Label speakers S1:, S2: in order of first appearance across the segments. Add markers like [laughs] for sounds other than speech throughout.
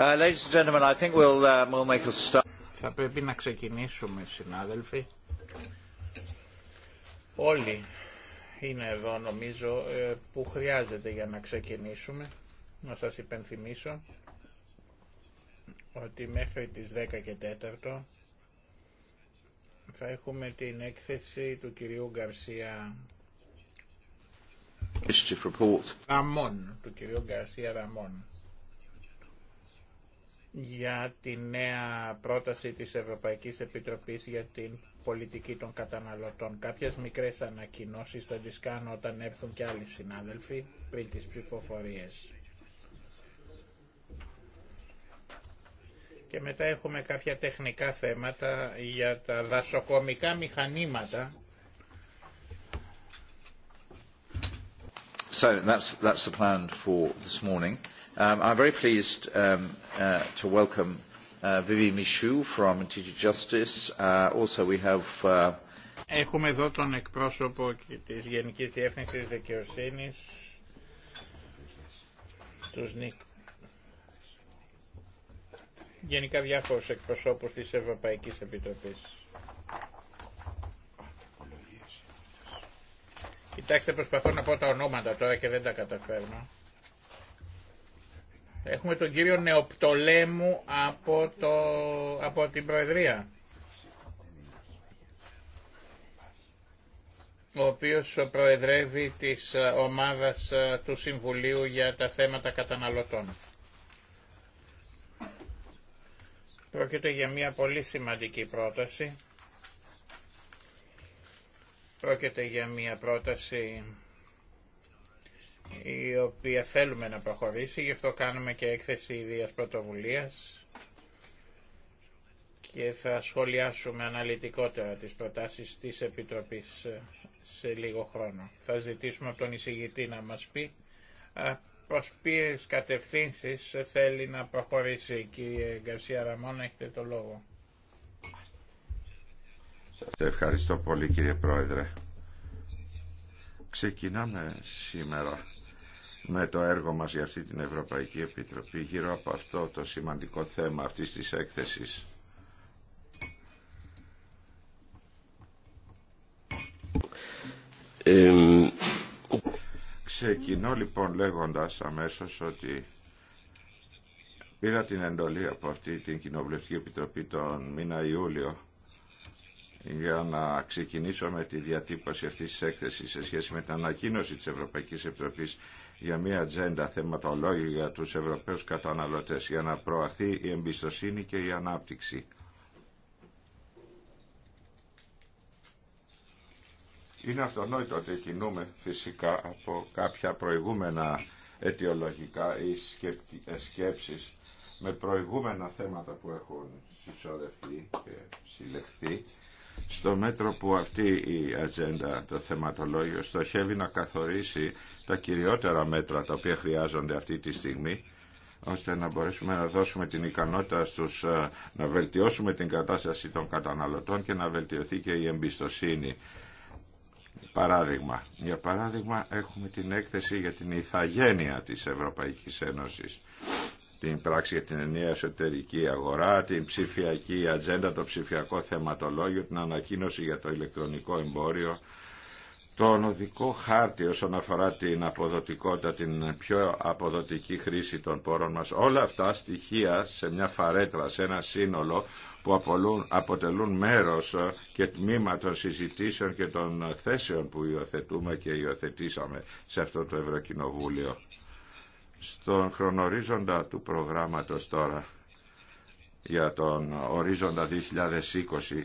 S1: Θα
S2: πρέπει να ξεκινήσουμε, συνάδελφοι. Όλοι είναι εδώ, νομίζω, ε, που χρειάζεται για να ξεκινήσουμε. Να σας υπενθυμίσω ότι μέχρι τις 10 και 4 θα έχουμε την έκθεση του κυρίου Γκαρσία Ραμών, του κυρίου Γκαρσία Ραμών για τη νέα πρόταση της Ευρωπαϊκής Επιτροπής για την πολιτική των καταναλωτών. Κάποιες μικρές ανακοινώσεις θα τις κάνω όταν έρθουν και άλλοι συνάδελφοι πριν τις ψηφοφορίες. Και μετά έχουμε κάποια τεχνικά θέματα για τα δασοκομικά μηχανήματα.
S1: So that's, that's the plan for this morning. Um, I'm very pleased um, uh, to welcome uh, Vivi Michou from από Justice. Uh, also we have...
S2: Έχουμε εδώ τον εκπρόσωπο της Γενικής Διεύθυνσης Δικαιοσύνης, τους Νίκ. Γενικά διάφορους εκπροσώπους της Ευρωπαϊκής Επιτροπής. Κοιτάξτε, προσπαθώ να πω τα ονόματα τώρα και δεν τα καταφέρνω. Έχουμε τον κύριο Νεοπτολέμου από, το, από την Προεδρία. ο οποίος προεδρεύει της ομάδας του Συμβουλίου για τα θέματα καταναλωτών. Πρόκειται για μια πολύ σημαντική πρόταση. Πρόκειται για μια πρόταση η οποία θέλουμε να προχωρήσει, γι' αυτό κάνουμε και έκθεση ιδίας πρωτοβουλίας και θα σχολιάσουμε αναλυτικότερα τις προτάσεις της Επιτροπής σε λίγο χρόνο. Θα ζητήσουμε από τον εισηγητή να μας πει προς ποιες κατευθύνσεις θέλει να προχωρήσει. Κύριε Γκαρσία Ραμόν, έχετε το λόγο.
S3: Ευχαριστώ πολύ κύριε Πρόεδρε. Ξεκινάμε σήμερα με ναι, το έργο μας για αυτή την Ευρωπαϊκή Επιτροπή γύρω από αυτό το σημαντικό θέμα αυτής της έκθεσης.
S1: Ε...
S3: Ξεκινώ λοιπόν λέγοντας αμέσως ότι πήρα την εντολή από αυτή την Κοινοβουλευτική Επιτροπή τον μήνα Ιούλιο για να ξεκινήσω με τη διατύπωση αυτής της έκθεσης σε σχέση με την ανακοίνωση της Ευρωπαϊκής Επιτροπής για μια ατζέντα θεματολόγια για τους Ευρωπαίους καταναλωτές για να προαθεί η εμπιστοσύνη και η ανάπτυξη. Είναι αυτονόητο ότι κινούμε φυσικά από κάποια προηγούμενα αιτιολογικά ή ε, σκέψεις με προηγούμενα θέματα που έχουν συσσωρευτεί και συλλεχθεί στο μέτρο που αυτή η ατζέντα, το θεματολόγιο, στοχεύει να καθορίσει τα κυριότερα μέτρα τα οποία χρειάζονται αυτή τη στιγμή ώστε να μπορέσουμε να δώσουμε την ικανότητα στους, ε, να βελτιώσουμε την κατάσταση των καταναλωτών και να βελτιωθεί και η εμπιστοσύνη. Παράδειγμα. Για παράδειγμα έχουμε την έκθεση για την ηθαγένεια της Ευρωπαϊκής Ένωσης την πράξη για την ενιαία εσωτερική αγορά, την ψηφιακή ατζέντα, το ψηφιακό θεματολόγιο, την ανακοίνωση για το ηλεκτρονικό εμπόριο, τον οδικό χάρτη όσον αφορά την αποδοτικότητα, την πιο αποδοτική χρήση των πόρων μας. Όλα αυτά στοιχεία σε μια φαρέτρα, σε ένα σύνολο που αποτελούν μέρος και τμήμα των συζητήσεων και των θέσεων που υιοθετούμε και υιοθετήσαμε σε αυτό το Ευρωκοινοβούλιο. Στον χρονορίζοντα του προγράμματος τώρα για τον ορίζοντα 2020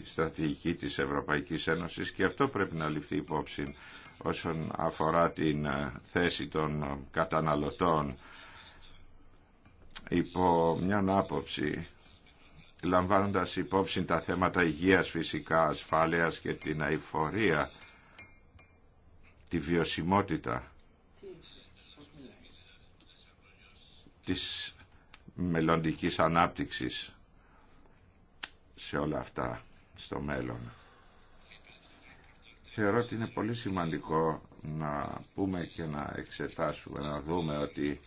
S3: στρατηγική της Ευρωπαϊκής Ένωσης και αυτό πρέπει να ληφθεί υπόψη όσον αφορά την ε, θέση των καταναλωτών υπό μια άποψη λαμβάνοντας υπόψη τα θέματα υγείας φυσικά, ασφάλειας και την αηφορία, τη βιωσιμότητα της μελλοντικής ανάπτυξης σε όλα αυτά στο μέλλον. Θεωρώ ότι είναι πολύ σημαντικό να πούμε και να εξετάσουμε, να δούμε ότι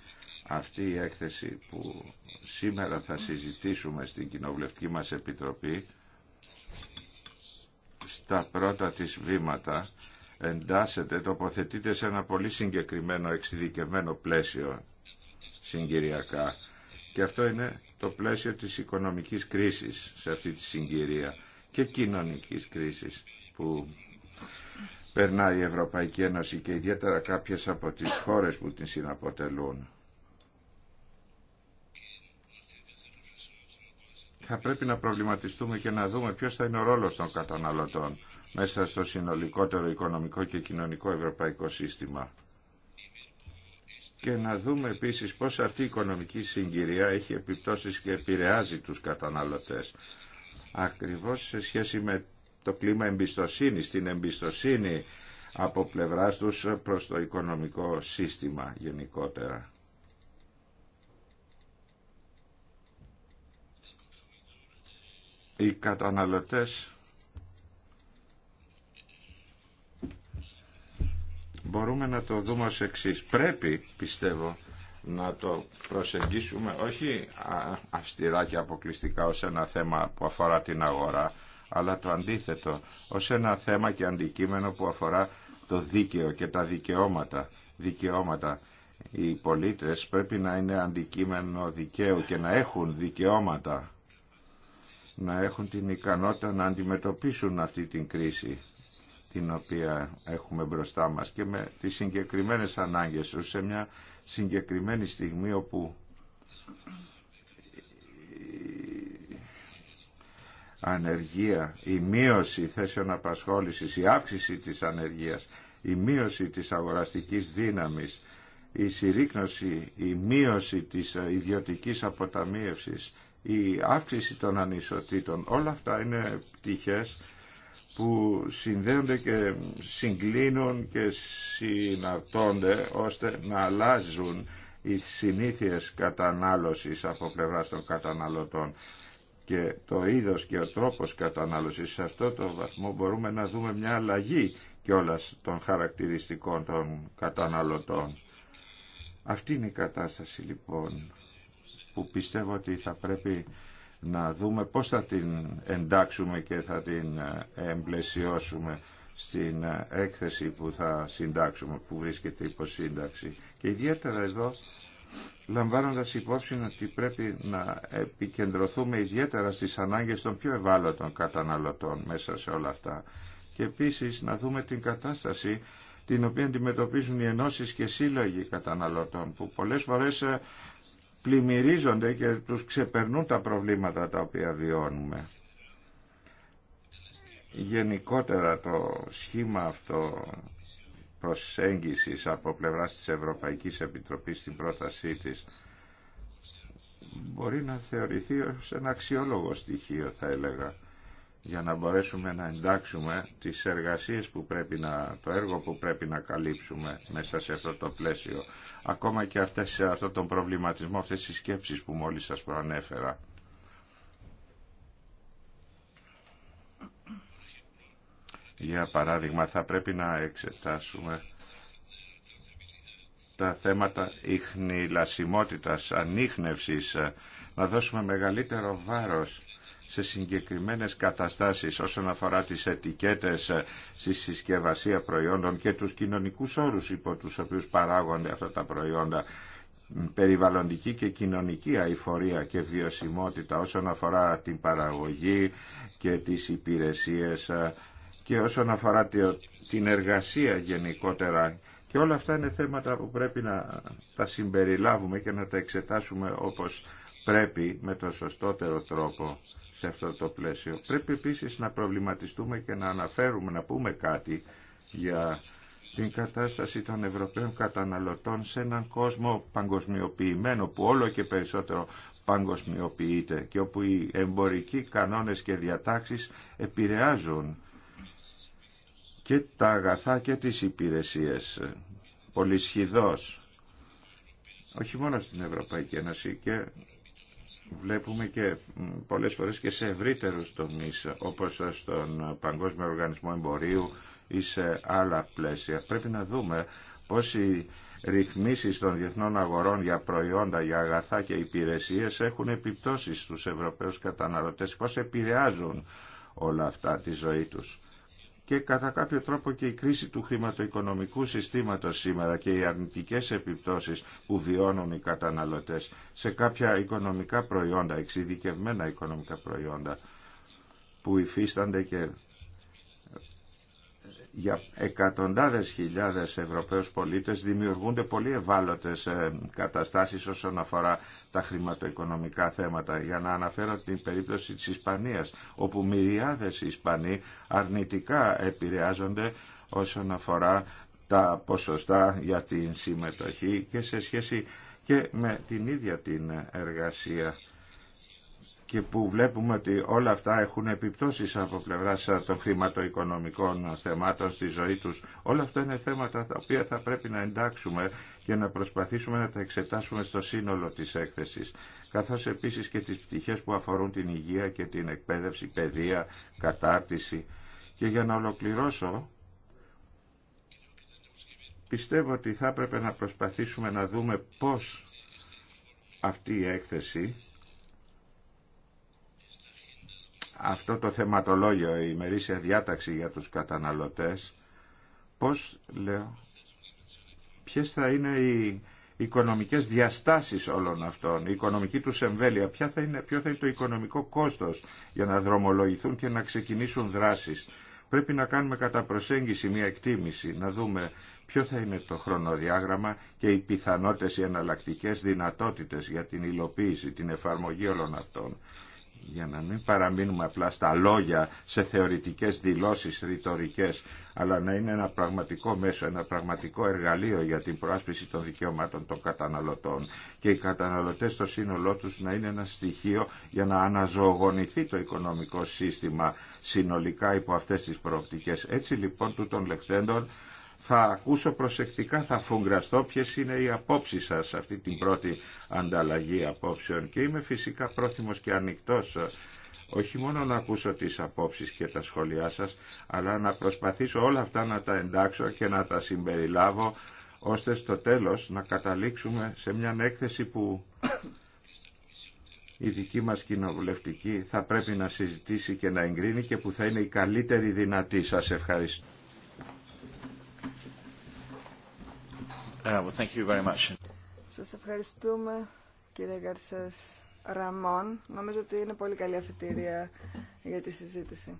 S3: αυτή η έκθεση που σήμερα θα συζητήσουμε στην Κοινοβουλευτική μας Επιτροπή στα πρώτα της βήματα εντάσσεται, τοποθετείται σε ένα πολύ συγκεκριμένο εξειδικευμένο πλαίσιο συγκυριακά. Και αυτό είναι το πλαίσιο της οικονομικής κρίσης σε αυτή τη συγκυρία και κοινωνικής κρίσης που περνάει η Ευρωπαϊκή Ένωση και ιδιαίτερα κάποιες από τις χώρες που την συναποτελούν. Θα πρέπει να προβληματιστούμε και να δούμε ποιος θα είναι ο ρόλος των καταναλωτών μέσα στο συνολικότερο οικονομικό και κοινωνικό ευρωπαϊκό σύστημα και να δούμε επίσης πώς αυτή η οικονομική συγκυρία έχει επιπτώσεις και επηρεάζει τους καταναλωτές. Ακριβώς σε σχέση με το κλίμα εμπιστοσύνης, την εμπιστοσύνη από πλευράς τους προς το οικονομικό σύστημα γενικότερα. Οι καταναλωτές μπορούμε να το δούμε ως εξή. Πρέπει, πιστεύω, να το προσεγγίσουμε όχι αυστηρά και αποκλειστικά ως ένα θέμα που αφορά την αγορά, αλλά το αντίθετο, ως ένα θέμα και αντικείμενο που αφορά το δίκαιο και τα δικαιώματα. δικαιώματα. Οι πολίτες πρέπει να είναι αντικείμενο δικαίου και να έχουν δικαιώματα, να έχουν την ικανότητα να αντιμετωπίσουν αυτή την κρίση την οποία έχουμε μπροστά μας και με τις συγκεκριμένες ανάγκες τους σε μια συγκεκριμένη στιγμή όπου η ανεργία, η μείωση θέσεων απασχόλησης, η αύξηση της ανεργίας, η μείωση της αγοραστικής δύναμης, η συρρήκνωση, η μείωση της ιδιωτικής αποταμίευσης, η αύξηση των ανισοτήτων, όλα αυτά είναι πτυχές που συνδέονται και συγκλίνουν και συναρτώνται ώστε να αλλάζουν οι συνήθειες κατανάλωσης από πλευράς των καταναλωτών και το είδος και ο τρόπος κατανάλωσης σε αυτό το βαθμό μπορούμε να δούμε μια αλλαγή όλας των χαρακτηριστικών των καταναλωτών. Αυτή είναι η κατάσταση λοιπόν που πιστεύω ότι θα πρέπει να δούμε πώς θα την εντάξουμε και θα την ε, εμπλαισιώσουμε στην ε, έκθεση που θα συντάξουμε, που βρίσκεται υπό σύνταξη. Και ιδιαίτερα εδώ λαμβάνοντας υπόψη ότι πρέπει να επικεντρωθούμε ιδιαίτερα στις ανάγκες των πιο ευάλωτων καταναλωτών μέσα σε όλα αυτά. Και επίσης να δούμε την κατάσταση την οποία αντιμετωπίζουν οι ενώσεις και σύλλογοι καταναλωτών που πολλές φορές ε, πλημμυρίζονται και τους ξεπερνούν τα προβλήματα τα οποία βιώνουμε. Γενικότερα το σχήμα αυτό προσέγγισης από πλευράς της Ευρωπαϊκής Επιτροπής στην πρότασή της μπορεί να θεωρηθεί ως ένα αξιόλογο στοιχείο θα έλεγα για να μπορέσουμε να εντάξουμε τις εργασίες που πρέπει να, το έργο που πρέπει να καλύψουμε μέσα σε αυτό το πλαίσιο. Ακόμα και αυτές, σε αυτόν τον προβληματισμό, αυτές τις σκέψεις που μόλις σας προανέφερα. Για παράδειγμα, θα πρέπει να εξετάσουμε τα θέματα ιχνηλασιμότητας, ανείχνευσης, να δώσουμε μεγαλύτερο βάρος σε συγκεκριμένες καταστάσεις όσον αφορά τις ετικέτες ε, στη συσκευασία προϊόντων και τους κοινωνικούς όρους υπό τους οποίους παράγονται αυτά τα προϊόντα περιβαλλοντική και κοινωνική αηφορία και βιωσιμότητα όσον αφορά την παραγωγή και τις υπηρεσίες ε, και όσον αφορά την εργασία γενικότερα. Και όλα αυτά είναι θέματα που πρέπει να τα συμπεριλάβουμε και να τα εξετάσουμε όπως πρέπει με τον σωστότερο τρόπο σε αυτό το πλαίσιο. Πρέπει επίσης να προβληματιστούμε και να αναφέρουμε, να πούμε κάτι για την κατάσταση των Ευρωπαίων καταναλωτών σε έναν κόσμο παγκοσμιοποιημένο που όλο και περισσότερο παγκοσμιοποιείται και όπου οι εμπορικοί κανόνες και διατάξεις επηρεάζουν και τα αγαθά και τις υπηρεσίες πολυσχηδώς όχι μόνο στην Ευρωπαϊκή Ένωση και βλέπουμε και πολλές φορές και σε ευρύτερους τομείς όπως στον Παγκόσμιο Οργανισμό Εμπορίου ή σε άλλα πλαίσια. Πρέπει να δούμε πώς οι ρυθμίσεις των διεθνών αγορών για προϊόντα, για αγαθά και υπηρεσίες έχουν επιπτώσεις στους Ευρωπαίους καταναλωτές, πώς επηρεάζουν όλα αυτά τη ζωή τους και κατά κάποιο τρόπο και η κρίση του χρηματοοικονομικού συστήματος σήμερα και οι αρνητικές επιπτώσεις που βιώνουν οι καταναλωτές σε κάποια οικονομικά προϊόντα, εξειδικευμένα οικονομικά προϊόντα που υφίστανται και για εκατοντάδες χιλιάδες Ευρωπαίους πολίτες δημιουργούνται πολύ ευάλωτες ε, καταστάσεις όσον αφορά τα χρηματοοικονομικά θέματα. Για να αναφέρω την περίπτωση της Ισπανίας, όπου μυριάδες Ισπανοί αρνητικά επηρεάζονται όσον αφορά τα ποσοστά για την συμμετοχή και σε σχέση και με την ίδια την εργασία και που βλέπουμε ότι όλα αυτά έχουν επιπτώσεις από πλευρά των χρηματοοικονομικών θεμάτων στη ζωή τους. Όλα αυτά είναι θέματα τα οποία θα πρέπει να εντάξουμε και να προσπαθήσουμε να τα εξετάσουμε στο σύνολο της έκθεσης, καθώς επίσης και τις πτυχές που αφορούν την υγεία και την εκπαίδευση, παιδεία, κατάρτιση. Και για να ολοκληρώσω, πιστεύω ότι θα έπρεπε να προσπαθήσουμε να δούμε πώς αυτή η έκθεση αυτό το θεματολόγιο, η ημερήσια διάταξη για τους καταναλωτές, πώς λέω, ποιες θα είναι οι οικονομικές διαστάσεις όλων αυτών, η οικονομική τους εμβέλεια, θα είναι, ποιο θα είναι το οικονομικό κόστος για να δρομολογηθούν και να ξεκινήσουν δράσεις. Πρέπει να κάνουμε κατά προσέγγιση μια εκτίμηση, να δούμε ποιο θα είναι το χρονοδιάγραμμα και οι πιθανότητες, οι εναλλακτικέ δυνατότητες για την υλοποίηση, την εφαρμογή όλων αυτών για να μην παραμείνουμε απλά στα λόγια, σε θεωρητικές δηλώσεις ρητορικές αλλά να είναι ένα πραγματικό μέσο, ένα πραγματικό εργαλείο για την προάσπιση των δικαιωμάτων των καταναλωτών και οι καταναλωτές στο σύνολό τους να είναι ένα στοιχείο για να αναζωογονηθεί το οικονομικό σύστημα συνολικά υπό αυτές τις προοπτικές. Έτσι λοιπόν τούτων λεχθέντων θα ακούσω προσεκτικά, θα φουγκραστώ ποιες είναι οι απόψεις σας σε αυτή την πρώτη ανταλλαγή απόψεων και είμαι φυσικά πρόθυμος και ανοιχτός όχι μόνο να ακούσω τις απόψεις και τα σχόλιά σας, αλλά να προσπαθήσω όλα αυτά να τα εντάξω και να τα συμπεριλάβω, ώστε στο τέλος να καταλήξουμε σε μια έκθεση που η δική μας κοινοβουλευτική θα πρέπει να συζητήσει και να εγκρίνει και που θα είναι η καλύτερη δυνατή. Σας ευχαριστώ.
S1: Uh, well, thank
S4: Σας ευχαριστούμε κύριε Γκαρσές Ραμόν. Νομίζω ότι είναι πολύ καλή αφετηρία για τη συζήτηση.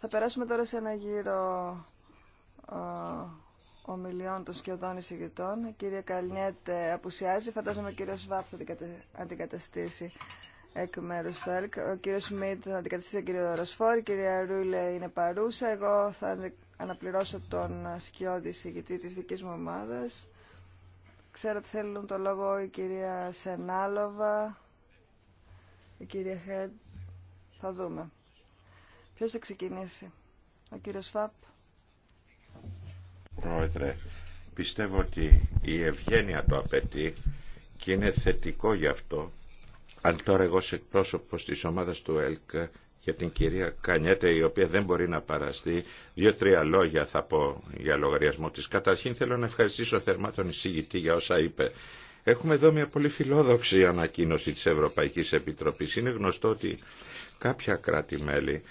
S4: Θα περάσουμε τώρα σε ένα γύρο ομιλιών των σκιωδών εισηγητών. Η κυρία Καλνιέτε απουσιάζει. Φαντάζομαι ο κύριος Βάπ θα αντικαταστήσει εκ μέρους του ΕΛΚ. Ο κύριος Σμιτ θα αντικαταστήσει τον κύριο Ροσφόρ. Η κυρία Ρούλε είναι παρούσα. Εγώ θα αναπληρώσω τον σκιώδη συγητή της δικής μου ομάδας. Ξέρω ότι θέλουν το λόγο η κυρία Σενάλοβα, η κυρία Χέντ. Θα δούμε. Ποιος θα ξεκινήσει, ο κύριος Φαπ.
S3: Πρόεδρε, πιστεύω ότι η ευγένεια το απαιτεί και είναι θετικό γι' αυτό. Αν τώρα εγώ σε εκπρόσωπος της ομάδας του ΕΛΚ για την κυρία Κανιέτε η οποία δεν μπορεί να παραστεί. Δύο-τρία λόγια θα πω για λογαριασμό της. Καταρχήν θέλω να ευχαριστήσω θερμά τον εισηγητή για όσα είπε. Έχουμε εδώ μια πολύ φιλόδοξη ανακοίνωση της Ευρωπαϊκής Επιτροπής. Είναι γνωστό ότι κάποια κράτη-μέλη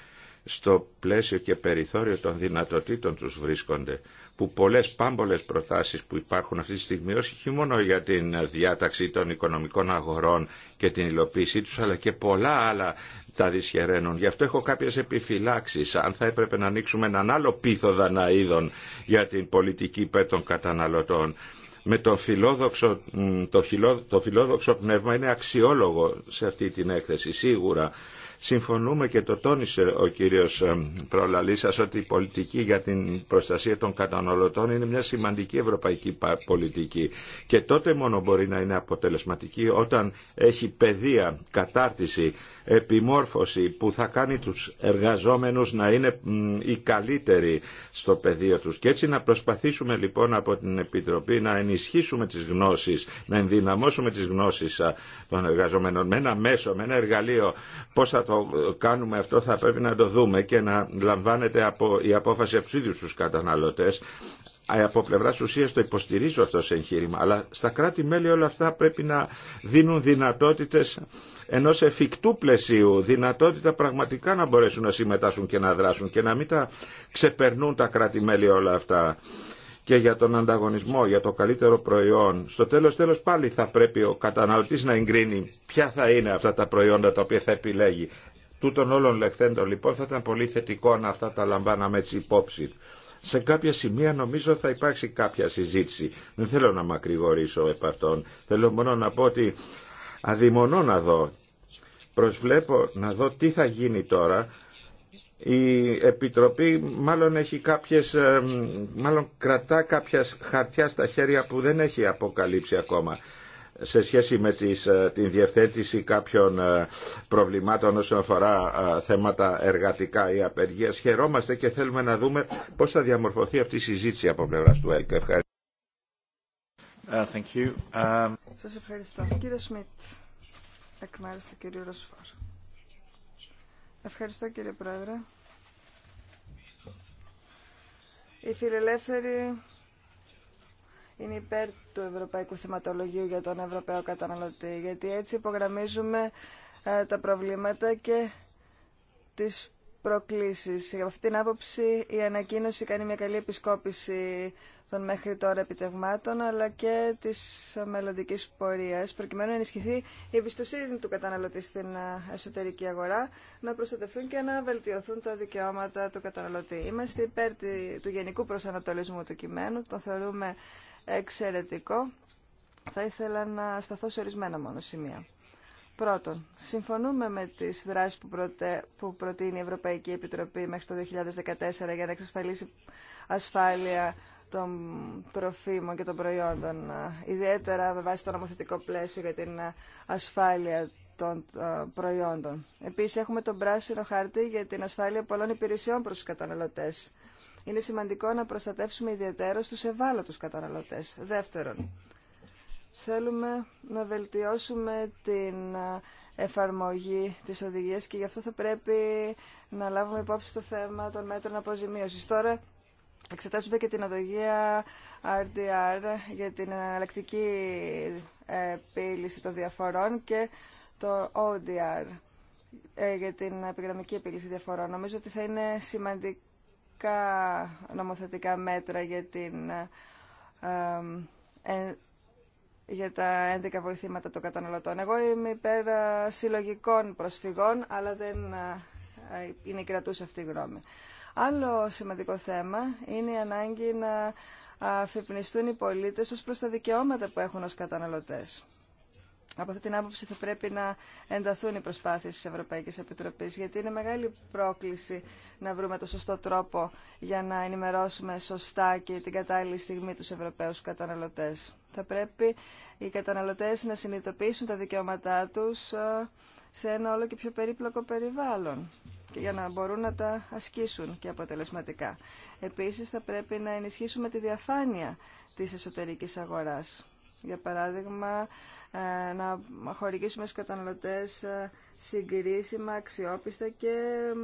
S3: στο πλαίσιο και περιθώριο των δυνατοτήτων τους βρίσκονται που πολλές πάμπολες προτάσεις που υπάρχουν αυτή τη στιγμή, όχι μόνο για την διάταξη των οικονομικών αγορών και την υλοποίησή τους, αλλά και πολλά άλλα τα δυσχεραίνουν. Γι' αυτό έχω κάποιες επιφυλάξεις, αν θα έπρεπε να ανοίξουμε έναν άλλο πίθο δαναείδων για την πολιτική υπέρ των καταναλωτών με το φιλόδοξο, το, φιλόδοξο πνεύμα είναι αξιόλογο σε αυτή την έκθεση σίγουρα Συμφωνούμε και το τόνισε ο κύριος Προλαλή σας ότι η πολιτική για την προστασία των καταναλωτών είναι μια σημαντική ευρωπαϊκή πολιτική και τότε μόνο μπορεί να είναι αποτελεσματική όταν έχει παιδεία, κατάρτιση, επιμόρφωση που θα κάνει τους εργαζόμενους να είναι οι καλύτεροι στο πεδίο τους. Και έτσι να προσπαθήσουμε λοιπόν από την Επιτροπή να ενισχύσουμε τις γνώσεις, να ενδυναμώσουμε τις γνώσεις των εργαζομένων με ένα μέσο, με ένα εργαλείο, θα το ε, κάνουμε αυτό θα πρέπει να το δούμε και να λαμβάνεται από η απόφαση από του ίδιου του καταναλωτέ. Ε, από πλευρά ουσία το υποστηρίζω αυτό σε εγχείρημα, αλλά στα κράτη-μέλη όλα αυτά πρέπει να δίνουν δυνατότητε ενό εφικτού πλαισίου, δυνατότητα πραγματικά να μπορέσουν να συμμετάσχουν και να δράσουν και να μην τα ξεπερνούν τα κράτη-μέλη όλα αυτά και για τον ανταγωνισμό, για το καλύτερο προϊόν, στο τέλος τέλος πάλι θα πρέπει ο καταναλωτής να εγκρίνει ποια θα είναι αυτά τα προϊόντα τα οποία θα επιλέγει. Τούτων όλων λεχθέντων λοιπόν θα ήταν πολύ θετικό να αυτά τα λαμβάναμε έτσι υπόψη. Σε κάποια σημεία νομίζω θα υπάρξει κάποια συζήτηση. Δεν θέλω να μακρηγορήσω επ' αυτών. Θέλω μόνο να πω ότι αδειμονώ να δω Προσβλέπω να δω τι θα γίνει τώρα η Επιτροπή μάλλον, έχει κάποιες, ε, μάλλον κρατά κάποια χαρτιά στα χέρια που δεν έχει αποκαλύψει ακόμα σε σχέση με τις, ε, την διευθέτηση κάποιων ε, προβλημάτων όσον αφορά θέματα εργατικά ή απεργίας. Χαιρόμαστε και θέλουμε να δούμε πώς θα διαμορφωθεί αυτή
S1: η συζήτηση από πλευράς του ΕΛΚ. Ευχαριστώ. Σας
S4: ευχαριστώ. Κύριε Σμιτ, εκ μέρους του κυρίου Ευχαριστώ κύριε Πρόεδρε. Η φιλελεύθερη είναι υπέρ του Ευρωπαϊκού Θεματολογίου για τον Ευρωπαίο Καταναλωτή, γιατί έτσι υπογραμμίζουμε ε, τα προβλήματα και τις προκλήσεις. Για αυτήν την άποψη η ανακοίνωση κάνει μια καλή επισκόπηση των μέχρι τώρα επιτευγμάτων αλλά και της μελλοντική πορείας προκειμένου να ενισχυθεί η εμπιστοσύνη του καταναλωτή στην ε, εσωτερική αγορά να προστατευτούν και να βελτιωθούν τα δικαιώματα του καταναλωτή. Είμαστε υπέρ του γενικού προσανατολισμού του κειμένου, τον θεωρούμε εξαιρετικό. Θα ήθελα να σταθώ σε ορισμένα μόνο σημεία. Πρώτον, συμφωνούμε με τι δράσει που, που προτείνει η Ευρωπαϊκή Επιτροπή μέχρι το 2014 για να εξασφαλίσει ασφάλεια των τροφίμων και των προϊόντων, ε, ιδιαίτερα με βάση το νομοθετικό πλαίσιο για την ε, ασφάλεια των ε, προϊόντων. Επίσης έχουμε τον πράσινο χάρτη για την ασφάλεια πολλών υπηρεσιών προς τους καταναλωτές. Είναι σημαντικό να προστατεύσουμε ιδιαίτερα τους ευάλωτους καταναλωτές. Δεύτερον, θέλουμε να βελτιώσουμε την εφαρμογή της οδηγίας και γι' αυτό θα πρέπει να λάβουμε υπόψη το θέμα των μέτρων αποζημίωσης. Τώρα εξετάσουμε και την οδηγία RDR για την εναλλακτική επίλυση των διαφορών και το ODR ε, για την επιγραμμική επίλυση διαφορών. Νομίζω ότι θα είναι σημαντικά νομοθετικά μέτρα για, την, ε, για τα ένδικα βοηθήματα των καταναλωτών. Εγώ είμαι υπέρ ε, συλλογικών προσφυγών, αλλά δεν είναι κρατούσα αυτή η γνώμη. Άλλο σημαντικό θέμα είναι η ανάγκη να αφυπνιστούν οι πολίτες ως προς τα δικαιώματα που έχουν ως καταναλωτές. Από αυτή την άποψη θα πρέπει να ενταθούν οι προσπάθειες της Ευρωπαϊκής Επιτροπής, γιατί είναι μεγάλη πρόκληση να βρούμε το σωστό τρόπο για να ενημερώσουμε σωστά και την κατάλληλη στιγμή τους Ευρωπαίους καταναλωτές. Θα πρέπει οι καταναλωτές να συνειδητοποιήσουν τα δικαιώματά τους ε, σε ένα όλο και πιο περίπλοκο περιβάλλον και για να μπορούν να τα ασκήσουν και αποτελεσματικά. Επίσης θα πρέπει να ενισχύσουμε τη διαφάνεια της εσωτερικής αγοράς. Για παράδειγμα, ε, να χορηγήσουμε στους καταναλωτές ε, συγκρίσιμα, αξιόπιστα και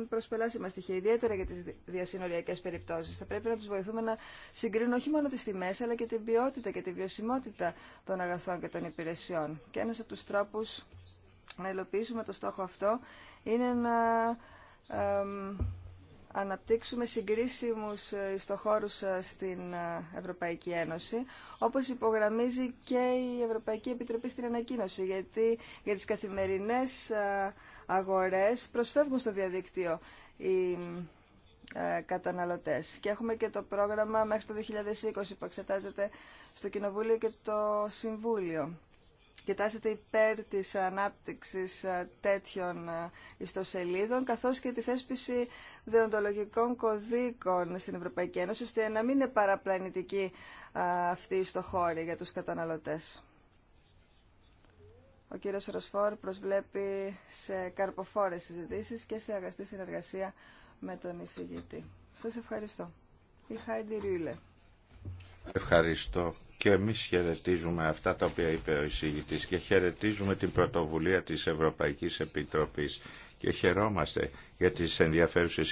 S4: προσπελάσιμα στοιχεία, ιδιαίτερα για τις διασυνοριακές περιπτώσεις. Θα πρέπει να τους βοηθούμε να συγκρίνουν όχι μόνο τις τιμές, αλλά και την ποιότητα και τη βιωσιμότητα των αγαθών και των υπηρεσιών. Και ένας από τους τρόπους να υλοποιήσουμε το στόχο αυτό είναι να αναπτύξουμε συγκρίσιμους ε, ιστοχώρους ε, στην ε, Ευρωπαϊκή Ένωση, όπως υπογραμμίζει και η Ευρωπαϊκή Επιτροπή στην ανακοίνωση, γιατί για τις καθημερινές αγορές προσφεύγουν στο διαδίκτυο οι καταναλωτές. Και έχουμε και το πρόγραμμα μέχρι το 2020 που εξετάζεται στο Κοινοβούλιο και το Συμβούλιο κοιτάσετε υπέρ της ανάπτυξης ε, τέτοιων ε, ιστοσελίδων, καθώς και τη θέσπιση δεοντολογικών κωδίκων στην Ευρωπαϊκή Ένωση, ώστε να μην είναι παραπλανητική ε, αυτή η στοχώρη για τους καταναλωτές. Ο κύριος Ροσφόρ προσβλέπει σε καρποφόρες συζητήσεις και σε αγαστή συνεργασία με τον εισηγητή. Σας ευχαριστώ. Η Χάιντι
S3: Ευχαριστώ. Και εμείς χαιρετίζουμε αυτά τα οποία είπε ο εισηγητής και χαιρετίζουμε την πρωτοβουλία της Ευρωπαϊκής Επιτροπής και χαιρόμαστε για τις ενδιαφέρουσες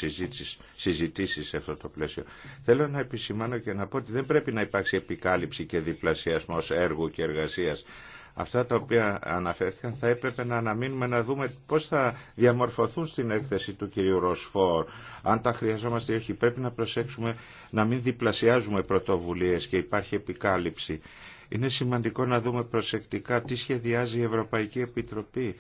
S3: συζήτησεις, σε αυτό το πλαίσιο. Θέλω να επισημάνω και να πω ότι δεν πρέπει να υπάρξει επικάλυψη και διπλασιασμός έργου και εργασίας. Αυτά τα οποία αναφέρθηκαν θα έπρεπε να αναμείνουμε να δούμε πώς θα διαμορφωθούν στην έκθεση του κυρίου Ροσφόρ. Αν τα χρειαζόμαστε ή όχι πρέπει να προσέξουμε να μην διπλασιάζουμε πρωτοβουλίες και υπάρχει επικάλυψη. Είναι σημαντικό να δούμε προσεκτικά τι σχεδιάζει η Ευρωπαϊκή Επιτροπή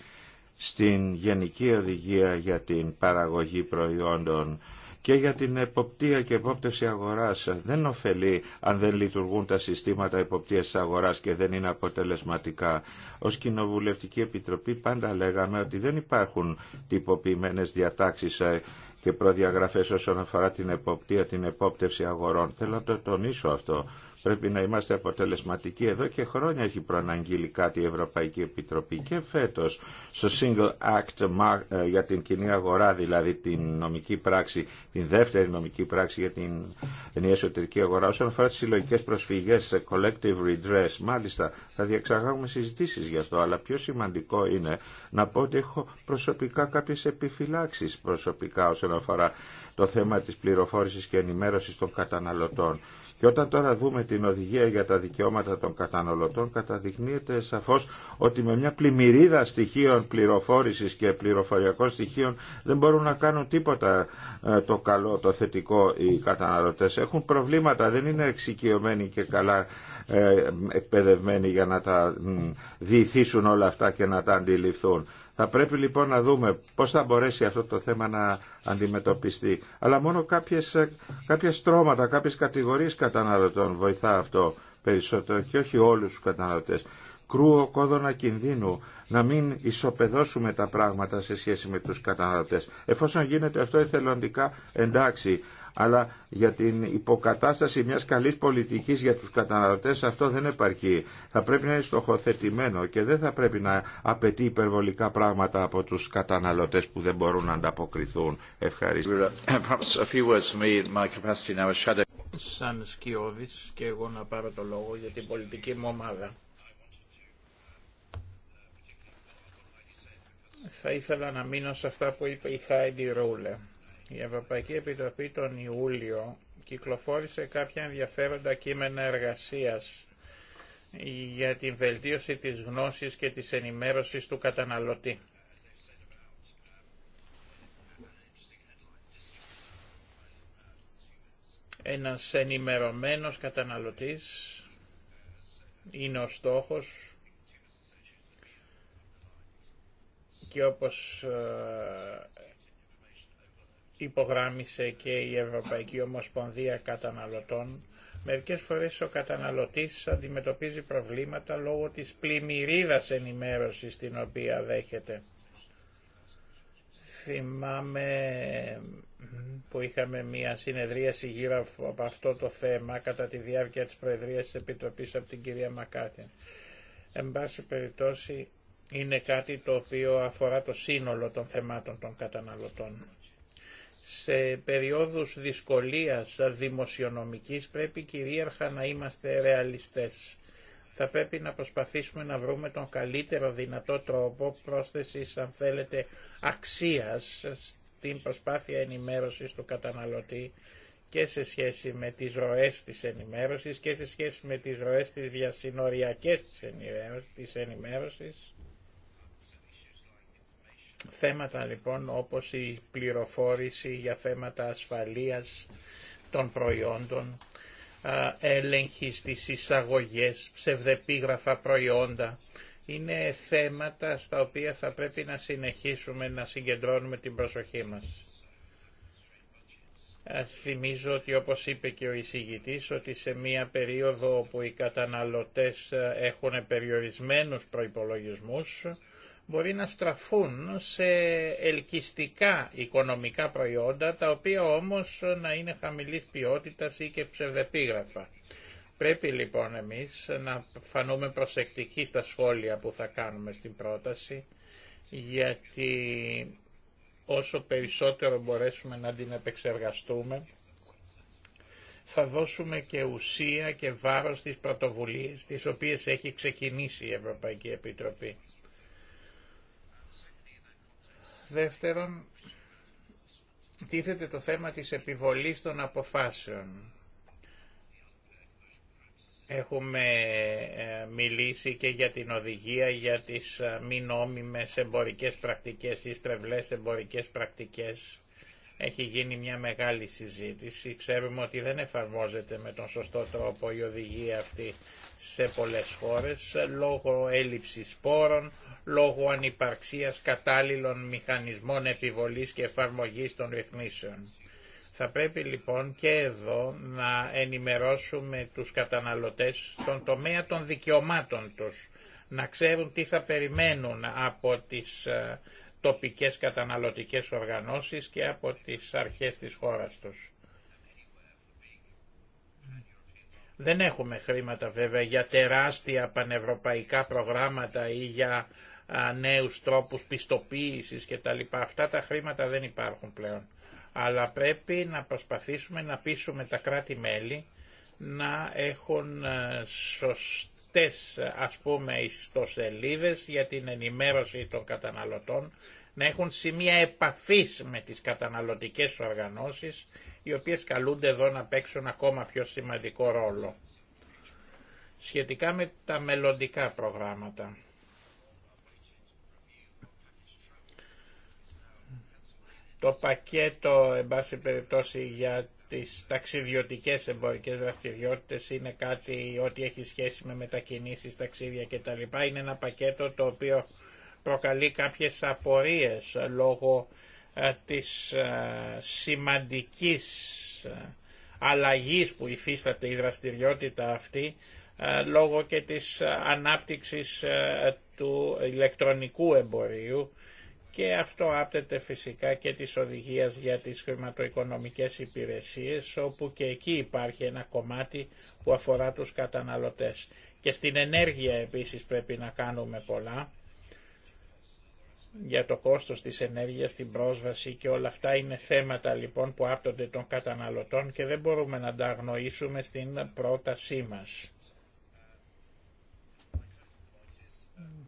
S3: στην Γενική Οδηγία για την Παραγωγή Προϊόντων και για την εποπτεία και επόπτευση αγοράς. Δεν ωφελεί αν δεν λειτουργούν τα συστήματα εποπτείας αγοράς και δεν είναι αποτελεσματικά. Ως Κοινοβουλευτική Επιτροπή πάντα λέγαμε ότι δεν υπάρχουν τυποποιημένες διατάξεις ε, και προδιαγραφές όσον αφορά την εποπτεία, την επόπτευση αγορών. Θέλω να το τονίσω αυτό. Πρέπει να είμαστε αποτελεσματικοί. Εδώ και χρόνια έχει προαναγγείλει κάτι η Ευρωπαϊκή Επιτροπή και φέτος στο Single Act ε, για την κοινή αγορά, δηλαδή την νομική πράξη, την δεύτερη νομική πράξη για την ενιαία εσωτερική αγορά. Όσον αφορά τις συλλογικές προσφυγές, collective redress, μάλιστα θα διεξαγάγουμε συζητήσεις γι' αυτό, αλλά πιο σημαντικό είναι να πω ότι έχω προσωπικά κάποιες επιφυλάξεις προσωπικά όσον αφορά το θέμα της πληροφόρησης και ενημέρωσης των καταναλωτών. Και όταν τώρα δούμε την οδηγία για τα δικαιώματα των καταναλωτών, καταδεικνύεται σαφώς ότι με μια πλημμυρίδα στοιχείων πληροφόρησης και πληροφοριακών στοιχείων δεν μπορούν να κάνουν τίποτα ε, το καλό, το θετικό οι καταναλωτές. Έχουν προβλήματα, δεν είναι εξοικειωμένοι και καλά ε, εκπαιδευμένοι για να τα διηθήσουν όλα αυτά και να τα αντιληφθούν. Θα πρέπει λοιπόν να δούμε πώς θα μπορέσει αυτό το θέμα να αντιμετωπιστεί. Αλλά μόνο κάποιες, κάποια στρώματα, κάποιες κατηγορίες καταναλωτών βοηθά αυτό περισσότερο και όχι όλους τους καταναλωτές. Κρούω κόδωνα κινδύνου να μην ισοπεδώσουμε τα πράγματα σε σχέση με τους καταναλωτές. Εφόσον γίνεται αυτό εθελοντικά εντάξει, αλλά για την υποκατάσταση μιας καλής πολιτικής για τους καταναλωτές αυτό δεν επαρκεί. Θα πρέπει να είναι στοχοθετημένο και δεν θα πρέπει να απαιτεί υπερβολικά πράγματα από τους καταναλωτές που δεν μπορούν να ανταποκριθούν.
S1: Ευχαριστώ.
S2: Σαν σκιώδης και εγώ να πάρω το λόγο για την πολιτική μου ομάδα. Θα ήθελα να μείνω σε αυτά που είπε η Χάιντι Ρούλε. Η Ευρωπαϊκή Επιτροπή τον Ιούλιο κυκλοφόρησε κάποια ενδιαφέροντα κείμενα εργασίας για την βελτίωση της γνώσης και της ενημέρωσης του καταναλωτή. Ένας ενημερωμένος καταναλωτής είναι ο στόχος και όπως ε, υπογράμμισε και η Ευρωπαϊκή Ομοσπονδία Καταναλωτών, μερικές φορές ο καταναλωτής αντιμετωπίζει προβλήματα λόγω της πλημμυρίδας ενημέρωσης την οποία δέχεται. Θυμάμαι που είχαμε μια συνεδρίαση γύρω από αυτό το θέμα κατά τη διάρκεια της Προεδρίας της Επιτροπής από την κυρία Μακάθιν. Εν πάση περιπτώσει είναι κάτι το οποίο αφορά το σύνολο των θεμάτων των καταναλωτών σε περιόδους δυσκολίας δημοσιονομικής πρέπει κυρίαρχα να είμαστε ρεαλιστές. Θα πρέπει να προσπαθήσουμε να βρούμε τον καλύτερο δυνατό τρόπο πρόσθεσης, αν θέλετε, αξίας στην προσπάθεια ενημέρωσης του καταναλωτή και σε σχέση με τις ροές της ενημέρωσης και σε σχέση με τις ροές της διασυνοριακής της ενημέρωσης Θέματα λοιπόν όπως η πληροφόρηση για θέματα ασφαλείας των προϊόντων, έλεγχη στις εισαγωγές, ψευδεπίγραφα προϊόντα, είναι θέματα στα οποία θα πρέπει να συνεχίσουμε να συγκεντρώνουμε την προσοχή μας. Θυμίζω ότι όπως είπε και ο εισηγητής ότι σε μία περίοδο όπου οι καταναλωτές έχουν περιορισμένους προϋπολογισμούς μπορεί να στραφούν σε ελκυστικά οικονομικά προϊόντα, τα οποία όμως να είναι χαμηλής ποιότητας ή και ψευδεπίγραφα. Πρέπει λοιπόν εμείς να φανούμε προσεκτικοί στα σχόλια που θα κάνουμε στην πρόταση, γιατί όσο περισσότερο μπορέσουμε να την επεξεργαστούμε, θα δώσουμε και ουσία και βάρος στις πρωτοβουλίες τις οποίες έχει ξεκινήσει η Ευρωπαϊκή Επιτροπή. Δεύτερον, τίθεται το θέμα της επιβολής των αποφάσεων. Έχουμε ε, μιλήσει και για την οδηγία για τις ε, μη νόμιμες εμπορικές πρακτικές ή στρεβλές εμπορικές πρακτικές. Έχει γίνει μια μεγάλη συζήτηση. Ξέρουμε ότι δεν εφαρμόζεται με τον σωστό τρόπο η οδηγία αυτή σε πολλές χώρες λόγω έλλειψης πόρων, λόγω ανυπαρξίας κατάλληλων μηχανισμών επιβολής και εφαρμογής των ρυθμίσεων. Θα πρέπει λοιπόν και εδώ να ενημερώσουμε τους καταναλωτές στον τομέα των δικαιωμάτων τους, να ξέρουν τι θα περιμένουν από τις ε, τοπικές καταναλωτικές οργανώσεις και από τις αρχές της χώρας τους. Δεν έχουμε χρήματα βέβαια για τεράστια πανευρωπαϊκά προγράμματα ή για νέους τρόπους πιστοποίησης λοιπά. Αυτά τα χρήματα δεν υπάρχουν πλέον. Αλλά πρέπει να προσπαθήσουμε να πείσουμε τα κράτη-μέλη να έχουν σωστές ας πούμε ιστοσελίδες για την ενημέρωση των καταναλωτών, να έχουν σημεία επαφής με τις καταναλωτικές οργανώσεις, οι οποίες καλούνται εδώ να παίξουν ακόμα πιο σημαντικό ρόλο. Σχετικά με τα μελλοντικά προγράμματα. Το πακέτο, εν πάση περιπτώσει, για τις ταξιδιωτικές εμπορικές δραστηριότητες είναι κάτι ό,τι έχει σχέση με μετακινήσεις, ταξίδια κτλ. Είναι ένα πακέτο το οποίο προκαλεί κάποιες απορίες λόγω ε, της ε, σημαντικής ε, αλλαγής που υφίσταται η δραστηριότητα αυτή λόγω και της ανάπτυξης του ηλεκτρονικού εμπορίου και αυτό άπτεται φυσικά και της οδηγίας για τις χρηματοοικονομικές υπηρεσίες, όπου και εκεί υπάρχει ένα κομμάτι που αφορά τους καταναλωτές. Και στην ενέργεια επίσης πρέπει να κάνουμε πολλά για το κόστος της ενέργειας, την πρόσβαση και όλα αυτά είναι θέματα λοιπόν που άπτονται των καταναλωτών και δεν μπορούμε να τα αγνοήσουμε στην πρότασή μας.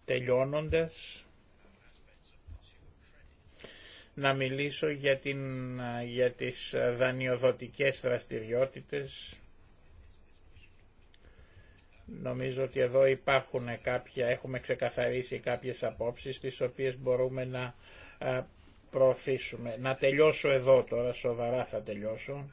S2: Τελειώνοντας, να μιλήσω για, την, για τις δανειοδοτικές δραστηριότητες. Νομίζω ότι εδώ υπάρχουν κάποια, έχουμε ξεκαθαρίσει κάποιες απόψεις τις οποίες μπορούμε να προωθήσουμε. Να τελειώσω εδώ τώρα, σοβαρά θα τελειώσω.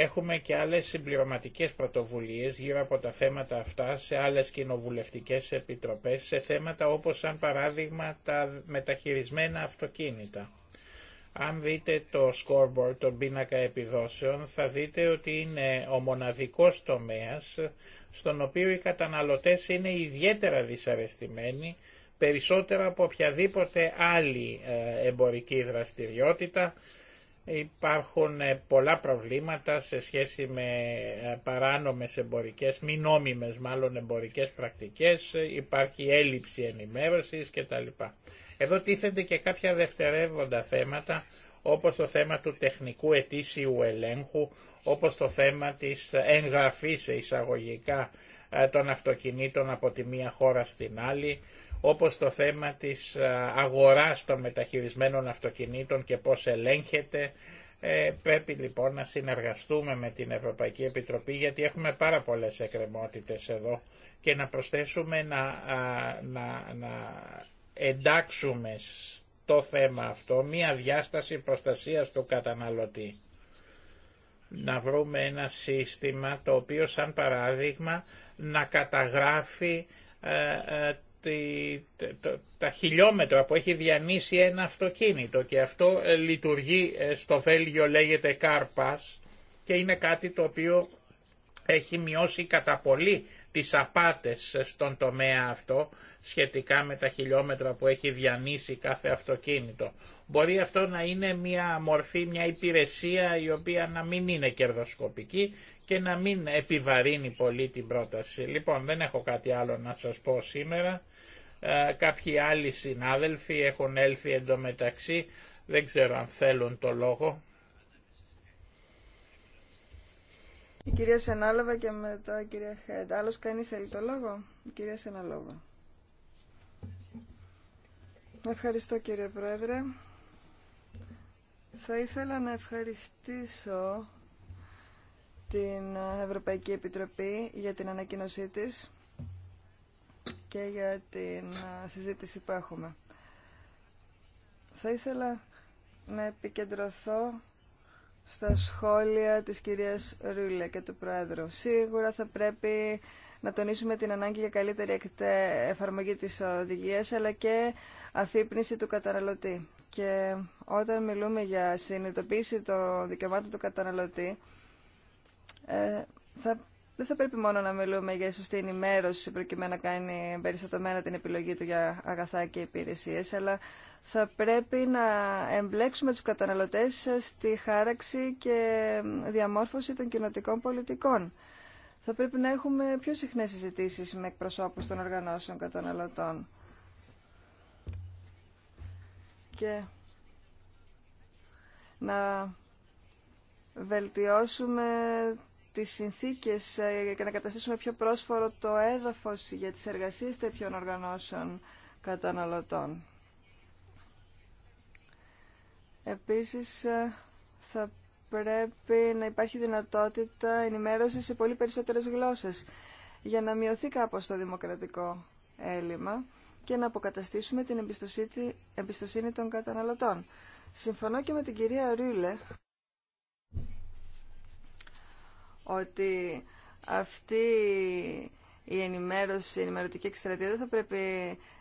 S2: Έχουμε και άλλες συμπληρωματικές πρωτοβουλίες γύρω από τα θέματα αυτά σε άλλες κοινοβουλευτικές επιτροπές, σε θέματα όπως σαν παράδειγμα τα μεταχειρισμένα αυτοκίνητα. Αν δείτε το scoreboard, τον πίνακα επιδόσεων, θα δείτε ότι είναι ο μοναδικός τομέας στον οποίο οι καταναλωτές είναι ιδιαίτερα δυσαρεστημένοι, περισσότερο από οποιαδήποτε άλλη ε, εμπορική δραστηριότητα, Υπάρχουν ε, πολλά προβλήματα σε σχέση με ε, παράνομες εμπορικές, μη νόμιμες μάλλον εμπορικές πρακτικές, ε, υπάρχει έλλειψη ενημέρωσης κτλ. Εδώ τίθενται και κάποια δευτερεύοντα θέματα όπως το θέμα του τεχνικού ετήσιου ελέγχου, όπως το θέμα της εγγραφής εισαγωγικά των αυτοκινήτων από τη μία χώρα στην άλλη, όπως το θέμα της ε, αγοράς των μεταχειρισμένων αυτοκινήτων και πώς ελέγχεται. Ε, πρέπει λοιπόν να συνεργαστούμε με την Ευρωπαϊκή Επιτροπή γιατί έχουμε πάρα πολλές εκκρεμότητες εδώ και να προσθέσουμε να, να, να εντάξουμε στο θέμα αυτό μία διάσταση προστασίας του καταναλωτή. Να βρούμε ένα σύστημα το οποίο σαν παράδειγμα να καταγράφει ε, ε, τα χιλιόμετρα που έχει διανύσει ένα αυτοκίνητο και αυτό ε, λειτουργεί ε, στο Βέλγιο λέγεται Car και είναι κάτι το οποίο έχει μειώσει κατά πολύ τις απάτες ε, στον τομέα αυτό σχετικά με τα χιλιόμετρα που έχει διανύσει κάθε αυτοκίνητο. Μπορεί αυτό να είναι μια μορφή, μια υπηρεσία η οποία να μην είναι κερδοσκοπική και να μην επιβαρύνει πολύ την πρόταση. Λοιπόν, δεν έχω κάτι άλλο να σας πω σήμερα. Ε, κάποιοι άλλοι συνάδελφοι έχουν έλθει εντωμεταξύ. Δεν ξέρω αν θέλουν το λόγο.
S4: Η κυρία Σενάλοβα και μετά η κυρία Χέντα. Άλλος κανείς θέλει το λόγο. Η κυρία Σενάλοβα. Ευχαριστώ κύριε Πρόεδρε. Θα ήθελα να ευχαριστήσω την Ευρωπαϊκή Επιτροπή για την ανακοίνωσή της και για την συζήτηση που έχουμε. Θα ήθελα να επικεντρωθώ στα σχόλια της κυρίας Ρούλε και του Πρόεδρου. Σίγουρα θα πρέπει να τονίσουμε την ανάγκη για καλύτερη εφαρμογή της οδηγίας, αλλά και αφύπνιση του καταναλωτή. Και όταν μιλούμε για συνειδητοποίηση των δικαιωμάτων του καταναλωτή, ε, θα, δεν θα πρέπει μόνο να μιλούμε για σωστή ενημέρωση προκειμένου να κάνει περιστατωμένα την επιλογή του για αγαθά και υπηρεσίες, αλλά θα πρέπει να εμπλέξουμε τους καταναλωτές στη χάραξη και διαμόρφωση των κοινοτικών πολιτικών θα πρέπει να έχουμε πιο συχνές συζητήσει με εκπροσώπους των οργανώσεων καταναλωτών. Και να βελτιώσουμε τις συνθήκες ε, και να καταστήσουμε πιο πρόσφορο το έδαφος για τις εργασίες τέτοιων οργανώσεων καταναλωτών. Επίσης, ε, θα πρέπει να υπάρχει δυνατότητα ενημέρωση σε πολύ περισσότερες γλώσσες για να μειωθεί κάπως το δημοκρατικό έλλειμμα και να αποκαταστήσουμε την εμπιστοσύνη των καταναλωτών. Συμφωνώ και με την κυρία Ρούλε ότι αυτή η ενημέρωση, η ενημερωτική εκστρατεία δεν θα πρέπει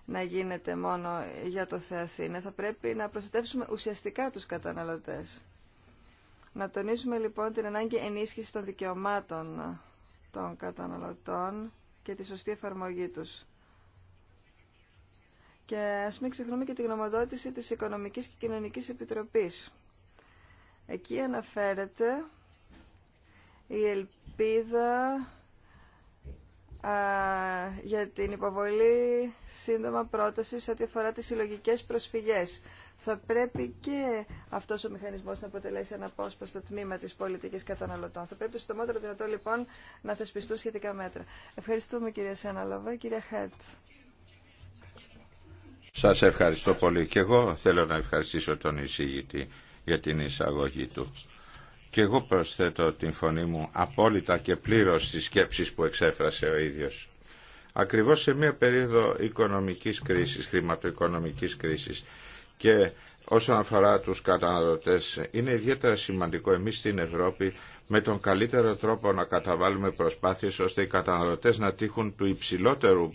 S4: να γίνεται μόνο για το Θεαθήνα. Θα πρέπει να προστατεύσουμε ουσιαστικά τους καταναλωτές. Να τονίσουμε λοιπόν την ανάγκη ενίσχυσης των δικαιωμάτων των καταναλωτών και τη σωστή εφαρμογή τους. Και ας μην ξεχνούμε και τη γνωμοδότηση της Οικονομικής και Κοινωνικής Επιτροπής. Εκεί αναφέρεται η ελπίδα για την υποβολή σύντομα πρότασης ό,τι αφορά τις συλλογικέ προσφυγές θα πρέπει και αυτό ο μηχανισμό να αποτελέσει ένα στο τμήμα τη πολιτική καταναλωτών. Θα πρέπει το συντομότερο δυνατό λοιπόν να θεσπιστούν σχετικά μέτρα. Ευχαριστούμε κυρία Σέναλοβα. Κυρία Χέτ.
S3: Σα ευχαριστώ πολύ και εγώ θέλω να ευχαριστήσω τον εισηγητή για την εισαγωγή του. Και εγώ προσθέτω την φωνή μου απόλυτα και πλήρω στις σκέψεις που εξέφρασε ο ίδιος. Ακριβώς σε μια περίοδο οικονομικής κρίσης, χρηματοοικονομικής κρίσης, και όσον αφορά τους καταναλωτές. Είναι ιδιαίτερα σημαντικό εμείς στην Ευρώπη με τον καλύτερο τρόπο να καταβάλουμε προσπάθειες ώστε οι καταναλωτές να τύχουν του υψηλότερου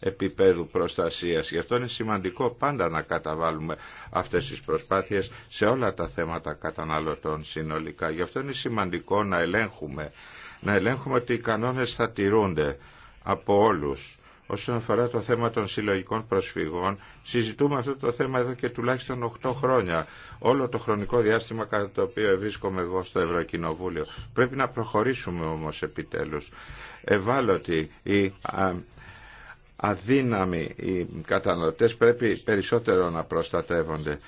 S3: επίπεδου προστασίας. Γι' αυτό είναι σημαντικό πάντα να καταβάλουμε αυτές τις προσπάθειες σε όλα τα θέματα καταναλωτών συνολικά. Γι' αυτό είναι σημαντικό να ελέγχουμε, να ελέγχουμε ότι οι κανόνες θα τηρούνται από όλους όσον αφορά το θέμα των συλλογικών προσφύγων. Συζητούμε αυτό το θέμα εδώ και τουλάχιστον 8 χρόνια. Όλο το χρονικό διάστημα κατά το οποίο βρίσκομαι εγώ στο Ευρωκοινοβούλιο. Πρέπει να προχωρήσουμε όμως επιτέλους. Ευάλωτοι η αδύναμοι οι καταναλωτές πρέπει περισσότερο να προστατεύονται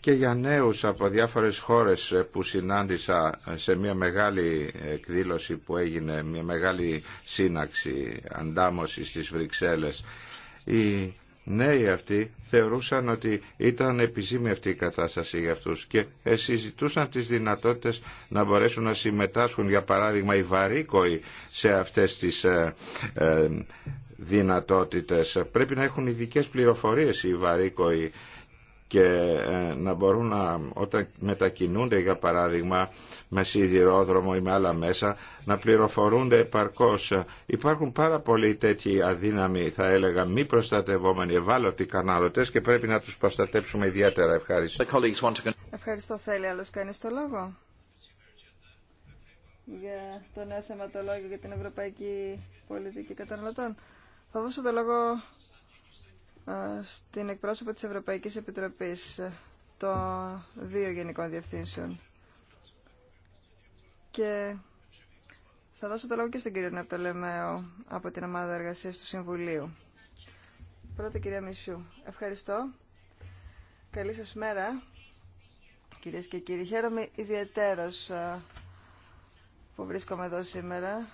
S3: και για νέους από διάφορες χώρες που συνάντησα σε μια μεγάλη εκδήλωση που έγινε, μια μεγάλη σύναξη αντάμωση στις Βρυξέλλες. Οι νέοι αυτοί θεωρούσαν ότι ήταν επιζήμη αυτή η κατάσταση για αυτούς και συζητούσαν τις δυνατότητες να μπορέσουν να συμμετάσχουν για παράδειγμα οι βαρύκοοι σε αυτές τις ε, ε, δυνατότητες. Πρέπει να έχουν ειδικέ πληροφορίες οι βαρύκοοι και ε, να μπορούν να, όταν μετακινούνται για παράδειγμα με σιδηρόδρομο ή με άλλα μέσα να πληροφορούνται επαρκώς. Υπάρχουν πάρα πολλοί τέτοιοι αδύναμοι θα έλεγα μη προστατευόμενοι ευάλωτοι κανάλωτες και πρέπει να τους προστατέψουμε
S1: ιδιαίτερα. Ευχαριστώ.
S4: Ευχαριστώ. Θέλει άλλος κανείς το λόγο για το νέο θεματολόγιο για την ευρωπαϊκή πολιτική καταναλωτών. Θα δώσω το λόγο στην εκπρόσωπο της Ευρωπαϊκής Επιτροπής των δύο Γενικών Διευθύνσεων. Και θα δώσω το λόγο και στον κύριο Νεπτολεμαίο από την ομάδα εργασίας του Συμβουλίου. Πρώτα κυρία Μισού, ευχαριστώ. Καλή σας μέρα, κυρίες και κύριοι. Χαίρομαι ιδιαίτερος που βρίσκομαι εδώ σήμερα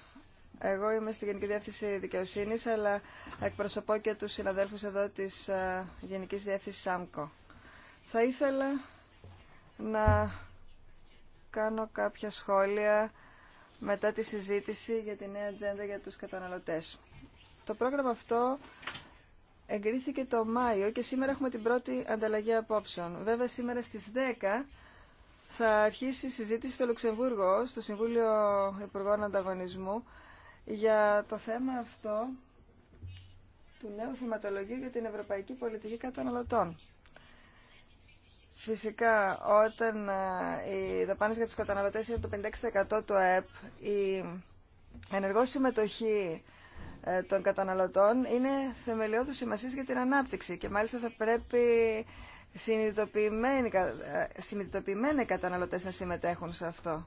S4: εγώ είμαι στη Γενική Διεύθυνση Δικαιοσύνη, αλλά εκπροσωπώ και του συναδέλφους εδώ της ε, Γενικής Διεύθυνση ΣΑΜΚΟ. Θα ήθελα να κάνω κάποια σχόλια μετά τη συζήτηση για τη νέα ατζέντα για τους καταναλωτές. Το πρόγραμμα αυτό εγκρίθηκε το Μάιο και σήμερα έχουμε την πρώτη ανταλλαγή απόψεων. Βέβαια σήμερα στις 10 θα αρχίσει η συζήτηση στο Λουξεμβούργο, στο Συμβούλιο Υπουργών Ανταγωνισμού, για το θέμα αυτό του νέου θεματολογίου για την ευρωπαϊκή πολιτική καταναλωτών. Φυσικά, όταν ε, οι δαπάνες για τους καταναλωτές είναι το 56% του ΑΕΠ, η ενεργό συμμετοχή ε, των καταναλωτών είναι θεμελιώδους σημασία για την ανάπτυξη και μάλιστα θα πρέπει συνειδητοποιημένοι, ε, συνειδητοποιημένοι καταναλωτές να συμμετέχουν σε αυτό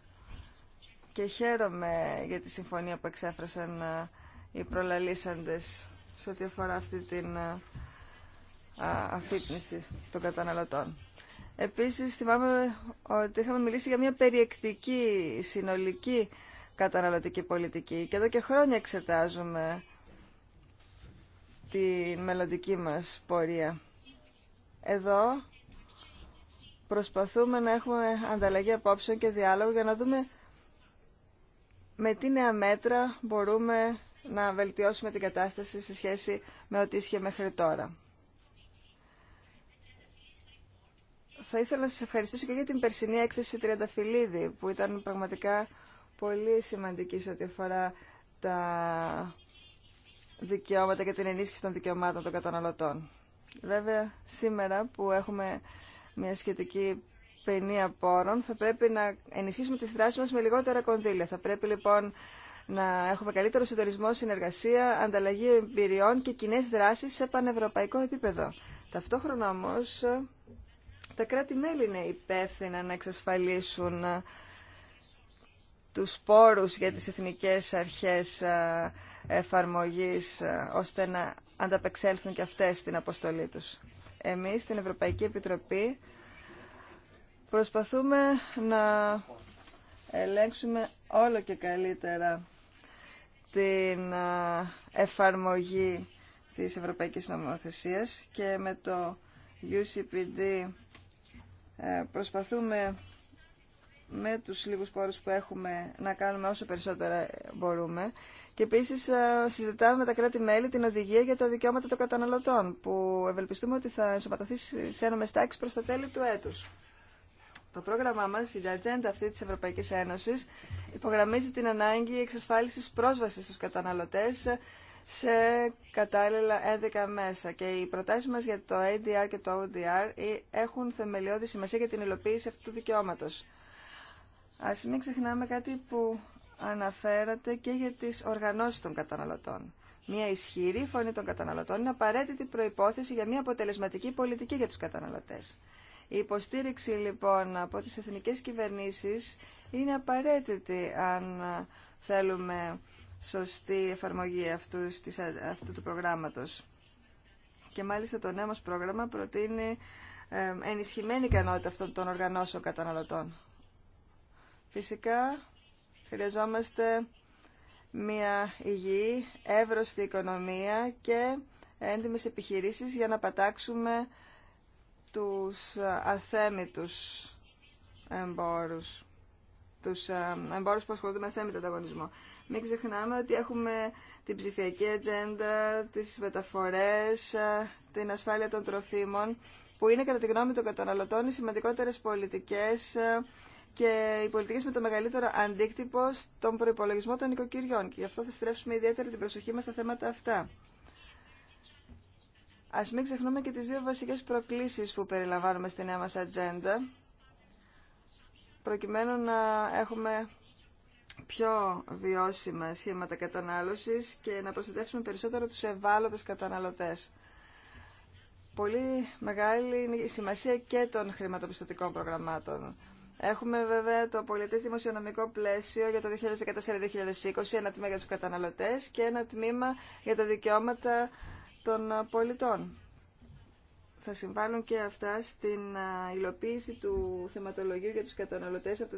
S4: και χαίρομαι για τη συμφωνία που εξέφρασαν ε, οι προλαλήσαντες σε ό,τι αφορά αυτή την ε, αφύπνιση των καταναλωτών. Επίσης, θυμάμαι ότι είχαμε μιλήσει για μια περιεκτική, συνολική καταναλωτική πολιτική και εδώ και χρόνια εξετάζουμε τη μελλοντική μας πορεία. Εδώ προσπαθούμε να έχουμε ανταλλαγή απόψεων και διάλογο για να δούμε με τι νέα μέτρα μπορούμε να βελτιώσουμε την κατάσταση σε σχέση με ό,τι ίσχυε μέχρι τώρα. Θα ήθελα να σας ευχαριστήσω και για την περσινή έκθεση Τριανταφυλλίδη, που ήταν πραγματικά πολύ σημαντική σε ό,τι αφορά τα δικαιώματα και την ενίσχυση των δικαιωμάτων των καταναλωτών. Βέβαια, σήμερα που έχουμε μια σχετική πενία πόρων θα πρέπει να ενισχύσουμε τις δράσεις μας με λιγότερα κονδύλια. Θα πρέπει λοιπόν να έχουμε καλύτερο συντορισμό συνεργασία, ανταλλαγή εμπειριών και κοινέ δράσεις σε πανευρωπαϊκό επίπεδο. Ταυτόχρονα όμω, τα κράτη-μέλη είναι υπεύθυνα να εξασφαλίσουν ε, τους πόρους για τις εθνικές αρχές ε, εφαρμογής ε, ώστε να ανταπεξέλθουν και αυτές στην αποστολή τους. Εμείς στην Ευρωπαϊκή Επιτροπή Προσπαθούμε να ελέγξουμε όλο και καλύτερα την εφαρμογή της Ευρωπαϊκής Νομοθεσίας και με το UCPD ε, προσπαθούμε με τους λίγους πόρους που έχουμε να κάνουμε όσο περισσότερα μπορούμε και επίσης ε, συζητάμε με τα κράτη-μέλη την οδηγία για τα δικαιώματα των καταναλωτών που ευελπιστούμε ότι θα ενσωματωθεί σε ένα μεστάξι προς τα τέλη του έτους. Το πρόγραμμά μα, η ατζέντα αυτή τη Ευρωπαϊκή Ένωση, υπογραμμίζει την ανάγκη εξασφάλιση πρόσβαση στου καταναλωτέ σε κατάλληλα 11 μέσα. Και οι προτάσει μα για το ADR και το ODR ε, έχουν θεμελιώδη σημασία για την υλοποίηση αυτού του δικαιώματο. Α μην ξεχνάμε κάτι που αναφέρατε και για τι οργανώσει των καταναλωτών. Μια ισχυρή φωνή των καταναλωτών είναι απαραίτητη προϋπόθεση για μια αποτελεσματική πολιτική για τους καταναλωτές. Η υποστήριξη λοιπόν από τις εθνικές κυβερνήσεις είναι απαραίτητη αν θέλουμε σωστή εφαρμογή αυτού, αυτού του προγράμματος. Και μάλιστα το νέο μας πρόγραμμα προτείνει ενισχυμένη ικανότητα αυτών των οργανώσεων καταναλωτών. Φυσικά χρειαζόμαστε μια υγιή, εύρωστη οικονομία και έντιμες επιχειρήσεις για να πατάξουμε τους αθέμητους εμπόρους, τους ε, εμπόρους που ασχολούνται με θέμητο ανταγωνισμό. Μην ξεχνάμε ότι έχουμε την ψηφιακή ατζέντα, τις μεταφορές, ε, την ασφάλεια των τροφίμων, που είναι κατά τη γνώμη των καταναλωτών οι σημαντικότερες πολιτικές ε, και οι πολιτικές με το μεγαλύτερο αντίκτυπο στον προπολογισμό των οικοκυριών. Και γι' αυτό θα στρέψουμε ιδιαίτερα την προσοχή μας στα θέματα αυτά. Α μην ξεχνούμε και τι δύο βασικέ προκλήσει που περιλαμβάνουμε στη νέα μα ατζέντα, προκειμένου να έχουμε πιο βιώσιμα σχήματα κατανάλωση και να προστατεύσουμε περισσότερο του ευάλωτε καταναλωτέ. Πολύ μεγάλη είναι η σημασία και των χρηματοπιστωτικών προγραμμάτων. Έχουμε βέβαια το πολιτές δημοσιονομικό πλαίσιο για το 2014-2020, ένα τμήμα για τους καταναλωτές και ένα τμήμα για τα δικαιώματα των ε, πολιτών. Θα συμβάλλουν και αυτά στην ε, υλοποίηση του θεματολογίου για τους καταναλωτές από το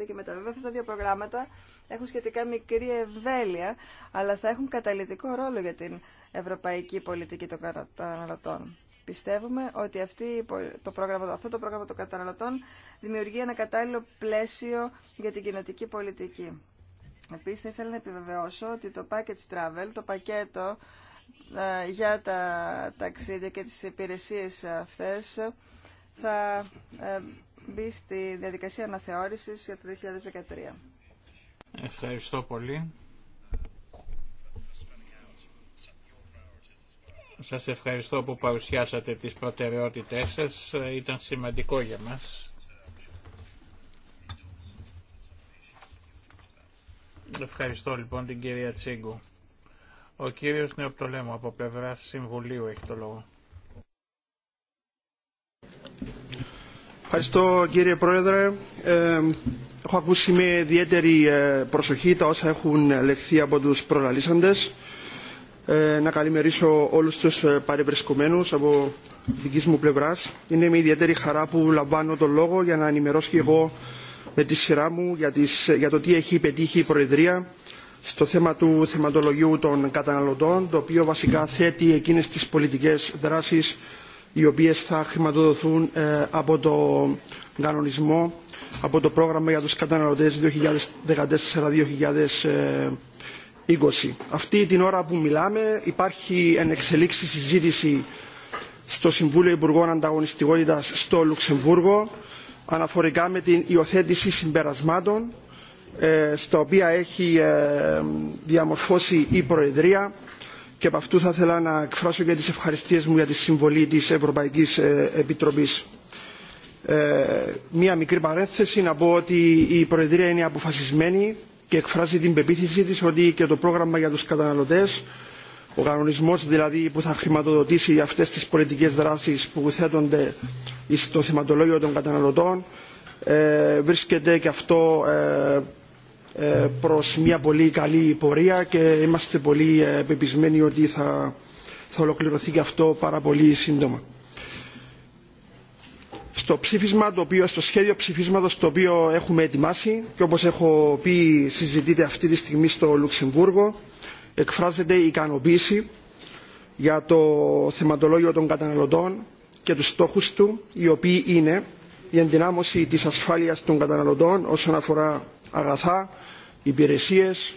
S4: 2013 και μετά. Βέβαια αυτά τα δύο προγράμματα έχουν σχετικά μικρή ευέλεια, αλλά θα έχουν καταλητικό ρόλο για την ευρωπαϊκή πολιτική των καταναλωτών. Πιστεύουμε ότι αυτή, το πρόγραμμα, αυτό το πρόγραμμα των καταναλωτών δημιουργεί ένα κατάλληλο πλαίσιο για την κοινοτική πολιτική. Επίσης, θα ήθελα να επιβεβαιώσω ότι το package travel, το πακέτο ε, για τα ταξίδια και τις υπηρεσίες αυτές θα ε, μπει στη διαδικασία αναθεώρησης για το 2013.
S2: Ευχαριστώ πολύ. Σας ευχαριστώ που παρουσιάσατε τις προτεραιότητές σας. Ήταν σημαντικό για μας. Ευχαριστώ λοιπόν την κυρία Τσίγκου. Ο κύριος Νεοπτολέμου από πλευρά Συμβουλίου έχει το λόγο.
S5: Ευχαριστώ κύριε Πρόεδρε. Ε, έχω ακούσει με ιδιαίτερη ε, προσοχή τα όσα έχουν λεχθεί από τους προλαλήσαντες. Ε, να καλημερίσω όλους τους ε, παρεμπρεσκομένους από δικής μου πλευράς. Είναι με ιδιαίτερη χαρά που λαμβάνω τον λόγο για να ενημερώσω και εγώ με τη σειρά μου για, τις, για το τι έχει πετύχει η Προεδρία στο θέμα του θεματολογίου των καταναλωτών, το οποίο βασικά θέτει εκείνες τις πολιτικές δράσεις οι οποίες θα χρηματοδοθούν ε, από το κανονισμό, από το πρόγραμμα για τους καταναλωτές 2014-2020. Αυτή την ώρα που μιλάμε υπάρχει ενεξελίξη συζήτηση στο Συμβούλιο Υπουργών Ανταγωνιστικότητας στο Λουξεμβούργο αναφορικά με την υιοθέτηση συμπερασμάτων ε, στα οποία έχει ε, διαμορφώσει η Προεδρία και από αυτού θα ήθελα να εκφράσω και τις ευχαριστίες μου για τη συμβολή της Ευρωπαϊκής ε, Επιτροπής. Μία μικρή παρέθεση να πω ότι η Προεδρία είναι αποφασισμένη και εκφράζει την πεποίθησή της ότι και το πρόγραμμα για τους καταναλωτές ο κανονισμός δηλαδή που θα χρηματοδοτήσει αυτές τις πολιτικές δράσεις που θέτονται στο θεματολόγιο των καταναλωτών βρίσκεται και αυτό ε, προς μια πολύ καλή πορεία και είμαστε πολύ ε, πεπισμένοι ότι θα, θα ολοκληρωθεί και αυτό πάρα πολύ σύντομα. Στο, ψήφισμα, το στο σχέδιο ψηφίσματος το οποίο έχουμε ετοιμάσει και όπως έχω πει συζητείται αυτή τη στιγμή στο Λουξεμβούργο εκφράζεται η ικανοποίηση για το θεματολόγιο των καταναλωτών και τους στόχους του οι οποίοι είναι η ενδυνάμωση της ασφάλειας των καταναλωτών όσον αφορά αγαθά υπηρεσίες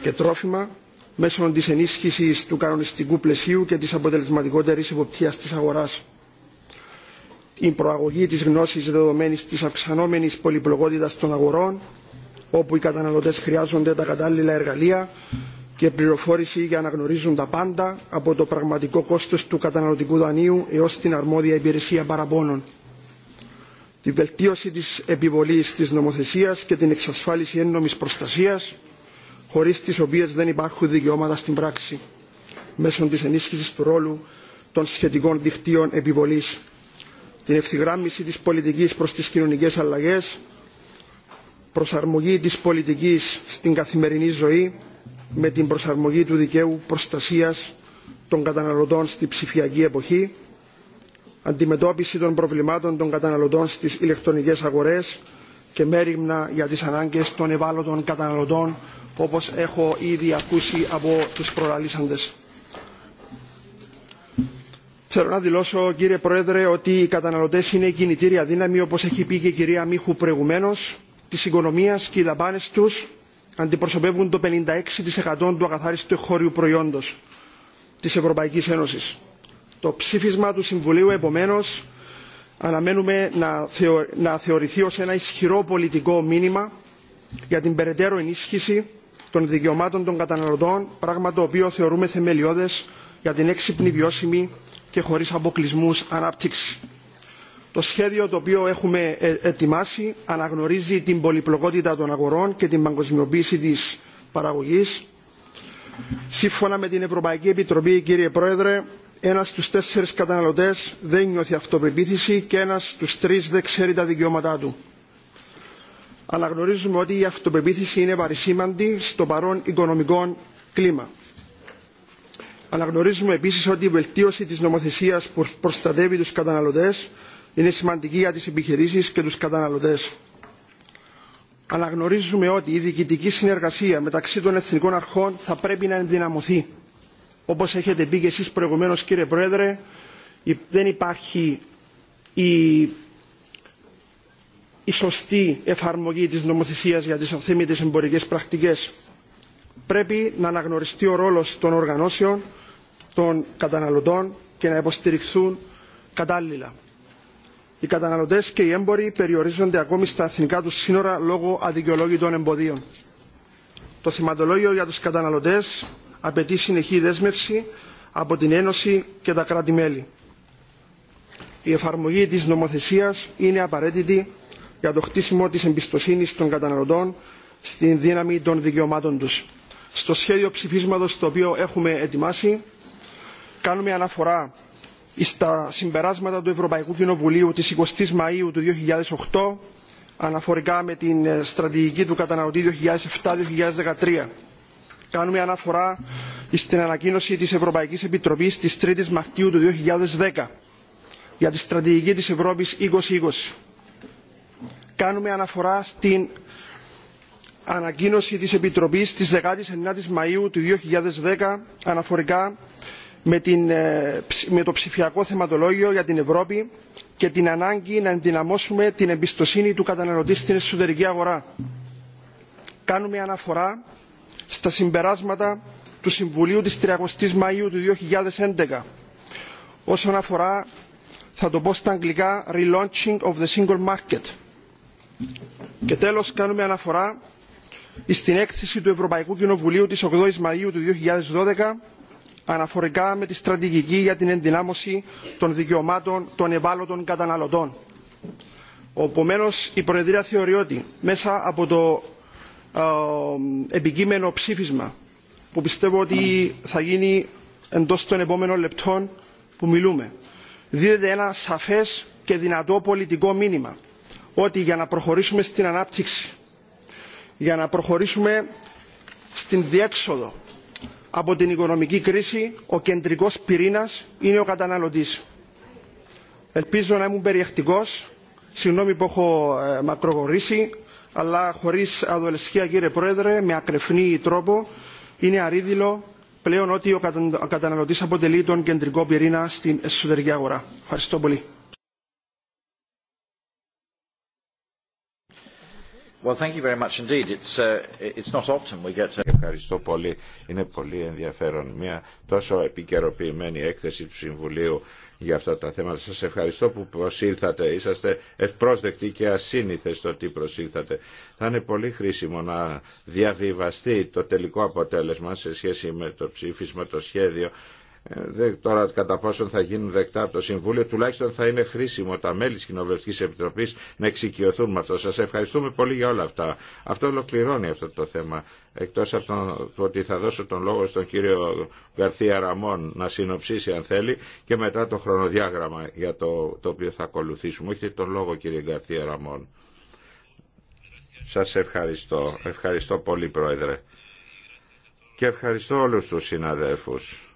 S5: και τρόφιμα μέσω της ενίσχυσης του κανονιστικού πλαισίου και της αποτελεσματικότερης υποπτίας της αγοράς. Η προαγωγή της γνώσης δεδομένης της αυξανόμενης πολυπλοκότητας των αγορών, όπου οι καταναλωτές χρειάζονται τα κατάλληλα εργαλεία και πληροφόρηση για να γνωρίζουν τα πάντα από το πραγματικό κόστος του καταναλωτικού δανείου έως την αρμόδια υπηρεσία παραπώνων τη βελτίωση της επιβολής της νομοθεσίας και την εξασφάλιση έννομης προστασίας, χωρίς τις οποίες δεν υπάρχουν δικαιώματα στην πράξη, μέσω της ενίσχυσης του ρόλου των σχετικών δικτύων επιβολής, την ευθυγράμμιση της πολιτικής προς τις κοινωνικές αλλαγές, προσαρμογή της πολιτικής στην καθημερινή ζωή με την προσαρμογή του δικαίου προστασίας των καταναλωτών στη ψηφιακή εποχή, αντιμετώπιση των προβλημάτων των καταναλωτών στις ηλεκτρονικές αγορές και μέρημνα για τις ανάγκες των ευάλωτων καταναλωτών όπως έχω ήδη ακούσει από τους προλαλήσαντες. Θέλω να δηλώσω κύριε Πρόεδρε ότι οι καταναλωτές είναι η κινητήρια δύναμη όπως έχει πει και η κυρία Μίχου προηγουμένως της οικονομίας και οι δαπάνες τους αντιπροσωπεύουν το 56% του αγαθάριστου χώριου προϊόντος της Ευρωπαϊκής Ένωσης. Το ψήφισμα του Συμβουλίου, επομένως, αναμένουμε να θεωρηθεί ως ένα ισχυρό πολιτικό μήνυμα για την περαιτέρω ενίσχυση των δικαιωμάτων των καταναλωτών, πράγμα το οποίο θεωρούμε θεμελιώδες για την έξυπνη βιώσιμη και χωρίς αποκλεισμούς ανάπτυξη. Το σχέδιο το οποίο έχουμε ε, ετοιμάσει αναγνωρίζει την πολυπλοκότητα των αγορών και την παγκοσμιοποίηση της παραγωγής. Σύμφωνα με την Ευρωπαϊκή Επιτροπή, κύριε Πρόεδρε, ένας στους τέσσερις καταναλωτές δεν νιώθει αυτοπεποίθηση και ένας στους τρεις δεν ξέρει τα δικαιώματά του. Αναγνωρίζουμε ότι η αυτοπεποίθηση είναι βαρισίμαντη στο παρόν οικονομικό κλίμα. Αναγνωρίζουμε επίσης ότι η βελτίωση της νομοθεσίας που προστατεύει τους καταναλωτές είναι σημαντική για τις επιχειρήσεις και τους καταναλωτές. Αναγνωρίζουμε ότι η διοικητική συνεργασία μεταξύ των εθνικών αρχών θα πρέπει να ενδυναμωθεί όπως έχετε πει και εσείς προηγουμένως κύριε Πρόεδρε, δεν υπάρχει η, σωστή εφαρμογή της νομοθεσίας για τις αυθύμητες εμπορικές πρακτικές. Πρέπει να αναγνωριστεί ο ρόλος των οργανώσεων, των καταναλωτών και να υποστηριχθούν κατάλληλα. Οι καταναλωτέ και οι έμποροι περιορίζονται ακόμη στα εθνικά του σύνορα λόγω αδικαιολόγητων εμποδίων. Το θυματολόγιο για του καταναλωτέ απαιτεί συνεχή δέσμευση από την Ένωση και τα κράτη-μέλη. Η εφαρμογή της νομοθεσίας είναι απαραίτητη για το χτίσιμο της εμπιστοσύνης των καταναλωτών στην δύναμη των δικαιωμάτων τους. Στο σχέδιο ψηφίσματος το οποίο έχουμε ετοιμάσει κάνουμε αναφορά στα συμπεράσματα του Ευρωπαϊκού Κοινοβουλίου της 20ης Μαΐου του 2008 αναφορικά με την στρατηγική του καταναλωτή 2007-2013 κάνουμε αναφορά στην ανακοίνωση της Ευρωπαϊκής Επιτροπής της 3ης Μαρτίου του 2010 για τη στρατηγική της Ευρώπης 2020. Κάνουμε αναφορά στην ανακοίνωση της Επιτροπής της 19ης Μαΐου του 2010 αναφορικά με, την, ε, με το ψηφιακό θεματολόγιο για την Ευρώπη και την ανάγκη να ενδυναμώσουμε την εμπιστοσύνη του καταναλωτή στην εσωτερική αγορά. Κάνουμε αναφορά στα συμπεράσματα του Συμβουλίου της 30ης Μαΐου του 2011 όσον αφορά, θα το πω στα αγγλικά, relaunching of the single market. Και τέλος κάνουμε αναφορά στην έκθεση του Ευρωπαϊκού Κοινοβουλίου της 8ης Μαΐου του 2012 αναφορικά με τη στρατηγική για την ενδυνάμωση των δικαιωμάτων των ευάλωτων καταναλωτών. Οπομένω, η Προεδρία θεωρεί ότι μέσα από το επικείμενο ψήφισμα που πιστεύω ότι θα γίνει εντός των επόμενων λεπτών που μιλούμε. Δίδεται ένα σαφές και δυνατό πολιτικό μήνυμα ότι για να προχωρήσουμε στην ανάπτυξη, για να προχωρήσουμε στην διέξοδο από την οικονομική κρίση, ο κεντρικός πυρήνας είναι ο καταναλωτής. Ελπίζω να ήμουν περιεκτικός, συγγνώμη που έχω ε, μακρογορήσει, αλλά χωρίς αδολεσχία κύριε Πρόεδρε, με ακρεφνή τρόπο, είναι αρίδηλο πλέον ότι ο καταναλωτής αποτελεί τον κεντρικό πυρήνα στην εσωτερική αγορά. Ευχαριστώ πολύ.
S1: Ευχαριστώ πολύ. Είναι πολύ ενδιαφέρον μια τόσο
S3: επικαιροποιημένη έκθεση του Συμβουλίου για αυτά τα θέματα. Σας ευχαριστώ που προσήλθατε. Είσαστε ευπρόσδεκτοι και ασύνηθες στο τι προσήλθατε. Θα είναι πολύ χρήσιμο να διαβιβαστεί το τελικό αποτέλεσμα σε σχέση με το ψήφισμα, το σχέδιο ε, τώρα κατά πόσο θα γίνουν δεκτά από το Συμβούλιο, τουλάχιστον θα είναι χρήσιμο τα μέλη τη Κοινοβουλευτική Επιτροπή να εξοικειωθούν με αυτό. Σα ευχαριστούμε πολύ για όλα αυτά. Αυτό ολοκληρώνει αυτό το θέμα. Εκτό από το ότι θα δώσω τον λόγο στον κύριο Γκαρθία Ραμών να συνοψίσει αν θέλει και μετά το χρονοδιάγραμμα για το, το οποίο θα ακολουθήσουμε. Έχετε τον λόγο κύριε Γκαρθία Ραμών. Σας ευχαριστώ. Ευχαριστώ πολύ Πρόεδρε. Και ευχαριστώ όλους τους συναδέλφους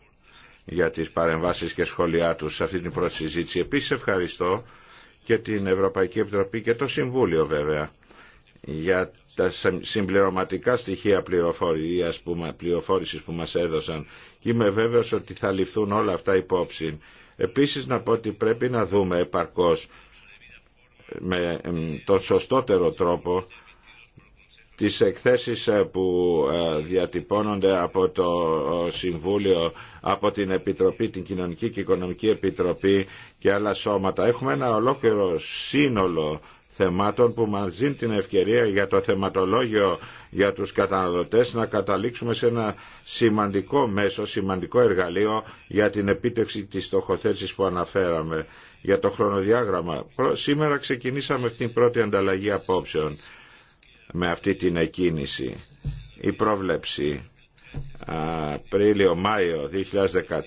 S3: για τις παρεμβάσεις και σχόλιά τους σε αυτή την πρώτη συζήτηση. Επίσης ευχαριστώ και την Ευρωπαϊκή Επιτροπή και το Συμβούλιο βέβαια για τα συμπληρωματικά στοιχεία πληροφορίας που, πληροφόρησης που μας έδωσαν και είμαι βέβαιος ότι θα ληφθούν όλα αυτά υπόψη. Επίσης να πω ότι πρέπει να δούμε επαρκώς με τον σωστότερο τρόπο τις εκθέσεις ε, που ε, διατυπώνονται από το Συμβούλιο, από την Επιτροπή, την Κοινωνική και Οικονομική Επιτροπή και άλλα σώματα. Έχουμε ένα ολόκληρο σύνολο θεμάτων που μας δίνει την ευκαιρία για το θεματολόγιο για τους καταναλωτές να καταλήξουμε σε ένα σημαντικό μέσο, σημαντικό εργαλείο για την επίτευξη της στοχοθέτηση που αναφέραμε. Για το χρονοδιάγραμμα, σήμερα ξεκινήσαμε την πρώτη ανταλλαγή απόψεων με αυτή την εκκίνηση. Η πρόβλεψη Απρίλιο-Μάιο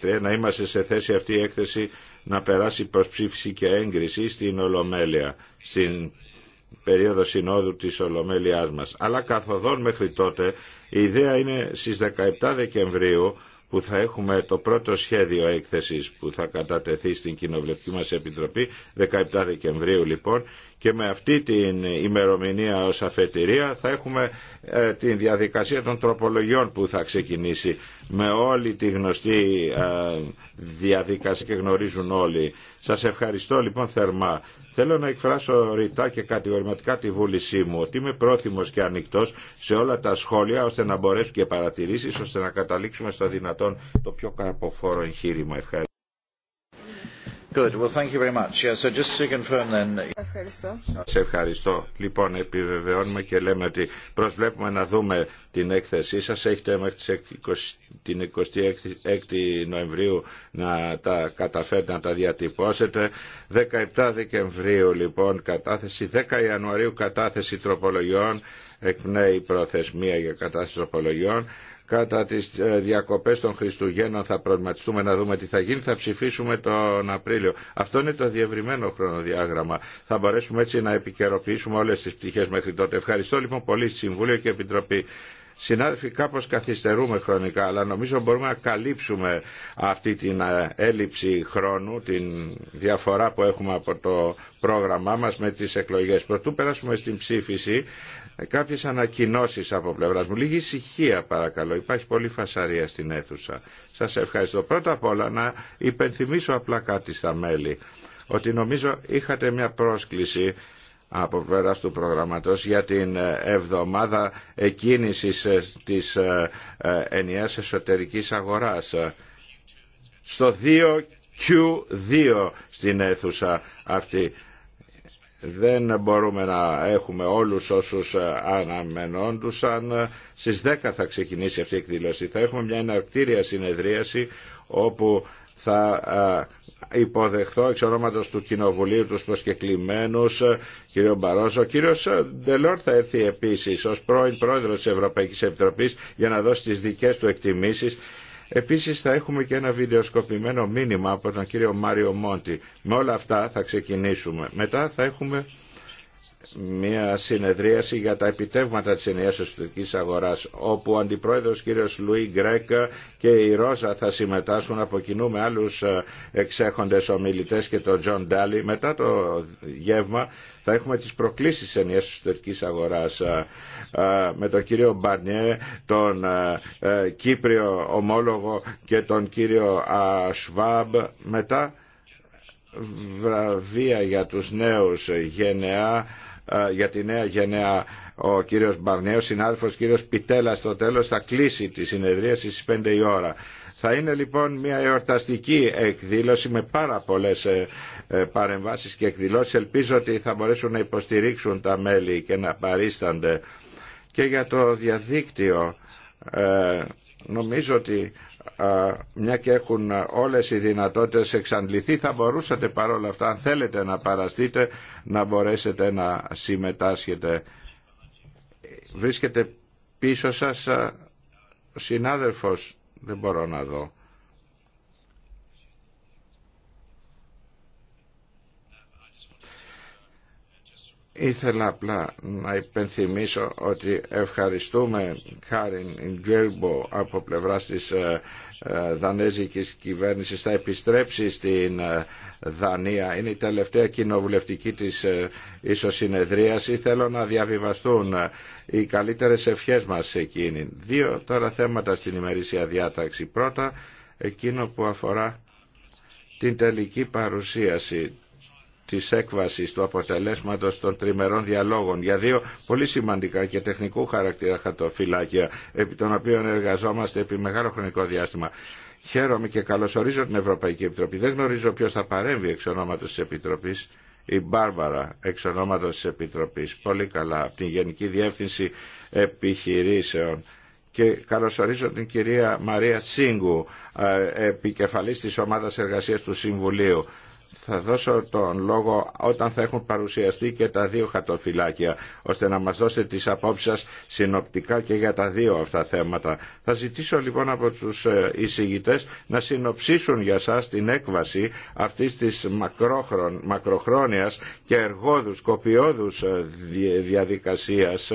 S3: 2013 να είμαστε σε θέση αυτή η έκθεση να περάσει προς ψήφιση και έγκριση στην Ολομέλεια, στην περίοδο συνόδου της Ολομέλειάς μας. Αλλά καθοδόν μέχρι τότε η ιδέα είναι στις 17 Δεκεμβρίου που θα έχουμε το πρώτο σχέδιο έκθεσης που θα κατατεθεί στην Κοινοβουλευτική μας Επιτροπή, 17 Δεκεμβρίου λοιπόν, και με αυτή την ημερομηνία ως αφετηρία θα έχουμε ε, τη διαδικασία των τροπολογιών που θα ξεκινήσει με όλη τη γνωστή ε, διαδικασία και γνωρίζουν όλοι. Σας ευχαριστώ λοιπόν θερμά. Θέλω να εκφράσω ρητά και κατηγορηματικά τη βούλησή μου ότι είμαι πρόθυμος και ανοιχτός σε όλα τα σχόλια ώστε να μπορέσουν και παρατηρήσεις ώστε να καταλήξουμε στο δυνατόν το πιο καρποφόρο εγχείρημα. Ευχαριστώ. Good. Ευχαριστώ. Λοιπόν, επιβεβαιώνουμε και λέμε ότι προσβλέπουμε να δούμε την έκθεσή σας. Έχετε μέχρι την 26η Νοεμβρίου να τα καταφέρετε να τα διατυπώσετε. 17 Δεκεμβρίου λοιπόν κατάθεση, 10 Ιανουαρίου κατάθεση τροπολογιών, εκπνέει προθεσμία για κατάθεση τροπολογιών κατά τις ε, διακοπές των Χριστουγέννων θα προβληματιστούμε να δούμε τι θα γίνει. Θα ψηφίσουμε τον Απρίλιο. Αυτό είναι το διευρυμένο χρονοδιάγραμμα. Θα μπορέσουμε έτσι να επικαιροποιήσουμε όλες τις πτυχές μέχρι τότε. Ευχαριστώ λοιπόν πολύ Συμβούλιο και Επιτροπή. Συνάδελφοι, κάπω καθυστερούμε χρονικά, αλλά νομίζω μπορούμε να καλύψουμε αυτή την ε, έλλειψη χρόνου, την διαφορά που έχουμε από το πρόγραμμά μας με τις εκλογές. Πρωτού περάσουμε στην ψήφιση, κάποιε ανακοινώσει από πλευράς μου. Λίγη ησυχία παρακαλώ, υπάρχει πολύ φασαρία στην αίθουσα. Σας ευχαριστώ. Πρώτα απ' όλα να υπενθυμίσω απλά κάτι στα μέλη, ότι νομίζω είχατε μια πρόσκληση από πλευρά του προγραμματός για την ε, εβδομάδα εκκίνησης ε, της ε, ενιαίας εσωτερικής αγοράς. Στο 2Q2 στην αίθουσα αυτή. Δεν μπορούμε να έχουμε όλους όσους αναμενόντουσαν. Στις 10 θα ξεκινήσει αυτή η εκδήλωση. Θα έχουμε μια εναρκτήρια συνεδρίαση όπου θα υποδεχθώ εξ ονόματος του Κοινοβουλίου τους προσκεκλημένους ε, κύριο Μπαρόζο. Ο κύριος Ντελόρ θα έρθει επίσης ως πρώην πρόεδρος της Ευρωπαϊκής Επιτροπής για να δώσει τις δικές του εκτιμήσεις Επίσης θα έχουμε και ένα βιντεοσκοπημένο μήνυμα από τον κύριο Μάριο Μόντι. Με όλα αυτά θα ξεκινήσουμε. Μετά θα έχουμε μια συνεδρίαση για τα επιτεύγματα της ενιαίας εσωτερικής αγοράς όπου ο αντιπρόεδρος κύριος Λουί Γκρέκ και η Ρόζα θα συμμετάσχουν από κοινού με άλλους ε, εξέχοντες ομιλητές και τον Τζον Ντάλι. Μετά το γεύμα θα έχουμε τις προκλήσεις της ενιαίας εσωτερικής αγοράς ε, ε, με τον κύριο Μπαρνιέ, τον Κύπριο ομόλογο και τον κύριο Σβάμπ. Μετά βραβεία για τους νέους γενεά ε, για τη νέα γενναία ο κύριος Μπαρνέο, συνάδελφος κύριος Πιτέλα στο τέλος θα κλείσει τη συνεδρία στις 5 η ώρα. Θα είναι λοιπόν μια εορταστική εκδήλωση με πάρα πολλές ε, ε, παρεμβάσεις και εκδηλώσεις. Ελπίζω ότι θα μπορέσουν να υποστηρίξουν τα μέλη και να παρίστανται. Και για το διαδίκτυο νομίζω ότι μια και έχουν όλες οι δυνατότητες εξαντληθεί θα μπορούσατε παρόλα αυτά αν θέλετε να παραστείτε να μπορέσετε να συμμετάσχετε βρίσκεται πίσω σας ο συνάδελφος δεν μπορώ να δω Ήθελα απλά να υπενθυμίσω ότι ευχαριστούμε Κάριν Γκέρμπο από πλευράς της ε, ε, δανέζικης κυβέρνησης θα επιστρέψει στην ε, Δανία. Είναι η τελευταία κοινοβουλευτική της ίσως συνεδρίαση. Θέλω να διαβιβαστούν οι καλύτερες ευχές μας σε εκείνη. Δύο τώρα θέματα στην ημερήσια διάταξη. Πρώτα, εκείνο που αφορά την τελική παρουσίαση Τη έκβασης του αποτελέσματος των τριμερών διαλόγων για δύο πολύ σημαντικά και τεχνικού χαρακτήρα χαρτοφυλάκια επί των οποίων εργαζόμαστε επί μεγάλο χρονικό διάστημα. Χαίρομαι και καλωσορίζω την Ευρωπαϊκή Επιτροπή. Δεν γνωρίζω ποιος θα παρέμβει εξ ονόματος της Επιτροπής. Η Μπάρμπαρα, εξ ονόματος της Επιτροπής. Πολύ καλά. Από την Γενική Διεύθυνση Επιχειρήσεων και καλωσορίζω την κυρία Μαρία Τσίγκου, ε, επικεφαλής της ομάδας εργασίας του Συμβουλίου θα δώσω τον λόγο όταν θα έχουν παρουσιαστεί και τα δύο χαρτοφυλάκια, ώστε να μας δώσετε τις απόψεις σας συνοπτικά και για τα δύο αυτά θέματα. Θα ζητήσω λοιπόν από τους ε, εισηγητές να συνοψίσουν για σας την έκβαση αυτής της μακρόχρον, μακροχρόνιας και εργόδους, κοπιόδους ε, διαδικασίας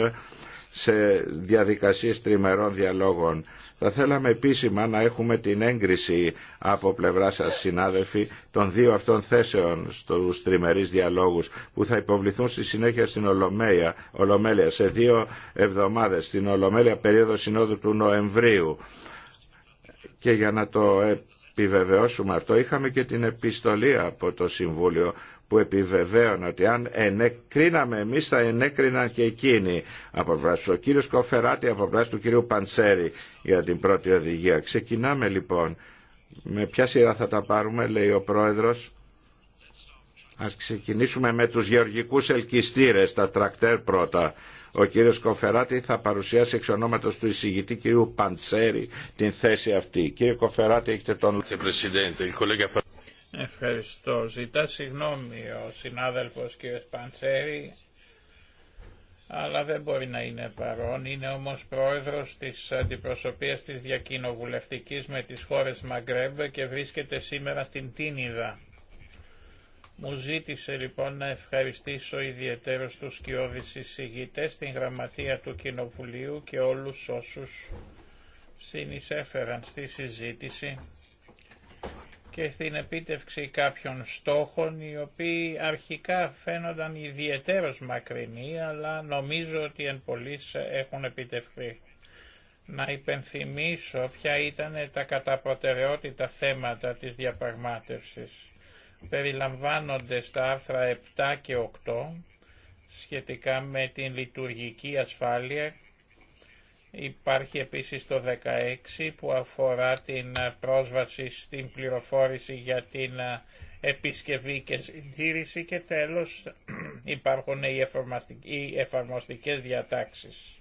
S3: σε διαδικασίες τριμερών διαλόγων. Θα θέλαμε επίσημα να έχουμε την έγκριση από πλευρά σας συνάδελφοι των δύο αυτών θέσεων στους τριμερείς διαλόγους που θα υποβληθούν στη συνέχεια στην Ολομέλεια, Ολομέλεια σε δύο εβδομάδες, στην Ολομέλεια περίοδο συνόδου του Νοεμβρίου. Και για να το επιβεβαιώσουμε αυτό είχαμε και την επιστολή από το Συμβούλιο που επιβεβαίωνε ότι αν ενεκρίναμε εμείς θα ενέκριναν και εκείνοι από Ο κύριος Κοφεράτη από βράση του κύριου Παντσέρη για την πρώτη οδηγία. Ξεκινάμε λοιπόν. Με ποια σειρά θα τα πάρουμε λέει ο πρόεδρος. Ας ξεκινήσουμε με τους γεωργικούς ελκυστήρες, τα τρακτέρ πρώτα. Ο κύριος Κοφεράτη θα παρουσιάσει εξ ονόματος του εισηγητή κύριου Παντσέρη την θέση αυτή. Κύριε Κοφεράτη έχετε τον...
S2: Ευχαριστώ. Ζητά συγγνώμη ο συνάδελφος κ. Παντσέρη, αλλά δεν μπορεί να είναι παρόν. Είναι όμως πρόεδρος της αντιπροσωπείας της διακοινοβουλευτικής με τις χώρες Μαγκρέμπ και βρίσκεται σήμερα στην Τίνιδα. Μου ζήτησε λοιπόν να ευχαριστήσω ιδιαίτερως τους σκιώδης εισηγητές στην γραμματεία του Κοινοβουλίου και όλους όσους συνεισέφεραν στη συζήτηση και στην επίτευξη κάποιων στόχων οι οποίοι αρχικά φαίνονταν ιδιαίτερως μακρινοί αλλά νομίζω ότι εν πολλής έχουν επιτευχθεί. Να υπενθυμίσω ποια ήταν τα καταπροτεραιότητα θέματα της διαπραγμάτευσης. Περιλαμβάνονται στα άρθρα 7 και 8 σχετικά με την λειτουργική ασφάλεια Υπάρχει επίσης το 16 που αφορά την ε, πρόσβαση στην πληροφόρηση για την ε, επισκευή και συντήρηση και τέλος [clears throat] υπάρχουν οι εφαρμοστικές διατάξεις.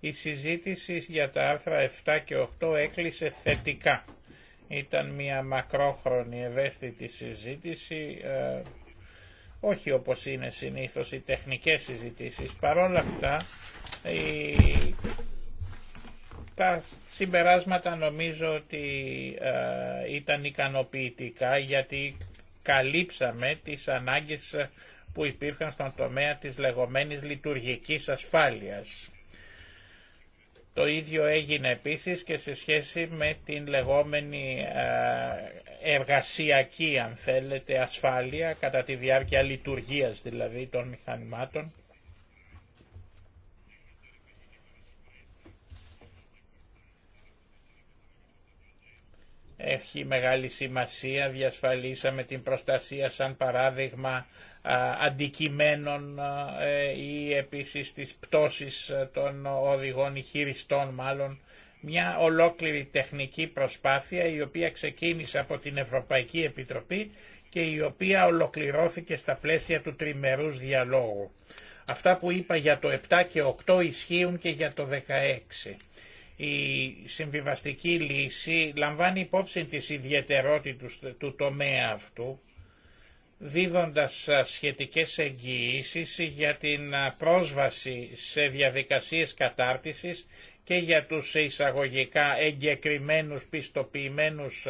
S2: Η συζήτηση για τα άρθρα 7 και 8 έκλεισε θετικά. Ήταν μια μακρόχρονη ευαίσθητη συζήτηση, ε, όχι όπως είναι συνήθως οι τεχνικές συζητήσεις. Παρόλα αυτά η τα συμπεράσματα νομίζω ότι ε, ήταν ικανοποιητικά γιατί καλύψαμε τις ανάγκες που υπήρχαν στον τομέα της λεγόμενης λειτουργικής ασφάλειας. Το ίδιο έγινε επίσης και σε σχέση με την λεγόμενη ε, εργασιακή, αν θέλετε, ασφάλεια, κατά τη διάρκεια λειτουργίας δηλαδή των μηχανημάτων, έχει μεγάλη σημασία, διασφαλίσαμε την προστασία σαν παράδειγμα αντικειμένων ε, ή επίσης τις πτώσεις ε, των οδηγών ή χειριστών μάλλον, μια ολόκληρη τεχνική προσπάθεια η οποία ξεκίνησε από την Ευρωπαϊκή Επιτροπή και η οποία ολοκληρώθηκε στα πλαίσια του τριμερούς διαλόγου. Αυτά που είπα για το 7 και 8 ισχύουν και για το 16. Η συμβιβαστική λύση λαμβάνει υπόψη τις ιδιαιτερότητες του τομέα αυτού, δίδοντας σχετικές εγγυήσεις για την πρόσβαση σε διαδικασίες κατάρτισης και για τους εισαγωγικά εγκεκριμένους πιστοποιημένους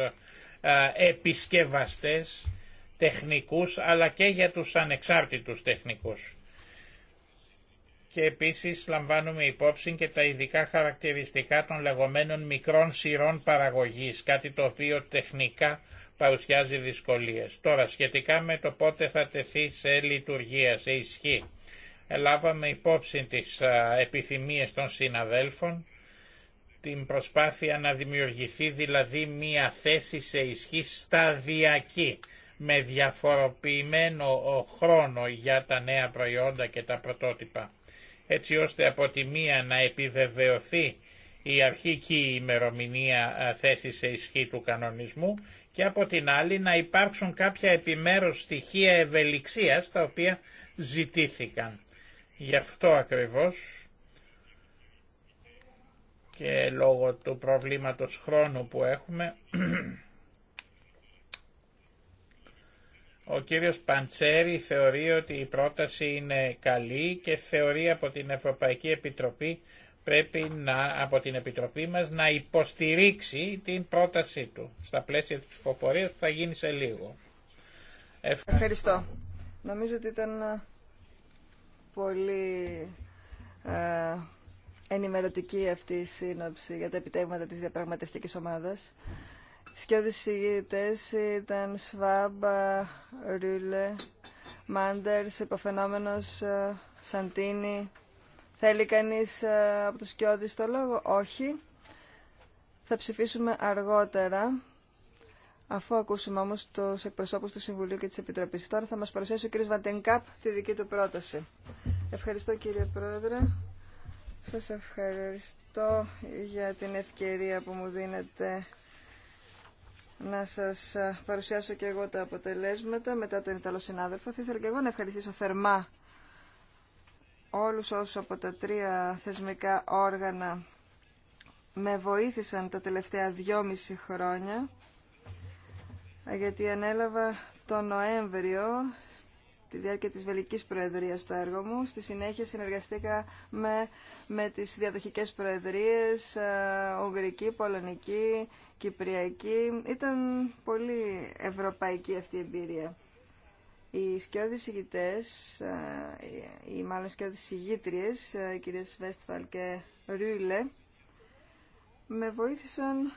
S2: επισκευαστές τεχνικούς αλλά και για τους ανεξάρτητους τεχνικούς και επίσης λαμβάνουμε υπόψη και τα ειδικά χαρακτηριστικά των λεγόμενων μικρών σειρών παραγωγής, κάτι το οποίο τεχνικά παρουσιάζει δυσκολίες. Τώρα, σχετικά με το πότε θα τεθεί σε λειτουργία, σε ισχύ, λάβαμε υπόψη τις επιθυμίες των συναδέλφων, την προσπάθεια να δημιουργηθεί δηλαδή μία θέση σε ισχύ σταδιακή, με διαφοροποιημένο χρόνο για τα νέα προϊόντα και τα πρωτότυπα έτσι ώστε από τη μία να επιβεβαιωθεί η αρχική ημερομηνία θέση σε ισχύ του κανονισμού και από την άλλη να υπάρξουν κάποια επιμέρους στοιχεία ευελιξίας τα οποία ζητήθηκαν. Γι' αυτό ακριβώς και λόγω του προβλήματος χρόνου που έχουμε [clears throat] Ο κύριος Παντσέρη θεωρεί ότι η πρόταση είναι καλή και θεωρεί από την Ευρωπαϊκή Επιτροπή πρέπει να, από την Επιτροπή μας να υποστηρίξει την πρότασή του στα πλαίσια της ψηφοφορίας που θα γίνει σε λίγο. Ευχαριστώ.
S4: Νομίζω ότι ήταν ε, πολύ ε, ενημερωτική αυτή η σύνοψη για τα επιτεύγματα της διαπραγματευτικής ομάδας. Σκιώδη ήταν Σβάμπα, Ρούλε, μάντερ, υποφαινόμενο ε, Σαντίνη. Θέλει κανεί ε, από του Σκιώδη το λόγο? Όχι. Θα ψηφίσουμε αργότερα, αφού ακούσουμε όμω του εκπροσώπου του Συμβουλίου και τη Επιτροπή Τώρα θα μα παρουσιάσει ο κ. Βαντενκάπ τη δική του πρόταση. Ευχαριστώ κύριε Πρόεδρε. Σας ευχαριστώ για την ευκαιρία που μου δίνετε να σας παρουσιάσω και εγώ τα αποτελέσματα μετά τον Ιταλό συνάδελφο. Θα ήθελα και εγώ να ευχαριστήσω θερμά όλους όσους από τα τρία θεσμικά όργανα με βοήθησαν τα τελευταία δυόμιση χρόνια γιατί ανέλαβα το Νοέμβριο τη διάρκεια της Βελικής Προεδρίας στο έργο μου. Στη συνέχεια συνεργαστήκα με, με τις διαδοχικές προεδρίες, ε, Ουγγρική, Πολωνική, Κυπριακή. Ήταν πολύ ευρωπαϊκή αυτή η εμπειρία. Οι σκιώδεις ηγητές, ε, οι μάλλον σκιώδεις ηγήτριες, ε, οι κυρίες Βέστφαλ και Ρούλε, με βοήθησαν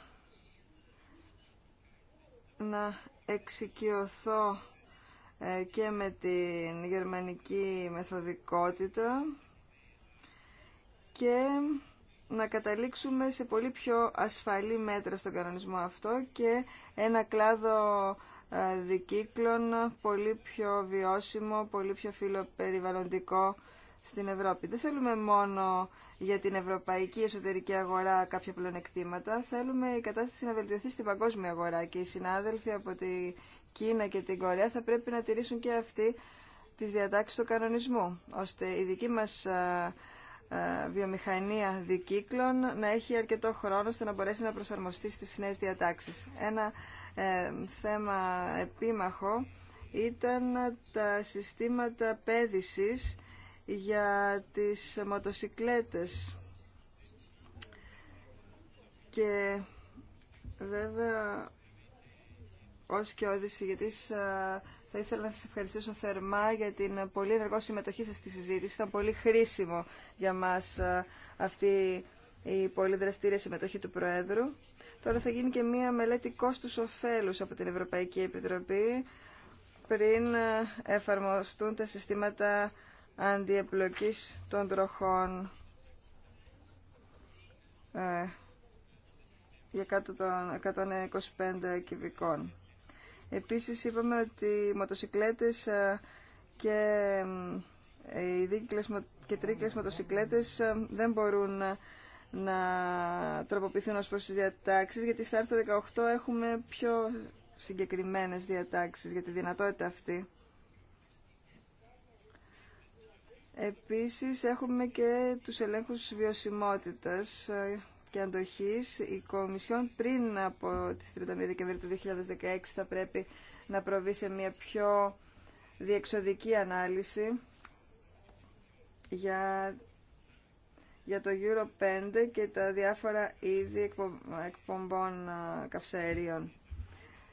S4: να εξοικειωθώ ε, και με την γερμανική μεθοδικότητα και να καταλήξουμε σε πολύ πιο ασφαλή μέτρα στον κανονισμό αυτό και ένα κλάδο ε, δικύκλων πολύ πιο βιώσιμο, πολύ πιο φιλοπεριβαλλοντικό στην Ευρώπη. Δεν θέλουμε μόνο για την ευρωπαϊκή εσωτερική αγορά κάποια πλονεκτήματα. Θέλουμε η κατάσταση να βελτιωθεί στην παγκόσμια αγορά και οι συνάδελφοι από τη Κίνα και την Κορέα θα πρέπει να τηρήσουν και αυτοί τις διατάξεις του κανονισμού, ώστε η δική μας βιομηχανία δικύκλων να έχει αρκετό χρόνο ώστε να μπορέσει να προσαρμοστεί στις νέες διατάξεις. Ένα ε, θέμα επίμαχο ήταν τα συστήματα πέδησης για τις μοτοσικλέτες και βέβαια ως και όδηση, γιατί ε, θα ήθελα να σας ευχαριστήσω θερμά για την πολύ ενεργό συμμετοχή σας στη συζήτηση. Ήταν πολύ χρήσιμο για μας ε, αυτή η πολύ δραστήρια συμμετοχή του Προέδρου. Τώρα θα γίνει και μία μελέτη κόστους ωφέλους από την Ευρωπαϊκή Επιτροπή πριν ε, εφαρμοστούν τα συστήματα αντιεπλοκής των τροχών για κάτω 125 κυβικών. Επίσης είπαμε ότι οι μοτοσυκλέτες ε, και ε, οι δίκυκλες και τρίκλες μοτοσυκλέτες ε, δεν μπορούν να τροποποιηθούν ως προς τις διατάξεις, γιατί στα άρθρα 18 έχουμε πιο συγκεκριμένες διατάξεις για τη δυνατότητα αυτή. Επίσης έχουμε και τους ελέγχους βιωσιμότητας και αντοχής η Κομισιόν πριν από τις 31 Δεκεμβρίου του 2016 θα πρέπει να προβεί σε μια πιο διεξοδική ανάλυση για, για το Euro 5 και τα διάφορα είδη εκπομπών καυσαερίων.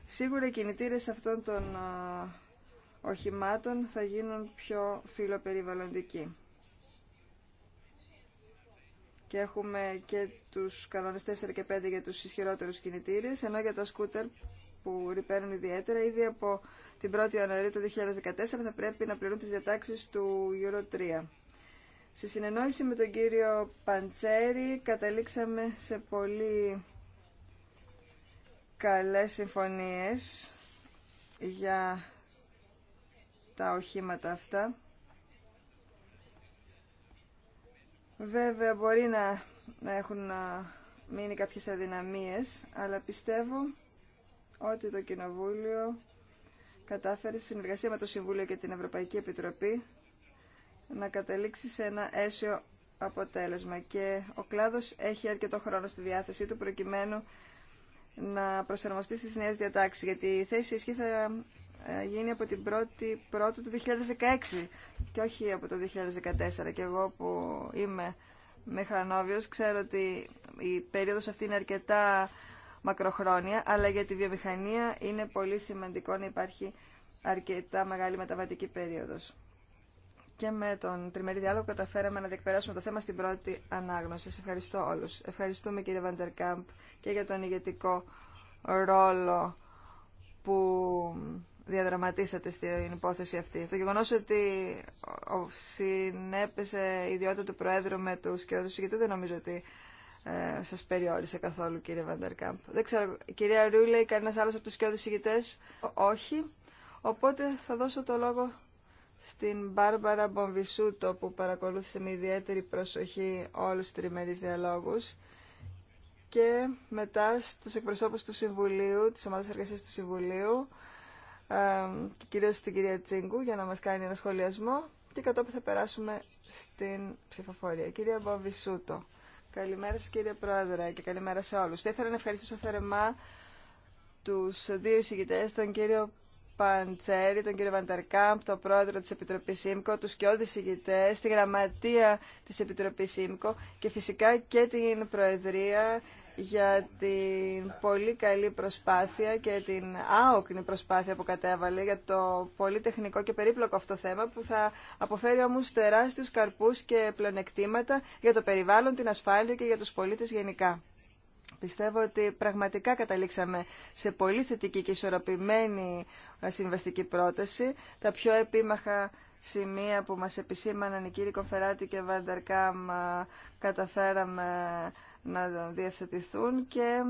S4: Σίγουρα οι κινητήρες αυτών των οχημάτων θα γίνουν πιο φιλοπεριβαλλοντικοί και έχουμε και τους κανόνες 4 και 5 για τους ισχυρότερους κινητήρες, ενώ για τα σκούτερ που ρηπαίνουν ιδιαίτερα, ήδη από την 1η Ιανουαρίου του 2014 θα πρέπει να πληρούν τις διατάξεις του Euro 3. Σε συνεννόηση με τον κύριο Παντσέρη καταλήξαμε σε πολύ καλές συμφωνίες για τα οχήματα αυτά Βέβαια μπορεί να, να έχουν μείνει κάποιες αδυναμίες, αλλά πιστεύω ότι το Κοινοβούλιο κατάφερε στη συνεργασία με το Συμβούλιο και την Ευρωπαϊκή Επιτροπή να καταλήξει σε ένα αίσιο αποτέλεσμα και ο κλάδος έχει αρκετό χρόνο στη διάθεσή του προκειμένου να προσαρμοστεί στις νέες διατάξεις γιατί η θέση ισχύει ε, γίνει από την 1η Πρώτου του 2016 και όχι από το 2014. Και εγώ που είμαι μηχανόβιος ξέρω ότι η περίοδος αυτή είναι αρκετά μακροχρόνια, αλλά για τη βιομηχανία είναι πολύ σημαντικό να υπάρχει αρκετά μεγάλη μεταβατική περίοδος. Και με τον τριμερή διάλογο καταφέραμε να διεκπεράσουμε το θέμα στην πρώτη ανάγνωση. Σας ευχαριστώ όλους. Ευχαριστούμε κύριε Βαντερκάμπ και για τον ηγετικό ρόλο που διαδραματίσατε στην υπόθεση αυτή. Το γεγονό ότι συνέπεσε η ιδιότητα του Προέδρου με του και όδους γιατί δεν νομίζω ότι ε, περιόρισε καθόλου κύριε Βαντερκάμπ. Δεν ξέρω, κυρία Ρούλε, κανένα άλλο από του σκιώδους ηγητέ. Όχι. Οπότε θα δώσω το λόγο στην Μπάρμπαρα Μπομβισούτο που παρακολούθησε με ιδιαίτερη προσοχή όλους του τριμερείς διαλόγους και μετά στους εκπροσώπους του Συμβουλίου, της Ομάδας Εργασίας του Συμβουλίου ε, και κυρίως στην κυρία Τσίγκου για να μας κάνει ένα σχολιασμό και κατόπιν θα περάσουμε στην ψηφοφορία. Κυρία Μποβισούτο, καλημέρα σας κύριε Πρόεδρε και καλημέρα σε όλους. Θα ήθελα να ευχαριστήσω θερμά τους δύο εισηγητές, τον κύριο Παντσέρη, τον κύριο Βανταρκάμπ, τον πρόεδρο της Επιτροπής ΣΥΜΚΟ, του και ηγητές, τη γραμματεία της Επιτροπής ΣΥΜΚΟ και φυσικά και την Προεδρία για την πολύ καλή προσπάθεια και την άοκνη προσπάθεια που κατέβαλε για το πολύ τεχνικό και περίπλοκο αυτό θέμα που θα αποφέρει όμως τεράστιους καρπούς και πλονεκτήματα για το περιβάλλον, την ασφάλεια και για τους πολίτες γενικά. Πιστεύω ότι πραγματικά καταλήξαμε σε πολύ θετική και ισορροπημένη συμβαστική πρόταση. Τα πιο επίμαχα σημεία που μας επισήμαναν οι κύριοι Κοφεράτη και Βαντερκάμ καταφέραμε να διαθετηθούν και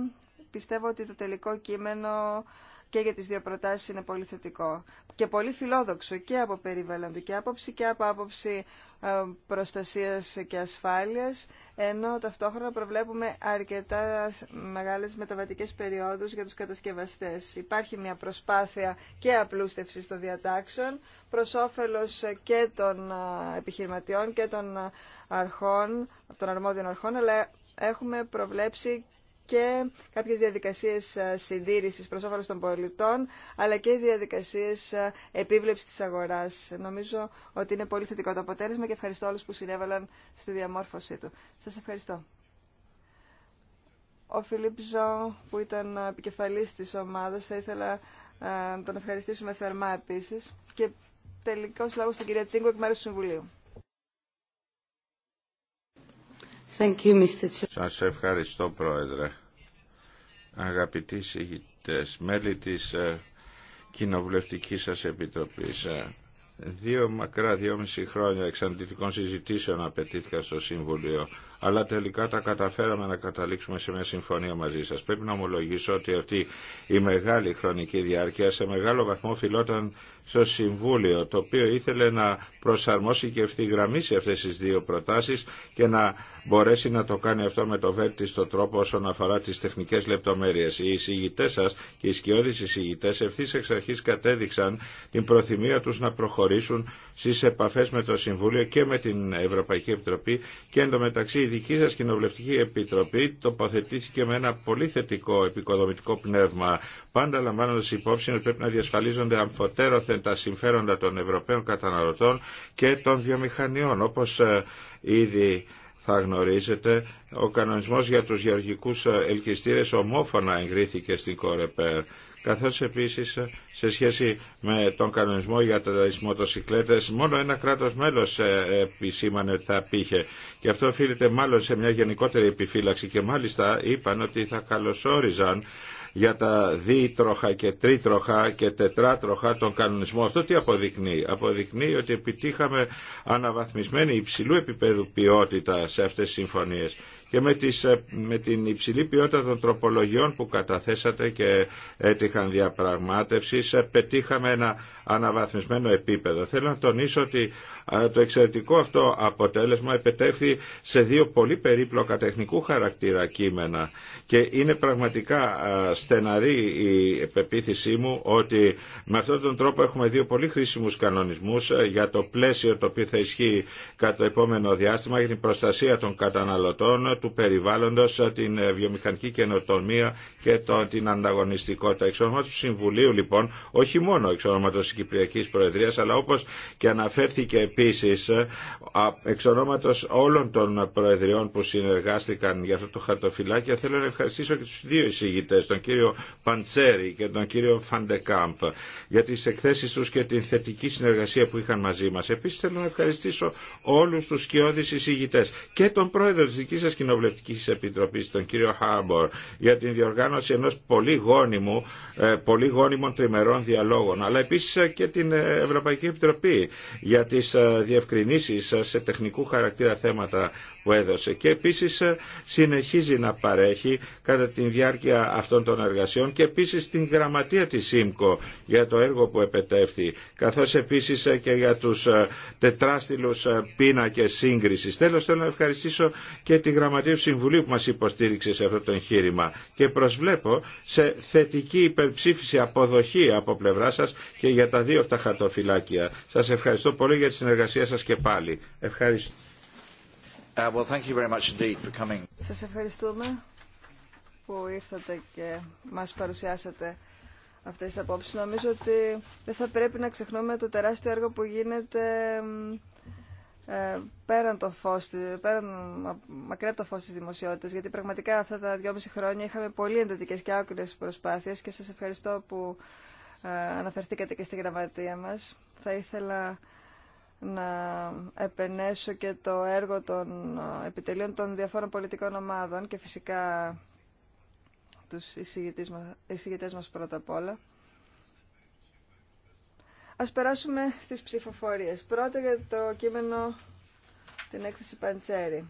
S4: πιστεύω ότι το τελικό κείμενο και για τις δύο προτάσεις είναι πολύ θετικό και πολύ φιλόδοξο και από περιβαλλοντική άποψη και από άποψη ε, προστασίας και ασφάλειας ενώ ταυτόχρονα προβλέπουμε αρκετά μεγάλες μεταβατικές περιόδους για τους κατασκευαστές. Υπάρχει μια προσπάθεια και απλούστευση των διατάξεων προς όφελος ε, και των ε, επιχειρηματιών και των αρχών, των αρμόδιων αρχών αλλά έχουμε προβλέψει και κάποιες διαδικασίες ε, συντήρησης προς όφελος των πολιτών, αλλά και διαδικασίες ε, επίβλεψης της αγοράς. Νομίζω ότι είναι πολύ θετικό το αποτέλεσμα και ευχαριστώ όλους που συνέβαλαν στη διαμόρφωσή του. Σας ευχαριστώ. Ο Φιλίπ Ζω, που ήταν επικεφαλής της ομάδας, θα ήθελα ε, να τον ευχαριστήσουμε θερμά επίσης. Και τελικός λόγος στην κυρία Τσίγκου εκ μέρους του Συμβουλίου.
S3: Σας ευχαριστώ Πρόεδρε. Αγαπητοί συγητές, μέλη της ε, Κοινοβουλευτικής σας Επιτροπής, ε, δύο μακρά δυόμιση χρόνια εξαντλητικών συζητήσεων απαιτήθηκαν στο Συμβουλίο αλλά τελικά τα καταφέραμε να καταλήξουμε σε μια συμφωνία μαζί σας. Πρέπει να ομολογήσω ότι αυτή η μεγάλη χρονική διάρκεια σε μεγάλο βαθμό φιλόταν στο Συμβούλιο, το οποίο ήθελε να προσαρμόσει και σε αυτές τις δύο προτάσεις και να μπορέσει να το κάνει αυτό με το βέλτιστο τρόπο όσον αφορά τις τεχνικές λεπτομέρειες. Οι εισηγητές σας και οι σκιώδεις εισηγητές ευθύς εξ αρχής κατέδειξαν την προθυμία τους να προχωρήσουν στις επαφές με το Συμβούλιο και με την Ευρωπαϊκή Επιτροπή και εντωμεταξύ δική σας Κοινοβουλευτική Επιτροπή τοποθετήθηκε με ένα πολύ θετικό επικοδομητικό πνεύμα, πάντα λαμβάνοντας υπόψη ότι πρέπει να διασφαλίζονται αμφωτέρωθεν τα συμφέροντα των Ευρωπαίων καταναλωτών και των βιομηχανιών, όπως ε, ήδη θα γνωρίζετε, ο κανονισμός για τους γεωργικούς ε, ελκυστήρες ομόφωνα εγκρίθηκε στην Κορεπέρ καθώς επίσης σε σχέση με τον κανονισμό για τις μοτοσυκλέτες μόνο ένα κράτος μέλος ε, επισήμανε ότι θα πήχε και αυτό οφείλεται μάλλον σε μια γενικότερη επιφύλαξη και μάλιστα είπαν ότι θα καλωσόριζαν για τα δίτροχα και τρίτροχα και τετράτροχα τον κανονισμό. Αυτό τι αποδεικνύει. Αποδεικνύει ότι επιτύχαμε αναβαθμισμένη υψηλού επίπεδου ποιότητα σε αυτές τις συμφωνίες και ε, με, την υψηλή ποιότητα των τροπολογιών που καταθέσατε και έτυχαν διαπραγμάτευσης ε, πετύχαμε ένα αναβαθμισμένο επίπεδο. Θέλω να τονίσω ότι το εξαιρετικό αυτό αποτέλεσμα επετέφθη σε δύο πολύ περίπλοκα τεχνικού χαρακτήρα κείμενα και είναι πραγματικά στεναρή η πεποίθησή μου ότι με αυτόν τον τρόπο έχουμε δύο πολύ χρήσιμους κανονισμούς για το πλαίσιο το οποίο θα ισχύει κατά το επόμενο διάστημα για την προστασία των καταναλωτών, του περιβάλλοντος, την ε, βιομηχανική καινοτομία και την ανταγωνιστικότητα. Εξ όνομα του Συμβουλίου λοιπόν, όχι μόνο εξ ονόματος της Κυπριακής Προεδρίας, αλλά όπως και αναφέρθηκε επίσης ε, εξ ονόματος όλων των προεδριών που συνεργάστηκαν για αυτό το χαρτοφυλάκιο θέλω να ευχαριστήσω και τους δύο εισηγητές, τον κύριο Παντσέρη και τον κύριο Φαντεκάμπ για τις εκθέσεις τους και την θετική συνεργασία που είχαν μαζί μας. Επίσης θέλω να ευχαριστήσω όλους τους σκιώδεις εισηγητές και τον πρόεδρο της δικής σας κοινοβουλευτικής επιτροπής, τον κύριο Χάμπορ, για την διοργάνωση ενός πολύ γόνιμου, ε, πολύ γόνιμων τριμερών διαλόγων, αλλά επίσης και την ε, Ευρωπαϊκή Επιτροπή για τις διευκρινήσεις σε τεχνικού χαρακτήρα θέματα που έδωσε και επίσης ε, συνεχίζει να παρέχει κατά τη διάρκεια αυτών των εργασιών και επίσης την γραμματεία της ΣΥΜΚΟ για το έργο που επετεύθη καθώς επίσης ε, και για τους ε, τετράστιλους πίνακες σύγκρισης. Τέλος θέλω να ευχαριστήσω και τη γραμματεία του Συμβουλίου που μας υποστήριξε σε αυτό το εγχείρημα και προσβλέπω σε θετική υπερψήφιση αποδοχή από πλευρά σας και για τα δύο αυτά χαρτοφυλάκια. Σας ευχαριστώ πολύ για τη συνεργασία σας και πάλι.
S1: Ευχαριστώ. Uh,
S4: σας ευχαριστούμε που ήρθατε και μας παρουσιάσατε αυτές τις απόψεις. Νομίζω ότι δεν θα πρέπει να ξεχνούμε το τεράστιο έργο που γίνεται ε, πέραν το φως, πέραν, μακριά από το φως της δημοσιότητας, γιατί πραγματικά αυτά τα δυόμιση χρόνια είχαμε πολύ εντατικές και άκρες προσπάθειες και σας ευχαριστώ που ε, αναφερθήκατε και στη γραμματεία μας. Θα ήθελα να επενέσω και το έργο των ε, επιτελείων των διαφόρων πολιτικών ομάδων και φυσικά τους εισηγητές μας πρώτα απ' όλα. Ας περάσουμε στις ψηφοφορίες. Πρώτα για το κείμενο την έκθεση Παντσέρη.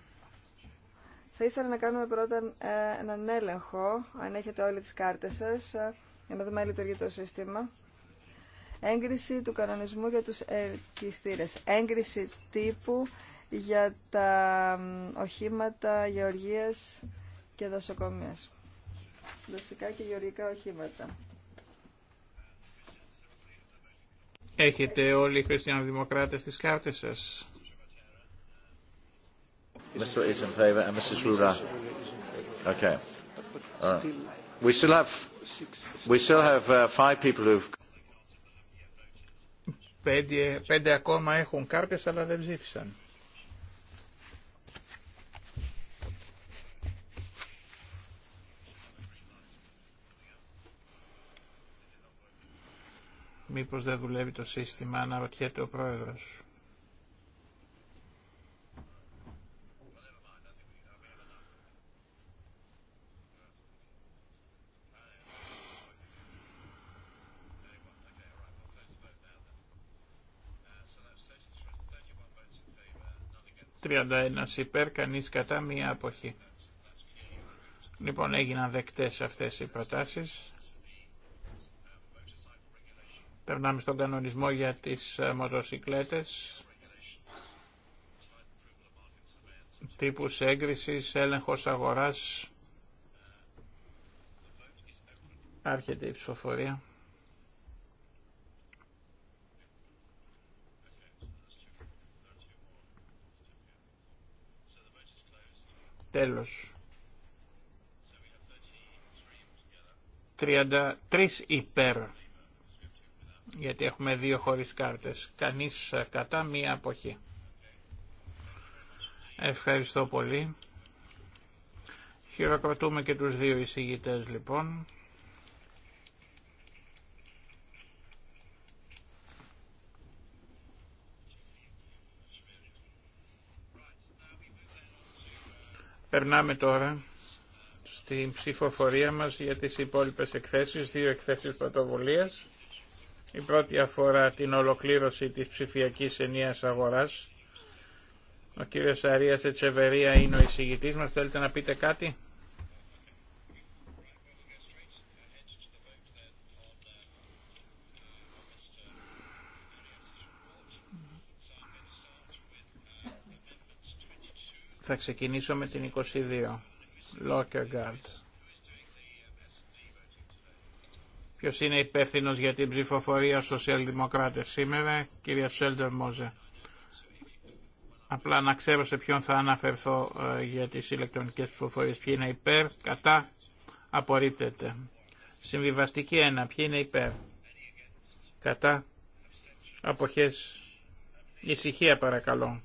S4: Θα ήθελα να κάνουμε πρώτα ε, έναν έλεγχο, αν έχετε όλοι τις κάρτες σας, ε, για να δούμε αν λειτουργεί το σύστημα έγκριση του κανονισμού για τους ελκυστήρες, έγκριση τύπου για τα οχήματα γεωργίας και δασοκομείας. Δασικά και γεωργικά οχήματα.
S2: Έχετε όλοι οι χριστιανοδημοκράτες τις κάρτες σας.
S1: Mr. is Mrs. Rura. Okay. We still have we still have uh, five people who've
S2: Πέντε, ακόμα έχουν κάρτες αλλά δεν ψήφισαν. Μήπως δεν δουλεύει το σύστημα, αναρωτιέται ο πρόεδρος. 31 υπέρ, κανείς κατά, μία αποχή. Λοιπόν, έγιναν δεκτές αυτές οι προτάσεις. Περνάμε στον κανονισμό για τις ε, μοτοσυκλέτες. Τύπους έγκρισης, έλεγχος αγοράς. Άρχεται η ψηφοφορία. Τέλος. 33 υπέρ. Γιατί έχουμε δύο χωρίς κάρτες. Κανείς κατά μία αποχή. Ευχαριστώ πολύ. Χειροκροτούμε και τους δύο εισηγητές λοιπόν. Περνάμε τώρα στην ψηφοφορία μας για τις υπόλοιπες εκθέσεις, δύο εκθέσεις πρωτοβουλίας. Η πρώτη αφορά την ολοκλήρωση της ψηφιακής ενίας αγοράς. Ο κύριος Αρίας Ετσεβερία είναι ο εισηγητής μας. Θέλετε να πείτε κάτι. Θα ξεκινήσω με την 22. Guard. Ποιο είναι υπεύθυνο για την ψηφοφορία σοσιαλδημοκράτε σήμερα, κυρία Σέλντερ Μόζε. Απλά να ξέρω σε ποιον θα αναφερθώ ε, για τις ηλεκτρονικέ ψηφοφορίες. Ποιοι είναι υπέρ, κατά, απορρίπτεται. Συμβιβαστική 1. Ποιοι είναι υπέρ. Κατά. Αποχές. Ησυχία παρακαλώ.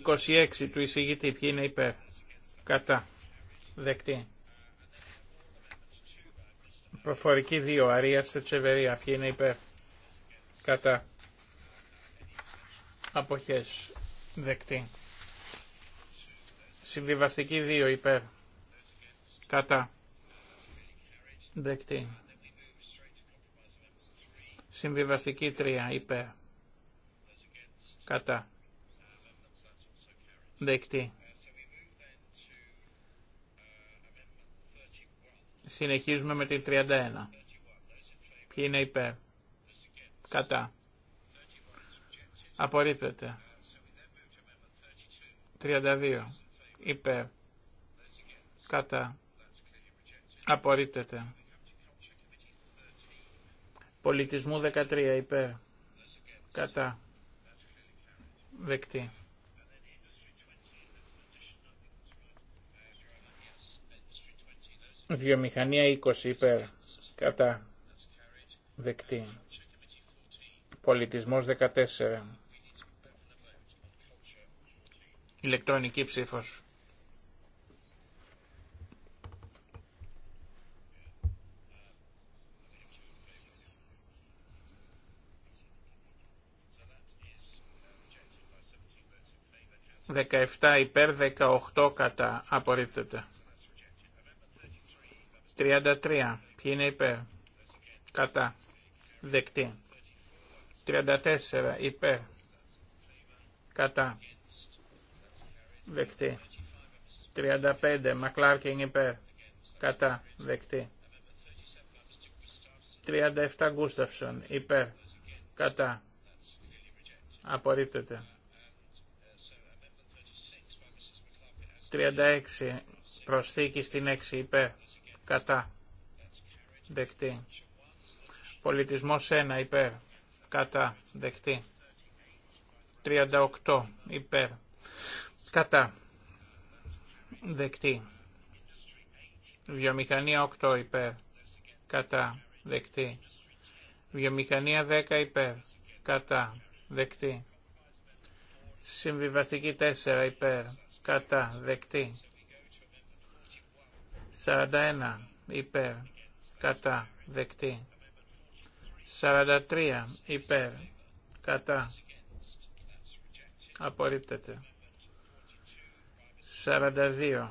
S2: 26 του εισηγητή. Ποιοι είναι υπέρ. Κατά. Δεκτή. Προφορική 2. Αρία σε τσεβερία. Ποιοι είναι υπέρ. Κατά. Αποχές. Δεκτή. Συμβιβαστική 2 υπέρ. Κατά. Δεκτή. Συμβιβαστική 3 υπέρ. Κατά. Δεκτή. Συνεχίζουμε με την 31. Ποιοι είναι υπέρ. Κατά. Απορρίπτεται. 32. Υπέρ. Κατά. Απορρίπτεται. Πολιτισμού 13. Υπέρ. Κατά. Δεκτή. Βιομηχανία 20 υπέρ κατά δεκτή. Πολιτισμός 14. Ηλεκτρονική ψήφος. 17 υπέρ, 18 κατά. Απορρίπτεται. 33. Ποιοι είναι υπέρ. Κατά. Δεκτή. 34. Υπέρ. Κατά. Δεκτή. 35. Μακλάρκιν υπέρ. Κατά. Δεκτή. 37. Γκούσταυσον υπέρ. Κατά. Απορρίπτεται. 36. Προσθήκη στην 6 υπέρ κατά, δεκτή. Πολιτισμός 1 υπέρ, κατά, δεκτή. 38 υπέρ, κατά, δεκτή. Βιομηχανία 8 υπέρ, κατά, δεκτή. Βιομηχανία 10 υπέρ, κατά, δεκτή. Συμβιβαστική 4 υπέρ, κατά, δεκτή. 41 υπέρ κατά δεκτή. 43 υπέρ κατά απορρίπτεται. 42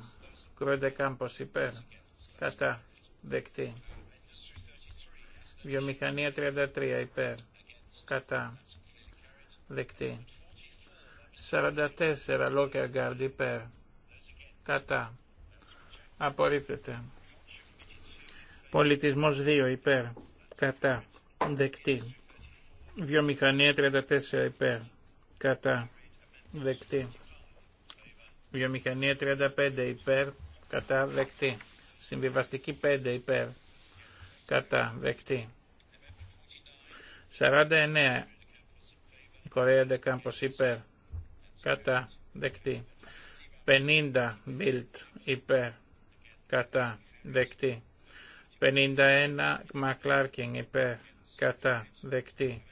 S2: κάμπο υπέρ κατά δεκτή. Βιομηχανία 33 υπέρ κατά δεκτή. 44 Γκάρντ υπέρ κατά Απορρίπτεται. Πολιτισμός 2 υπέρ. Κατά. Δεκτή. Βιομηχανία 34 υπέρ. Κατά. Δεκτή. Βιομηχανία 35 υπέρ. Κατά. Δεκτή. Συμβιβαστική 5 υπέρ. Κατά. Δεκτή. 49. Κορέα Ντεκάμπος υπέρ. Κατά. Δεκτή. 50 build υπέρ κατά, δεκτή. 51 Μακλάρκινγκ. υπέρ, κατά, δεκτή.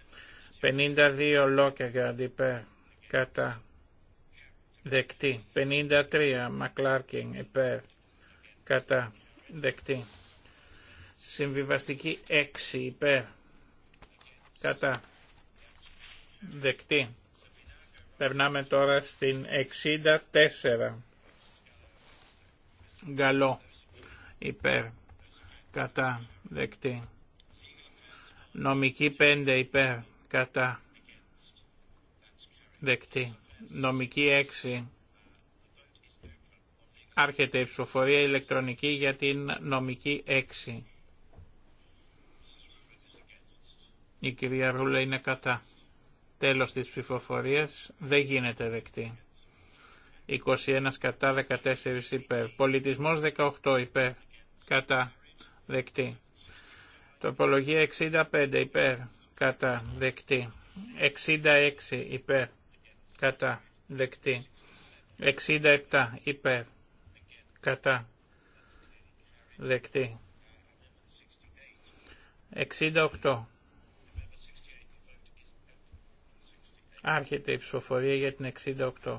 S2: 52 Λόκεγκαντ υπέρ, κατά, δεκτή. 53 Μακλάρκινγκ. υπέρ, κατά, δεκτή. Συμβιβαστική 6 υπέρ, κατά, δεκτή. Περνάμε τώρα στην 64. Γκαλό υπέρ κατά δεκτή. Νομική 5 υπέρ κατά δεκτή. Νομική 6 άρχεται η ψηφοφορία ηλεκτρονική για την νομική 6. Η κυρία Ρούλα είναι κατά. Τέλος της ψηφοφορίας δεν γίνεται δεκτή. 21 κατά 14 υπέρ. Πολιτισμός 18 υπέρ κατά Τοπολογία 65 υπέρ κατά δεκτή. 66 υπέρ κατά δεκτή. 67 υπέρ κατά δεκτή. 68 Άρχεται η ψηφοφορία για την 68.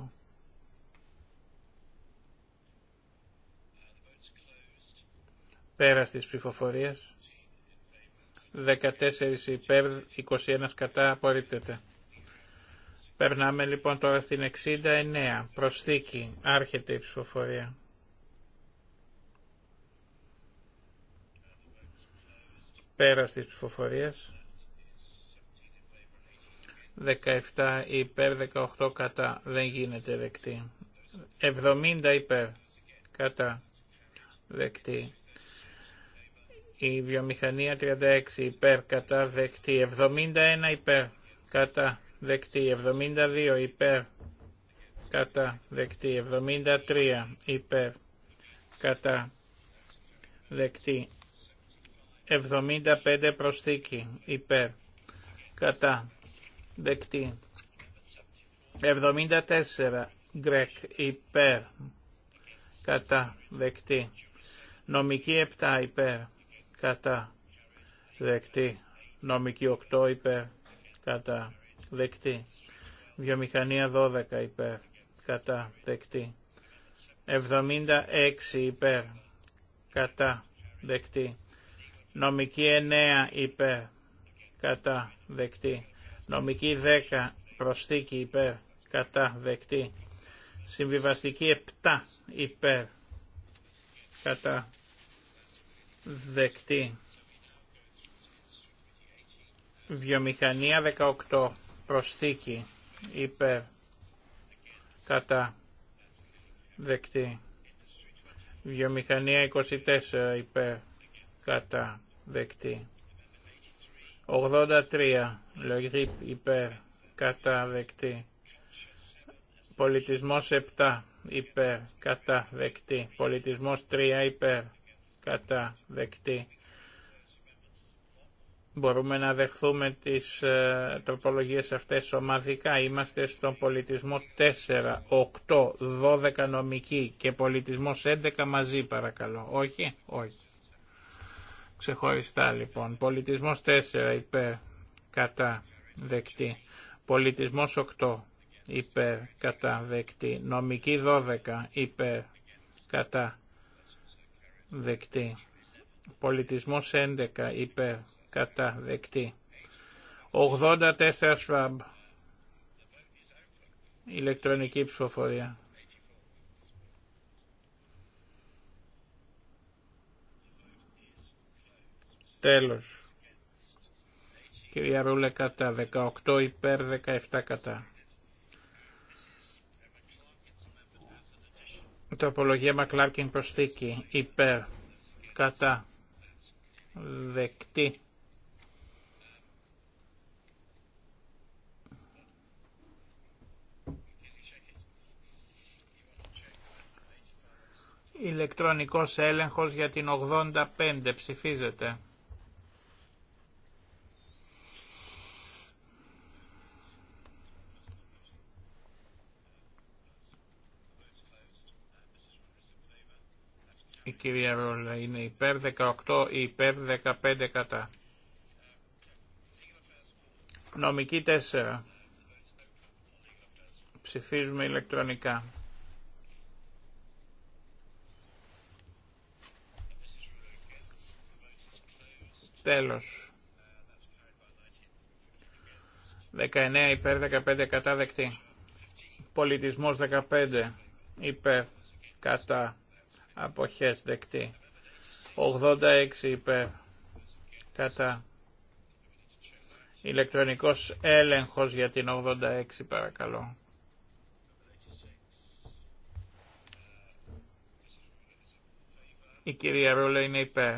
S2: Πέρα της ψηφοφορίας. 14 υπέρ, 21 κατά απορρίπτεται. Περνάμε λοιπόν τώρα στην 69. Προσθήκη. Άρχεται η ψηφοφορία. Πέρα της ψηφοφορίας. 17 υπέρ, 18 κατά. Δεν γίνεται δεκτή. 70 υπέρ, κατά. Δεκτή. Η βιομηχανία 36 υπέρ κατά δεκτή. 71 υπέρ κατά δεκτή. 72 υπέρ κατά δεκτή. 73 υπέρ κατά δεκτή. 75 προσθήκη υπέρ κατά δεκτή. 74 γκρεκ υπέρ κατά δεκτή. Νομική 7 υπέρ κατά δεκτή, νομική 8 υπέρ κατά δεκτή, βιομηχανία 12 υπέρ κατά δεκτή, 76 υπέρ κατά δεκτή, νομική 9 υπέρ κατά δεκτή, νομική 10 προσθήκη υπέρ κατά δεκτή, συμβιβαστική 7 υπέρ κατά δεκτή. Βιομηχανία 18 προσθήκη υπέρ κατά δεκτή. Βιομηχανία 24 υπέρ κατά δεκτή. 83 λογρίπ υπέρ κατά δεκτή. Πολιτισμός 7 υπέρ κατά δεκτή. Πολιτισμός 3 υπέρ κατά δεκτή. Μπορούμε να δεχθούμε τις ε, τροπολογίες αυτές ομαδικά. Είμαστε στον πολιτισμό 4, 8, 12 νομική και πολιτισμός 11 μαζί παρακαλώ. Όχι, όχι. Ξεχωριστά λοιπόν. Πολιτισμός 4 υπέρ κατά δεκτή. Πολιτισμός 8 υπέρ κατά δεκτή. Νομική 12 υπέρ κατά δεκτή. Πολιτισμός 11 υπέρ κατά δεκτή. 84 Σβάμπ. Ηλεκτρονική ψηφοφορία. Τέλος. Κυρία Ρούλε κατά 18 υπέρ 17 κατά. Τροπολογία Μακλάρκιν προσθήκη. Υπέρ. Κατά. Δεκτή. Ηλεκτρονικός έλεγχος για την 85 ψηφίζεται. η κυρία Ρόλα είναι υπέρ 18 ή υπέρ 15 κατά. Νομική 4. Ψηφίζουμε ηλεκτρονικά. Τέλος. 19 υπέρ 15 κατά δεκτή. Πολιτισμός 15 υπέρ κατά αποχές δεκτή. 86 υπέρ κατά ηλεκτρονικός έλεγχος για την 86 παρακαλώ. Η κυρία Ρούλα είναι υπέρ.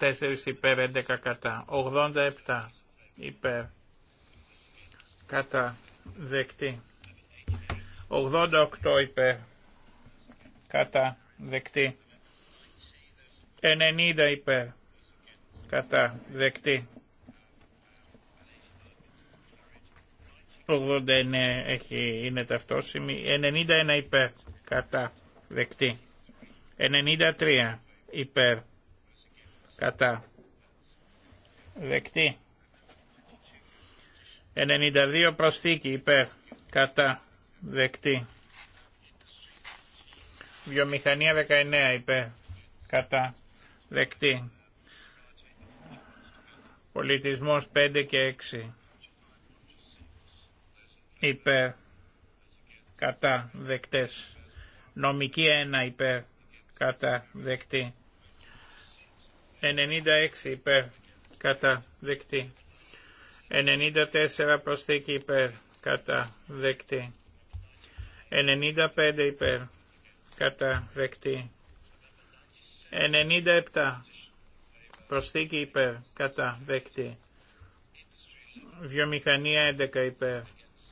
S2: 24 υπέρ 11 κατά. 87 υπέρ κατά δεκτή. 88 υπέρ κατά δεκτή. 90 υπέρ κατά δεκτή. 89 έχει, είναι ταυτόσημη. 91 υπέρ κατά δεκτή. 93 υπέρ κατά δεκτή. 92 προσθήκη υπέρ, κατά, δεκτή. Βιομηχανία 19 υπέρ, κατά, δεκτή. Πολιτισμός 5 και 6 υπέρ, κατά, δεκτές. Νομική 1 υπέρ, κατά, δεκτή. 96 υπέρ, κατά, δεκτή. 94 προσθήκη υπέρ, κατά, δεκτή. 95 υπέρ, κατά, δεκτή. 97 προσθήκη υπέρ, κατά, δεκτή. Βιομηχανία 11 υπέρ,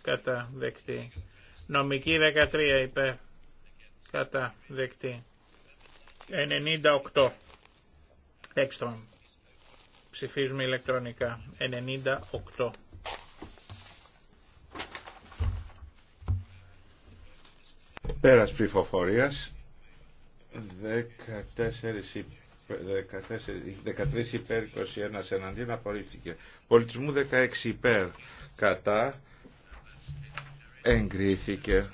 S2: κατά, δεκτή. Νομική 13 υπέρ, κατά, δεκτή. 98 έξτρον Ψηφίζουμε ηλεκτρονικά. 98.
S3: Πέρας ψηφοφορία. 13 υπέρ 21 εναντίον απορρίφθηκε. Πολιτισμού 16 υπέρ κατά εγκρίθηκε.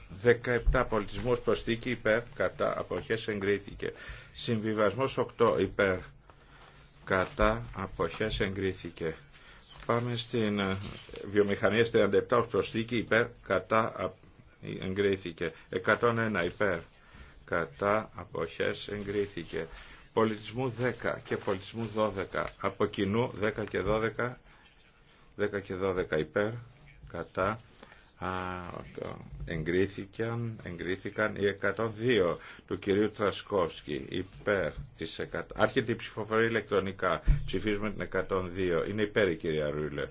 S3: 17 πολιτισμός προσθήκη υπέρ κατά αποχές εγκρίθηκε. Συμβιβασμός 8 υπέρ κατά αποχές εγκρίθηκε. Πάμε στην ε, βιομηχανία 37 ως προσθήκη υπέρ κατά εγκρίθηκε. 101 υπέρ κατά αποχές εγκρίθηκε. Πολιτισμού 10 και πολιτισμού 12. Από κοινού 10 και 12. 10 και 12 υπέρ κατά εγκρίθηκαν, εγκρίθηκαν οι 102 του κυρίου Τρασκόφσκι υπέρ της 100. Άρχεται η ψηφοφορία ηλεκτρονικά. Ψηφίζουμε την 102. Είναι υπέρ η κυρία Ρούλε.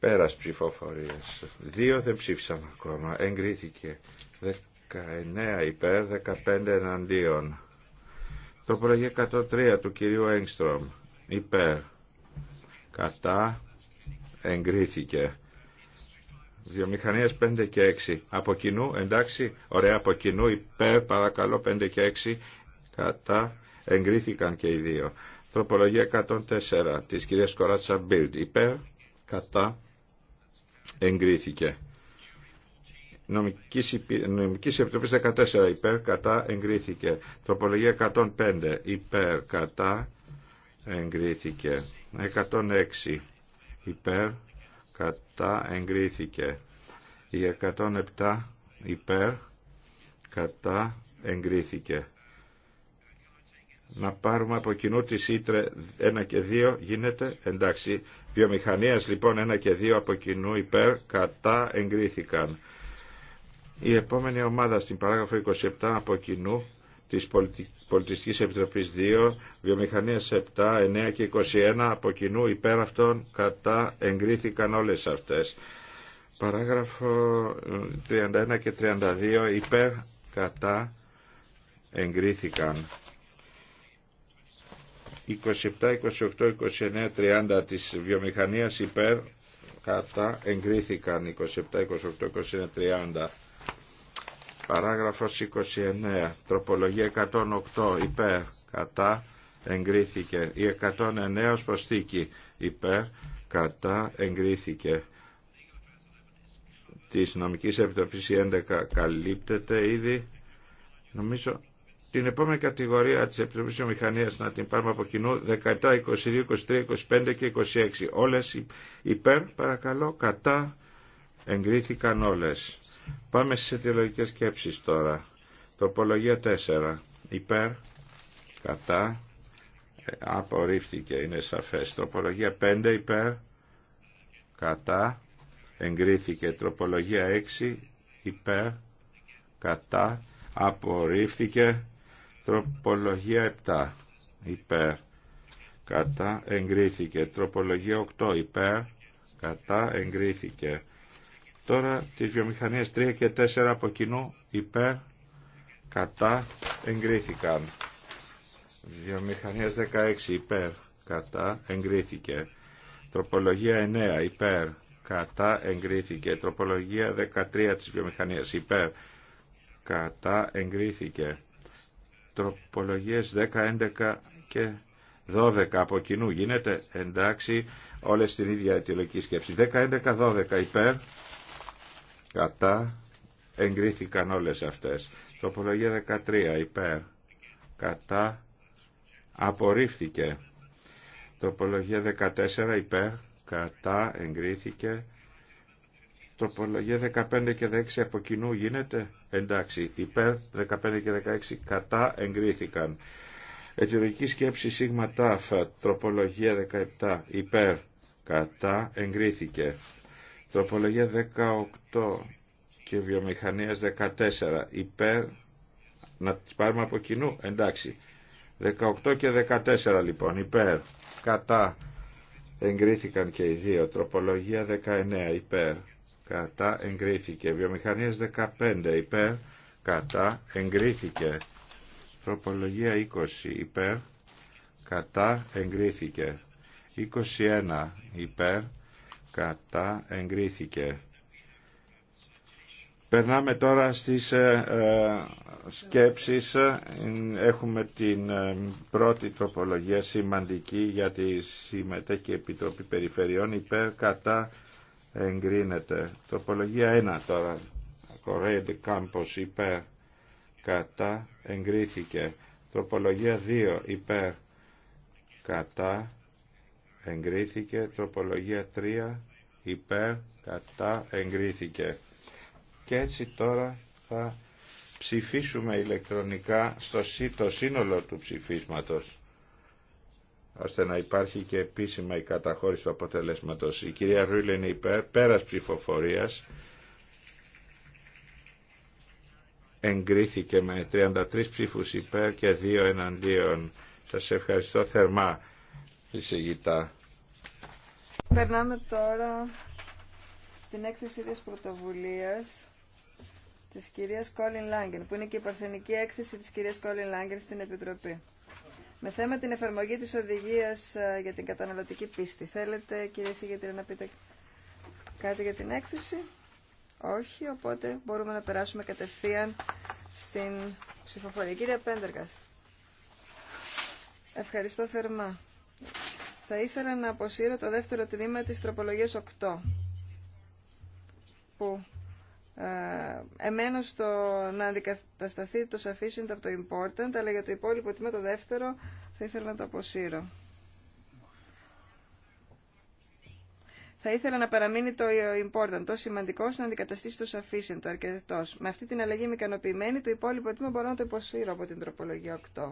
S3: Πέρας ψηφοφορίες Δύο δεν ψήφισαν ακόμα. Εγκρίθηκε. 19 υπέρ, 15 εναντίον. Τροπολογία 103 του κυρίου Έγκστρομ. Υπέρ. Κατά. Εγκρίθηκε. Βιομηχανίες 5 και 6. Από κοινού, εντάξει, ωραία, από κοινού υπέρ, παρακαλώ, 5 και 6 κατά εγκρίθηκαν και οι δύο. Τροπολογία 104 της κυρίας Κοράτσα Μπίλτ. Υπέρ, κατά, εγκρίθηκε. Νομικής, νομικής Επιτροπής 14 υπέρ, κατά, εγκρίθηκε. Τροπολογία 105 υπέρ, κατά, εγκρίθηκε. 106 υπέρ, κατά εγκρίθηκε. Η 107 υπέρ κατά εγκρίθηκε. Να πάρουμε από κοινού τη ΣΥΤΡΕ 1 και 2 γίνεται εντάξει. Βιομηχανίας λοιπόν 1 και 2 από κοινού υπέρ κατά εγκρίθηκαν. Η επόμενη ομάδα στην παράγραφο 27 από κοινού της Πολιτιστικής Επιτροπής 2, Βιομηχανίας 7, 9 και 21 από κοινού υπέρ αυτών κατά εγκρίθηκαν όλες αυτές. Παράγραφο 31 ε, και 32 υπέρ κατά εγκρίθηκαν. 27, 28, 29, 30 της βιομηχανίας υπέρ κατά εγκρίθηκαν. 27, 28, 29, 30. Παράγραφος 29. Τροπολογία 108 υπέρ κατά εγκρίθηκε. Η 109 ως προσθήκη υπέρ κατά εγκρίθηκε. Της νομικής επιτροπής 11 καλύπτεται ήδη. Νομίζω την επόμενη κατηγορία της Επιτροπής Βιομηχανίας να την πάρουμε από κοινού 17, 22, 23, 25 και 26. Όλες υπέρ, παρακαλώ, κατά εγκρίθηκαν όλες. Πάμε στις αιτιολογικές σκέψεις τώρα. Τροπολογία 4. Υπέρ, κατά, απορρίφθηκε, είναι σαφές. Τροπολογία 5 υπέρ, κατά, εγκρίθηκε. Τροπολογία 6 υπέρ, κατά, απορρίφθηκε. Τροπολογία 7 υπέρ, κατά, εγκρίθηκε. Τροπολογία 8 υπέρ, κατά, εγκρίθηκε. Τώρα τις βιομηχανίες 3 και 4 από κοινού υπέρ, κατά, εγκρίθηκαν. Βιομηχανίες 16 υπέρ, κατά, εγκρίθηκε. Τροπολογία 9 υπέρ, κατά, εγκρίθηκε. Τροπολογία 13 της βιομηχανίας υπέρ, κατά, εγκρίθηκε. Τροπολογίες 10, 11 και 12 από κοινού γίνεται εντάξει όλες στην ίδια αιτιολογική σκέψη. 10, 11, 12 υπέρ, κατά εγκρίθηκαν όλες αυτές. Τοπολογία 13 υπέρ κατά απορρίφθηκε. Τοπολογία 14 υπέρ κατά εγκρίθηκε. Τοπολογία 15 και 16 από κοινού γίνεται. Εντάξει, υπέρ 15 και 16 κατά εγκρίθηκαν. Αιτιολογική σκέψη σίγμα τάφα, τροπολογία 17, υπέρ, κατά, εγκρίθηκε. Τροπολογία 18 και βιομηχανίας 14 υπέρ να τις πάρουμε από κοινού εντάξει 18 και 14 λοιπόν υπέρ κατά εγκρίθηκαν και οι δύο τροπολογία 19 υπέρ κατά εγκρίθηκε βιομηχανίας 15 υπέρ κατά εγκρίθηκε τροπολογία 20 υπέρ κατά εγκρίθηκε 21 υπέρ κατά εγκρίθηκε. Περνάμε τώρα στις ε, ε, σκέψεις. Έχουμε την ε, πρώτη τροπολογία σημαντική για τη συμμετέχει η Επιτροπή Περιφερειών υπέρ κατά εγκρίνεται. Τροπολογία 1 τώρα. Κορέιντ Κάμπος υπέρ κατά εγκρίθηκε. Τροπολογία 2 υπέρ κατά εγκρίθηκε. Τροπολογία 3 υπέρ κατά εγκρίθηκε. Και έτσι τώρα θα ψηφίσουμε ηλεκτρονικά στο το σύνολο του ψηφίσματος ώστε να υπάρχει και επίσημα η καταχώρηση του αποτελέσματος. Η κυρία Ρούλη είναι υπέρ, πέρας ψηφοφορίας, εγκρίθηκε με 33 ψήφους υπέρ και 2 εναντίον. Σας ευχαριστώ θερμά.
S4: Περνάμε τώρα στην έκθεση της πρωτοβουλίας της κυρίας Κόλιν Λάγκεν, που είναι και η παρθενική έκθεση της κυρίας Κόλιν Λάγκεν στην Επιτροπή. Με θέμα την εφαρμογή της οδηγίας ε, για την καταναλωτική πίστη. Θέλετε, κυρία Συγγετρία, να πείτε κάτι για την έκθεση. Όχι, οπότε μπορούμε να περάσουμε κατευθείαν στην ψηφοφορία. Κύριε Πέντεργας, ευχαριστώ θερμά. Θα ήθελα να αποσύρω το δεύτερο τμήμα της τροπολογίας 8 που ε, εμένω στο να αντικατασταθεί το sufficient από το important αλλά για το υπόλοιπο τμήμα το δεύτερο θα ήθελα να το αποσύρω. Θα ήθελα να παραμείνει το important, το σημαντικό, να αντικαταστήσει το sufficient, το αρκετό. Με αυτή την αλλαγή είμαι ικανοποιημένη. Το υπόλοιπο τμήμα μπορώ να το υποσύρω από την τροπολογία 8.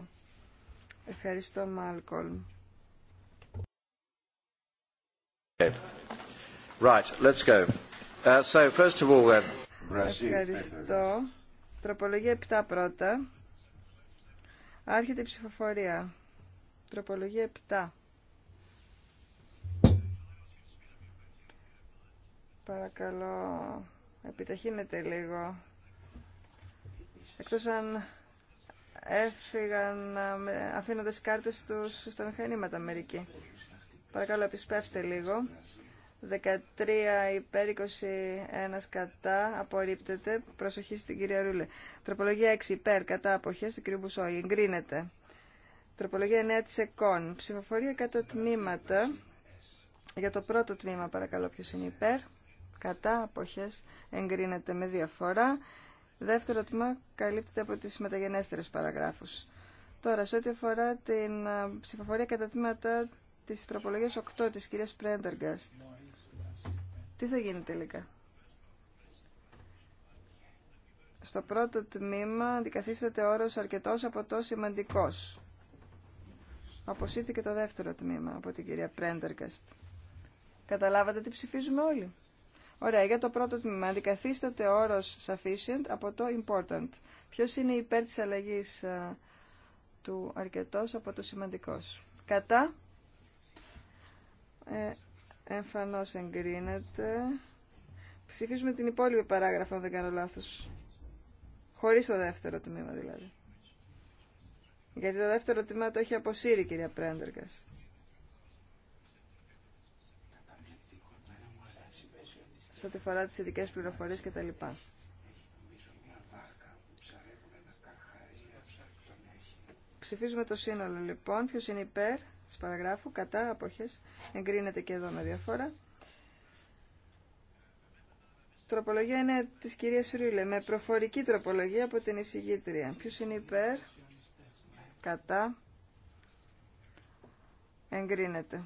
S4: Ευχαριστώ, Μάλκολμ.
S1: Ευχαριστώ.
S4: Τροπολογία 7 πρώτα. Άρχεται η ψηφοφορία. Τροπολογία 7. Παρακαλώ, επιταχύνετε λίγο. Εκτός αν έφυγαν ε, αφήνοντας κάρτες τους στα μηχανήματα μερικοί. Παρακαλώ, επισπεύστε λίγο. 13 υπέρ 21 κατά. Απορρίπτεται. Προσοχή στην κυρία Ρούλε. Τροπολογία 6 υπέρ κατά αποχές του κυρίου Μπουσόη. Εγκρίνεται. Τροπολογία 9 της ΕΚΟΝ. Ψηφοφορία κατά τμήματα. Για το πρώτο τμήμα παρακαλώ ποιος είναι υπέρ. Κατά αποχές εγκρίνεται με διαφορά. Δεύτερο τμήμα καλύπτεται από τις μεταγενέστερες παραγράφους. Τώρα, σε ό,τι αφορά την ε, ψηφοφορία κατά τμήματα Τη τροπολογία 8 της κυρίας Πρέντεργκαστ. Τι θα γίνει τελικά. Στο πρώτο τμήμα αντικαθίσταται όρος αρκετός από το σημαντικός. Αποσύρθηκε το δεύτερο τμήμα από την κυρία Πρέντεργκαστ. Καταλάβατε τι ψηφίζουμε όλοι. Ωραία, για το πρώτο τμήμα αντικαθίσταται όρος sufficient από το important. Ποιο είναι υπέρ τη αλλαγή του αρκετός από το σημαντικός. Κατά ε, εμφανώς εγκρίνεται. Ψηφίζουμε την υπόλοιπη παράγραφα, αν δεν κάνω λάθος. Χωρίς το δεύτερο τμήμα, δηλαδή. Γιατί το δεύτερο τμήμα το έχει αποσύρει η κυρία Πρέντεργκαστ. Σε ό,τι φορά τις ειδικές πληροφορίες λοιπά Ψηφίζουμε το σύνολο λοιπόν. Ποιος είναι υπέρ της παραγράφου, κατά αποχές εγκρίνεται και εδώ με διαφορά. Τροπολογία είναι της κυρίας Ρούλε με προφορική τροπολογία από την εισηγήτρια. Ποιο είναι υπέρ, κατά, εγκρίνεται.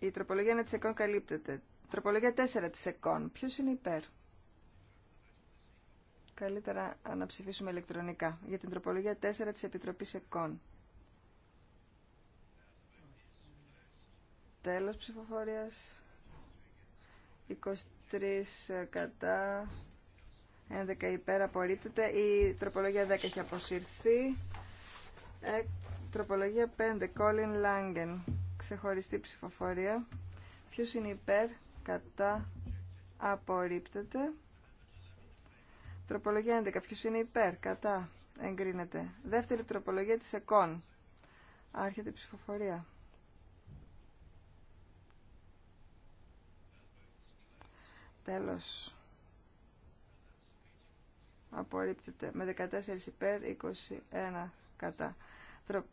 S4: Η τροπολογία είναι της ΕΚΟΝ καλύπτεται. Τροπολογία 4 της ΕΚΟΝ. Ποιο είναι υπέρ. Καλύτερα να ψηφίσουμε ηλεκτρονικά για την τροπολογία 4 της Επιτροπής ΕΚΟΝ. Τέλος ψηφοφορίας. 23 ε, κατά, 11 υπέρ απορρίπτεται. Η τροπολογία 10 έχει αποσυρθεί. Ε, τροπολογία 5, Colin Langen. Ξεχωριστή ψηφοφορία. Ποιος είναι υπέρ, κατά, απορρίπτεται. Τροπολογία 11, ποιος είναι υπέρ, κατά, εγκρίνεται. Δεύτερη τροπολογία της ΕΚΟΝ. Άρχεται η ψηφοφορία. Τέλος. Απορρίπτεται. Με 14 υπέρ, 21 κατά.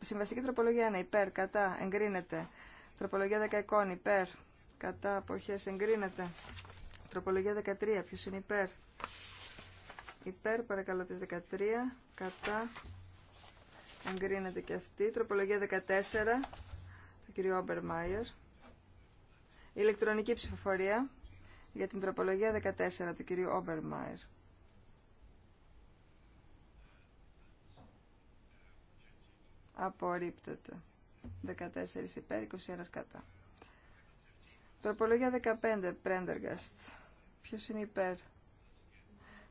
S4: Συμβαστική τροπολογία 1 υπέρ, κατά. Εγκρίνεται. Τροπολογία 10 εικόν υπέρ. Κατά. Αποχές. Εγκρίνεται. Τροπολογία 13. Ποιος είναι υπέρ. Υπέρ, παρακαλώ, τις 13. Κατά. Εγκρίνεται και αυτή. Τροπολογία 14 του κύριο Όμπερ Μάιερ. Ηλεκτρονική ψηφοφορία για την τροπολογία 14 του κυρίου Όμπερμαϊρ. Απορρίπτεται. 14 υπέρ, 21 κατά. Τροπολογία 15, Πρέντεργαστ. Ποιος είναι υπέρ.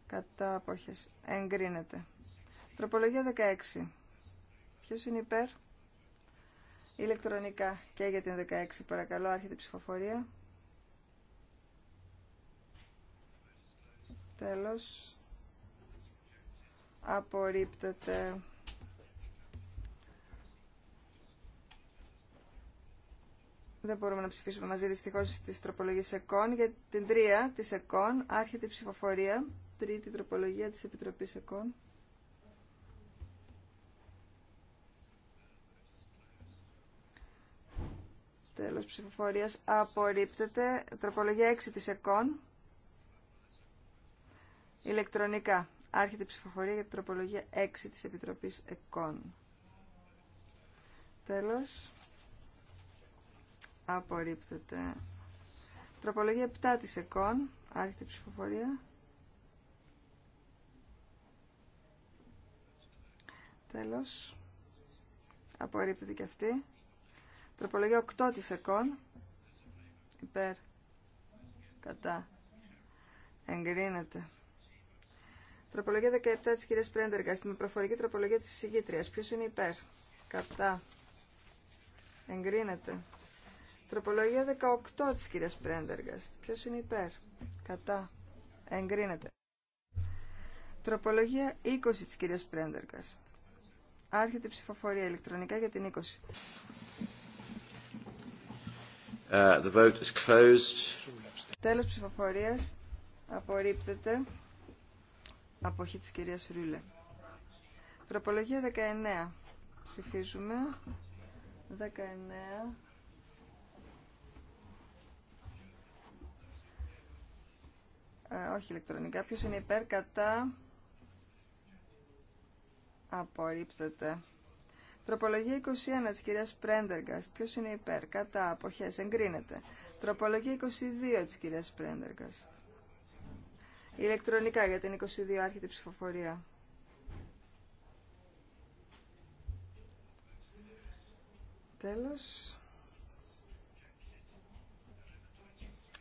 S4: Κατά απόχες. Εγκρίνεται. Τροπολογία 16. Ποιος είναι υπέρ. Ηλεκτρονικά και για την 16 παρακαλώ, άρχεται η ψηφοφορία. Τέλος. Απορρίπτεται. Δεν μπορούμε να ψηφίσουμε μαζί δυστυχώ τη τροπολογίε ΕΚΟΝ. Για την τρία τη ΕΚΟΝ άρχεται η ψηφοφορία. Τρίτη τροπολογία τη Επιτροπή ΕΚΟΝ. Τέλος ψηφοφορία. απορρίπτεται. Τροπολογία 6 της ΕΚΟΝ. Ηλεκτρονικά. Άρχεται η ψηφοφορία για την τροπολογία 6 της Επιτροπής ΕΚΟΝ. Τέλος. Απορρίπτεται. Τροπολογία 7 της ΕΚΟΝ. Άρχεται η ψηφοφορία. Τέλος. Απορρίπτεται και αυτή. Τροπολογία 8 της ΕΚΟΝ. Υπέρ. Κατά. Εγκρίνεται. Τροπολογία 17 της κυρίας Πρέντεργα. με προφορική τροπολογία της συγκίτρια. Ποιος είναι υπέρ. Κατά. Εγκρίνεται. Τροπολογία 18 της κυρίας Πρέντεργα. Ποιος είναι υπέρ. Κατά. Εγκρίνεται. Τροπολογία 20 της κυρίας Πρέντεργα. Άρχεται η ψηφοφορία ηλεκτρονικά για την 20.
S1: Uh, the vote is closed.
S4: Τέλος ψηφοφορίας. Απορρίπτεται. Αποχή της κυρίας Ρούλε. Τροπολογία 19. Ψηφίζουμε. 19. Ε, όχι ηλεκτρονικά. Ποιος είναι υπέρ, κατά. Απορρίπτεται. Τροπολογία 21 της κυρίας Πρέντεργκαστ. Ποιος είναι υπέρ, κατά, αποχές, εγκρίνεται. Τροπολογία 22 της κυρίας Πρέντεργαστ. Ηλεκτρονικά για την 22 άρχεται ψηφοφορία. Τέλος.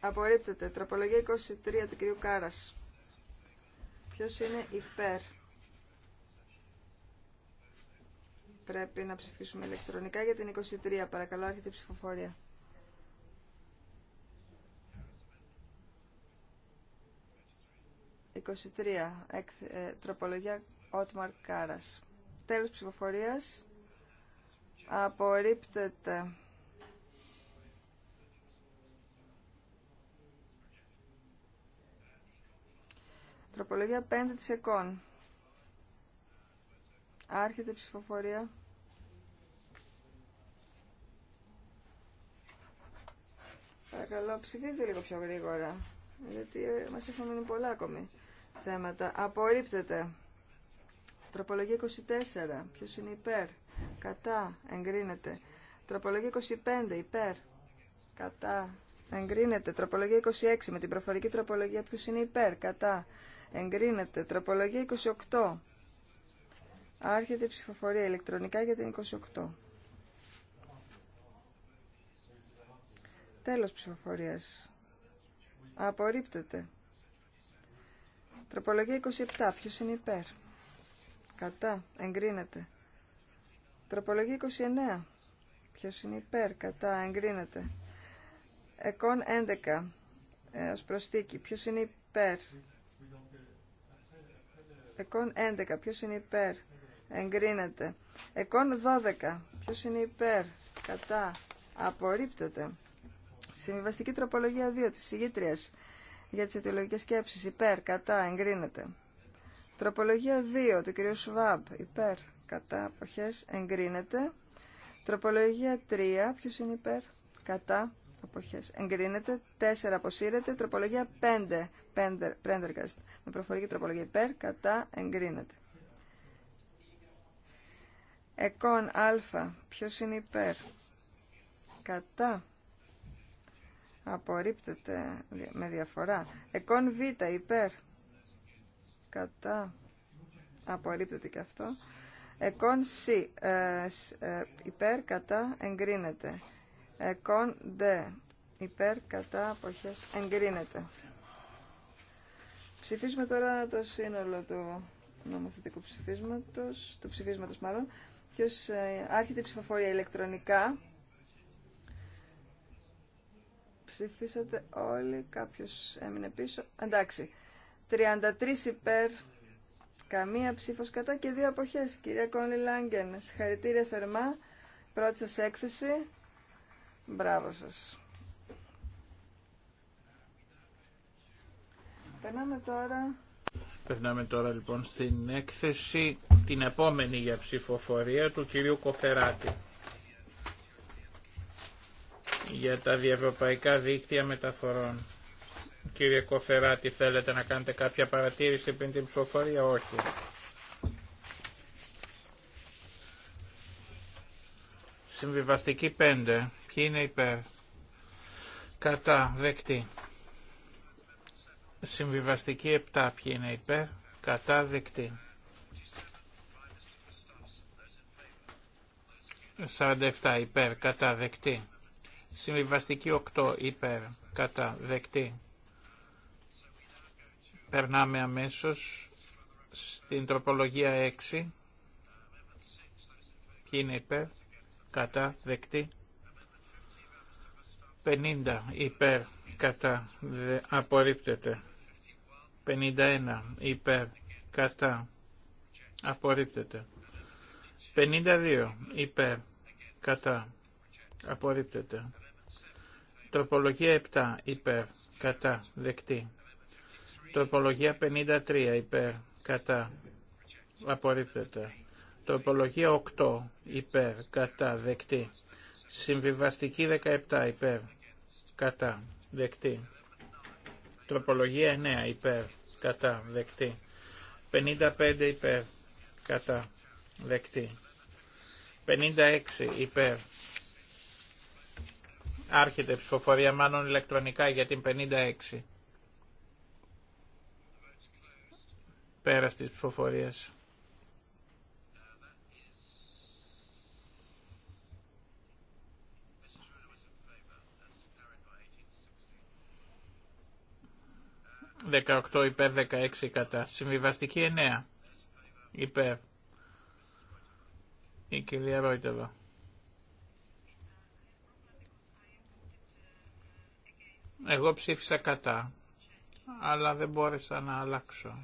S4: Απορρίπτεται. Τροπολογία 23 του κυρίου Κάρας. Ποιος είναι υπέρ. Πρέπει να ψηφίσουμε ηλεκτρονικά για την 23. Παρακαλώ, άρχεται η ψηφοφορία. 23. Εκ, τροπολογία Ότμαρ Κάρας. Τέλος ψηφοφορίας. Απορρίπτεται. Τροπολογία 5 της ΕΚΟΝ. Άρχεται η ψηφοφορία. Παρακαλώ, ψηφίστε λίγο πιο γρήγορα, γιατί ε, μας έχουν μείνει πολλά ακόμη θέματα. Απορρίπτεται. Τροπολογία 24. Ποιος είναι υπέρ. Κατά. Εγκρίνεται. Τροπολογία 25. Υπέρ. Κατά. Εγκρίνεται. Τροπολογία 26. Με την προφορική τροπολογία ποιος είναι υπέρ. Κατά. Εγκρίνεται. Τροπολογία 28. Άρχεται η ψηφοφορία ηλεκτρονικά για την 28. Τέλος ψηφοφορίας. Απορρίπτεται. Τροπολογία 27. Ποιο είναι υπέρ. Κατά. Εγκρίνεται. Τροπολογία 29. Ποιο είναι υπέρ. Κατά. Εγκρίνεται. Εκόν 11. Ε, ως προστίκη. Ποιος είναι υπέρ. Εκόν 11. Ποιος είναι υπέρ. Εγκρίνεται. Εκόν 12. Ποιος είναι υπέρ. Κατά. Απορρίπτεται. Συμβιβαστική τροπολογία 2 της ηγήτριας για τις αιτιολογικές σκέψεις. Υπέρ, κατά, εγκρίνεται. Τροπολογία 2 του κ. Σουβάμπ. Υπέρ, κατά, αποχές, εγκρίνεται. Τροπολογία 3. Ποιος είναι υπέρ, κατά, αποχές, εγκρίνεται. 4. Αποσύρεται. Τροπολογία 5. Πρέντεργαστ. Με προφορική τροπολογία υπέρ, κατά, εγκρίνεται. Εκόν α. Ποιος είναι υπέρ, κατά, απορρίπτεται με διαφορά. Εκόν Β υπέρ κατά απορρίπτεται και αυτό. Εκόν Σ ε, ε, υπέρ κατά εγκρίνεται. Εκόν Δ υπέρ κατά αποχές εγκρίνεται. Ψηφίζουμε τώρα το σύνολο του νομοθετικού ψηφίσματος, του ψηφίσματος μάλλον. Ποιος ε, άρχεται η ψηφοφορία ηλεκτρονικά. Ψηφίσατε όλοι, κάποιος έμεινε πίσω. Εντάξει, 33 υπέρ, καμία ψήφος κατά και δύο αποχές. Κυρία Κόνλι Λάγκεν, συγχαρητήρια θερμά, πρώτη σας έκθεση. Μπράβο σας. Περνάμε τώρα...
S2: Περνάμε τώρα λοιπόν στην έκθεση την επόμενη για ψηφοφορία του κυρίου Κοφεράτη για τα διευρωπαϊκά δίκτυα μεταφορών. Κύριε Κοφεράτη, θέλετε να κάνετε κάποια παρατήρηση πριν την ψηφοφορία, όχι. Συμβιβαστική 5. Ποιοι είναι υπέρ. Κατά. Δεκτή. Συμβιβαστική 7. Ποιοι είναι υπέρ. Κατά. Δεκτή. 47. Υπέρ. Κατά. Δεκτή. Συμβιβαστική 8 υπέρ κατά δεκτή. Περνάμε αμέσως στην τροπολογία 6. Ποιοι είναι υπέρ κατά δεκτή. 50 υπέρ κατά δε, απορρίπτεται. 51 υπέρ κατά απορρίπτεται. 52 υπέρ κατά απορρίπτεται. Τροπολογία 7 υπέρ κατά δεκτή. Τροπολογία 53 υπέρ κατά απορρίπτεται. Τροπολογία 8 υπέρ κατά δεκτή. Συμβιβαστική 17 υπέρ κατά δεκτή. Τροπολογία 9 υπέρ κατά δεκτή. 55 υπέρ κατά δεκτή. 56 υπέρ Άρχεται η ψηφοφορία μάλλον ηλεκτρονικά για την 56. Πέρα της ψηφοφορίας. 18 υπέρ 16 κατά. Συμβιβαστική 9 υπέρ. Η κυρία Ρόιτεβα. Εγώ ψήφισα κατά, αλλά δεν μπόρεσα να αλλάξω.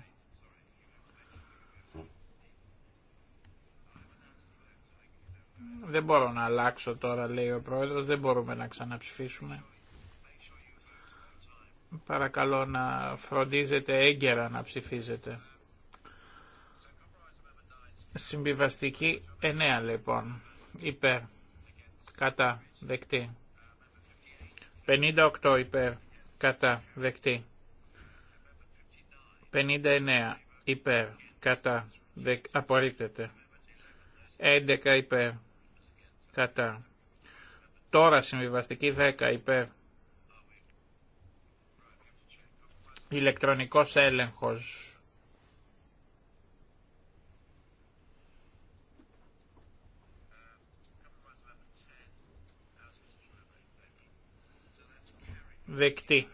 S2: Δεν μπορώ να αλλάξω τώρα, λέει ο πρόεδρος, δεν μπορούμε να ξαναψηφίσουμε. Παρακαλώ να φροντίζετε έγκαιρα να ψηφίζετε. Συμπιβαστική 9 λοιπόν, υπέρ, κατά, δεκτή. 58 υπέρ κατά δεκτή. 59 υπέρ κατά δεκ, απορρίπτεται. 11 υπέρ κατά. Τώρα συμβιβαστική 10 υπέρ. Ηλεκτρονικός έλεγχος Δεκτή.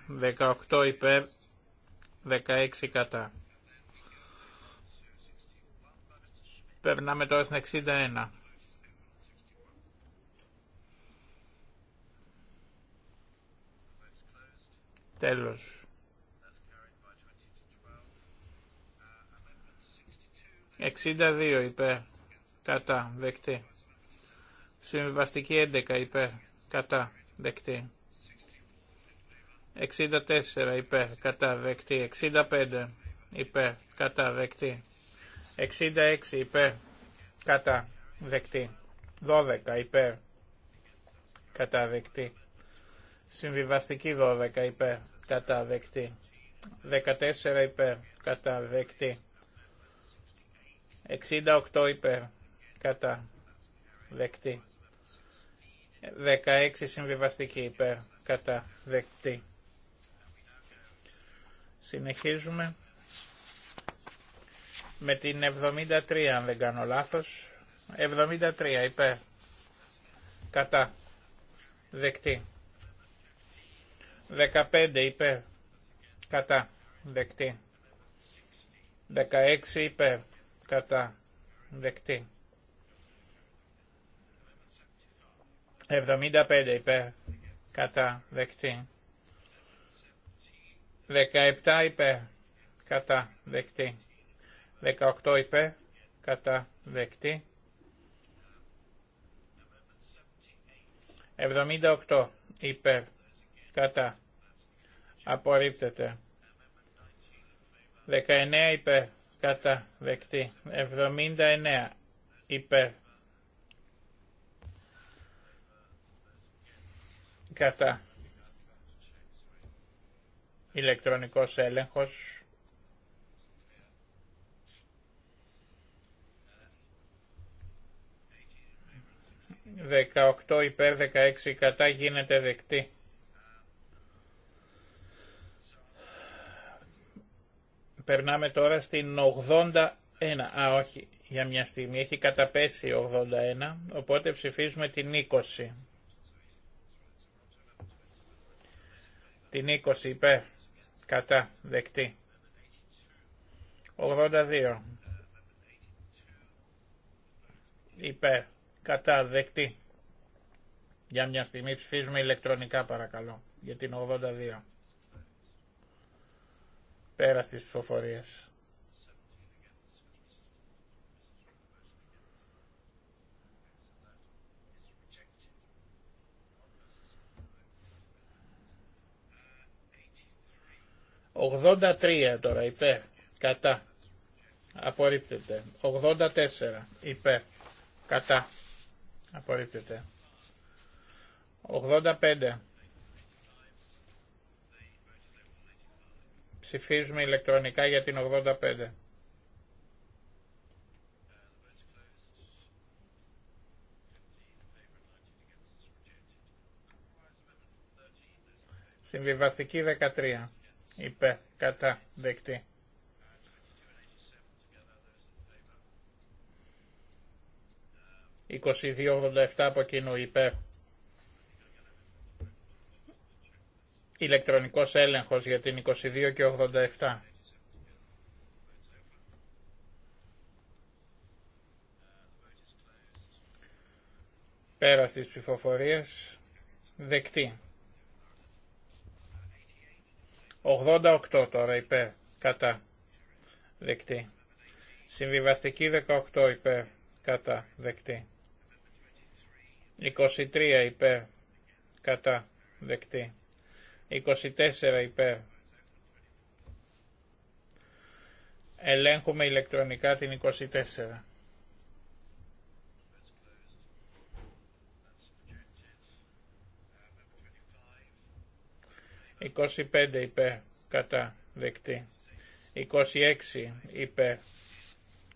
S2: 18 υπέρ, 16 κατά. Περνάμε τώρα στην 61. Τέλος. 62 υπέρ, κατά, δεκτή. Συμβιβαστική 11 υπέρ, κατά, δεκτή. 64 υπέρ κατά δεκτή. 65 υπέρ κατά δεκτή. 66 υπέρ κατά δεκτή. 12 υπέρ κατά δεκτή. Συμβιβαστική 12 υπέρ κατά δεκτή. 14 υπέρ κατά δεκτή. 68 υπέρ κατά δεκτή. 16 συμβιβαστική υπέρ κατά δεκτή. Συνεχίζουμε με την 73 αν δεν κάνω λάθος. 73 υπέρ. Κατά. Δεκτή. 15 υπέρ. Κατά. Δεκτή. 16 υπέρ. Κατά. Δεκτή. 75 υπέρ. Κατά. Δεκτή. 17 υπέρ, κατά, δεκτή. 18 υπέρ, κατά, δεκτή. 78 υπέρ, κατά, απορρίπτεται. 19 υπέρ, κατά, δεκτή. 79 υπέρ, κατά, Ηλεκτρονικός έλεγχος. 18 υπέρ 16 κατά γίνεται δεκτή. Περνάμε τώρα στην 81. Α, όχι, για μια στιγμή. Έχει καταπέσει 81, οπότε ψηφίζουμε την 20. Την 20 υπέρ. Κατά. Δεκτή. 82. Υπέρ. Κατά. Δεκτή. Για μια στιγμή ψηφίζουμε ηλεκτρονικά παρακαλώ. Για την 82. Πέρα στις ψηφοφορίες. 83 τώρα υπέρ. Κατά. Απορρίπτεται. 84 υπέρ. Κατά. Απορρίπτεται. 85. Ψηφίζουμε ηλεκτρονικά για την 85. Συμβιβαστική 13 ειπε κατά, δεκτή. 2287 από κοινού Είπε. Ηλεκτρονικός έλεγχος για την 22 και 87. Πέρα στις ψηφοφορίες. Δεκτή. 88 τώρα υπέρ, κατά, δεκτή. Συμβιβαστική 18 υπέρ, κατά, δεκτή. 23 υπέρ, κατά, δεκτή. 24 υπέρ. Ελέγχουμε ηλεκτρονικά την 24. 25 υπέρ κατά δεκτή. 26 υπέρ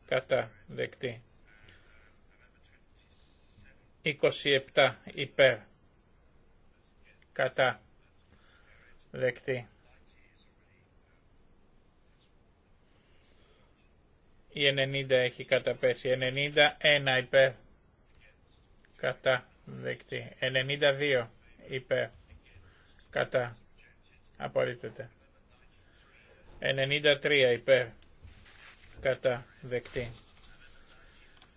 S2: κατά δεκτή. 27 υπέρ κατά δεκτή. Η 90 έχει καταπέσει. 91 υπέρ κατά δεκτή. 92 υπέρ κατά Απορρίπτεται. 93 υπέρ. Κατά. Δεκτή.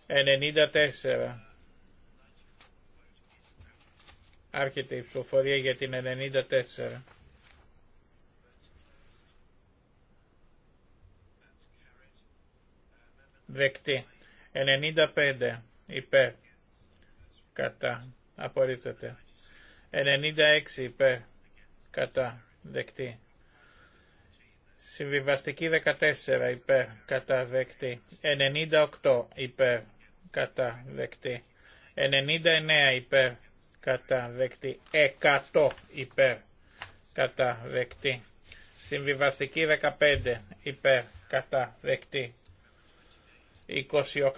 S2: 94. Άρχεται η ψηφοφορία για την 94. Δεκτή. 95 υπέρ. Κατά. Απορρίπτεται. 96 υπέρ. Κατά δεκτή. Συμβιβαστική 14 υπέρ κατά δεκτή. 98 υπέρ κατά δεκτή. 99 υπέρ κατά δεκτή. 100 υπέρ κατά δεκτή. Συμβιβαστική 15 υπέρ κατά δεκτή.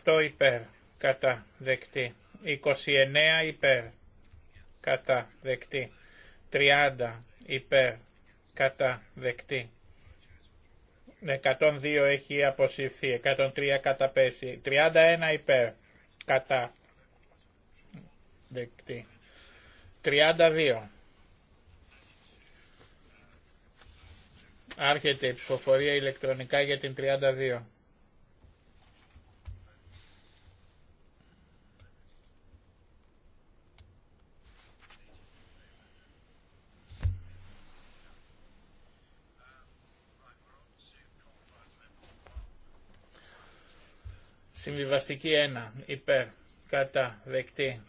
S2: 28 υπέρ κατά δεκτή. 29 υπέρ κατά δεκτή. 30 υπέρ κατά δεκτή. 102 έχει αποσυρθεί, 103 καταπέσει, 31 υπέρ κατά δεκτή. 32. Άρχεται η ψηφοφορία ηλεκτρονικά για την 32. Συμβιβαστική 1 υπέρ κατά δεκτή.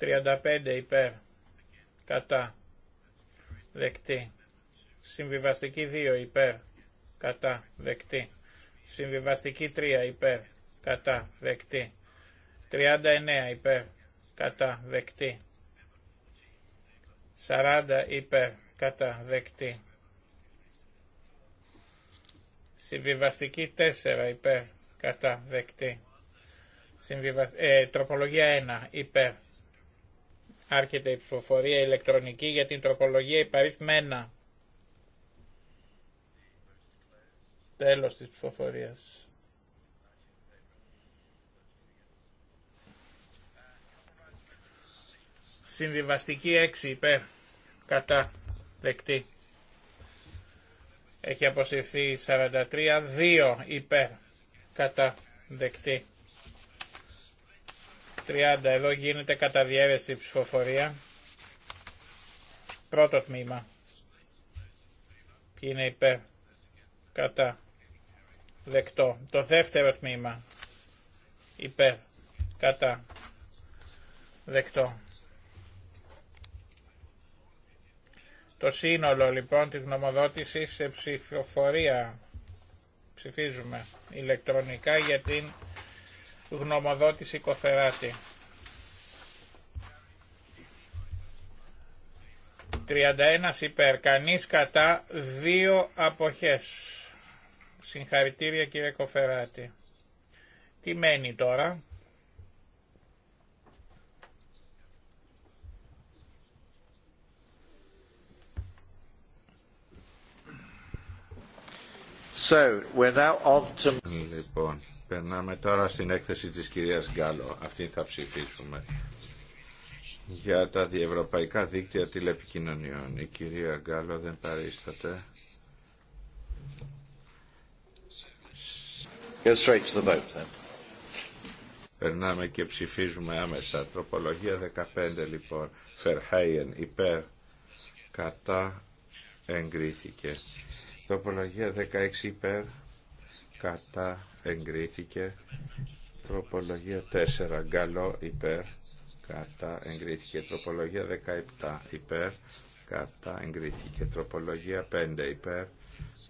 S2: 35 υπέρ κατά δεκτή. Συμβιβαστική 2 υπέρ κατά δεκτή. Συμβιβαστική 3 υπέρ κατά δεκτή. 39 υπέρ κατά δεκτή. 40 υπέρ κατά δεκτή. Συμβιβαστική 4 υπέρ κατά δεκτή. Ε, τροπολογία 1 υπέρ. Άρχεται η ψηφοφορία ηλεκτρονική για την τροπολογία υπαρίθμενα. Τέλος της ψηφοφορίας. Συμβιβαστική 6 υπέρ κατά δεκτή. Έχει αποσυρθεί 43, 2 υπέρ καταδεκτή δεκτή. 30. Εδώ γίνεται κατά διέρεση ψηφοφορία. Πρώτο τμήμα. Ποιοι είναι υπέρ. Κατά. Δεκτό. Το δεύτερο τμήμα. Υπέρ. Κατά. Δεκτό. Το σύνολο λοιπόν της νομοδότησης σε ψηφοφορία. Ψηφίζουμε ηλεκτρονικά για την γνωμοδότηση Κοφεράτη. 31 υπέρ, κανείς κατά, δύο αποχές. Συγχαρητήρια κύριε Κοφεράτη. Τι μένει τώρα.
S3: Λοιπόν, περνάμε τώρα στην έκθεση της κυρίας Γκάλο. Αυτή θα ψηφίσουμε για τα διευρωπαϊκά δίκτυα τηλεπικοινωνιών. Η κυρία Γκάλο δεν παρίσταται. Περνάμε και ψηφίζουμε άμεσα. Τροπολογία 15 λοιπόν. Φερχάιεν υπέρ κατά εγκρίθηκε. Τροπολογία 16 υπέρ κατά εγκρίθηκε. Τροπολογία 4 γκαλό υπέρ κατά εγκρίθηκε. Τροπολογία 17 υπέρ κατά εγκρίθηκε. Τροπολογία 5 υπέρ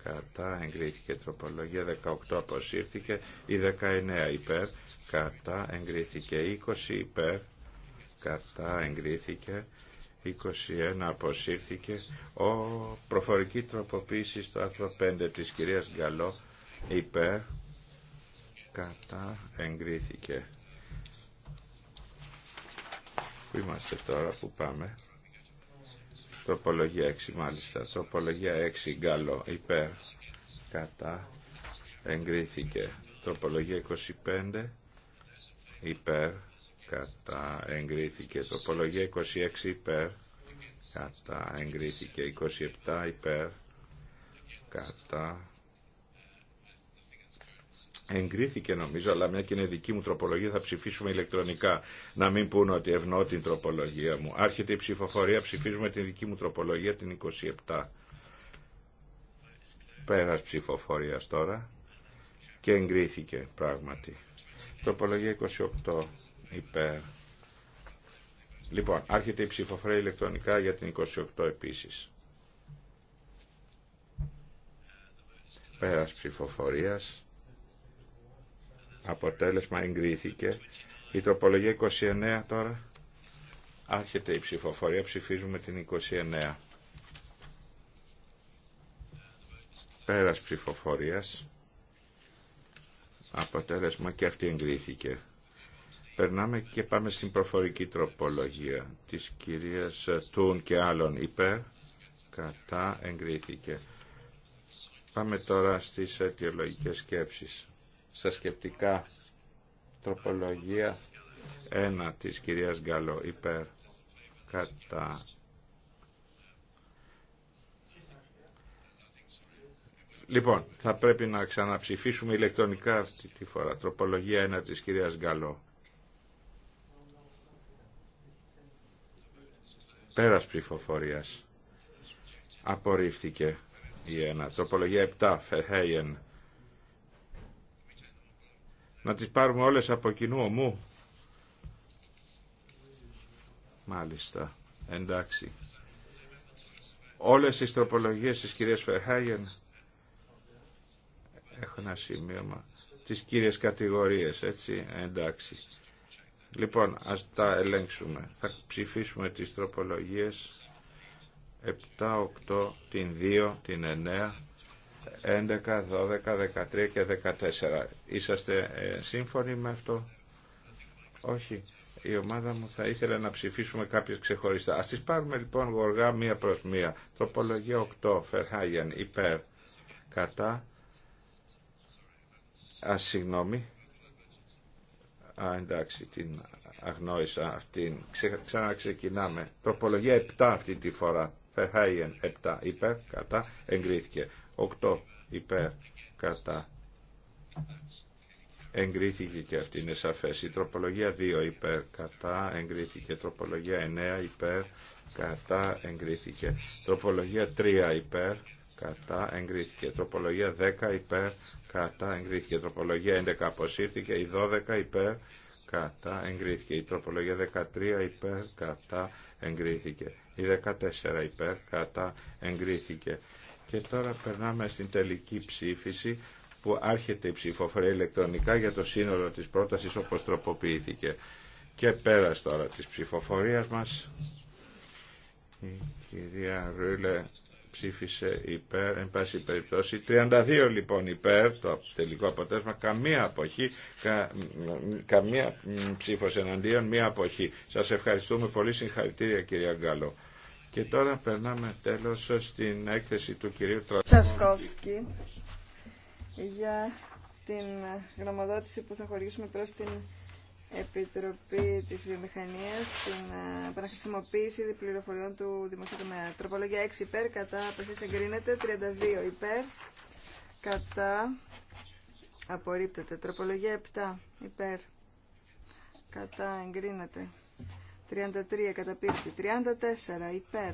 S3: κατά εγκρίθηκε. Τροπολογία 18 αποσύρθηκε. Η 19 υπέρ κατά εγκρίθηκε. 20 υπέρ κατά εγκρίθηκε. 21 αποσύρθηκε. Ο προφορική τροποποίηση στο άρθρο 5 της κυρίας Γκαλό υπέρ κατά εγκρίθηκε. Πού είμαστε τώρα, πού πάμε. Τροπολογία 6 μάλιστα. Τροπολογία 6 Γκαλό υπέρ κατά εγκρίθηκε. Τροπολογία 25 υπέρ κατά εγκρίθηκε τροπολογία 26 υπέρ κατά εγκρίθηκε 27 υπέρ κατά εγκρίθηκε νομίζω αλλά μια και είναι δική μου τροπολογία θα ψηφίσουμε ηλεκτρονικά να μην πούνε ότι ευνοώ την τροπολογία μου άρχεται η ψηφοφορία ψηφίζουμε την δική μου τροπολογία την 27 πέρας ψηφοφορίας τώρα και εγκρίθηκε πράγματι τροπολογία 28 υπέρ. Λοιπόν, άρχεται η ψηφοφορία ηλεκτρονικά για την 28 επίσης. Πέρας ψηφοφορίας. Αποτέλεσμα εγκρίθηκε. Η τροπολογία 29 τώρα. Άρχεται η ψηφοφορία. Ψηφίζουμε την 29. Πέρας ψηφοφορίας. Αποτέλεσμα και αυτή εγκρίθηκε. Περνάμε και πάμε στην προφορική τροπολογία της κυρίας Τούν και άλλων υπέρ. Κατά εγκρίθηκε. Πάμε τώρα στις αιτιολογικές σκέψεις. Στα σκεπτικά τροπολογία 1 της κυρίας Γκαλό υπέρ. Κατά Λοιπόν, θα πρέπει να ξαναψηφίσουμε ηλεκτρονικά αυτή τη φορά. Τροπολογία 1 της κυρίας Γκαλό. Πέρας ψηφοφορίας. Απορρίφθηκε η ένα. Τροπολογία 7. Φερχέιεν. Να τις πάρουμε όλες από κοινού ομού. Μάλιστα. Εντάξει. Όλες οι τροπολογίες της κυρίας Φερχάγεν έχουν ένα σημείωμα. Τις κύριες κατηγορίες, έτσι. Εντάξει. Λοιπόν, ας τα ελέγξουμε. Θα ψηφίσουμε τις τροπολογίες 7, 8, την 2, την 9, 11, 12, 13 και 14. Είσαστε ε, σύμφωνοι με αυτό? Όχι. Η ομάδα μου θα ήθελε να ψηφίσουμε κάποιες ξεχωριστά. Ας τις πάρουμε λοιπόν γοργά μία προς μία. Τροπολογία 8, Φερχάγεν, υπέρ, κατά. Ας συγγνώμη. Α, εντάξει, την αγνόησα αυτήν. Ξε, ξαναξεκινάμε. Τροπολογία 7 αυτή τη φορά. Φεχάιεν 7 υπέρ, κατά, εγκρίθηκε. 8 υπέρ, κατά, εγκρίθηκε και αυτή είναι σαφές. Η τροπολογία 2 υπέρ, κατά, εγκρίθηκε. Τροπολογία 9 υπέρ, κατά, εγκρίθηκε. Τροπολογία 3 υπέρ, κατά, εγκρίθηκε. Τροπολογία 10 υπέρ, κατά εγκρίθηκε. Η τροπολογία 11 αποσύρθηκε. Η 12 υπέρ κατά εγκρίθηκε. Η τροπολογία 13 υπέρ κατά εγκρίθηκε. Η 14 υπέρ κατά εγκρίθηκε. Και τώρα περνάμε στην τελική ψήφιση που άρχεται η ψηφοφορία ηλεκτρονικά για το σύνολο της πρότασης όπως τροποποιήθηκε. Και πέρας τώρα της ψηφοφορίας μας η κυρία Ρούλε ψήφισε υπέρ, εν πάση περιπτώσει. 32 λοιπόν υπέρ, το τελικό αποτέλεσμα, καμία αποχή, κα, καμία ψήφος εναντίον, μία αποχή. Σας ευχαριστούμε πολύ, συγχαρητήρια κυρία Γκάλο. Και τώρα περνάμε τέλος στην έκθεση του κυρίου
S4: Τσασκόφσκι για την γνωμοδότηση που θα χορηγήσουμε προς την Επιτροπή τη Βιομηχανία την ε, επαναχρησιμοποίηση πληροφοριών του δημοσίου τομέα. Τροπολογία 6 υπέρ, κατά αποχές εγκρίνεται, 32 υπέρ, κατά απορρίπτεται. Τροπολογία 7 υπέρ, κατά εγκρίνεται. 33 καταπίπτει, 34 υπέρ,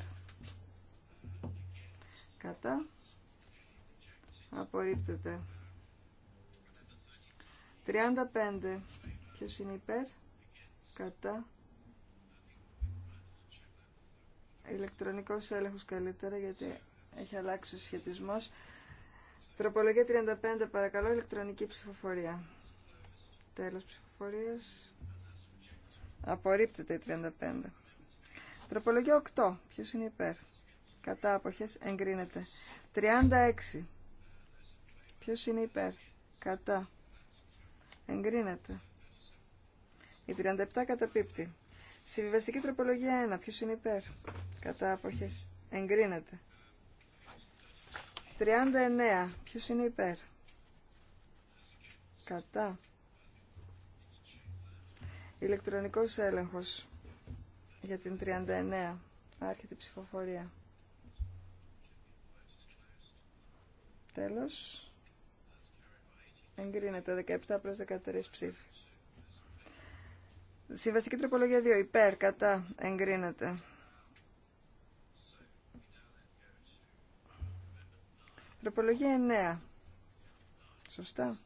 S4: κατά απορρίπτεται. 35 Ποιο είναι υπέρ, κατά. Ηλεκτρονικός έλεγχος καλύτερα γιατί έχει αλλάξει ο σχετισμός. Τροπολογία 35 παρακαλώ, ηλεκτρονική ψηφοφορία. Τέλος ψηφοφορίας. Απορρίπτεται η 35. Τροπολογία 8. Ποιος είναι υπέρ. Κατά αποχές εγκρίνεται. 36. Ποιος είναι υπέρ. Κατά. Εγκρίνεται. Η 37 καταπίπτει. Συμβιβαστική τροπολογία 1. Ποιο είναι υπέρ. Κατά αποχές. Εγκρίνεται. 39. Ποιο είναι υπέρ. Κατά. Ηλεκτρονικός έλεγχο για την 39. Άρχεται η ψηφοφορία. Τέλος. Εγκρίνεται 17 προς 13 ψήφου. Συμβαστική τροπολογία 2. Υπέρ, κατά, εγκρίνεται. Τροπολογία 9. Σωστά.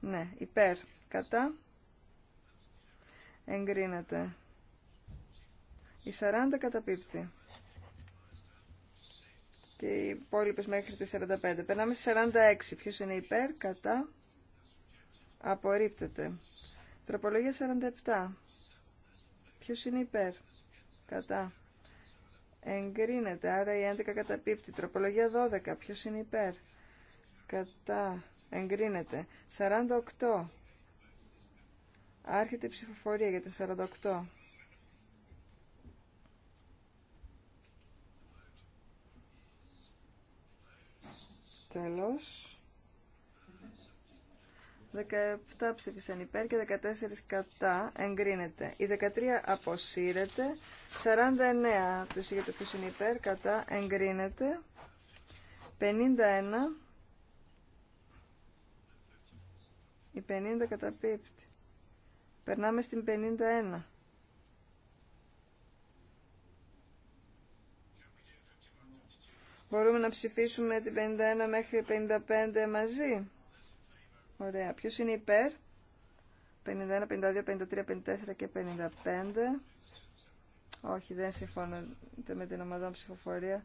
S4: Ναι, υπέρ, κατά, εγκρίνεται. Η 40 καταπίπτει. Και οι υπόλοιπε μέχρι τη 45. Περνάμε στη 46. Ποιο είναι υπέρ, κατά, απορρίπτεται. Τροπολογία 47. Ποιος είναι υπέρ. Κατά. Εγκρίνεται. Άρα η 11 καταπίπτει. Τροπολογία 12. Ποιος είναι υπέρ. Κατά. Εγκρίνεται. 48. Άρχεται η ψηφοφορία για τα 48. Τέλος. 17 ψήφισαν υπέρ και 14 κατά. Εγκρίνεται. Η 13 αποσύρεται. 49 του είχε το ποιος είναι υπέρ. Κατά. Εγκρίνεται. 51. Η 50 καταπίπτει. Περνάμε στην 51. Μπορούμε να ψηφίσουμε την 51 μέχρι 55 μαζί. Ωραία. Ποιο είναι υπέρ? 51, 52, 53, 54 και 55. Όχι, δεν συμφωνούνται με την ομάδα ψηφοφορία.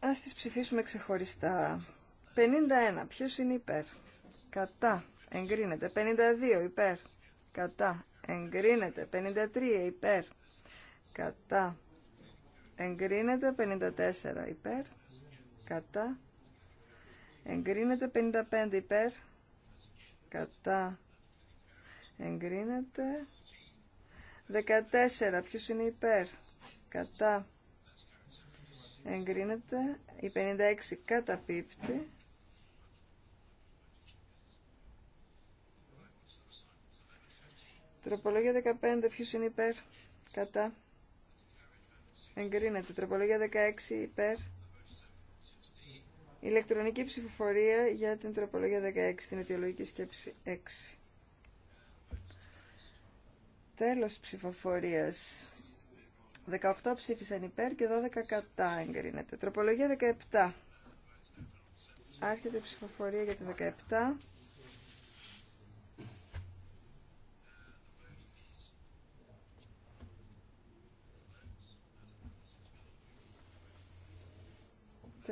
S4: Ας τις ψηφίσουμε ξεχωριστά. 51. Ποιος είναι υπέρ? Κατά. Εγκρίνεται. 52. Υπέρ. Κατά. Εγκρίνεται. 53. Υπέρ. Κατά. Εγκρίνεται. 54. Υπέρ. Κατά. Εγκρίνεται 55 υπέρ. Κατά. Εγκρίνεται. 14. Ποιος είναι υπέρ. Κατά. Εγκρίνεται. Η 56 καταπίπτει. Τροπολογία 15. Ποιος είναι υπέρ. Κατά. Εγκρίνεται. Τροπολογία 16 υπέρ. Ηλεκτρονική ψηφοφορία για την τροπολογία 16 την αιτιολογική σκέψη 6. Τέλος ψηφοφορίας. 18 ψήφισαν υπέρ και 12 κατά εγκρίνεται. Τροπολογία 17. Άρχεται η ψηφοφορία για την 17.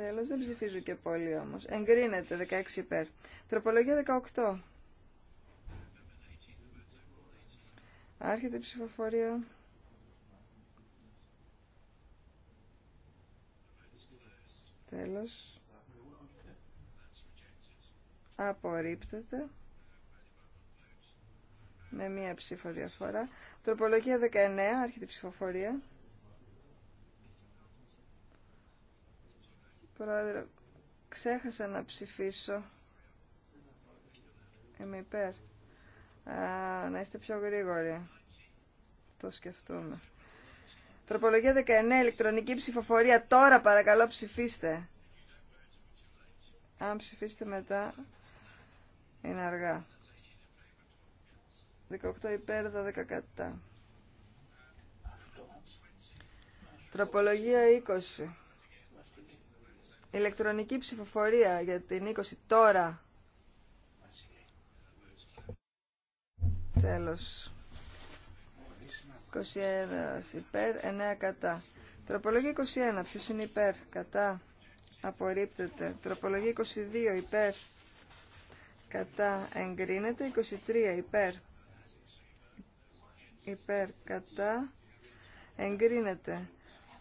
S4: τέλος. Δεν ψηφίζουν και πολύ όμως. Εγκρίνεται 16 υπέρ. Τροπολογία 18. Άρχεται η ψηφοφορία.
S1: Τέλος.
S4: Απορρίπτεται. Με μία ψήφο διαφορά. Τροπολογία 19. Άρχεται η ψηφοφορία. Πρόεδρε, ξέχασα να ψηφίσω. Είμαι υπέρ. Α, να είστε πιο γρήγοροι. Το σκεφτούμε. Τροπολογία 19, ηλεκτρονική ψηφοφορία. Τώρα παρακαλώ ψηφίστε. Αν ψηφίσετε μετά, είναι αργά. 18 υπέρ, 12 κατά. Τροπολογία 20. Ηλεκτρονική ψηφοφορία για την 20 τώρα. Τέλος. 21 υπέρ, 9 κατά. Τροπολογία 21. Ποιος είναι υπέρ, κατά. Απορρίπτεται. Τροπολογία 22 υπέρ. Κατά. Εγκρίνεται. 23 υπέρ. Υπέρ. Κατά. Εγκρίνεται.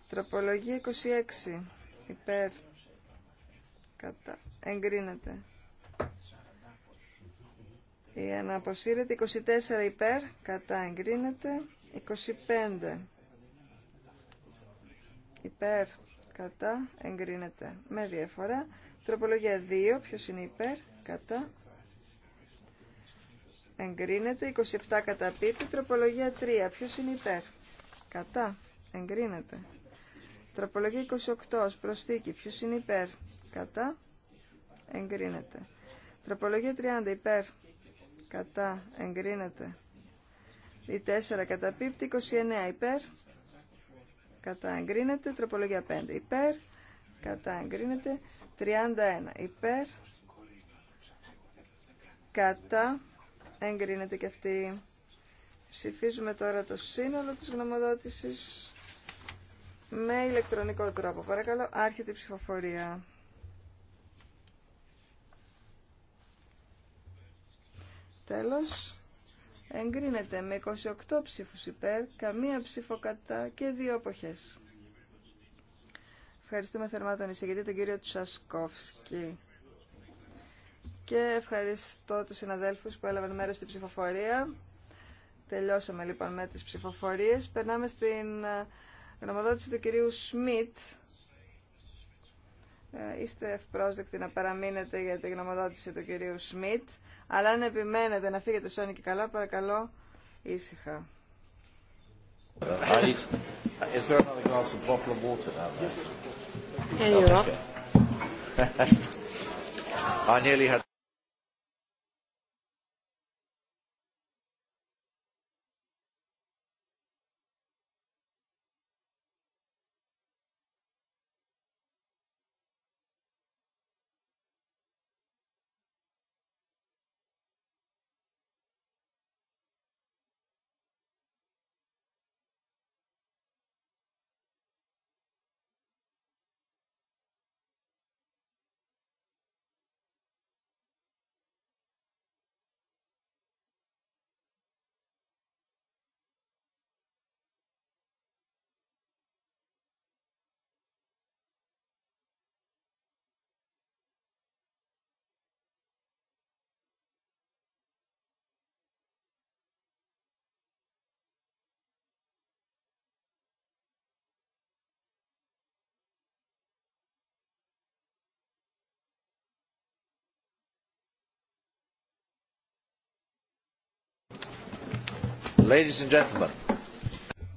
S4: Τροπολογία 26. Υπέρ. Κατά. Εγκρίνεται. Η αναποσύρεται 24 υπέρ. Κατά. Εγκρίνεται. 25 υπέρ. Κατά. Εγκρίνεται. Με διαφορά. Τροπολογία 2. Ποιος είναι υπέρ. Κατά. Εγκρίνεται. 27 κατά πίπη. Τροπολογία 3. Ποιος είναι υπέρ. Κατά. Εγκρίνεται. Τροπολογία 28, προσθήκη. Ποιο είναι υπέρ. Κατά. Εγκρίνεται. Τροπολογία 30, υπέρ. Κατά. Εγκρίνεται. Η 4 καταπίπτει, 29 υπέρ. Κατά εγκρίνεται. Τροπολογία 5 υπέρ. Κατά εγκρίνεται. 31 υπέρ. Κατά εγκρίνεται και αυτή. Ψηφίζουμε τώρα το σύνολο της γνωμοδότησης με ηλεκτρονικό τρόπο. Παρακαλώ, άρχεται η ψηφοφορία. Τέλος, εγκρίνεται με 28 ψήφους υπέρ, καμία ψήφο κατά και δύο αποχές. Ευχαριστούμε θερμά τον εισηγητή, τον κύριο Τσασκόφσκι. Και ευχαριστώ τους συναδέλφους που έλαβαν μέρος στην ψηφοφορία. Τελειώσαμε λοιπόν με τις ψηφοφορίες. Περνάμε στην γνωμοδότηση του κυρίου Σμιτ. Ε, είστε ευπρόσδεκτοι να παραμείνετε για τη γνωμοδότηση του κυρίου Σμιτ, αλλά αν επιμένετε να φύγετε σώνη και καλά, παρακαλώ ήσυχα.
S5: [laughs]
S1: Ladies and gentlemen.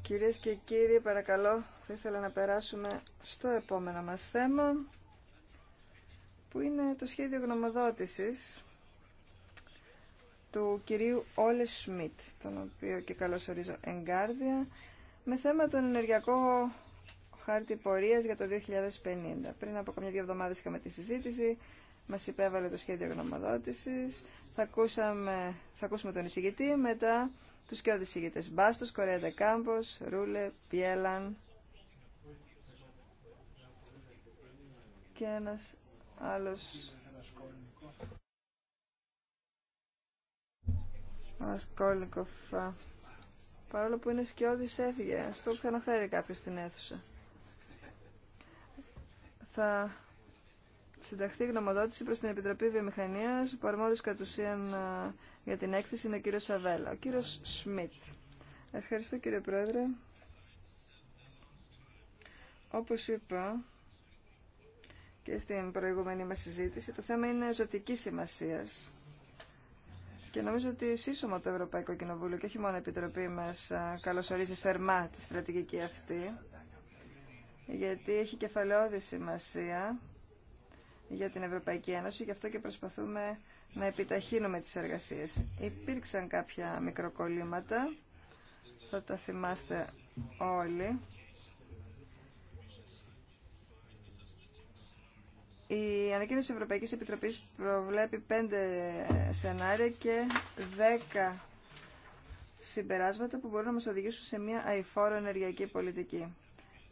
S4: Κυρίες και κύριοι, παρακαλώ, θα ήθελα να περάσουμε στο επόμενο μας θέμα, που είναι το σχέδιο γνωμοδότησης του κυρίου Όλε Σμιτ, τον οποίο και καλώς ορίζω εγκάρδια, με θέμα τον ενεργειακό χάρτη πορείας για το 2050. Πριν από καμιά δύο εβδομάδες είχαμε τη συζήτηση, μας υπέβαλε το σχέδιο γνωμοδότησης, θα, ακούσαμε, θα ακούσουμε τον εισηγητή, μετά του και οδησίγητες Μπάστος, Κορέα κάμπο, Ρούλε, Πιέλαν και ένας άλλος Ασκόλικοφ παρόλο που είναι σκιώδη, έφυγε Α το ξαναφέρει κάποιο στην αίθουσα θα συνταχθεί γνωμοδότηση προ την Επιτροπή Βιομηχανία που αρμόδιος κατ' ουσίαν ε, για την έκθεση είναι ο κύριο Σαβέλα, ο κύριο Σμιτ. Ευχαριστώ κύριε Πρόεδρε. Όπω είπα και στην προηγούμενη μα συζήτηση, το θέμα είναι ζωτική σημασία. Και νομίζω ότι σύσσωμα το Ευρωπαϊκό Κοινοβούλιο και όχι μόνο η Επιτροπή μας ε, καλωσορίζει θερμά τη στρατηγική αυτή, γιατί έχει κεφαλαιόδη σημασία για την Ευρωπαϊκή Ένωση, γι' αυτό και προσπαθούμε να επιταχύνουμε τις εργασίες. Υπήρξαν κάποια μικροκολλήματα, θα τα θυμάστε όλοι. Η ανακοίνωση της Ευρωπαϊκής Επιτροπής προβλέπει πέντε σενάρια και δέκα συμπεράσματα που μπορούν να μας οδηγήσουν σε μια αηφόρο ενεργειακή πολιτική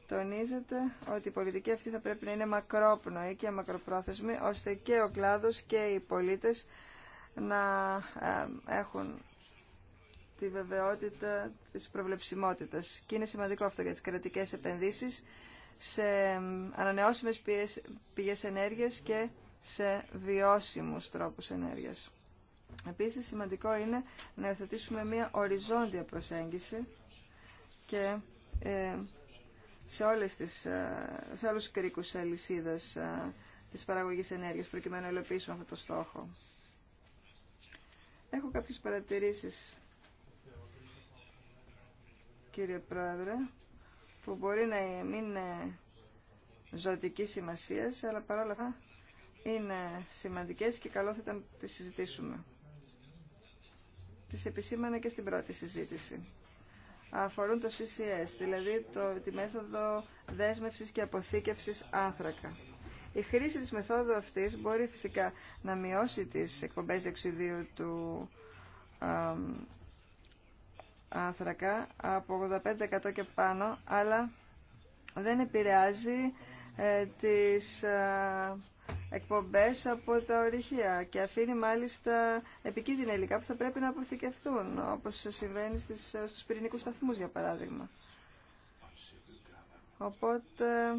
S4: τονίζεται ότι η πολιτική αυτή θα πρέπει να είναι μακρόπνοη και μακροπρόθεσμη, ώστε και ο κλάδος και οι πολίτες να ε, έχουν τη βεβαιότητα της προβλεψιμότητας. Και είναι σημαντικό αυτό για τις κρατικές επενδύσεις σε ανανεώσιμες πηγές ενέργειας και σε βιώσιμους τρόπους ενέργειας. Επίσης, σημαντικό είναι να υιοθετήσουμε μια οριζόντια προσέγγιση και ε, σε, όλες τις, ε, σε όλους τους κρίκους αλυσίδας ε, της παραγωγής ενέργειας προκειμένου να υλοποιήσουμε αυτό το στόχο. Έχω κάποιες παρατηρήσεις, κύριε Πρόεδρε, που μπορεί να μην είναι ζωτική σημασία, αλλά παρόλα αυτά είναι σημαντικές και καλό θα ήταν να τις συζητήσουμε. Τις επισήμανα και στην πρώτη συζήτηση αφορούν το CCS, δηλαδή το, τη μέθοδο δέσμευσης και αποθήκευσης άνθρακα. Η χρήση της μεθόδου αυτής μπορεί φυσικά να μειώσει τις εκπομπές διοξιδίου του α, άνθρακα από 85% και πάνω, αλλά δεν επηρεάζει ε, τις... Ε, εκπομπές από τα ορυχεία και αφήνει μάλιστα επικίνδυνα υλικά που θα πρέπει να αποθηκευτούν, όπως συμβαίνει στις, στους πυρηνικούς σταθμούς για παράδειγμα. Οπότε,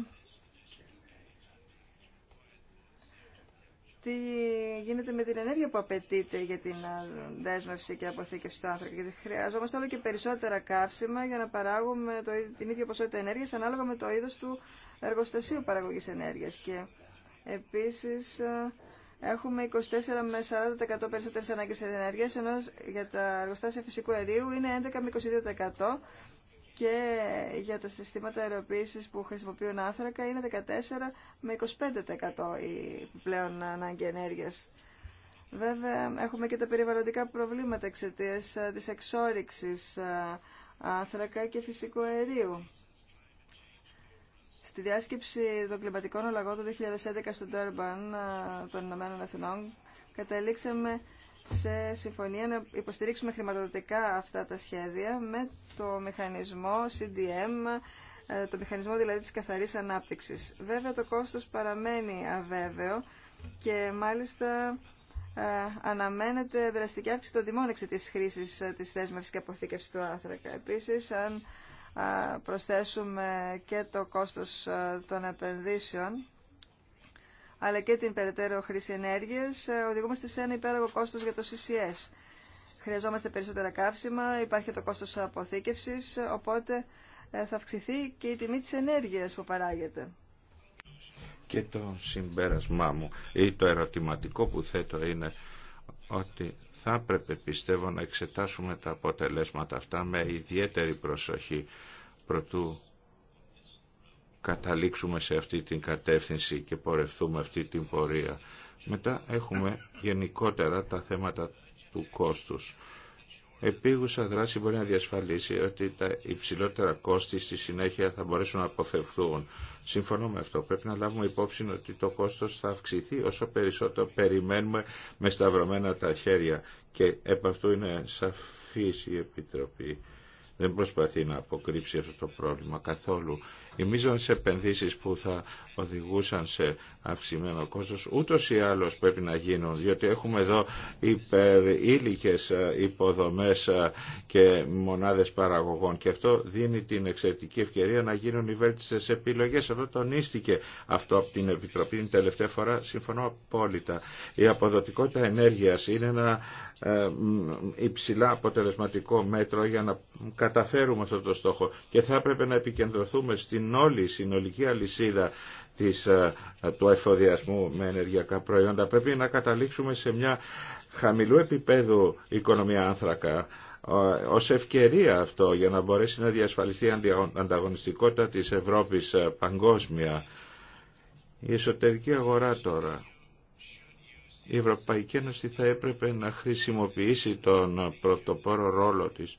S4: τι γίνεται με την ενέργεια που απαιτείται για την δέσμευση και αποθήκευση του άνθρακα. Γιατί χρειαζόμαστε όλο και περισσότερα καύσιμα για να παράγουμε το, την ίδια ποσότητα ενέργειας ανάλογα με το είδος του εργοστασίου παραγωγής ενέργειας. Και Επίσης, έχουμε 24 με 40% περισσότερες ανάγκες ενέργειας, ενώ για τα εργοστάσια φυσικού αερίου είναι 11 με 22% και για τα συστήματα αεροποίησης που χρησιμοποιούν άνθρακα είναι 14 με 25% οι πλέον ανάγκη ενέργειας. Βέβαια, έχουμε και τα περιβαλλοντικά προβλήματα εξαιτία ε, της εξόριξης ε, άνθρακα και φυσικού αερίου. Στη διάσκεψη των κλιματικών αλλαγών το 2011 στο Τέρμπαν ε, των Ηνωμένων Εθνών καταλήξαμε σε συμφωνία να υποστηρίξουμε χρηματοδοτικά αυτά τα σχέδια με το μηχανισμό CDM, ε, το μηχανισμό δηλαδή της καθαρής ανάπτυξης. Βέβαια το κόστος παραμένει αβέβαιο και μάλιστα ε, αναμένεται δραστική αύξηση των τιμών εξαιτής τη χρήση τη και αποθήκευση του άνθρακα. Επίσης, αν προσθέσουμε και το κόστος των επενδύσεων αλλά και την περαιτέρω χρήση ενέργειας, ε, οδηγούμαστε σε ένα υπέραγο κόστος για το CCS. Χρειαζόμαστε περισσότερα καύσιμα, υπάρχει το κόστος αποθήκευσης, οπότε ε, θα αυξηθεί και η τιμή της ενέργειας που παράγεται.
S3: Και το συμπέρασμά μου ή το ερωτηματικό που θέτω είναι ότι θα έπρεπε πιστεύω να εξετάσουμε τα αποτελέσματα αυτά με ιδιαίτερη προσοχή προτού καταλήξουμε σε αυτή την κατεύθυνση και πορευτούμε αυτή την πορεία. Μετά έχουμε γενικότερα τα θέματα του κόστους επίγουσα δράση μπορεί να διασφαλίσει ότι τα υψηλότερα κόστη στη συνέχεια θα μπορέσουν να αποφευχθούν. Συμφωνώ με αυτό. Πρέπει να λάβουμε υπόψη ότι το κόστος θα αυξηθεί όσο περισσότερο περιμένουμε με σταυρωμένα τα χέρια και επ' αυτού είναι σαφή η Επιτροπή. Δεν προσπαθεί να αποκρύψει αυτό το πρόβλημα καθόλου οι μείζονες επενδύσεις που θα οδηγούσαν σε αυξημένο κόστος ούτως ή άλλως πρέπει να γίνουν διότι έχουμε εδώ υπερήλικες ε, υποδομές ε, και μονάδες παραγωγών και αυτό δίνει την εξαιρετική ευκαιρία να γίνουν οι βέλτιστες επιλογές αυτό τονίστηκε αυτό από την Επιτροπή την τελευταία φορά συμφωνώ απόλυτα η αποδοτικότητα ενέργειας είναι ένα ε, υψηλά αποτελεσματικό μέτρο για να καταφέρουμε αυτό το στόχο και θα έπρεπε να επικεντρωθούμε στην όλη συνολική αλυσίδα της, ε, του εφοδιασμού με ενεργειακά προϊόντα. Πρέπει να καταλήξουμε σε μια χαμηλού επίπεδου οικονομία άνθρακα ε, ως ευκαιρία αυτό για να μπορέσει να διασφαλιστεί η ανταγωνιστικότητα της Ευρώπης παγκόσμια. Η εσωτερική αγορά τώρα η Ευρωπαϊκή Ένωση θα έπρεπε να χρησιμοποιήσει τον πρωτοπόρο ρόλο της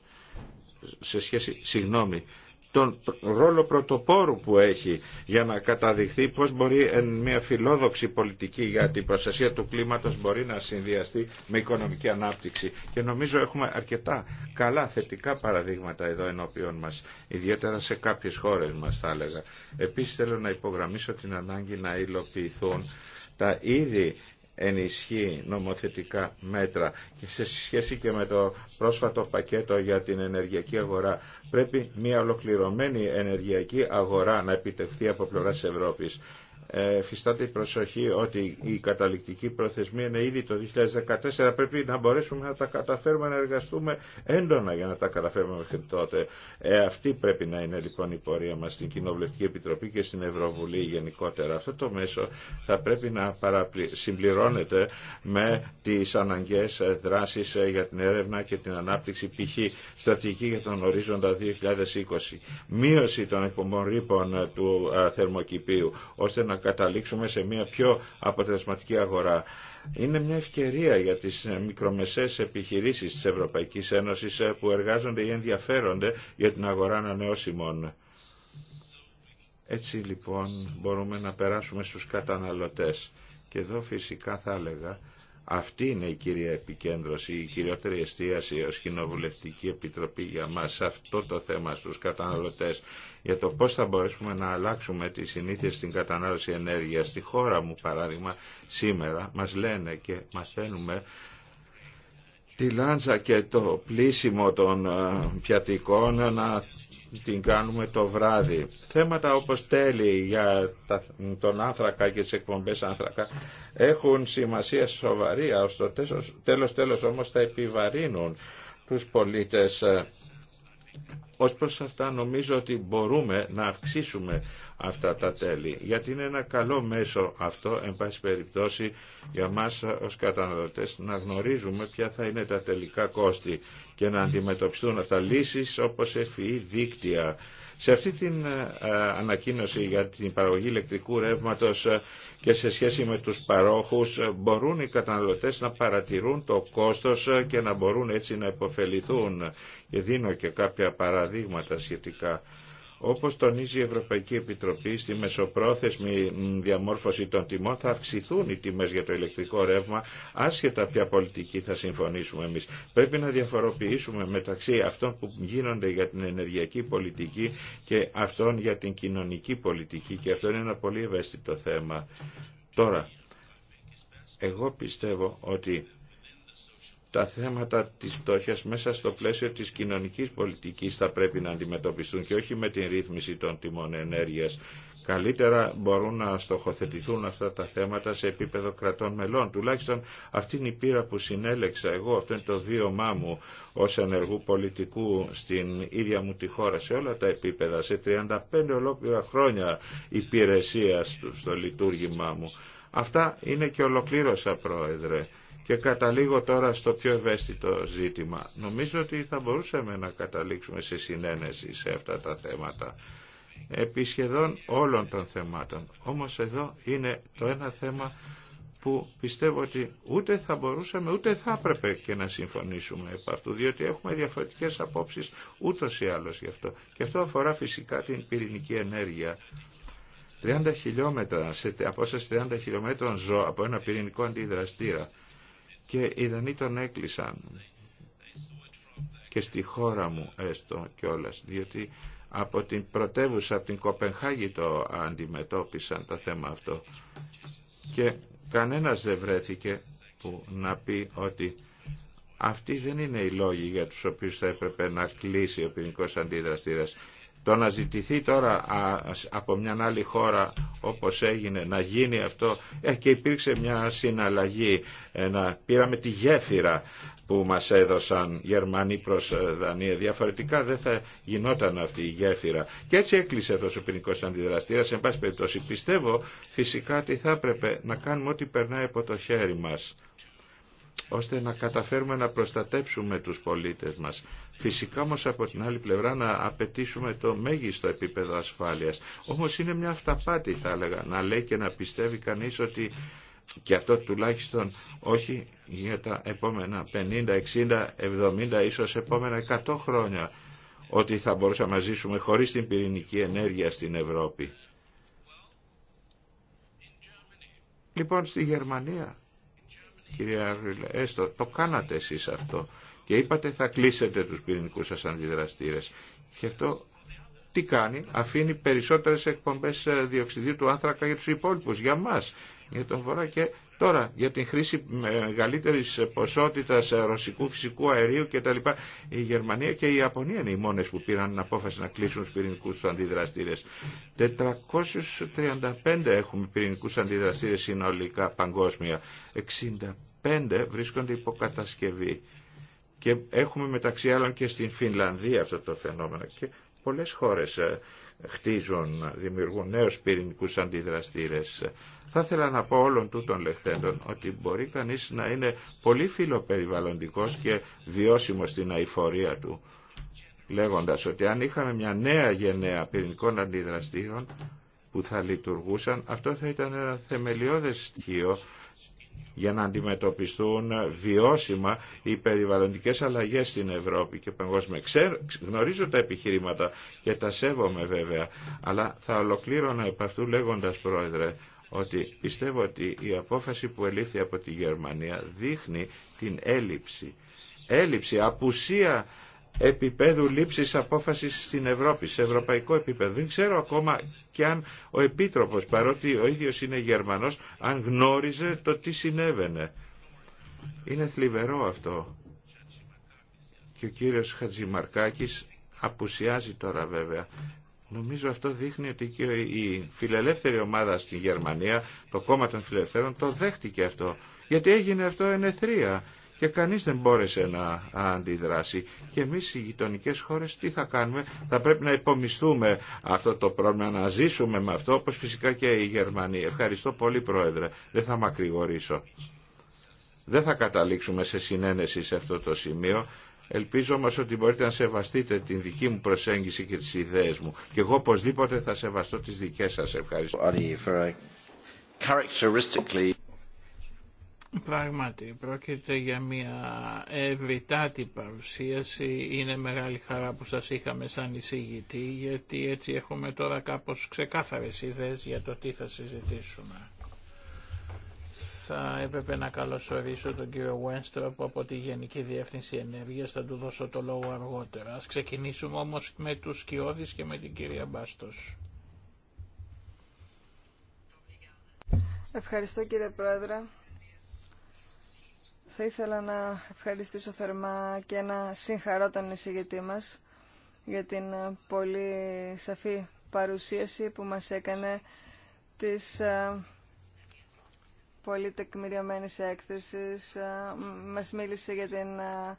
S3: σε σχέση, συγγνώμη, τον ρόλο πρωτοπόρου που έχει για να καταδειχθεί πώς μπορεί μια φιλόδοξη πολιτική για την προστασία του κλίματος μπορεί να συνδυαστεί με οικονομική ανάπτυξη. Και νομίζω έχουμε αρκετά καλά θετικά παραδείγματα εδώ ενώπιον μας, ιδιαίτερα σε κάποιες χώρες μας θα έλεγα. Επίσης θέλω να υπογραμμίσω την ανάγκη να υλοποιηθούν τα ήδη ενισχύει νομοθετικά μέτρα και σε σχέση και με το πρόσφατο πακέτο για την ενεργειακή αγορά πρέπει μια ολοκληρωμένη ενεργειακή αγορά να επιτευχθεί από πλευράς Ευρώπης. Ε, φυστάται η προσοχή ότι η καταληκτική προθεσμία είναι ήδη το 2014. Πρέπει να μπορέσουμε να τα καταφέρουμε να εργαστούμε έντονα για να τα καταφέρουμε μέχρι τότε. Ε, αυτή πρέπει να είναι λοιπόν η πορεία μας στην Κοινοβουλευτική Επιτροπή και στην Ευρωβουλή γενικότερα. Αυτό το μέσο θα πρέπει να συμπληρώνεται με τις αναγκαίες δράσεις για την έρευνα και την ανάπτυξη π.χ. στρατηγική για τον ορίζοντα 2020. Μείωση των εκπομπών ρήπων του ε, θερμοκηπίου ώστε να να καταλήξουμε σε μια πιο αποτελεσματική αγορά. Είναι μια ευκαιρία για τις μικρομεσαίες επιχειρήσεις της Ευρωπαϊκής Ένωσης ε, που εργάζονται ή ενδιαφέρονται για την αγορά ανανεώσιμων. Έτσι λοιπόν μπορούμε να περάσουμε στους καταναλωτές. Και εδώ φυσικά θα έλεγα αυτή είναι η κυρία επικέντρωση, η κυριότερη εστίαση ως Κοινοβουλευτική Επιτροπή για μας σε αυτό το θέμα στους καταναλωτές για το πώς θα μπορέσουμε να αλλάξουμε τις συνήθειες στην κατανάλωση ενέργειας. Στη χώρα μου παράδειγμα σήμερα μας λένε και μαθαίνουμε τη λάντσα και το πλήσιμο των ε, πιατικών να την κάνουμε το βράδυ. Θέματα όπως τέλει για τον άνθρακα και τις εκπομπές άνθρακα έχουν σημασία σοβαρή, ως το τέλος, τέλος όμως θα επιβαρύνουν τους πολίτες ως προς αυτά νομίζω ότι μπορούμε να αυξήσουμε αυτά τα τέλη, γιατί είναι ένα καλό μέσο αυτό, εν πάση περιπτώσει, για μας ως καταναλωτές να γνωρίζουμε ποια θα είναι τα τελικά κόστη και να αντιμετωπιστούν αυτά λύσεις όπως ευφυή δίκτυα σε αυτή την ε, ανακοίνωση για την παραγωγή ηλεκτρικού ρεύματος ε, και σε σχέση με τους παρόχους ε, μπορούν οι καταναλωτές να παρατηρούν το κόστος και να μπορούν έτσι να υποφεληθούν. Και δίνω και κάποια παραδείγματα σχετικά. Όπως τονίζει η Ευρωπαϊκή Επιτροπή, στη μεσοπρόθεσμη διαμόρφωση των τιμών θα αυξηθούν οι τιμές για το ηλεκτρικό ρεύμα, άσχετα ποια πολιτική θα συμφωνήσουμε εμείς. Πρέπει να διαφοροποιήσουμε μεταξύ αυτών που γίνονται για την ενεργειακή πολιτική και αυτών για την κοινωνική πολιτική και αυτό είναι ένα πολύ ευαίσθητο θέμα. Τώρα, εγώ πιστεύω ότι τα θέματα της φτώχειας μέσα στο πλαίσιο της κοινωνικής πολιτικής θα πρέπει να αντιμετωπιστούν και όχι με την ρύθμιση των τιμών ενέργειας. Καλύτερα μπορούν να στοχοθετηθούν αυτά τα θέματα σε επίπεδο κρατών μελών. Τουλάχιστον αυτή είναι η πείρα που συνέλεξα εγώ, αυτό είναι το βίωμά μου ως ενεργού πολιτικού στην ίδια μου τη χώρα, σε όλα τα επίπεδα, σε 35 ολόκληρα χρόνια υπηρεσίας του στο λειτουργήμά μου. Αυτά είναι και ολοκλήρωσα, Πρόεδρε. Και καταλήγω τώρα στο πιο ευαίσθητο ζήτημα. Νομίζω ότι θα μπορούσαμε να καταλήξουμε σε συνένεση σε αυτά τα θέματα επί σχεδόν όλων των θεμάτων. Όμως εδώ είναι το ένα θέμα που πιστεύω ότι ούτε θα μπορούσαμε ούτε θα έπρεπε και να συμφωνήσουμε επ' αυτού, διότι έχουμε διαφορετικές απόψεις ούτως ή άλλως γι' αυτό. Και αυτό αφορά φυσικά την πυρηνική ενέργεια. 30 χιλιόμετρα, σε απόσταση 30 χιλιόμετρων ζω από ένα πυρηνικό αντιδραστήρα και οι Δανείοι τον έκλεισαν και στη χώρα μου έστω κιόλας διότι από την πρωτεύουσα, από την Κοπενχάγη το αντιμετώπισαν το θέμα αυτό και κανένας δεν βρέθηκε που να πει ότι αυτοί δεν είναι οι λόγοι για τους οποίους θα έπρεπε να κλείσει ο ποινικός αντιδραστήρας. Το να ζητηθεί τώρα από μια άλλη χώρα όπως έγινε να γίνει αυτό ε, και υπήρξε μια συναλλαγή. Ε, να πήραμε τη γέφυρα που μας έδωσαν Γερμανοί προς ε, Δανία. Διαφορετικά δεν θα γινόταν αυτή η γέφυρα. Και έτσι έκλεισε αυτός ο ποινικό αντιδραστήρας. Εν πάση περιπτώσει πιστεύω φυσικά ότι θα έπρεπε να κάνουμε ό,τι περνάει από το χέρι μας ώστε να καταφέρουμε να προστατέψουμε τους πολίτες μας. Φυσικά όμως από την άλλη πλευρά να απαιτήσουμε το μέγιστο επίπεδο ασφάλειας. Όμως είναι μια αυταπάτη θα έλεγα να λέει και να πιστεύει κανείς ότι και αυτό τουλάχιστον όχι για τα επόμενα 50, 60, 70, ίσως επόμενα 100 χρόνια ότι θα μπορούσαμε να ζήσουμε χωρίς την πυρηνική ενέργεια στην Ευρώπη. Λοιπόν, στη Γερμανία κυρία Αρβίλα, έστω, το κάνατε εσείς αυτό και είπατε θα κλείσετε τους πυρηνικούς σας αντιδραστήρες. Και αυτό τι κάνει, αφήνει περισσότερες εκπομπές ε, διοξιδίου του άνθρακα για τους υπόλοιπους, για μας, για τον Βορρά και Τώρα, για την χρήση μεγαλύτερη ποσότητα ρωσικού φυσικού αερίου κτλ. Η Γερμανία και η Ιαπωνία είναι οι μόνε που πήραν την απόφαση να κλείσουν του πυρηνικού αντιδραστήρε. 435 έχουμε πυρηνικού αντιδραστήρε συνολικά παγκόσμια. 65 βρίσκονται υποκατασκευή. Και έχουμε μεταξύ άλλων και στην Φινλανδία αυτό το φαινόμενο. Και πολλές χώρες ε, χτίζουν, δημιουργούν νέους πυρηνικούς αντιδραστήρες. Θα ήθελα να πω όλων τούτων λεχθέντων ότι μπορεί κανείς να είναι πολύ φιλοπεριβαλλοντικός και βιώσιμος στην αηφορία του λέγοντας ότι αν είχαμε μια νέα γενναία πυρηνικών αντιδραστήρων που θα λειτουργούσαν, αυτό θα ήταν ένα θεμελιώδες στοιχείο για να αντιμετωπιστούν βιώσιμα οι περιβαλλοντικές αλλαγές στην Ευρώπη και παγκόσμια. γνωρίζω τα επιχειρήματα και τα σέβομαι βέβαια, αλλά θα ολοκλήρωνα επ' αυτού λέγοντας, Πρόεδρε, ότι πιστεύω ότι η απόφαση που ελήφθη από τη Γερμανία δείχνει την έλλειψη, έλλειψη, απουσία επίπεδου λήψης απόφασης στην Ευρώπη, σε ευρωπαϊκό επίπεδο. Δεν ξέρω ακόμα και αν ο Επίτροπος, παρότι ο ίδιος είναι Γερμανός, αν γνώριζε το τι συνέβαινε. Είναι θλιβερό αυτό. Και ο κύριος Χατζημαρκάκης απουσιάζει τώρα βέβαια Νομίζω αυτό δείχνει ότι και η φιλελεύθερη ομάδα στη Γερμανία, το κόμμα των φιλελευθέρων, το δέχτηκε αυτό. Γιατί έγινε αυτό εν εθρία και κανείς δεν μπόρεσε να αντιδράσει. Και εμείς οι γειτονικέ χώρες τι θα κάνουμε, θα πρέπει να υπομισθούμε αυτό το πρόβλημα, να ζήσουμε με αυτό, όπως φυσικά και οι Γερμανοί. Ευχαριστώ πολύ Πρόεδρε, δεν θα μακρηγορήσω. Δεν θα καταλήξουμε σε συνένεση σε αυτό το σημείο. Ελπίζω όμως ότι μπορείτε να σεβαστείτε την δική μου προσέγγιση και τι ιδέε μου. Και εγώ οπωσδήποτε θα σεβαστώ τι δικέ σα
S1: Ευχαριστώ. Uh,
S2: Πράγματι, πρόκειται για μια ευρυτάτη παρουσίαση. Είναι μεγάλη χαρά που σας είχαμε σαν εισηγητή, γιατί έτσι έχουμε τώρα κάπως ξεκάθαρες ιδέες για το τι θα συζητήσουμε θα έπρεπε να καλωσορίσω τον κύριο Βένστροπ από τη Γενική Διεύθυνση Ενέργειας, θα του δώσω το λόγο αργότερα. Ας ξεκινήσουμε όμως με τους Σκιώδης και με την κυρία Μπάστος.
S4: Ευχαριστώ κύριε Πρόεδρε. Θα ήθελα να ευχαριστήσω θερμά και να συγχαρώ τον εισηγητή μας για την ε, πολύ σαφή παρουσίαση που μας έκανε της ε, πολύ τεκμηριωμένης έκθεση, ε, μα μίλησε για, την, ε,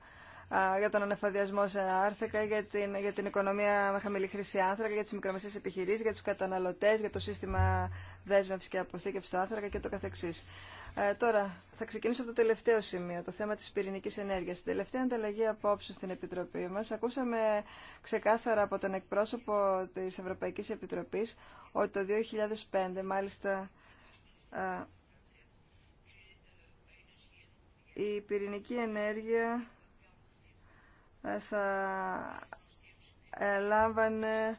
S4: ε, για τον ανεφοδιασμό σε άρθρακα, για την, για την οικονομία με χαμηλή χρήση άνθρακα, για τι μικρομεσαίες επιχειρήσει, για του καταναλωτέ, για το σύστημα δέσμευση και αποθήκευση του άνθρακα και το καθεξή. τώρα, θα ξεκινήσω από το τελευταίο σημείο, το θέμα τη πυρηνική ενέργεια. Στην τελευταία ανταλλαγή απόψε στην Επιτροπή μα. ακούσαμε ξεκάθαρα από τον εκπρόσωπο τη Ευρωπαϊκή Επιτροπή ότι το 2005, μάλιστα η πυρηνική ενέργεια ε, θα ε, λάμβανε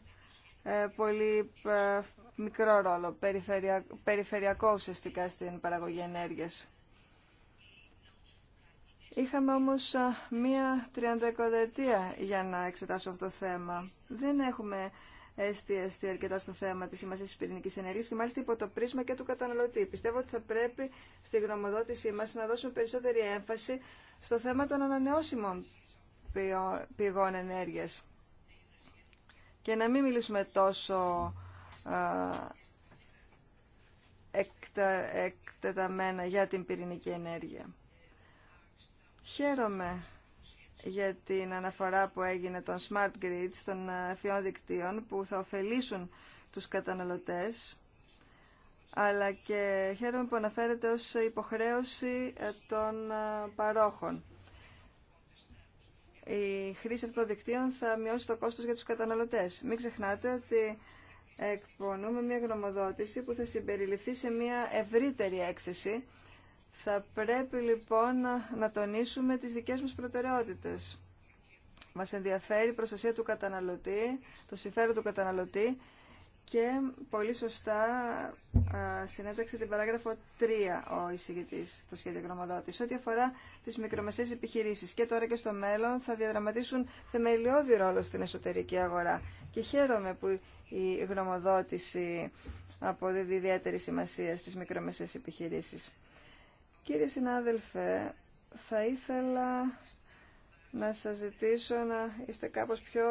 S4: ε, πολύ μικρό ρόλο, περιφερειακό ουσιαστικά στην παραγωγή ενέργειας. Είχαμε όμως μία τριανταεκοδετία για να εξετάσω αυτό το θέμα. Δεν έχουμε εστιαστεί αρκετά στο θέμα τη σημασία τη πυρηνική ενέργεια και μάλιστα υπό το πρίσμα και του καταναλωτή. Πιστεύω ότι θα πρέπει στη γνωμοδότησή μα να δώσουμε περισσότερη έμφαση στο θέμα των ανανεώσιμων πηγών ενέργεια και να μην μιλήσουμε τόσο εκτεταμένα για την πυρηνική ενέργεια. Χαίρομαι για την αναφορά που έγινε των smart grids, των ε, εφιών δικτύων που θα ωφελήσουν τους καταναλωτές αλλά και χαίρομαι που αναφέρεται ως υποχρέωση ε, των ε, παρόχων. Η χρήση αυτών των δικτύων θα μειώσει το κόστος για τους καταναλωτές. Μην ξεχνάτε ότι εκπονούμε μια γνωμοδότηση που θα συμπεριληφθεί σε μια ευρύτερη έκθεση θα πρέπει λοιπόν να τονίσουμε τις δικές μας προτεραιότητες. Μας ενδιαφέρει η προστασία του καταναλωτή, το συμφέρον του καταναλωτή και πολύ σωστά συνέταξε την παράγραφο 3 ο εισηγητής στο σχέδιο γνωμοδότης. Ό,τι αφορά τις μικρομεσαίες επιχειρήσεις και τώρα και στο μέλλον θα διαδραματίσουν θεμελιώδη ρόλο στην εσωτερική αγορά. Και χαίρομαι που η γνωμοδότηση αποδίδει ιδιαίτερη σημασία στις μικρομεσαίες επιχειρήσεις. Κύριε συνάδελφε, θα ήθελα να σας ζητήσω να είστε κάπως πιο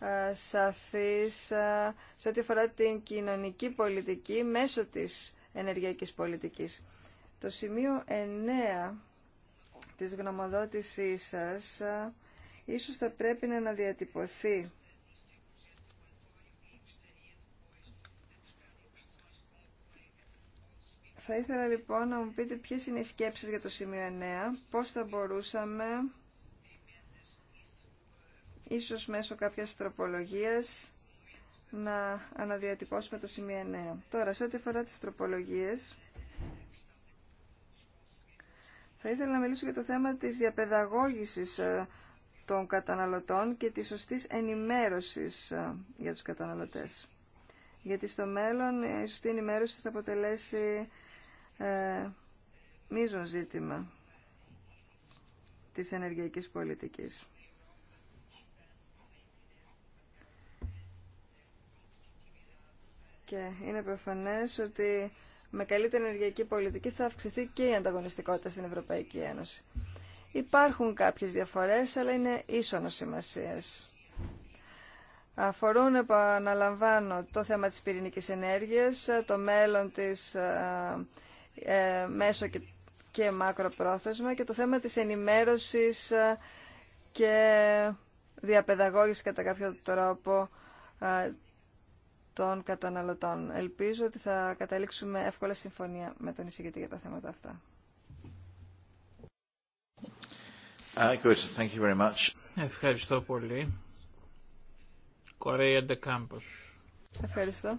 S4: ε, σαφής ε, σε ό,τι αφορά την κοινωνική πολιτική μέσω της ενεργειακής πολιτικής. Το σημείο 9 της γνωμοδότησής σας ε, ίσως θα πρέπει να διατυπωθεί Θα ήθελα λοιπόν να μου πείτε ποιες είναι οι σκέψεις για το σημείο 9, πώς θα μπορούσαμε ίσως μέσω κάποιας τροπολογίας να αναδιατυπώσουμε το σημείο 9. Τώρα, σε ό,τι αφορά τις τροπολογίες, θα ήθελα να μιλήσω για το θέμα της διαπαιδαγώγησης ε, των καταναλωτών και της σωστής ενημέρωσης ε, για τους καταναλωτές. Γιατί στο μέλλον η σωστή ενημέρωση θα αποτελέσει ε, ζήτημα της ενεργειακής πολιτικής. Και είναι προφανές ότι με καλύτερη ενεργειακή πολιτική θα αυξηθεί και η ανταγωνιστικότητα στην Ευρωπαϊκή Ένωση. Υπάρχουν κάποιες διαφορές, αλλά είναι ίσονο σημασίας. Αφορούν, επαναλαμβάνω, το θέμα της πυρηνικής ενέργειας, το μέλλον της ε, ε, μέσο και, και μακροπρόθεσμα και το θέμα της ενημέρωσης ε, και διαπαιδαγώγηση κατά κάποιο τρόπο ε, των καταναλωτών. Ελπίζω ότι θα καταλήξουμε εύκολα συμφωνία με τον εισηγητή για τα θέματα αυτά.
S1: Thank you very
S2: Ευχαριστώ πολύ. Κορέα Ντεκάμπος. Ευχαριστώ.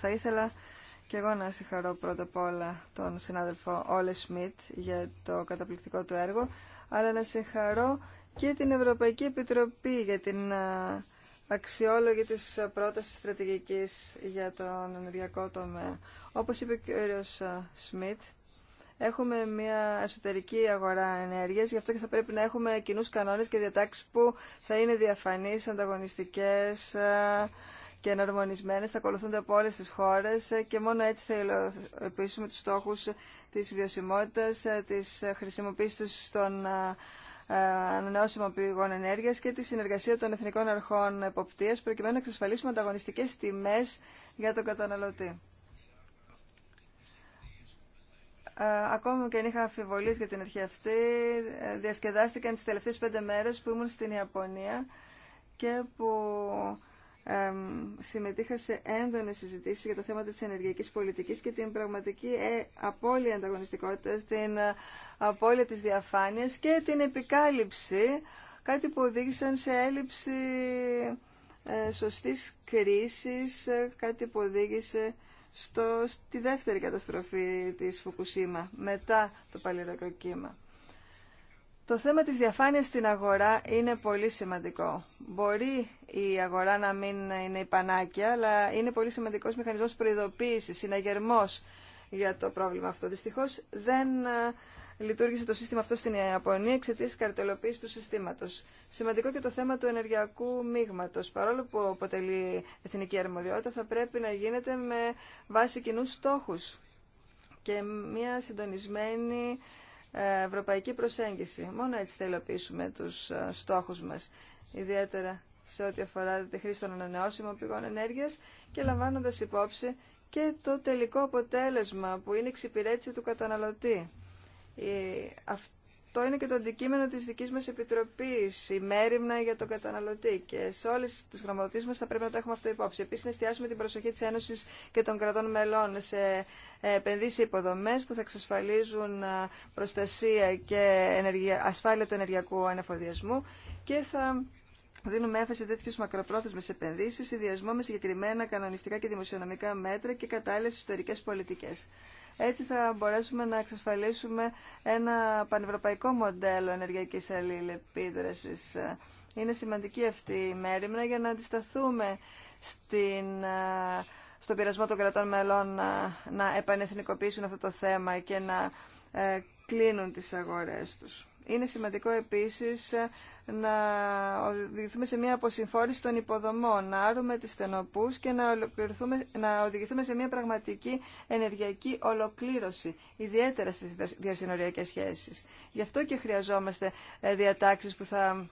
S4: Θα ήθελα και εγώ να συγχαρώ πρώτα απ' όλα τον συνάδελφο Όλε Σμιτ για το καταπληκτικό του έργο, αλλά να συγχαρώ και την Ευρωπαϊκή Επιτροπή για την αξιόλογη της πρόταση στρατηγικής για τον ενεργειακό τομέα. Όπως είπε ο κύριο Σμιτ, έχουμε μια εσωτερική αγορά ενέργειας, γι' αυτό και θα πρέπει να έχουμε κοινούς κανόνες και διατάξεις που θα είναι διαφανείς, ανταγωνιστικές, και εναρμονισμένε. θα ακολουθούνται από όλε τι χώρε. και μόνο έτσι θα υλοποιήσουμε του στόχου τη βιωσιμότητα, τη χρησιμοποίηση των ε, ανανεώσιμων πηγών ενέργεια και τη συνεργασία των εθνικών αρχών εποπτεία προκειμένου να εξασφαλίσουμε ανταγωνιστικέ τιμέ για τον καταναλωτή. Ε, ακόμη και αν είχα αμφιβολίες για την αρχή αυτή, ε, διασκεδάστηκαν τι τελευταίε πέντε μέρε που ήμουν στην Ιαπωνία και που συμμετείχα σε έντονες συζητήσεις για τα θέματα της ενεργειακής πολιτικής και την πραγματική ε, απώλεια ανταγωνιστικότητας, την ε, απώλεια της διαφάνειας και την επικάλυψη, κάτι που οδήγησαν σε έλλειψη ε, σωστής κρίσης, κάτι που οδήγησε στο, στη δεύτερη καταστροφή της Φουκουσίμα, μετά το παλιρακό κύμα. Το θέμα της διαφάνειας στην αγορά είναι πολύ σημαντικό. Μπορεί η αγορά να μην είναι υπανάκια, αλλά είναι πολύ σημαντικός μηχανισμός προειδοποίησης, συναγερμός για το πρόβλημα αυτό. Δυστυχώς δεν ε, λειτουργήσε το σύστημα αυτό στην Ιαπωνία εξαιτίας καρτελοποίησης του συστήματος. Σημαντικό και το θέμα του ενεργειακού μείγματος. Παρόλο που αποτελεί εθνική αρμοδιότητα, θα πρέπει να γίνεται με βάση κοινού στόχους και μια συντονισμένη ε, ευρωπαϊκή προσέγγιση. Μόνο έτσι θα υλοποιήσουμε τους ε, στόχους μας, ιδιαίτερα σε ό,τι αφορά τη χρήση των ανανεώσιμων πηγών ενέργειας και λαμβάνοντας υπόψη και το τελικό αποτέλεσμα που είναι εξυπηρέτηση του καταναλωτή. Το είναι και το αντικείμενο της δικής μας επιτροπής, η μέρημνα για τον καταναλωτή και σε όλες τις γραμματοτήσεις μας θα πρέπει να το έχουμε αυτό υπόψη. Επίσης, να εστιάσουμε την προσοχή της Ένωσης και των κρατών μελών σε ε, επενδύσεις υποδομές που θα εξασφαλίζουν ε, προστασία και ασφάλεια του ενεργειακού ανεφοδιασμού και θα Δίνουμε έμφαση τέτοιου μακροπρόθεσμε επενδύσει, συνδυασμό με συγκεκριμένα κανονιστικά και δημοσιονομικά μέτρα και κατάλληλε ιστορικέ πολιτικέ. Έτσι θα μπορέσουμε να εξασφαλίσουμε ένα πανευρωπαϊκό μοντέλο ενεργειακής αλληλεπίδρασης. Είναι σημαντική αυτή η μέρημνα για να αντισταθούμε στην, στον πειρασμό των κρατών μελών να, να επανεθνικοποιήσουν αυτό το θέμα και να ε, κλείνουν τις αγορές τους. Είναι σημαντικό επίσης ε, να οδηγηθούμε σε μια αποσυμφόρηση των υποδομών, να άρουμε τις στενοπούς και να, να οδηγηθούμε σε μια πραγματική ενεργειακή ολοκλήρωση, ιδιαίτερα στις διασυνοριακές σχέσεις. Γι' αυτό και χρειαζόμαστε ε, διατάξεις που θα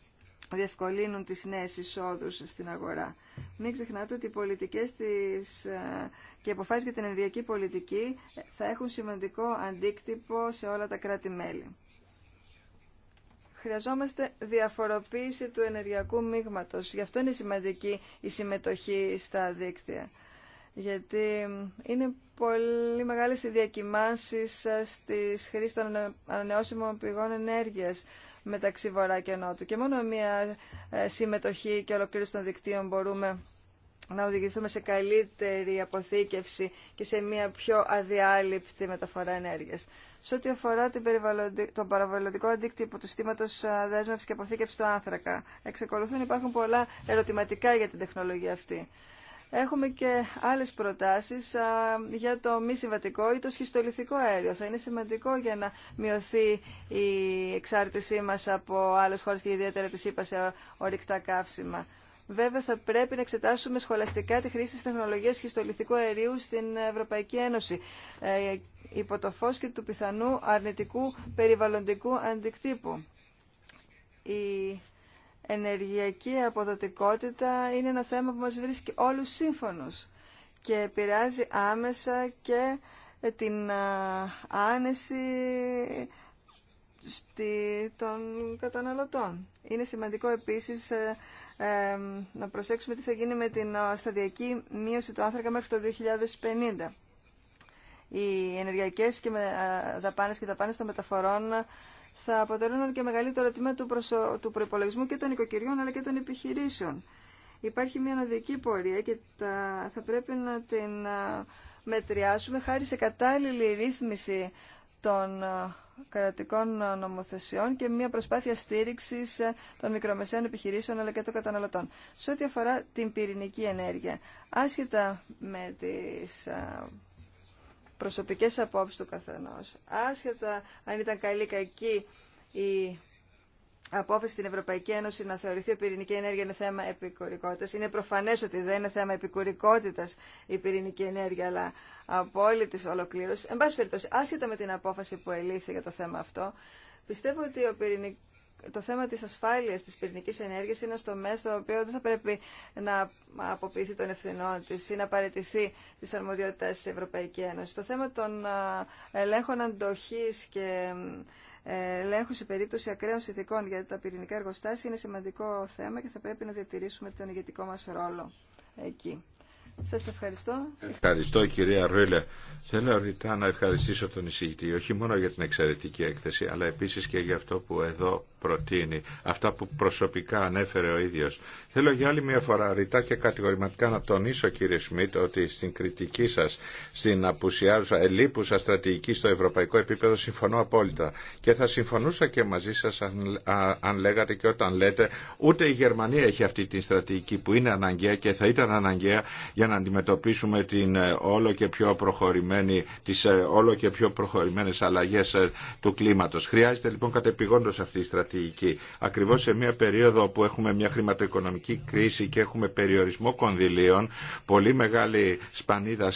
S4: διευκολύνουν τις νέες εισόδους στην αγορά. Μην ξεχνάτε ότι οι πολιτικές της, ε, και οι αποφάσεις για την ενεργειακή πολιτική θα έχουν σημαντικό αντίκτυπο σε όλα τα κράτη-μέλη. Χρειαζόμαστε διαφοροποίηση του ενεργειακού μείγματος. Γι' αυτό είναι σημαντική η συμμετοχή στα δίκτυα. Γιατί είναι πολύ μεγάλες οι διακοιμάνσεις ε, στις χρήσεις των ανανεώσιμων πηγών ενέργειας μεταξύ Βορρά και Νότου. Και μόνο μια ε, συμμετοχή και ολοκλήρωση των δικτύων μπορούμε να οδηγηθούμε σε καλύτερη αποθήκευση και σε μια πιο αδιάλειπτη μεταφορά ενέργειας. Σε ό,τι αφορά την τον παραβαλλοντικό αντίκτυπο του στήματο δέσμευση και αποθήκευση του άνθρακα, εξακολουθούν υπάρχουν πολλά ερωτηματικά για την τεχνολογία αυτή. Έχουμε και άλλε προτάσει για το μη συμβατικό ή το σχιστολιθικό αέριο. Θα είναι σημαντικό για να μειωθεί η εξάρτησή μα από άλλε χώρε και ιδιαίτερα τη ΣΥΠΑ σε ορυκτά καύσιμα. Βέβαια θα πρέπει να εξετάσουμε σχολαστικά τη χρήση της τεχνολογίας χιστολιθικού αερίου στην Ευρωπαϊκή Ένωση ε, υπό το φως και του πιθανού αρνητικού περιβαλλοντικού αντικτύπου. Η ενεργειακή αποδοτικότητα είναι ένα θέμα που μας βρίσκει όλους σύμφωνους και επηρεάζει άμεσα και την ε, άνεση των καταναλωτών. Είναι σημαντικό επίσης ε, να προσέξουμε τι θα γίνει με την ε, σταδιακή μείωση του άνθρακα μέχρι το 2050. Οι ενεργειακές και ε, δαπάνες και δαπάνες των μεταφορών θα αποτελούν και μεγαλύτερο τμήμα του, προπολογισμού και των οικοκυριών αλλά και των επιχειρήσεων. Υπάρχει μια οδηγική πορεία και θα πρέπει να την ε, μετριάσουμε χάρη σε κατάλληλη ρύθμιση των κρατικών νομοθεσιών και μια προσπάθεια στήριξη των μικρομεσαίων επιχειρήσεων αλλά και των καταναλωτών. Σε ό,τι αφορά την πυρηνική ενέργεια, άσχετα με τις προσωπικές απόψεις του καθενό, άσχετα αν ήταν καλή κακή η απόφαση στην Ευρωπαϊκή Ένωση να θεωρηθεί η πυρηνική ενέργεια είναι θέμα επικουρικότητας. Είναι προφανές ότι δεν είναι θέμα επικουρικότητα η πυρηνική ενέργεια, αλλά απόλυτης ολοκλήρωση. Εν πάση περιπτώσει, άσχετα με την απόφαση που ελήφθη για το θέμα αυτό, πιστεύω ότι ο πυρηνική το θέμα της ασφάλειας της πυρηνικής ενέργειας είναι στο μέσο το οποίο δεν θα πρέπει να αποποιηθεί των ευθυνών της ή να παραιτηθεί της αρμοδιότητες της Ευρωπαϊκή Ένωση. Το θέμα των ελέγχων αντοχής και ε, ελέγχου σε περίπτωση ακραίων συνθηκών για τα πυρηνικά εργοστάσια είναι σημαντικό θέμα και θα πρέπει να διατηρήσουμε τον ηγετικό μας ρόλο εκεί. Σα ευχαριστώ.
S3: Ευχαριστώ κυρία Ρούλε. Θέλω ρητά να ευχαριστήσω τον εισηγητή, όχι μόνο για την εξαιρετική έκθεση, αλλά επίσης και για αυτό που εδώ προτείνει, αυτά που προσωπικά ανέφερε ο ίδιος. Θέλω για άλλη μια φορά ρητά και κατηγορηματικά να τονίσω κύριε Σμιτ ότι στην κριτική σας, στην απουσιάζουσα, ελίπουσα στρατηγική στο ευρωπαϊκό επίπεδο συμφωνώ απόλυτα. Και θα συμφωνούσα και μαζί σας αν, αν λέγατε και όταν λέτε ούτε η Γερμανία έχει αυτή τη στρατηγική που είναι αναγκαία και θα ήταν αναγκαία για να αντιμετωπίσουμε την ε, όλο και πιο προχωρημένη, τις ε, όλο και πιο προχωρημένες αλλαγές ε, του κλίματος. Χρειάζεται λοιπόν κατεπηγόντως αυτή η στρατηγική. Ακριβώς σε μια περίοδο που έχουμε μια χρηματοοικονομική κρίση και έχουμε περιορισμό κονδυλίων, πολύ μεγάλη σπανίδα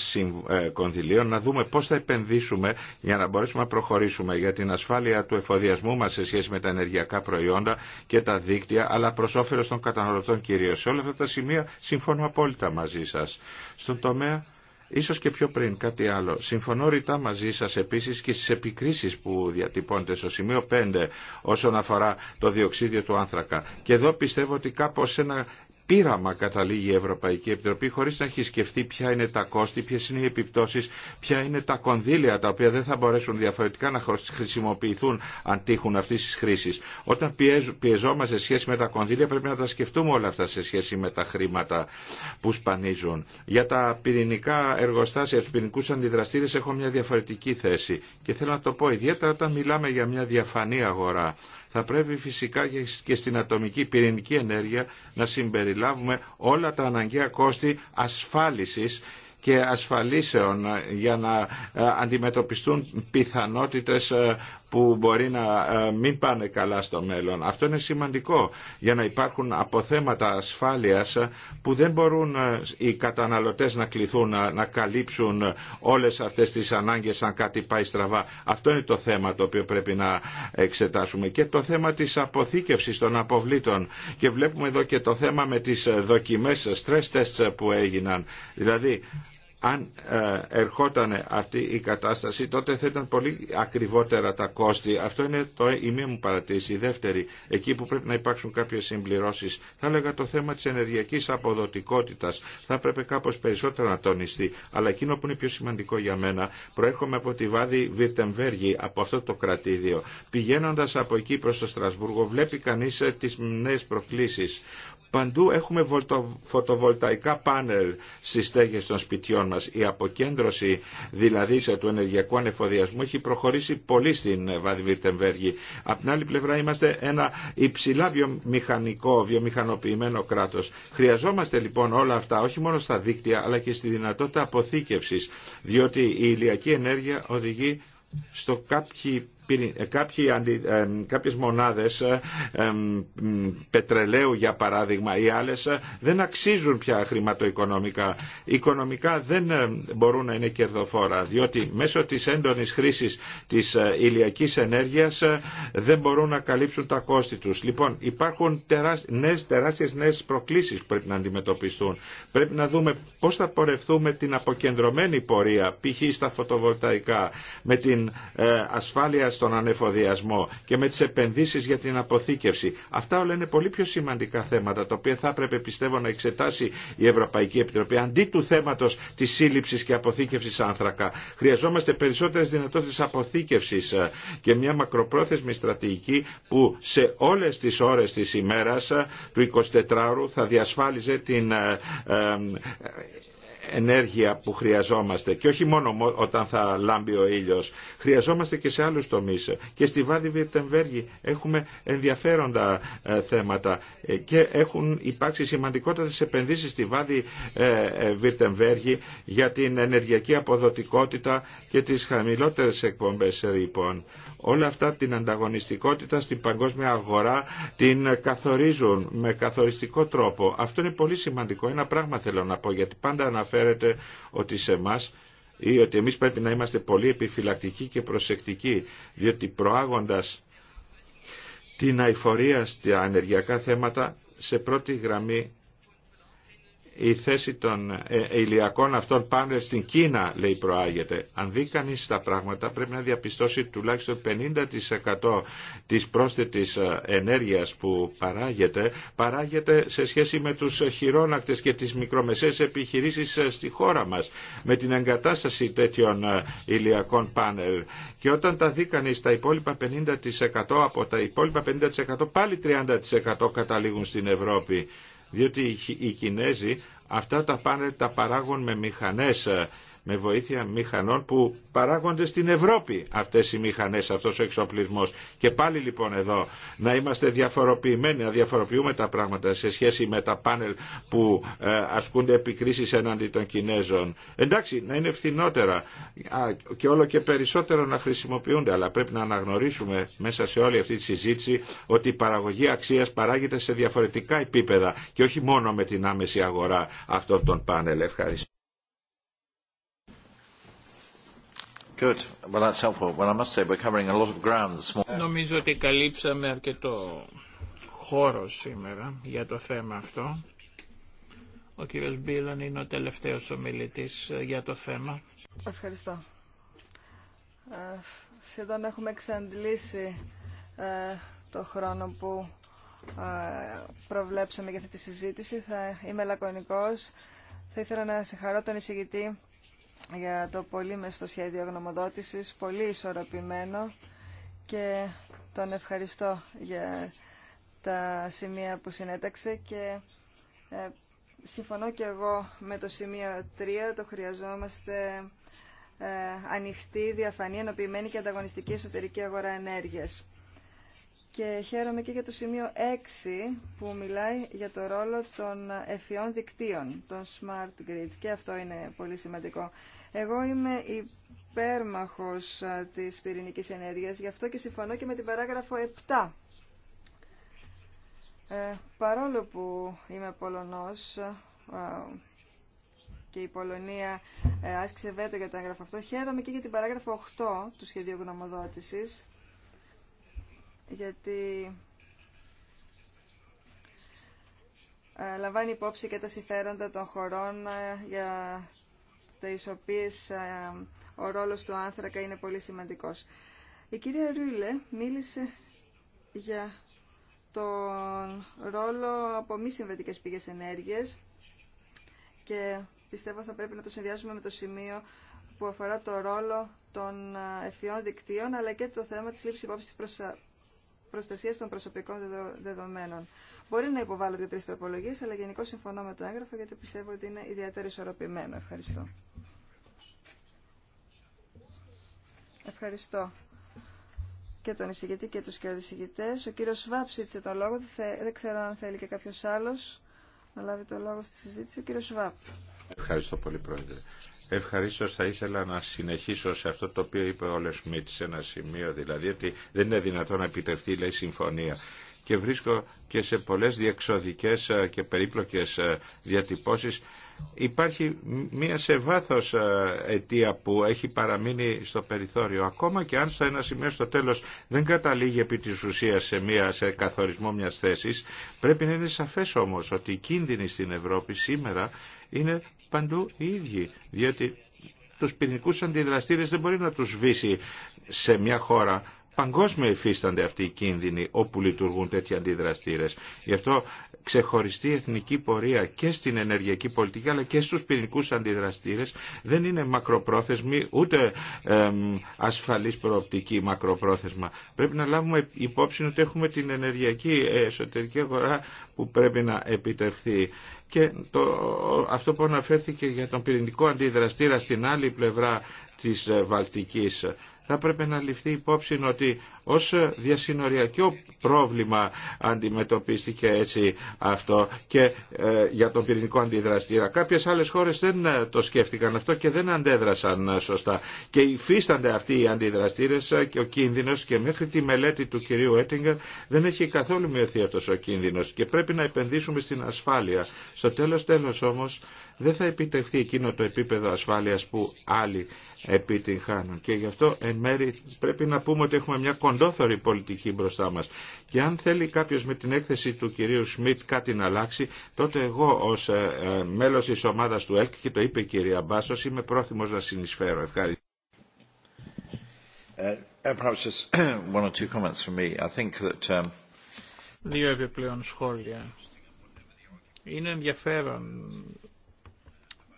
S3: κονδυλίων, να δούμε πώς θα επενδύσουμε για να μπορέσουμε να προχωρήσουμε για την ασφάλεια του εφοδιασμού μας σε σχέση με τα ενεργειακά προϊόντα και τα δίκτυα, αλλά προς όφελος των καταναλωτών κυρίως. Σε όλα αυτά τα σημεία συμφωνώ απόλυτα μαζί σας στον τομέα ίσως και πιο πριν κάτι άλλο. Συμφωνώ ρητά μαζί σας επίσης και στις επικρίσεις που διατυπώνεται στο σημείο 5 όσον αφορά το διοξίδιο του άνθρακα. Και εδώ πιστεύω ότι κάπως ένα πείραμα καταλήγει η Ευρωπαϊκή Επιτροπή χωρίς να έχει σκεφτεί ποια είναι τα κόστη, ποιε είναι οι επιπτώσεις, ποια είναι τα κονδύλια τα οποία δεν θα μπορέσουν διαφορετικά να χρησιμοποιηθούν αν τύχουν αυτή τη χρήση. Όταν πιεζόμαστε σε σχέση με τα κονδύλια πρέπει να τα σκεφτούμε όλα αυτά σε σχέση με τα χρήματα που σπανίζουν. Για τα πυρηνικά εργοστάσια, του πυρηνικού αντιδραστήρε έχω μια διαφορετική θέση και θέλω να το πω ιδιαίτερα όταν μιλάμε για μια διαφανή αγορά θα πρέπει φυσικά και στην ατομική πυρηνική ενέργεια να συμπεριλάβουμε όλα τα αναγκαία κόστη ασφάλισης και ασφαλίσεων για να ε, αντιμετωπιστούν πιθανότητες ε, που μπορεί να ε, μην πάνε καλά στο μέλλον. Αυτό είναι σημαντικό για να υπάρχουν αποθέματα ασφάλειας ε, που δεν μπορούν ε, οι καταναλωτές να κληθούν να καλύψουν όλες αυτές τις ανάγκες αν κάτι πάει στραβά. Αυτό είναι το θέμα το οποίο πρέπει να εξετάσουμε. Και το θέμα της αποθήκευσης των αποβλήτων. Και βλέπουμε εδώ και το θέμα με τις δοκιμές stress tests που έγιναν. Δηλαδή αν ε, ερχόταν αυτή η κατάσταση τότε θα ήταν πολύ ακριβότερα τα κόστη. Αυτό είναι το, η μία μου παρατήρηση. Η δεύτερη, εκεί που πρέπει να υπάρξουν κάποιες συμπληρώσεις, θα έλεγα το θέμα της ενεργειακής αποδοτικότητας. Θα πρέπει κάπως περισσότερο να τονιστεί. Αλλά εκείνο που είναι πιο σημαντικό για μένα, προέρχομαι από τη Βάδη Βιρτεμβέργη, από αυτό το κρατήδιο. Πηγαίνοντας από εκεί προς το Στρασβούργο, βλέπει κανείς ε, τις νέες προκλήσεις. Παντού έχουμε φωτοβολταϊκά πάνελ στις στέγες των σπιτιών μας. Η αποκέντρωση δηλαδή σε του ενεργειακού ανεφοδιασμού έχει προχωρήσει πολύ στην ε, Βαδιβιρτεμβέργη. Απ' την άλλη πλευρά είμαστε ένα υψηλά βιομηχανικό, βιομηχανοποιημένο κράτος. Χρειαζόμαστε λοιπόν όλα αυτά, όχι μόνο στα δίκτυα, αλλά και στη δυνατότητα αποθήκευσης, διότι η ηλιακή ενέργεια οδηγεί στο κάποιοι ε, ε, κάποιες μονάδες ε, πετρελαίου για παράδειγμα ή άλλες δεν αξίζουν πια χρηματοοικονομικά. Οικονομικά δεν μπορούν να είναι κερδοφόρα διότι μέσω της έντονης χρήσης της ηλιακής ενέργειας δεν μπορούν να καλύψουν τα κόστη τους. Λοιπόν υπάρχουν νέες, τεράστιες νέες προκλήσεις που πρέπει να αντιμετωπιστούν. Πρέπει να δούμε πώς θα πορευτούμε την αποκεντρωμένη πορεία π.χ. στα φωτοβολταϊκά με την ασφάλεια τον ανεφοδιασμό και με τις επενδύσεις για την αποθήκευση. Αυτά όλα είναι πολύ πιο σημαντικά θέματα, τα οποία θα έπρεπε πιστεύω να εξετάσει η Ευρωπαϊκή Επιτροπή. Αντί του θέματος της σύλληψης και αποθήκευσης άνθρακα, χρειαζόμαστε περισσότερες δυνατότητες αποθήκευσης ε, και μια μακροπρόθεσμη στρατηγική που σε όλες τις ώρες της ημέρας ε, του 24ου θα διασφάλιζε την ε, ενέργεια που χρειαζόμαστε και όχι μόνο όταν θα λάμπει ο ήλιος. Χρειαζόμαστε και σε άλλους τομείς. Και στη Βάδη Βιρτεμβέργη έχουμε ενδιαφέροντα ε, θέματα ε, και έχουν υπάρξει σημαντικότερες επενδύσεις στη Βάδη ε, Βιρτεμβέργη για την ενεργειακή αποδοτικότητα και τις χαμηλότερες εκπομπές ρήπων. Λοιπόν. Όλα αυτά την ανταγωνιστικότητα στην παγκόσμια αγορά την καθορίζουν με καθοριστικό τρόπο. Αυτό είναι πολύ σημαντικό. Ένα πράγμα θέλω να πω γιατί πάντα αναφέρεται ότι σε εμά ή ότι εμείς πρέπει να είμαστε πολύ επιφυλακτικοί και προσεκτικοί, διότι προάγοντας την αηφορία στα ενεργειακά θέματα, σε πρώτη γραμμή η θέση των ε, ηλιακών αυτών πάνε στην Κίνα, λέει, προάγεται. Αν δει κανεί τα πράγματα, πρέπει να διαπιστώσει τουλάχιστον 50% της πρόσθετης ε, ενέργειας που παράγεται, παράγεται σε σχέση με τους χειρόνακτες και τις μικρομεσαίες επιχειρήσεις ε, στη χώρα μας, με την εγκατάσταση τέτοιων ηλιακών πάνελ. Και όταν τα δει κανείς, τα υπόλοιπα 50% από τα υπόλοιπα 50% πάλι 30% καταλήγουν στην Ευρώπη διότι οι Κινέζοι αυτά τα πάνε τα παράγουν με μηχανές ε, με βοήθεια μηχανών που παράγονται στην Ευρώπη αυτές οι μηχανές, αυτός ο εξοπλισμός. Και πάλι λοιπόν εδώ να είμαστε διαφοροποιημένοι, να διαφοροποιούμε τα πράγματα σε σχέση με τα πάνελ που ε, ασκούνται επικρίσεις έναντι των Κινέζων. Εντάξει, να είναι φθηνότερα και όλο και περισσότερο να χρησιμοποιούνται, αλλά πρέπει να αναγνωρίσουμε μέσα σε όλη αυτή τη συζήτηση ότι η παραγωγή αξίας παράγεται σε διαφορετικά επίπεδα και όχι μόνο με την άμεση αγορά αυτών των πάνελ. Ευχαριστώ.
S2: Νομίζω ότι καλύψαμε αρκετό χώρο σήμερα για το θέμα αυτό. Ο κύριος Μπίλαν είναι ο τελευταίος ομιλητής ε, για το θέμα.
S4: Ευχαριστώ. Ε, σχεδόν έχουμε εξαντλήσει ε, το χρόνο που προβλέψαμε για αυτή τη συζήτηση. Θα είμαι λακωνικός. Θα ήθελα να συγχαρώ τον εισηγητή για το πολύ μεστό σχέδιο γνωμοδότησης, πολύ ισορροπημένο και τον ευχαριστώ για τα σημεία που συνέταξε και ε, συμφωνώ και εγώ με το σημείο 3, το χρειαζόμαστε ε, ανοιχτή, διαφανή, ενοποιημένη και ανταγωνιστική εσωτερική αγορά ενέργειας. Και χαίρομαι και για το σημείο 6 που μιλάει για το ρόλο των εφιών δικτύων, των smart grids. Και αυτό είναι πολύ σημαντικό. Εγώ είμαι υπέρμαχος της πυρηνικής ενέργειας, γι' αυτό και συμφωνώ και με την παράγραφο 7. Ε, παρόλο που είμαι Πολωνός και η Πολωνία ε, άσκησε βέτο για το έγγραφο αυτό, χαίρομαι και για την παράγραφο 8 του σχεδίου γνωμοδότησης, γιατί ε, λαμβάνει υπόψη και τα συμφέροντα των χωρών ε, για τις οποίες ε, ο ρόλος του άνθρακα είναι πολύ σημαντικός. Η κυρία Ρούλε μίλησε για τον ρόλο από μη συμβατικές πηγές ενέργειας και πιστεύω θα πρέπει να το συνδυάσουμε με το σημείο που αφορά το ρόλο των ευφυών δικτύων αλλά και το θέμα της λήψης υπόψης προσ Προστασία των προσωπικών δεδομένων. Μπορεί να υποβάλλω δύο-τρει τροπολογίε, αλλά γενικώ συμφωνώ με το έγγραφο γιατί πιστεύω ότι είναι ιδιαίτερα ισορροπημένο. Ευχαριστώ. Ευχαριστώ και τον εισηγητή και τους και Ο κύριος Σβάπ ζήτησε τον λόγο. Δεν ξέρω αν θέλει και κάποιος άλλο να λάβει τον λόγο στη συζήτηση. Ο κύριο Σβάπ.
S3: Ευχαριστώ πολύ, Πρόεδρε. Ευχαρίστω θα ήθελα να συνεχίσω σε αυτό το οποίο είπε ο Λεσμίτ σε ένα σημείο, δηλαδή ότι δεν είναι δυνατόν να επιτευχθεί, λέει, συμφωνία. Και βρίσκω και σε πολλέ διεξοδικέ ε, και περίπλοκε ε, διατυπώσεις υπάρχει μία σε βάθο ε, αιτία που έχει παραμείνει στο περιθώριο. Ακόμα και αν στο ένα σημείο στο τέλο δεν καταλήγει επί τη ουσία σε, μία, σε καθορισμό μια θέση, πρέπει να είναι σαφέ όμω ότι οι κίνδυνοι στην Ευρώπη σήμερα είναι παντού οι ίδιοι, διότι του πυρηνικού αντιδραστήρε δεν μπορεί να τους σβήσει σε μια χώρα Παγκόσμια υφίστανται αυτοί οι κίνδυνοι όπου λειτουργούν τέτοιοι αντιδραστήρε. Γι' αυτό ξεχωριστή εθνική πορεία και στην ενεργειακή πολιτική αλλά και στου πυρηνικού αντιδραστήρε δεν είναι μακροπρόθεσμη ούτε ε, ασφαλή προοπτική μακροπρόθεσμα. Πρέπει να λάβουμε υπόψη ότι έχουμε την ενεργειακή εσωτερική αγορά που πρέπει να επιτευχθεί και το, αυτό που αναφέρθηκε για τον πυρηνικό αντιδραστήρα στην άλλη πλευρά της Βαλτικής θα πρέπει να ληφθεί υπόψη ότι ως διασυνοριακό πρόβλημα αντιμετωπίστηκε έτσι αυτό και ε, για τον πυρηνικό αντιδραστήρα. Κάποιες άλλες χώρες δεν ε, το σκέφτηκαν αυτό και δεν αντέδρασαν ε, σωστά. Και υφίστανται αυτοί οι αντιδραστήρες και ο κίνδυνος και μέχρι τη μελέτη του κυρίου Έτιγκερ δεν έχει καθόλου μειωθεί αυτός ο κίνδυνος και πρέπει να επενδύσουμε στην ασφάλεια. Στο τέλος τέλος όμως δεν θα επιτευχθεί εκείνο το επίπεδο ασφάλειας που άλλοι επιτυγχάνουν. Και γι' αυτό εν πρέπει να πούμε ότι έχουμε μια κοντόφερη πολιτική μπροστά μας. Και αν θέλει κάποιος με την έκθεση του κυρίου Σμιτ κάτι να αλλάξει, τότε εγώ ως ε, ε, μέλος της ομάδας του ΕΛΚ και το είπε η κυρία Μπάσος, είμαι
S1: πρόθυμος να συνεισφέρω. Ευχαριστώ. Ε,
S2: Δύο επιπλέον σχόλια. Είναι ενδιαφέρον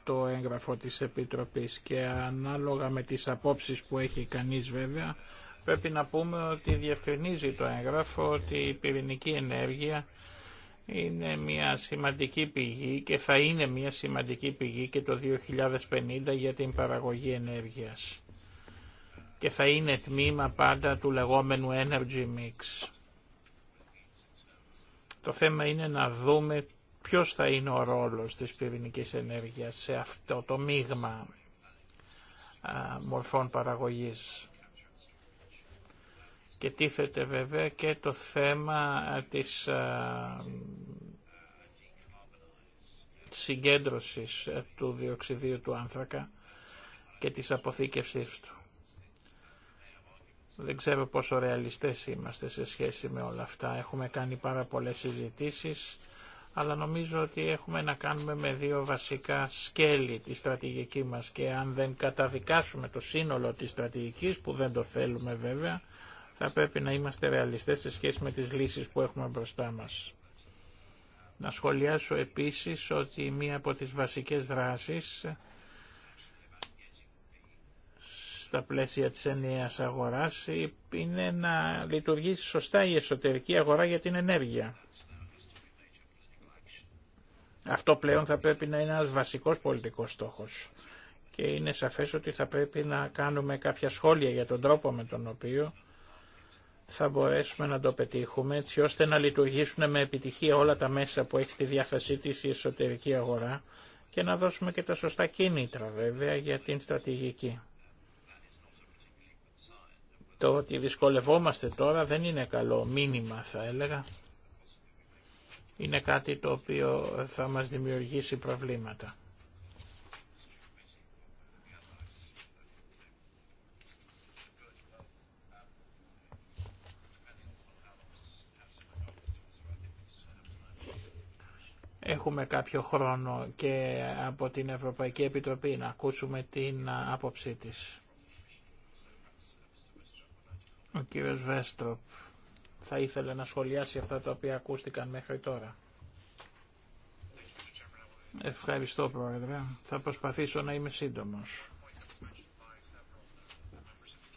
S2: το έγγραφο της Επιτροπής και ανάλογα με τις απόψεις που έχει κανείς βέβαια Πρέπει να πούμε ότι διευκρινίζει το έγγραφο ότι η πυρηνική ενέργεια είναι μια σημαντική πηγή και θα είναι μια σημαντική πηγή και το 2050 για την παραγωγή ενέργειας και θα είναι τμήμα πάντα του λεγόμενου energy mix. Το θέμα είναι να δούμε ποιος θα είναι ο ρόλος της πυρηνικής ενέργειας σε αυτό το μείγμα μορφών παραγωγής και τίθεται βέβαια και το θέμα ε, της ε, συγκέντρωσης ε, του διοξιδίου του άνθρακα και της αποθήκευσής του. Δεν ξέρω πόσο ρεαλιστές είμαστε σε σχέση με όλα αυτά. Έχουμε κάνει πάρα πολλές συζητήσεις, αλλά νομίζω ότι έχουμε να κάνουμε με δύο βασικά σκέλη τη στρατηγική μας και αν δεν καταδικάσουμε το σύνολο της στρατηγικής, που δεν το θέλουμε βέβαια, θα πρέπει να είμαστε ρεαλιστές σε σχέση με τις λύσεις που έχουμε μπροστά μας. Να σχολιάσω επίσης ότι μία από τις βασικές δράσεις στα πλαίσια της ενιαίας αγοράς είναι να λειτουργήσει σωστά η εσωτερική αγορά για την ενέργεια. Αυτό πλέον θα πρέπει να είναι ένας βασικός πολιτικός στόχος και είναι σαφές ότι θα πρέπει να κάνουμε κάποια σχόλια για τον τρόπο με τον οποίο θα μπορέσουμε να το πετύχουμε έτσι ώστε να λειτουργήσουν με επιτυχία όλα τα μέσα που έχει στη διάθεσή της η εσωτερική αγορά και να δώσουμε και τα σωστά κίνητρα βέβαια για την στρατηγική. Το ότι δυσκολευόμαστε τώρα δεν είναι καλό μήνυμα θα έλεγα. Είναι κάτι το οποίο θα μας δημιουργήσει προβλήματα. έχουμε κάποιο χρόνο και από την Ευρωπαϊκή Επιτροπή να ακούσουμε την άποψή της. Ο κύριος Βέστροπ θα ήθελε να σχολιάσει αυτά τα οποία ακούστηκαν μέχρι τώρα. Ευχαριστώ Πρόεδρε. Θα προσπαθήσω να είμαι σύντομος.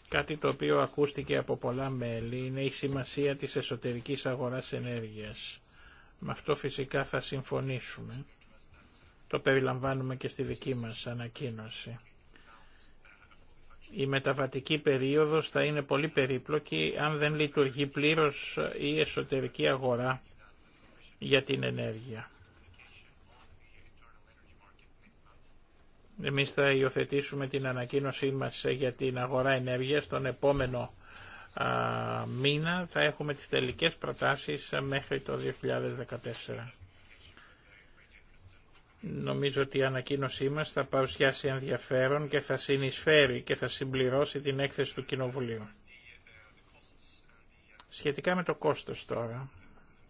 S2: Κάτι το οποίο ακούστηκε από πολλά μέλη είναι η σημασία της εσωτερικής αγοράς ενέργειας. Με αυτό φυσικά θα συμφωνήσουμε. Το περιλαμβάνουμε και στη δική μας ανακοίνωση. Η μεταβατική περίοδος θα είναι πολύ περίπλοκη αν δεν λειτουργεί πλήρως η εσωτερική αγορά για την ενέργεια. Εμείς θα υιοθετήσουμε την ανακοίνωσή μας για την αγορά ενέργειας τον επόμενο μήνα θα έχουμε τις τελικές προτάσεις μέχρι το 2014. Νομίζω ότι η ανακοίνωσή μας θα παρουσιάσει ενδιαφέρον και θα συνεισφέρει και θα συμπληρώσει την έκθεση του Κοινοβουλίου. Σχετικά με το κόστος τώρα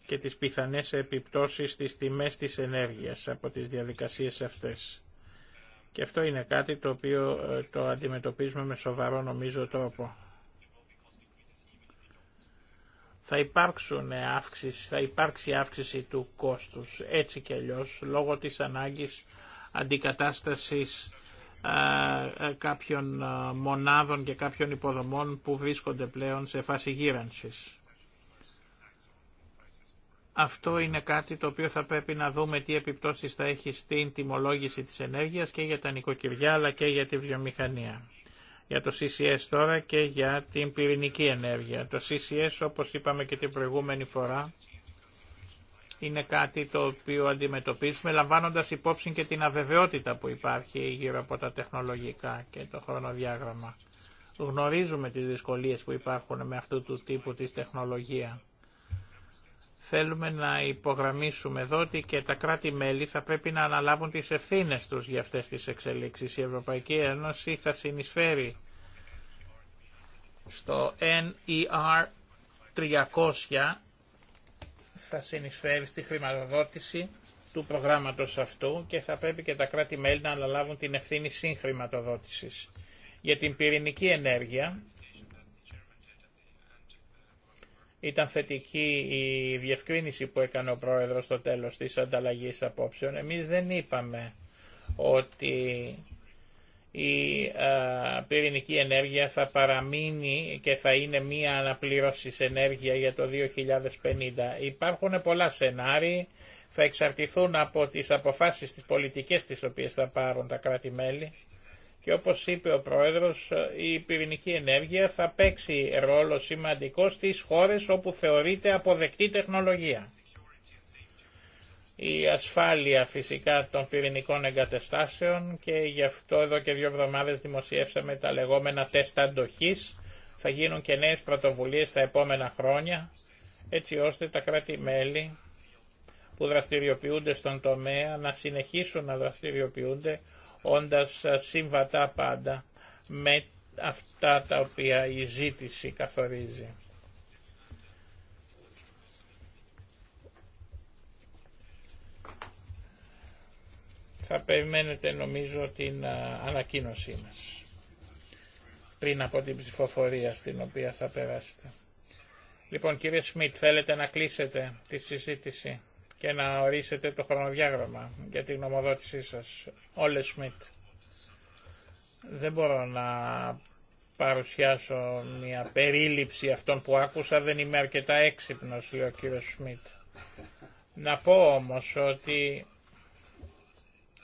S2: και τις πιθανές επιπτώσεις στις τιμές της ενέργειας από τις διαδικασίες αυτές. Και αυτό είναι κάτι το οποίο ε, το αντιμετωπίζουμε με σοβαρό νομίζω τρόπο θα, υπάρξουν αύξηση, θα υπάρξει αύξηση του κόστους έτσι και αλλιώ λόγω της ανάγκης αντικατάστασης α, κάποιων μονάδων και κάποιων υποδομών που βρίσκονται πλέον σε φάση γύρανσης. Αυτό είναι κάτι το οποίο θα πρέπει να δούμε τι επιπτώσεις θα έχει στην τιμολόγηση της ενέργειας και για τα νοικοκυριά αλλά και για τη βιομηχανία για το CCS τώρα και για την πυρηνική ενέργεια. Το CCS όπως είπαμε και την προηγούμενη φορά είναι κάτι το οποίο αντιμετωπίζουμε λαμβάνοντας υπόψη και την αβεβαιότητα που υπάρχει γύρω από τα τεχνολογικά και το χρονοδιάγραμμα. Γνωρίζουμε τις δυσκολίες που υπάρχουν με αυτού του τύπου τη τεχνολογία. Θέλουμε να υπογραμμίσουμε εδώ ότι και τα κράτη-μέλη θα πρέπει να αναλάβουν τις ευθύνες τους για αυτές τις εξελίξεις. Η Ευρωπαϊκή Ένωση θα συνεισφέρει στο NER 300 θα συνεισφέρει στη χρηματοδότηση του προγράμματος αυτού και θα πρέπει και τα κράτη-μέλη να αναλάβουν την ευθύνη συγχρηματοδότησης. Για την πυρηνική ενέργεια ήταν θετική η διευκρίνηση που έκανε ο Πρόεδρος στο τέλος της ανταλλαγής απόψεων. Εμείς δεν είπαμε ότι η πυρηνική ενέργεια θα παραμείνει και θα είναι μία αναπλήρωση ενέργεια για το 2050. Υπάρχουν πολλά σενάρια, θα εξαρτηθούν από τις αποφάσεις, τις πολιτικές τις οποίες θα πάρουν τα κράτη-μέλη και όπως είπε ο Πρόεδρος, η πυρηνική ενέργεια θα παίξει ρόλο σημαντικό στις χώρες όπου θεωρείται αποδεκτή τεχνολογία. Η ασφάλεια φυσικά των πυρηνικών εγκατεστάσεων και γι' αυτό εδώ και δύο εβδομάδες δημοσιεύσαμε τα λεγόμενα τεστ αντοχής. Θα γίνουν και νέες πρωτοβουλίες τα επόμενα χρόνια έτσι ώστε τα κράτη-μέλη που δραστηριοποιούνται στον τομέα να συνεχίσουν να δραστηριοποιούνται όντας συμβατά πάντα με αυτά τα οποία η ζήτηση καθορίζει. Θα περιμένετε νομίζω την ανακοίνωσή μας πριν από την ψηφοφορία στην οποία θα περάσετε. Λοιπόν κύριε Σμιτ θέλετε να κλείσετε τη συζήτηση και να ορίσετε το χρονοδιάγραμμα για την ομοδότησή σας. Όλε Σμιτ. Δεν μπορώ να παρουσιάσω μια περίληψη αυτών που άκουσα, δεν είμαι αρκετά έξυπνος, λέει ο κύριος Σμιτ. Να πω όμως ότι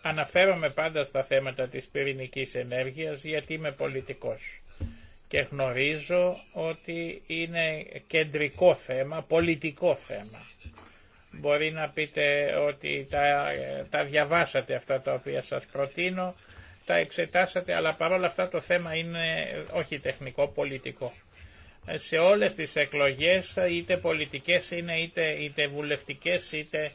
S2: αναφέρομαι πάντα στα θέματα της πυρηνικής ενέργειας γιατί είμαι πολιτικός και γνωρίζω ότι είναι κεντρικό θέμα, πολιτικό θέμα Μπορεί να πείτε ότι τα, τα διαβάσατε αυτά τα οποία σας προτείνω, τα εξετάσατε, αλλά παρόλα αυτά το θέμα είναι όχι τεχνικό, πολιτικό. Σε όλες τις εκλογές, είτε πολιτικές είναι, είτε, είτε βουλευτικές, είτε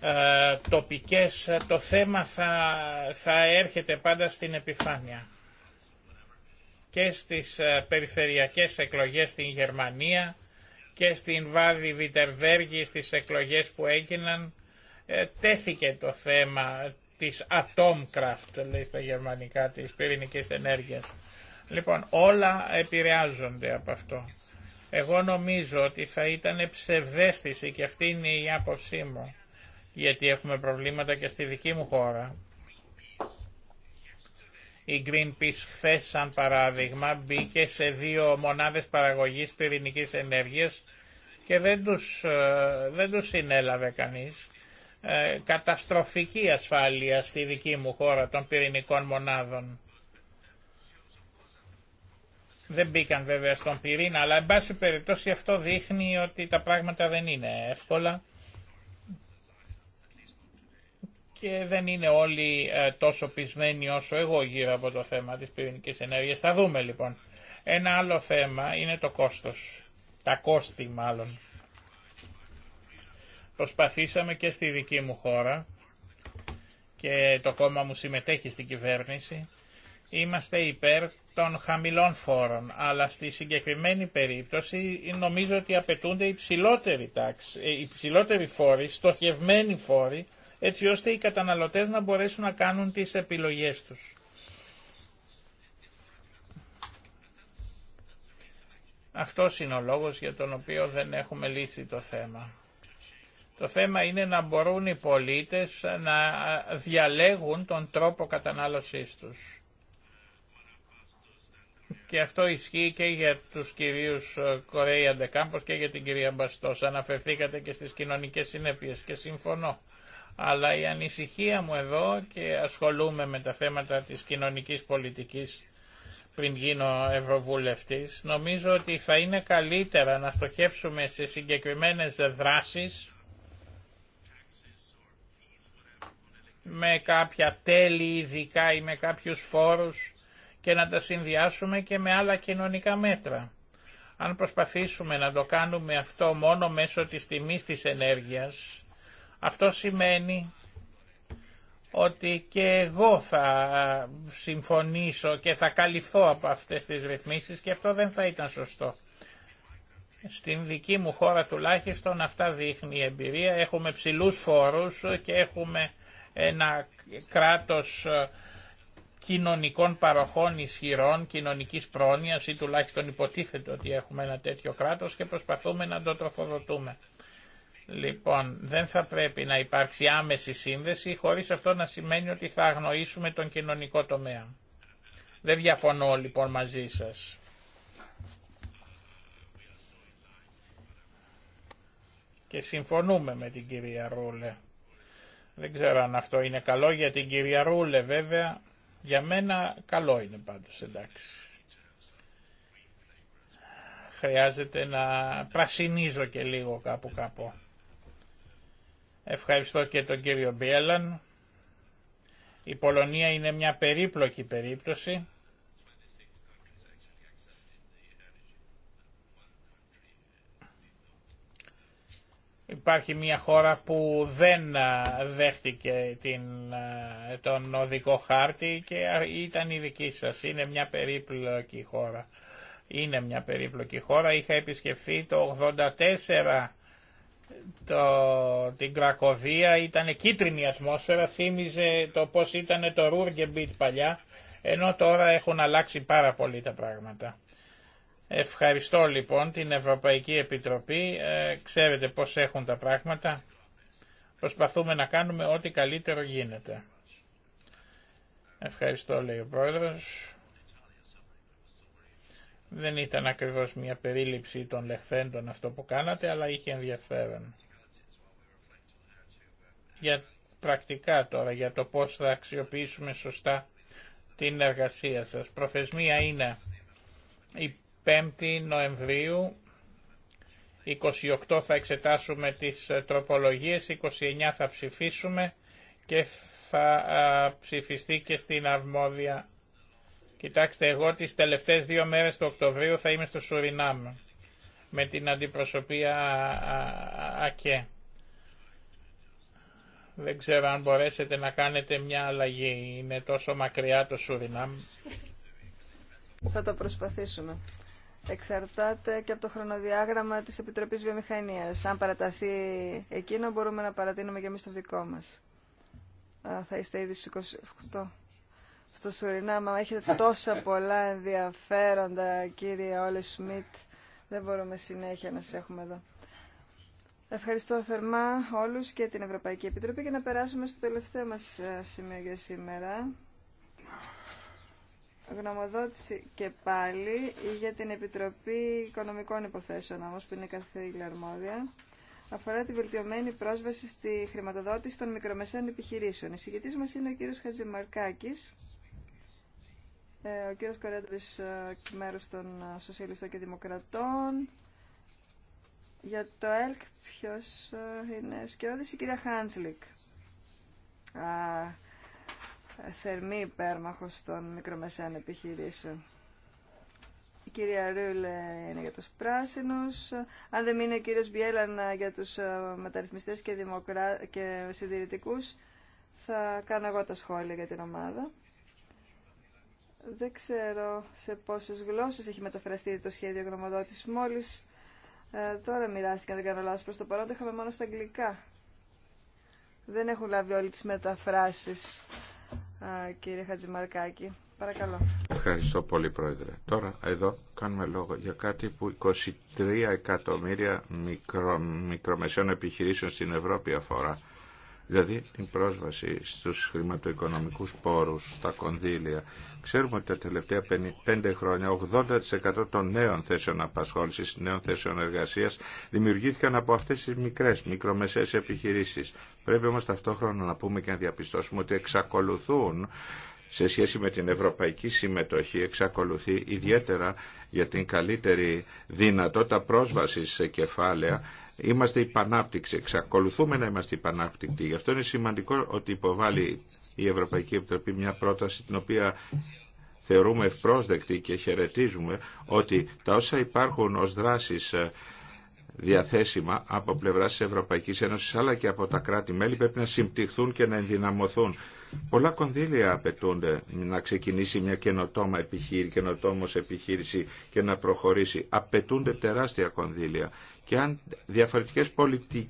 S2: ε, τοπικές, το θέμα θα, θα έρχεται πάντα στην επιφάνεια. Και στις ε, περιφερειακές εκλογές στην Γερμανία, και στην Βάδη Βιτερβέργη, στις εκλογές που έγιναν ε, τέθηκε το θέμα της Atomkraft, λέει στα γερμανικά, της πυρηνικής ενέργειας. Λοιπόν, όλα επηρεάζονται από αυτό. Εγώ νομίζω ότι θα ήταν ψευδέστηση και αυτή είναι η άποψή μου, γιατί έχουμε προβλήματα και στη δική μου χώρα. Η Greenpeace χθε, σαν παράδειγμα, μπήκε σε δύο μονάδες παραγωγής πυρηνικής ενέργειας και δεν τους, ε, δεν τους συνέλαβε κανείς. Ε, καταστροφική ασφάλεια στη δική μου χώρα των πυρηνικών μονάδων. Δεν μπήκαν βέβαια στον πυρήνα, αλλά εν πάση περιπτώσει αυτό δείχνει ότι τα πράγματα δεν είναι εύκολα και δεν είναι όλοι ε, τόσο πεισμένοι όσο εγώ γύρω από το θέμα της πυρηνικής ενέργειας. Θα δούμε λοιπόν. Ένα άλλο θέμα είναι το κόστος. Τα κόστη μάλλον. Προσπαθήσαμε και στη δική μου χώρα και το κόμμα μου συμμετέχει στην κυβέρνηση. Είμαστε υπέρ των χαμηλών φόρων, αλλά στη συγκεκριμένη περίπτωση νομίζω ότι απαιτούνται υψηλότεροι, τάξη, ε, υψηλότεροι φόροι, στοχευμένοι φόροι, έτσι ώστε οι καταναλωτές να μπορέσουν να κάνουν τις επιλογές τους. Αυτό είναι ο λόγος για τον οποίο δεν έχουμε λύσει το θέμα. Το θέμα είναι να μπορούν οι πολίτες να διαλέγουν τον τρόπο κατανάλωσής τους. Και αυτό ισχύει και για τους κυρίους ε, Κορέι Αντεκάμπος και για την κυρία Μπαστός. Αναφερθήκατε και στις κοινωνικές συνέπειες και συμφωνώ. Αλλά η ανησυχία μου εδώ και ασχολούμαι με τα θέματα της κοινωνικής πολιτικής πριν γίνω Ευρωβουλευτής, νομίζω ότι θα είναι καλύτερα να στοχεύσουμε σε συγκεκριμένες δράσεις με κάποια τέλη ειδικά ή με κάποιους φόρους και να τα συνδυάσουμε και με άλλα κοινωνικά μέτρα. Αν προσπαθήσουμε να το κάνουμε αυτό μόνο μέσω της τιμής της ενέργειας, αυτό σημαίνει ότι και εγώ θα συμφωνήσω και θα καλυφθώ από αυτές τις ρυθμίσεις και αυτό δεν θα ήταν σωστό. Στην δική μου χώρα τουλάχιστον αυτά δείχνει η εμπειρία. Έχουμε ψηλούς φόρους και έχουμε ένα κράτος ε, κοινωνικών παροχών ισχυρών, κοινωνικής πρόνοιας ή τουλάχιστον υποτίθεται ότι έχουμε ένα τέτοιο κράτος και προσπαθούμε να το τροφοδοτούμε. Λοιπόν, δεν θα πρέπει να υπάρξει άμεση σύνδεση χωρίς αυτό να σημαίνει ότι θα αγνοήσουμε τον κοινωνικό τομέα. Δεν διαφωνώ λοιπόν μαζί σας. Και συμφωνούμε με την κυρία Ρούλε. Δεν ξέρω αν αυτό είναι καλό για την κυρία Ρούλε βέβαια. Για μένα καλό είναι πάντως εντάξει. Χρειάζεται να πρασινίζω και λίγο κάπου κάπου. Ευχαριστώ και τον κύριο Μπιέλλαν. Η Πολωνία είναι μια περίπλοκη περίπτωση. Υπάρχει μια χώρα που δεν δέχτηκε τον οδικό χάρτη και ήταν η δική σας. Είναι μια περίπλοκη χώρα. Είναι μια περίπλοκη χώρα. Είχα επισκεφθεί το 84 το, την Κρακοβία ήταν κίτρινη ατμόσφαιρα, θύμιζε το πώς ήταν το ρουργεμπίτ παλιά, ενώ τώρα έχουν αλλάξει πάρα πολύ τα πράγματα. Ευχαριστώ λοιπόν την Ευρωπαϊκή Επιτροπή, ε, ξέρετε πώς έχουν τα πράγματα, προσπαθούμε να κάνουμε ό,τι καλύτερο γίνεται. Ευχαριστώ λέει ο Πρόεδρος. Δεν ήταν ακριβώς μια περίληψη των λεχθέντων αυτό που κάνατε, αλλά είχε ενδιαφέρον. Για πρακτικά τώρα, για το πώς θα αξιοποιήσουμε σωστά την εργασία σας. Προθεσμία είναι η 5η Νοεμβρίου, 28 θα εξετάσουμε τις ε, τροπολογίες, 29 θα ψηφίσουμε και θα ψηφιστεί και στην αρμόδια Κοιτάξτε, εγώ τις τελευταίες δύο μέρες του Οκτωβρίου θα είμαι στο Σουρινάμ με την αντιπροσωπεία ΑΚΕ. Δεν ξέρω αν μπορέσετε να κάνετε μια αλλαγή. Είναι τόσο μακριά το Σουρινάμ.
S4: Θα το προσπαθήσουμε. Εξαρτάται και από το χρονοδιάγραμμα της Επιτροπής Βιομηχανίας. Αν παραταθεί εκείνο μπορούμε να παρατείνουμε και εμείς το δικό μας. θα είστε ήδη στις 28 στο Σουρινάμα. Έχετε τόσα πολλά ενδιαφέροντα, κύριε Όλε Σμιτ. Δεν μπορούμε συνέχεια να σας έχουμε εδώ. Ευχαριστώ θερμά όλους και την Ευρωπαϊκή Επιτροπή και να περάσουμε στο τελευταίο μας ε, σημείο για σήμερα. Γνωμοδότηση και πάλι για την Επιτροπή Οικονομικών Υποθέσεων, όμως που είναι καθήλια αρμόδια, αφορά τη βελτιωμένη πρόσβαση στη χρηματοδότηση των μικρομεσαίων επιχειρήσεων. Η μα είναι ο κύριος Χατζημαρκάκης, ε, ο κύριος Κορέντης ε, εκ των ε, Σοσιαλιστών και Δημοκρατών. Για το ΕΛΚ ποιος είναι σκιώδης, η κυρία Χάντσλικ. θερμή υπέρμαχος των μικρομεσαίων επιχειρήσεων. Η κυρία Ρούλε είναι για τους πράσινους. Αν δεν είναι ο κύριος Μπιέλαν για τους μεταρρυθμιστές και, δημοκρα... και συντηρητικούς, θα κάνω εγώ τα σχόλια για την ομάδα. Δεν ξέρω σε πόσες γλώσσες έχει μεταφραστεί το σχέδιο γνωμοδότης. Μόλις ε, τώρα μοιράστηκαν, δεν κάνω προς το παρόν το είχαμε μόνο στα αγγλικά. Δεν έχουν λάβει όλοι τις μεταφράσεις, ε, κύριε Χατζημαρκάκη. Παρακαλώ.
S3: Ευχαριστώ πολύ, Πρόεδρε. Τώρα, εδώ κάνουμε λόγο για κάτι που 23 εκατομμύρια μικρο, μικρομεσαίων επιχειρήσεων στην Ευρώπη αφορά δηλαδή την πρόσβαση στους χρηματοοικονομικούς πόρους, στα κονδύλια. Ξέρουμε ότι τα τελευταία πέντε χρόνια 80% των νέων θέσεων απασχόλησης, νέων θέσεων εργασίας δημιουργήθηκαν από αυτές τις μικρές, μικρομεσαίες επιχειρήσεις. Πρέπει όμως ταυτόχρονα να πούμε και να διαπιστώσουμε ότι εξακολουθούν σε σχέση με την ευρωπαϊκή συμμετοχή εξακολουθεί ιδιαίτερα για την καλύτερη δυνατότητα πρόσβασης σε κεφάλαια Είμαστε υπανάπτυξη, εξακολουθούμε να είμαστε υπανάπτυκτοι. Γι' αυτό είναι σημαντικό ότι υποβάλλει η Ευρωπαϊκή Επιτροπή μια πρόταση την οποία θεωρούμε ευπρόσδεκτη και χαιρετίζουμε ότι τα όσα υπάρχουν ως δράσεις ε, διαθέσιμα από πλευράς της Ευρωπαϊκής Ένωσης αλλά και από τα κράτη-μέλη πρέπει να συμπτυχθούν και να ενδυναμωθούν. Πολλά κονδύλια απαιτούνται να ξεκινήσει μια καινοτόμα επιχείρηση, καινοτόμος επιχείρηση και να προχωρήσει. Απαιτούνται τεράστια κονδύλια και αν διαφορετικές πολιτικές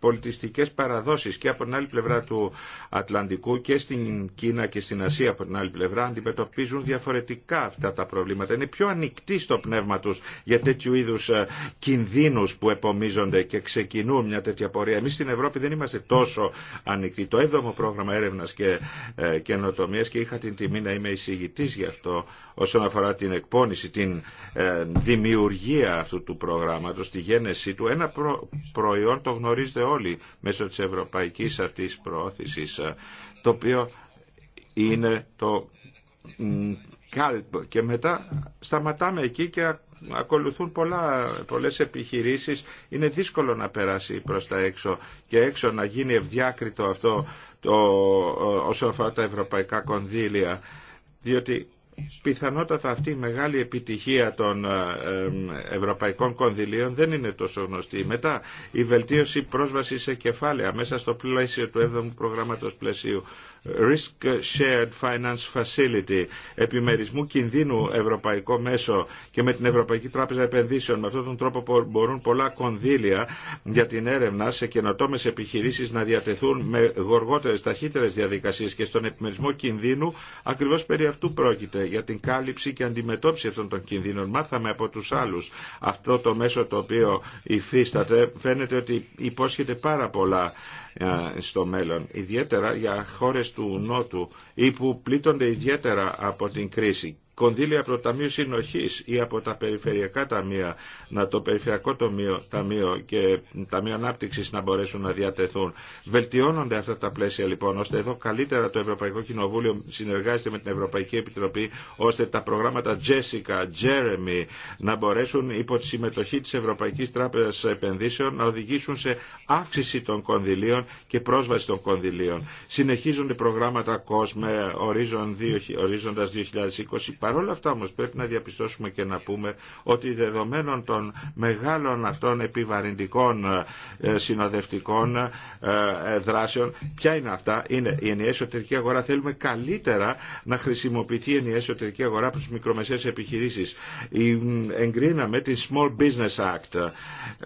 S3: πολιτιστικές παραδόσεις και από την άλλη πλευρά του Ατλαντικού και στην Κίνα και στην Ασία από την άλλη πλευρά αντιμετωπίζουν διαφορετικά αυτά τα προβλήματα. Είναι πιο ανοιχτοί στο πνεύμα τους για τέτοιου είδους ε, κινδύνους που επομίζονται και ξεκινούν μια τέτοια πορεία. Εμείς στην Ευρώπη δεν είμαστε τόσο ανοιχτοί. Το 7ο πρόγραμμα έρευνας και ε, καινοτομίας και είχα την τιμή να είμαι εισηγητής γι' αυτό όσον αφορά την εκπόνηση, την ε, δημιουργία αυτού του προγράμματος, τη γένεσή του. Ένα προϊόν το γνωρίζετε όλοι μέσω της ευρωπαϊκής αυτής προώθησης, ε, το οποίο είναι το κάλπ. Και μετά σταματάμε εκεί και ακολουθούν πολλά, πολλές επιχειρήσεις. Είναι δύσκολο να περάσει προς τα έξω και έξω να γίνει ευδιάκριτο αυτό το, όσον αφορά τα ευρωπαϊκά κονδύλια. Διότι πιθανότατα αυτή η μεγάλη επιτυχία των ε, ευρωπαϊκών κονδυλίων δεν είναι τόσο γνωστή. Μετά η βελτίωση πρόσβαση σε κεφάλαια μέσα στο πλαίσιο του 7ου προγράμματος πλαισίου. Risk Shared Finance Facility, επιμερισμού κινδύνου ευρωπαϊκό μέσο και με την Ευρωπαϊκή Τράπεζα Επενδύσεων. Με αυτόν τον τρόπο μπορούν πολλά κονδύλια για την έρευνα σε καινοτόμε επιχειρήσει να διατεθούν με γοργότερε, ταχύτερε διαδικασίε και στον επιμερισμό κινδύνου ακριβώ περί αυτού πρόκειται, για την κάλυψη και αντιμετώπιση αυτών των κινδύνων. Μάθαμε από του άλλου αυτό το μέσο το οποίο υφίσταται. Φαίνεται ότι υπόσχεται πάρα πολλά ε, στο μέλλον. Ιδιαίτερα για χώρες του Νότου ή που πλήττονται ιδιαίτερα από την κρίση κονδύλια από το Ταμείο συνοχή ή από τα περιφερειακά ταμεία, να το Περιφερειακό ταμείο, ταμείο και Ταμείο ανάπτυξη να μπορέσουν να διατεθούν. Βελτιώνονται αυτά τα πλαίσια λοιπόν, ώστε εδώ καλύτερα το Ευρωπαϊκό Κοινοβούλιο συνεργάζεται με την Ευρωπαϊκή Επιτροπή, ώστε τα προγράμματα Jessica, Jeremy να μπορέσουν υπό τη συμμετοχή τη Ευρωπαϊκή Τράπεζα Επενδύσεων να οδηγήσουν σε αύξηση των κονδυλίων και πρόσβαση των κονδυλίων. Συνεχίζονται προγράμματα COSME, ορίζοντα 2020, όλα αυτά όμως πρέπει να διαπιστώσουμε και να πούμε ότι δεδομένων των μεγάλων αυτών επιβαρυντικών ε, συνοδευτικών ε, ε, δράσεων, ποια είναι αυτά, είναι η ενιαία εσωτερική αγορά. Θέλουμε καλύτερα να χρησιμοποιηθεί η ενιαία εσωτερική αγορά από τις μικρομεσαίες επιχειρήσεις. Εγκρίναμε την Small Business Act.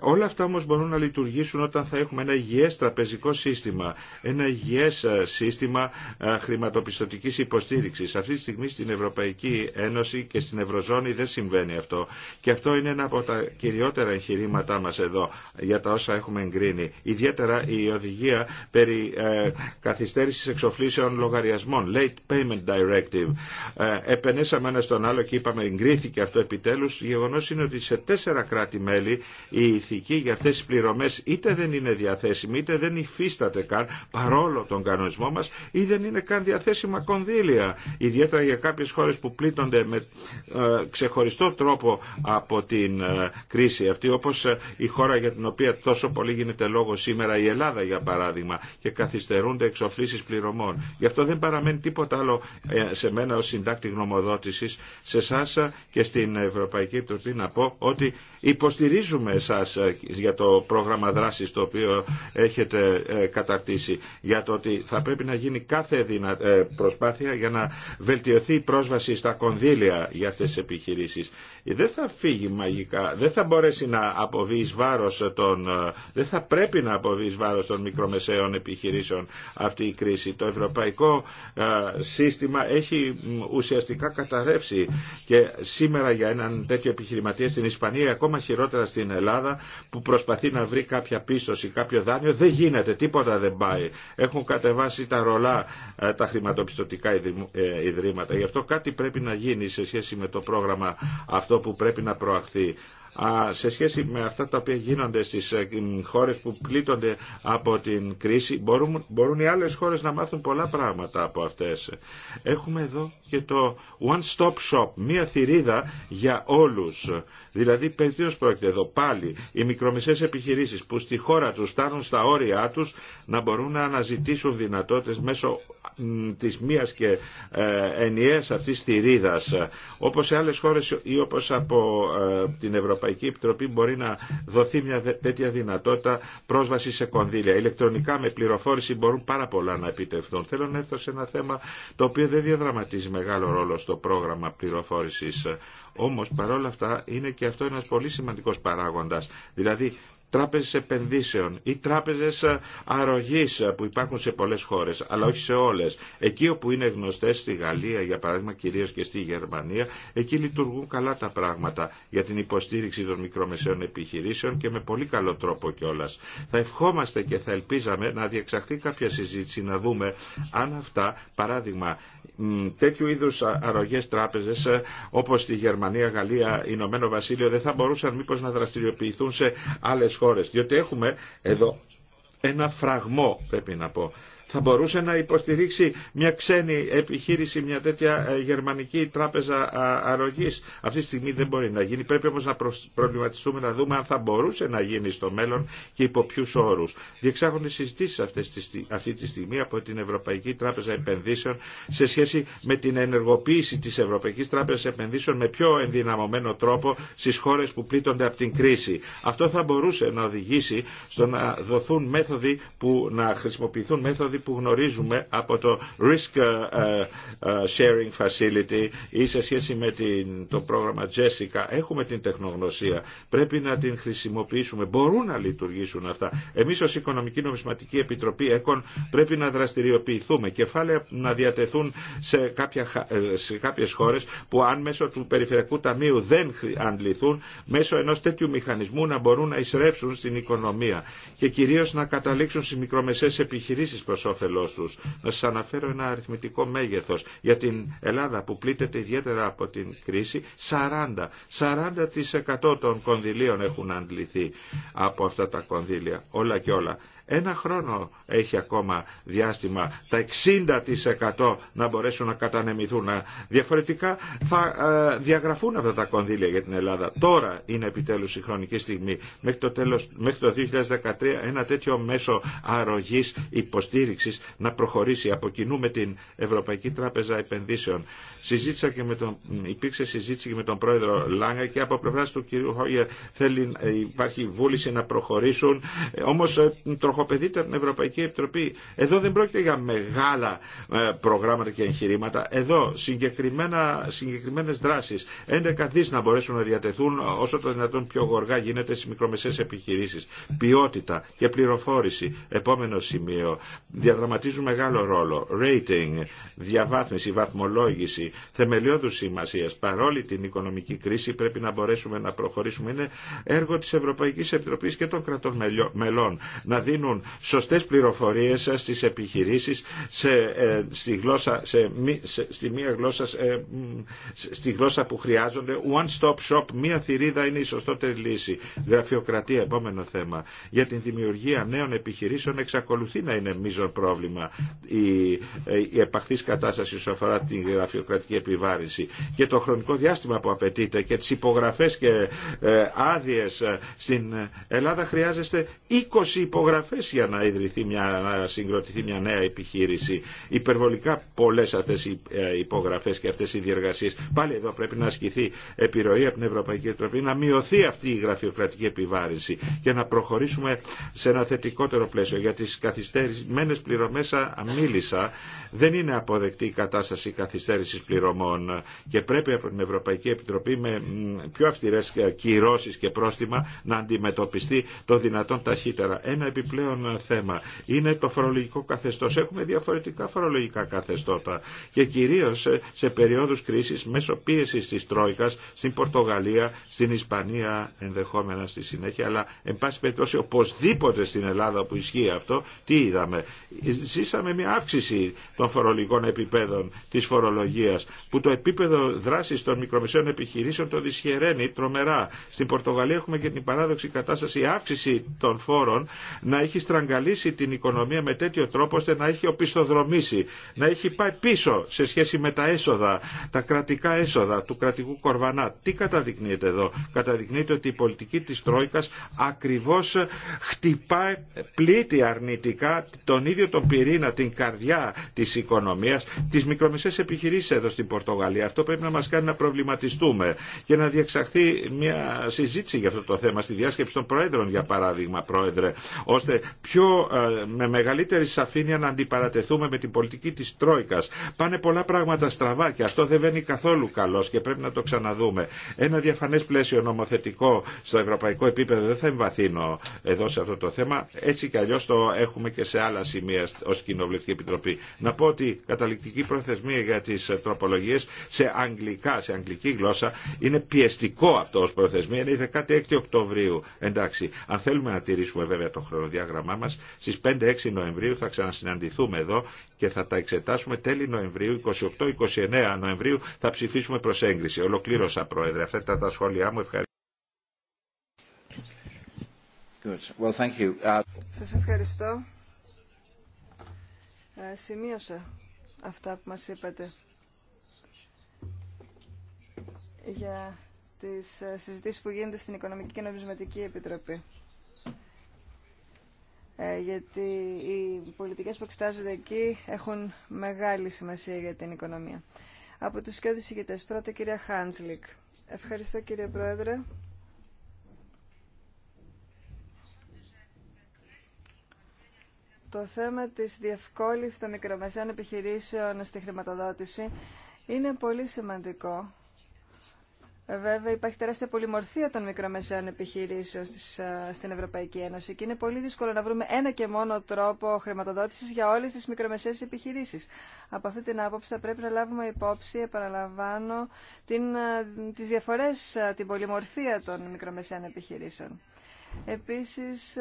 S3: Όλα αυτά όμως μπορούν να λειτουργήσουν όταν θα έχουμε ένα υγιές τραπεζικό σύστημα, ένα υγιές σύστημα χρηματοπιστωτικής υποστήριξης. Αυτή τη στιγμή στην Ευρωπαϊκή Ένωση και στην Ευρωζώνη δεν συμβαίνει αυτό. Και αυτό είναι ένα από τα κυριότερα εγχειρήματά μας εδώ για τα όσα έχουμε εγκρίνει. Ιδιαίτερα η οδηγία περί ε, καθυστέρησης εξοφλήσεων λογαριασμών, Late Payment Directive. Ε, επενέσαμε ένα στον άλλο και είπαμε εγκρίθηκε αυτό επιτέλους. Γεγονός είναι ότι σε τέσσερα κράτη-μέλη η ηθική για αυτές τις πληρωμές είτε δεν είναι διαθέσιμη είτε δεν υφίσταται καν παρόλο τον κανονισμό μας ή δεν είναι καν διαθέσιμα κονδύλια. Ιδιαίτερα για κάποιες χώρες που πλήττουν με ε, ξεχωριστό τρόπο από την ε, κρίση αυτή, όπως ε, η χώρα για την οποία τόσο πολύ γίνεται λόγο σήμερα, η Ελλάδα για παράδειγμα, και καθυστερούνται εξοφλήσεις πληρωμών. Γι' αυτό δεν παραμένει τίποτα άλλο σε μένα ως συντάκτη γνωμοδότησης, σε εσά και στην Ευρωπαϊκή Επιτροπή να πω ότι υποστηρίζουμε εσά για το πρόγραμμα δράσης το οποίο έχετε καταρτήσει, για το ότι θα πρέπει να γίνει κάθε προσπάθεια για να βελτιωθεί η πρόσβαση στα κονδύλια για αυτές τις επιχειρήσεις. Δεν θα φύγει μαγικά, δεν θα μπορέσει να αποβεί βάρος των, δεν θα πρέπει να αποβεί βάρος των μικρομεσαίων επιχειρήσεων αυτή η κρίση. Το ευρωπαϊκό ε, σύστημα έχει ουσιαστικά καταρρεύσει και σήμερα για έναν τέτοιο επιχειρηματία στην Ισπανία, ακόμα χειρότερα στην Ελλάδα, που προσπαθεί να βρει κάποια πίστοση, κάποιο δάνειο, δεν γίνεται, τίποτα δεν πάει. Έχουν κατεβάσει τα ρολά ε, τα χρηματοπιστωτικά ε, ιδρύματα. Γι' αυτό κάτι πρέπει να γίνει σε σχέση με το πρόγραμμα αυτό που πρέπει να προαχθεί σε σχέση με αυτά τα οποία γίνονται στις ε, χώρες που πλήττονται από την κρίση μπορούν, μπορούν οι άλλες χώρες να μάθουν πολλά πράγματα από αυτές. Έχουμε εδώ και το one stop shop, μία θηρίδα για όλους. Δηλαδή περί τίνος πρόκειται εδώ πάλι οι μικρομεσαίες επιχειρήσεις που στη χώρα τους φτάνουν στα όρια τους να μπορούν να αναζητήσουν δυνατότητες μέσω της μίας και ε, ενιαίας αυτής ρίδας, όπως σε άλλες χώρες ή όπως από ε, την Ευρωπαϊκή Επιτροπή μπορεί να δοθεί μια τέτοια δυνατότητα πρόσβαση σε κονδύλια. Ηλεκτρονικά με πληροφόρηση μπορούν πάρα πολλά να επιτευχθούν. Θέλω να έρθω σε ένα θέμα το οποίο δεν διαδραματίζει μεγάλο ρόλο στο πρόγραμμα πληροφόρησης. Όμως παρόλα αυτά είναι και αυτό ένας πολύ σημαντικός παράγοντας. Δηλαδή τράπεζες επενδύσεων ή τράπεζες ε, αρρωγής ε, που υπάρχουν σε πολλές χώρες, αλλά όχι σε όλες. Εκεί όπου είναι γνωστές στη Γαλλία, για παράδειγμα κυρίως και στη Γερμανία, εκεί λειτουργούν καλά τα πράγματα για την υποστήριξη των μικρομεσαίων επιχειρήσεων και με πολύ καλό τρόπο κιόλα. Θα ευχόμαστε και θα ελπίζαμε να διεξαχθεί κάποια συζήτηση, να δούμε αν αυτά, παράδειγμα, τέτοιου είδους αρρωγές τράπεζες ε, όπως στη Γερμανία, Γαλλία, Ηνωμένο Βασίλειο δεν θα μπορούσαν μήπως να δραστηριοποιηθούν σε άλλες χώρες. Διότι έχουμε εδώ ένα φραγμό πρέπει να πω θα μπορούσε να υποστηρίξει μια ξένη επιχείρηση, μια τέτοια ε, γερμανική τράπεζα αρρωγής. Αυτή τη στιγμή δεν μπορεί να γίνει. Πρέπει όμως να προβληματιστούμε να δούμε αν θα μπορούσε να γίνει στο μέλλον και υπό ποιου όρους. Διεξάγονται συζητήσεις αυτή τη στιγμή από την Ευρωπαϊκή Τράπεζα Επενδύσεων σε σχέση με την ενεργοποίηση της Ευρωπαϊκής Τράπεζας Επενδύσεων με πιο ενδυναμωμένο τρόπο στις χώρες που πλήττονται από την κρίση. Αυτό θα μπορούσε να οδηγήσει στο να δοθούν μέθοδοι που να χρησιμοποιηθούν μέθοδοι που γνωρίζουμε από το Risk ε, ε, ε, Sharing Facility ή σε σχέση με το πρόγραμμα Jessica. Έχουμε την τεχνογνωσία. Πρέπει να την χρησιμοποιήσουμε. Μπορούν να λειτουργήσουν αυτά. Εμείς ως Οικονομική Νομισματική Επιτροπή ΕΚΟΝ πρέπει να δραστηριοποιηθούμε. Κεφάλαια να διατεθούν σε, κάποια, σε κάποιες χώρες που αν μέσω του Περιφερειακού Ταμείου δεν αντληθούν, μέσω ενός τέτοιου μηχανισμού να μπορούν να εισρεύσουν στην οικονομία και κυρίως να καταλήξουν στις μικρομεσαίες επιχειρήσεις προς όφελός τους. Να σας αναφέρω ένα αριθμητικό μέγεθος για την Ελλάδα που πλήττεται ιδιαίτερα από την κρίση. 40, 40% των κονδυλίων έχουν αντληθεί από αυτά τα κονδύλια. Όλα και όλα. Ένα χρόνο έχει ακόμα διάστημα τα 60% να μπορέσουν να κατανεμηθούν. Διαφορετικά θα ε, διαγραφούν αυτά τα κονδύλια για την Ελλάδα. Τώρα είναι επιτέλους η χρονική στιγμή. Μέχρι το, τέλος, μέχρι το 2013 ένα τέτοιο μέσο αρρωγής υποστήριξης να προχωρήσει από κοινού με την Ευρωπαϊκή Τράπεζα Επενδύσεων. Συζήτησα και με τον, υπήρξε συζήτηση και με τον πρόεδρο Λάγκα και από πλευρά του κ. Χόγερ θέλει, ε, υπάρχει βούληση να προχωρήσουν. Ε, όμως έχω την Ευρωπαϊκή Επιτροπή. Εδώ δεν πρόκειται για μεγάλα ε, προγράμματα και εγχειρήματα. Εδώ συγκεκριμένε δράσει δράσεις. 11 δι να μπορέσουν να διατεθούν όσο το δυνατόν πιο γοργά γίνεται στις μικρομεσαίες επιχειρήσει. Ποιότητα και πληροφόρηση. Επόμενο σημείο. Διαδραματίζουν μεγάλο ρόλο. Rating, διαβάθμιση, βαθμολόγηση, θεμελιώδου σημασία. Παρόλη την οικονομική κρίση πρέπει να μπορέσουμε να προχωρήσουμε. Είναι έργο τη Ευρωπαϊκή Επιτροπή και των κρατών μελών να δίνουν σωστές πληροφορίες στις επιχειρήσεις σε, ε, στη, γλώσσα, σε, στη μία γλώσσα, στη γλώσσα που χρειάζονται. One stop shop, μία θηρίδα είναι η σωστότερη λύση. Γραφειοκρατία, επόμενο θέμα. Για την δημιουργία νέων επιχειρήσεων εξακολουθεί να είναι μείζον πρόβλημα η, ε, η επαχθής κατάσταση όσον αφορά την γραφειοκρατική επιβάρηση και το χρονικό διάστημα που απαιτείται και τις υπογραφές και ε, άδειες στην Ελλάδα χρειάζεστε 20 υπογραφές για να, ιδρυθεί μια, να συγκροτηθεί μια νέα επιχείρηση. Υπερβολικά πολλές αυτές οι ε, υπογραφές και αυτές οι διεργασίες. Πάλι εδώ πρέπει να ασκηθεί επιρροή από την Ευρωπαϊκή Επιτροπή, να μειωθεί αυτή η γραφειοκρατική επιβάρηση και να προχωρήσουμε σε ένα θετικότερο πλαίσιο. Για τις καθυστερημένες πληρωμές μίλησα, δεν είναι αποδεκτή η κατάσταση καθυστέρησης πληρωμών και πρέπει από την Ευρωπαϊκή Επιτροπή με πιο αυστηρές κυρώσεις και πρόστιμα να αντιμετωπιστεί το δυνατόν ταχύτερα. Ένα επιπλέον ε, θέμα είναι το φορολογικό καθεστώς. Έχουμε διαφορετικά φορολογικά καθεστώτα και κυρίως ε, σε περίοδους κρίσης μέσω πίεσης της Τρόικας στην Πορτογαλία, στην Ισπανία ενδεχόμενα στη συνέχεια αλλά εν πάση περιπτώσει οπωσδήποτε στην Ελλάδα που ισχύει αυτό τι είδαμε. Ζήσαμε μια αύξηση των φορολογικών επιπέδων της φορολογίας που το επίπεδο δράσης των μικρομεσαίων επιχειρήσεων το δυσχεραίνει τρομερά. Στην Πορτογαλία έχουμε και την παράδοξη κατάσταση αύξηση των φόρων να έχει έχει στραγγαλίσει την οικονομία με τέτοιο τρόπο ώστε να έχει οπισθοδρομήσει, να έχει πάει πίσω σε σχέση με τα έσοδα, τα κρατικά έσοδα του κρατικού κορβανά. Τι καταδεικνύεται εδώ. Καταδεικνύεται ότι η πολιτική της Τρόικας ακριβώς χτυπάει, πλήτη αρνητικά τον ίδιο τον πυρήνα, την καρδιά της οικονομίας, τις μικρομεσαίες επιχειρήσεις εδώ στην Πορτογαλία. Αυτό πρέπει να μας κάνει να προβληματιστούμε και να διεξαχθεί μια συζήτηση για αυτό το θέμα στη διάσκεψη των Προέδρων, για παράδειγμα, Πρόεδρε, ώστε πιο, ε, με μεγαλύτερη σαφήνεια να αντιπαρατεθούμε με την πολιτική της Τρόικας. Πάνε πολλά πράγματα στραβά και αυτό δεν βαίνει καθόλου καλός και πρέπει να το ξαναδούμε. Ένα διαφανές πλαίσιο νομοθετικό στο ευρωπαϊκό επίπεδο δεν θα εμβαθύνω εδώ σε αυτό το θέμα. Έτσι κι αλλιώς το έχουμε και σε άλλα σημεία ως Κοινοβουλευτική Επιτροπή. Να πω ότι καταληκτική προθεσμία για τις τροπολογίες σε αγγλικά, σε αγγλική γλώσσα είναι πιεστικό αυτό ω προθεσμία. Είναι η 16 Οκτωβρίου. Εντάξει, αν θέλουμε να τηρήσουμε βέβαια το χρονοδιάγραμμα διάγραμμά Στις 5-6 Νοεμβρίου θα ξανασυναντηθούμε εδώ και θα τα εξετάσουμε τέλη Νοεμβρίου, 28-29 Νοεμβρίου θα ψηφίσουμε προς έγκριση. Ολοκλήρωσα, Πρόεδρε. Αυτά ήταν τα σχόλιά μου. Ευχαριστώ.
S1: Well, thank you. Uh,
S4: Σας ευχαριστώ. Ε, σημείωσα αυτά που μας είπατε για τις ε, συζητήσεις που γίνονται στην Οικονομική και Νομισματική Επιτροπή. Ε, γιατί οι πολιτικές που εξετάζονται εκεί έχουν μεγάλη σημασία για την οικονομία. Από τους και ηγητές, πρώτα κυρία Χάντσλικ. Ευχαριστώ κύριε Πρόεδρε. Το θέμα της διευκόλυνσης των μικρομεσαίων επιχειρήσεων στη χρηματοδότηση είναι πολύ σημαντικό ε, βέβαια υπάρχει τεράστια πολυμορφία των μικρομεσαίων επιχειρήσεων ε, στην Ευρωπαϊκή Ένωση και είναι πολύ δύσκολο να βρούμε ένα και μόνο τρόπο χρηματοδότησης για όλες τις μικρομεσαίες επιχειρήσεις. Από αυτή την άποψη θα πρέπει να λάβουμε υπόψη, επαναλαμβάνω, τι ε, τις διαφορές, την πολυμορφία των μικρομεσαίων επιχειρήσεων. Επίσης,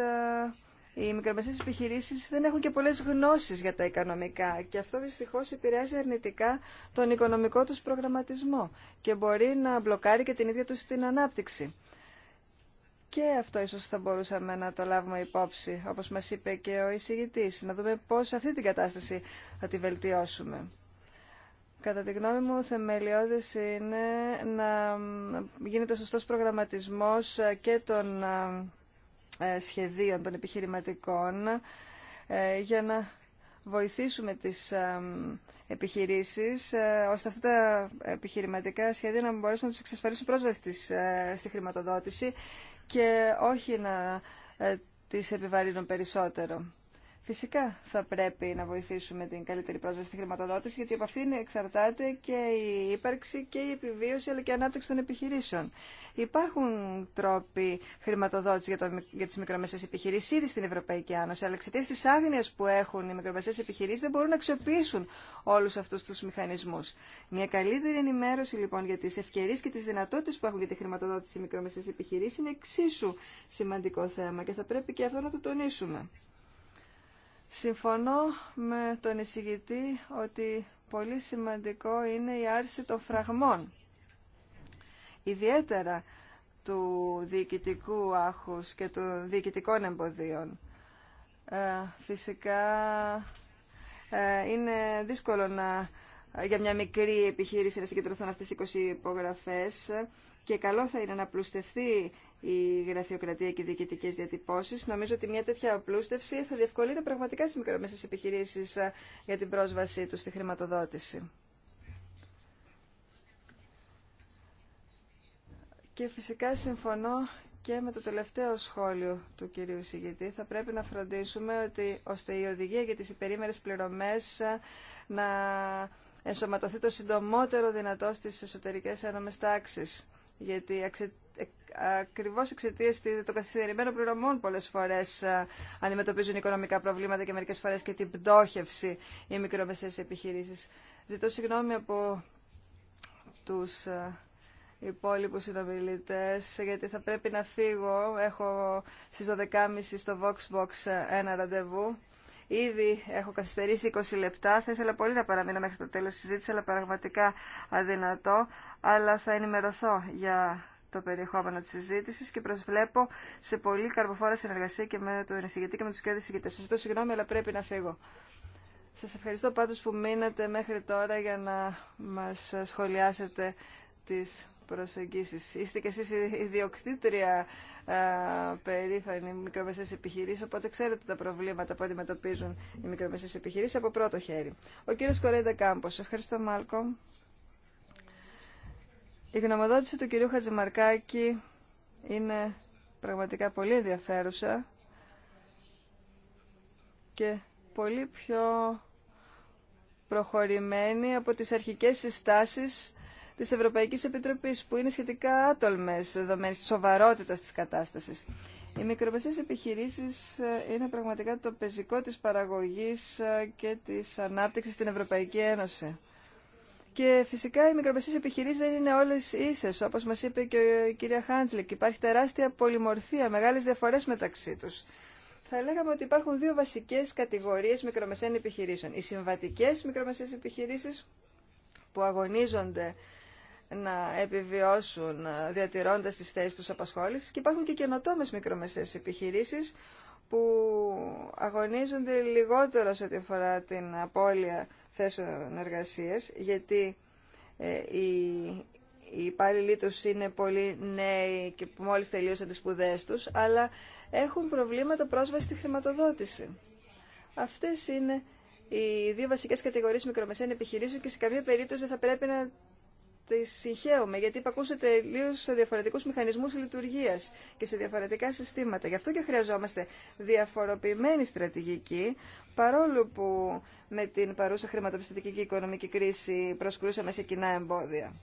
S4: οι μικρομεσαίες επιχειρήσεις δεν έχουν και πολλές γνώσεις για τα οικονομικά και αυτό δυστυχώς επηρεάζει αρνητικά τον οικονομικό τους προγραμματισμό και μπορεί να μπλοκάρει και την ίδια τους την ανάπτυξη. Και αυτό ίσως θα μπορούσαμε να το λάβουμε υπόψη, όπως μας είπε και ο εισηγητής, να δούμε πώς αυτή την κατάσταση θα τη βελτιώσουμε. Κατά τη γνώμη μου, θεμελιώδες είναι να γίνεται σωστός προγραμματισμός και των ε, σχεδίων των επιχειρηματικών ε, για να βοηθήσουμε τις ε, επιχειρήσεις ώστε αυτά τα επιχειρηματικά σχέδια να μπορέσουν να τους εξασφαλίσουν πρόσβαση στη χρηματοδότηση και όχι να τις επιβαρύνουν περισσότερο. Φυσικά θα πρέπει να βοηθήσουμε την καλύτερη πρόσβαση στη χρηματοδότηση, γιατί από αυτήν εξαρτάται και η ύπαρξη και η επιβίωση, αλλά και η ανάπτυξη των επιχειρήσεων. Υπάρχουν τρόποι χρηματοδότηση για, για τι μικρομεσαίε επιχειρήσει ήδη στην Ευρωπαϊκή Άνωση, αλλά εξαιτία τη άγνοια που έχουν οι μικρομεσαίε επιχειρήσει δεν μπορούν να αξιοποιήσουν όλου αυτού του μηχανισμού. Μια καλύτερη ενημέρωση λοιπόν για τι ευκαιρίε και τι δυνατότητε που έχουν για τη χρηματοδότηση οι μικρομεσαίε επιχειρήσει είναι εξίσου σημαντικό θέμα και θα πρέπει και αυτό να το τονίσουμε. Συμφωνώ με τον εισηγητή ότι πολύ σημαντικό είναι η άρση των φραγμών. Ιδιαίτερα του διοικητικού άχους και των διοικητικών εμποδίων. Ε, φυσικά ε, είναι δύσκολο να, για μια μικρή επιχείρηση να συγκεντρωθούν αυτές οι 20 υπογραφές και καλό θα είναι να πλουστευτεί η γραφειοκρατία και οι διοικητικέ διατυπώσει. Νομίζω ότι μια τέτοια απλούστευση θα διευκολύνει πραγματικά τι μικρομεσαίε επιχειρήσει για την πρόσβασή του στη χρηματοδότηση. Και φυσικά συμφωνώ και με το τελευταίο σχόλιο του κυρίου Συγητή. Θα πρέπει να φροντίσουμε ότι, ώστε η οδηγία για τις υπερήμερες πληρωμές να ενσωματωθεί το συντομότερο δυνατό στις εσωτερικές ένωμες τάξεις. Γιατί ακριβώ εξαιτία των καθυστερημένων πληρωμών πολλέ φορέ ε, αντιμετωπίζουν οικονομικά προβλήματα και μερικέ φορέ και την πτώχευση οι μικρομεσαίε επιχειρήσει. Ζητώ συγγνώμη από του ε, υπόλοιπου συνομιλητέ, γιατί θα πρέπει να φύγω. Έχω στι 12.30 στο Voxbox ε, ένα ραντεβού. Ήδη έχω καθυστερήσει 20 λεπτά. Θα ήθελα πολύ να παραμείνω μέχρι το τέλο τη συζήτηση, αλλά πραγματικά αδυνατό. Αλλά θα ενημερωθώ για το περιεχόμενο τη συζήτηση και προσβλέπω σε πολύ καρποφόρα συνεργασία και με το εισηγητή και με του και εισηγητές. σα ζητώ συγγνώμη, αλλά πρέπει να φύγω. Σα ευχαριστώ πάντω που μείνατε μέχρι τώρα για να μα σχολιάσετε τι προσεγγίσεις. Είστε κι εσεί ιδιοκτήτρια α, περήφανη μικρομεσαίες επιχειρήσεις, οπότε ξέρετε τα προβλήματα που αντιμετωπίζουν οι μικρομεσαίε επιχειρήσει από πρώτο χέρι. Ο κύριο Κορέντα Κάμπο. Ευχαριστώ Μάλκομ. Η γνωμοδότηση του κυρίου Χατζημαρκάκη είναι πραγματικά πολύ ενδιαφέρουσα και πολύ πιο προχωρημένη από τις αρχικές συστάσεις της Ευρωπαϊκής Επιτροπής που είναι σχετικά άτολμες δεδομένες της σοβαρότητας της κατάστασης. Οι μικρομεσαίες επιχειρήσεις ε, είναι πραγματικά το πεζικό της παραγωγής ε, και της ανάπτυξης στην Ευρωπαϊκή Ένωση. Και φυσικά οι μικρομεσαίες επιχειρήσεις δεν είναι όλες ίσες, όπως μας είπε και η κυρία Χάντσλικ. Υπάρχει τεράστια πολυμορφία, μεγάλες διαφορές μεταξύ τους. Θα λέγαμε ότι υπάρχουν δύο βασικές κατηγορίες μικρομεσαίων επιχειρήσεων. Οι συμβατικές μικρομεσαίες επιχειρήσεις που αγωνίζονται να επιβιώσουν διατηρώντας τις θέσεις τους απασχόλησης και υπάρχουν και καινοτόμες μικρομεσαίες επιχειρήσεις που αγωνίζονται λιγότερο σε ό,τι αφορά την απώλεια θέσεων εργασίας, γιατί ε, οι, οι υπάλληλοι τους είναι πολύ νέοι και μόλις τελείωσαν τις σπουδές τους, αλλά έχουν προβλήματα πρόσβαση στη χρηματοδότηση. Αυτές είναι οι δύο βασικές κατηγορίες μικρομεσαίων επιχειρήσεων και σε καμία περίπτωση θα πρέπει να Τη συγχαίουμε, γιατί υπακούσε τελείω σε διαφορετικούς μηχανισμούς λειτουργίας και σε διαφορετικά συστήματα. Γι' αυτό και χρειαζόμαστε διαφοροποιημένη στρατηγική, παρόλο που με την παρούσα χρηματοπιστωτική και οικονομική κρίση προσκρούσαμε σε κοινά εμπόδια.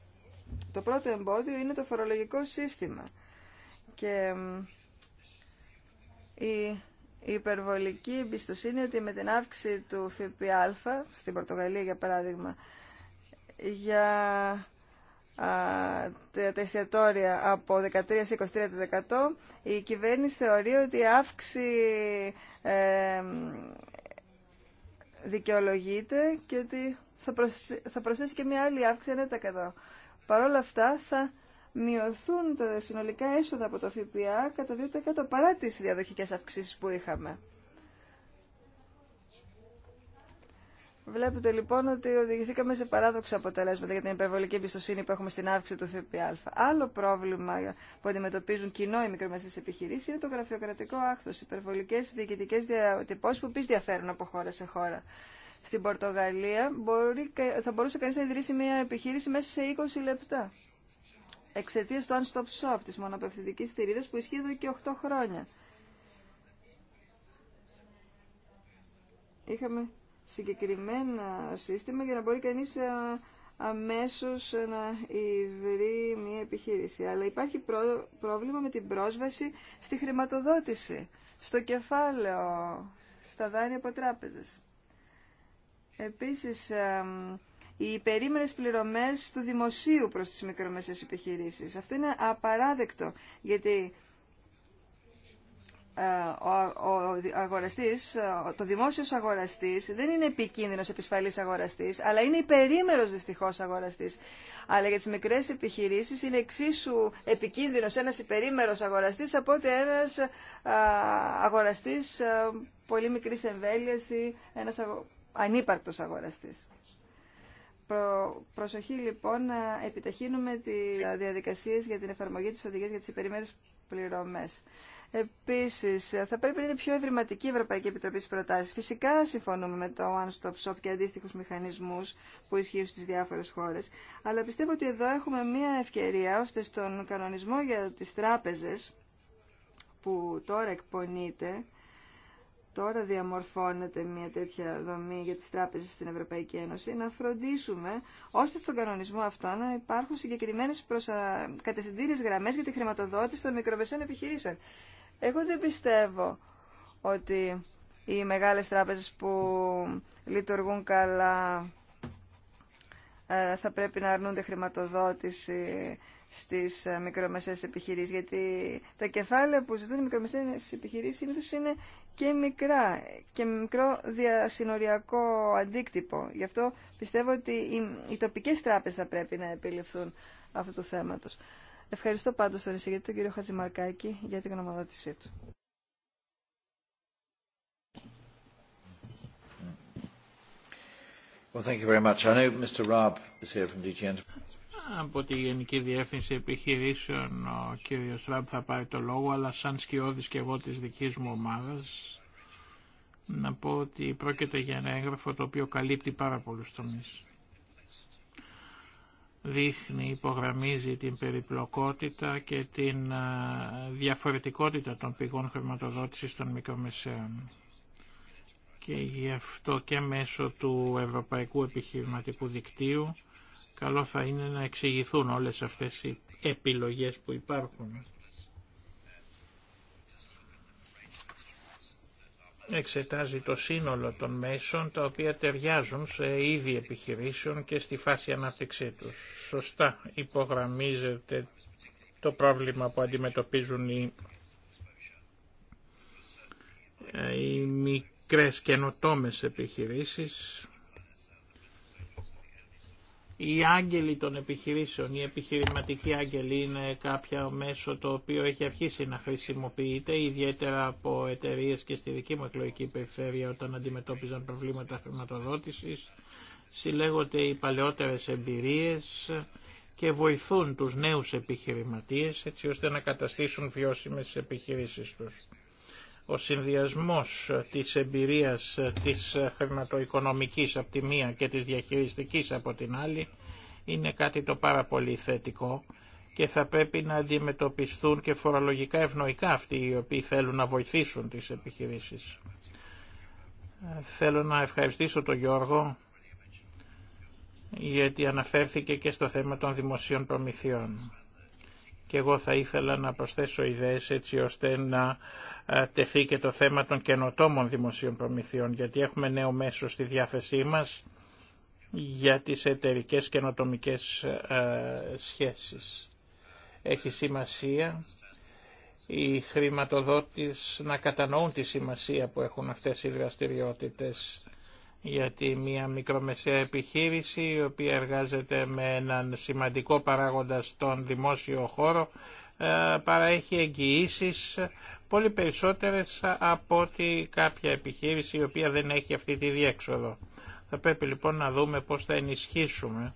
S4: Το πρώτο εμπόδιο είναι το φορολογικό σύστημα. Και η υπερβολική εμπιστοσύνη ότι με την αύξηση του ΦΠΑ, στην Πορτογαλία για παράδειγμα, για τα εστιατόρια από 13% 23%, η κυβέρνηση θεωρεί ότι η αύξηση δικαιολογείται και ότι θα, προσθέσει, θα και μια άλλη αύξηση 1%. Παρ' όλα αυτά θα μειωθούν τα συνολικά έσοδα από το ΦΠΑ κατά 2% παρά τις διαδοχικές αυξήσεις που είχαμε. Βλέπετε λοιπόν ότι οδηγηθήκαμε σε παράδοξα αποτελέσματα για την υπερβολική εμπιστοσύνη που έχουμε στην αύξηση του ΦΠΑ. Άλλο πρόβλημα που αντιμετωπίζουν κοινό οι μικρομεσαίε επιχειρήσει είναι το γραφειοκρατικό άχθο. Υπερβολικέ διοικητικέ διατυπώσει που επίση διαφέρουν από χώρα σε χώρα. Στην Πορτογαλία μπορεί, θα μπορούσε κανεί να ιδρύσει μια επιχείρηση μέσα σε 20 λεπτά. Εξαιτία του Unstop Shop, τη μονοπευθυντική θηρίδα που ισχύει εδώ και 8 χρόνια. Είχαμε συγκεκριμένα σύστημα για να μπορεί κανείς ε, αμέσως να ιδρύει μια επιχείρηση. Αλλά υπάρχει πρόβλημα με την πρόσβαση στη χρηματοδότηση, στο κεφάλαιο, στα δάνεια από τράπεζες. Επίσης, ε, οι περίμενες πληρωμές του δημοσίου προς τις μικρομεσαίες επιχειρήσεις. Αυτό είναι απαράδεκτο, γιατί ο αγοραστής, το δημόσιος αγοραστής δεν είναι επικίνδυνος επισφαλής αγοραστής, αλλά είναι υπερήμερος δυστυχώς αγοραστής. Αλλά για τις μικρές επιχειρήσεις είναι εξίσου επικίνδυνος ένας υπερήμερος αγοραστής από ότι ένας αγοραστής πολύ μικρής εμβέλειας ή ένας ανύπαρκτος αγοραστής. Προσοχή λοιπόν να επιταχύνουμε τις διαδικασίες για την εφαρμογή της οδηγίας για τις υπερημέρες πληρωμές. Επίση, θα πρέπει να είναι πιο ευρηματική η Ευρωπαϊκή Επιτροπή στι προτάσει. Φυσικά συμφωνούμε με το One Stop Shop και αντίστοιχου μηχανισμού που ισχύουν στι διάφορε χώρε. Αλλά πιστεύω ότι εδώ έχουμε μία ευκαιρία ώστε στον κανονισμό για τι τράπεζε που τώρα εκπονείται, τώρα διαμορφώνεται μια τέτοια δομή για τις τράπεζες στην Ευρωπαϊκή Ένωση, να φροντίσουμε ώστε στον κανονισμό αυτό να υπάρχουν συγκεκριμένες προσα... κατευθυντήριες γραμμές για τη χρηματοδότηση των μικρομεσαίων επιχειρήσεων. Εγώ δεν πιστεύω ότι οι μεγάλες τράπεζες που λειτουργούν καλά ε, θα πρέπει να αρνούνται χρηματοδότηση στις ε, μικρομεσαίες επιχειρήσεις, γιατί τα κεφάλαια που ζητούν οι μικρομεσαίες επιχειρήσεις συνήθω είναι και μικρά και μικρό διασυνοριακό αντίκτυπο. Γι' αυτό πιστεύω ότι οι, οι τοπικές τράπεζες θα πρέπει να επιληφθούν αυτού του θέματος. Ευχαριστώ πάντω τον εισηγητή τον κύριο Χατζημαρκάκη για την γνωμοδότησή του.
S1: Well, thank you very much. I know Mr. Rob is here from
S2: από τη Γενική Διεύθυνση Επιχειρήσεων ο κύριος Ραμπ θα πάρει το λόγο, αλλά σαν σκιώδης και εγώ της δικής μου ομάδας να πω ότι πρόκειται για ένα έγγραφο το οποίο καλύπτει πάρα πολλούς τομείς δείχνει, υπογραμμίζει την περιπλοκότητα και την διαφορετικότητα των πηγών χρηματοδότησης των μικρομεσαίων. Και γι' αυτό και μέσω του Ευρωπαϊκού Επιχειρηματικού Δικτύου καλό θα είναι να εξηγηθούν όλες αυτές οι επιλογές που υπάρχουν. εξετάζει το σύνολο των μέσων τα οποία ταιριάζουν σε είδη επιχειρήσεων και στη φάση ανάπτυξή τους. Σωστά υπογραμμίζεται το πρόβλημα που αντιμετωπίζουν οι, ε, οι μικρές καινοτόμες επιχειρήσεις οι άγγελοι των επιχειρήσεων, οι επιχειρηματικοί άγγελοι είναι κάποιο μέσο το οποίο έχει αρχίσει να χρησιμοποιείται, ιδιαίτερα από εταιρείε και στη δική μου εκλογική περιφέρεια όταν αντιμετώπιζαν προβλήματα χρηματοδότησης. Συλλέγονται οι παλαιότερες εμπειρίες και βοηθούν τους νέους επιχειρηματίες έτσι ώστε να καταστήσουν βιώσιμες επιχειρήσεις τους ο συνδυασμός της εμπειρίας της χρηματοοικονομικής από τη μία και της διαχειριστικής από την άλλη είναι κάτι το πάρα πολύ θετικό και θα πρέπει να αντιμετωπιστούν και φορολογικά ευνοϊκά αυτοί οι οποίοι θέλουν να βοηθήσουν τις επιχειρήσεις. Θέλω να ευχαριστήσω τον Γιώργο γιατί αναφέρθηκε και στο θέμα των δημοσίων προμηθειών. Και εγώ θα ήθελα να προσθέσω ιδέες έτσι ώστε να τεθεί και το θέμα των καινοτόμων δημοσίων προμηθειών, γιατί έχουμε νέο μέσο στη διάθεσή μας για τις εταιρικέ καινοτομικές σχέσεις. Έχει σημασία οι χρηματοδότης να κατανοούν τη σημασία που έχουν αυτές οι δραστηριότητες γιατί μια μικρομεσαία επιχείρηση η οποία εργάζεται με έναν σημαντικό παράγοντα στον δημόσιο χώρο παραέχει εγγυήσει πολύ περισσότερες από ότι κάποια επιχείρηση η οποία δεν έχει αυτή τη διέξοδο. Θα πρέπει λοιπόν να δούμε πώς θα ενισχύσουμε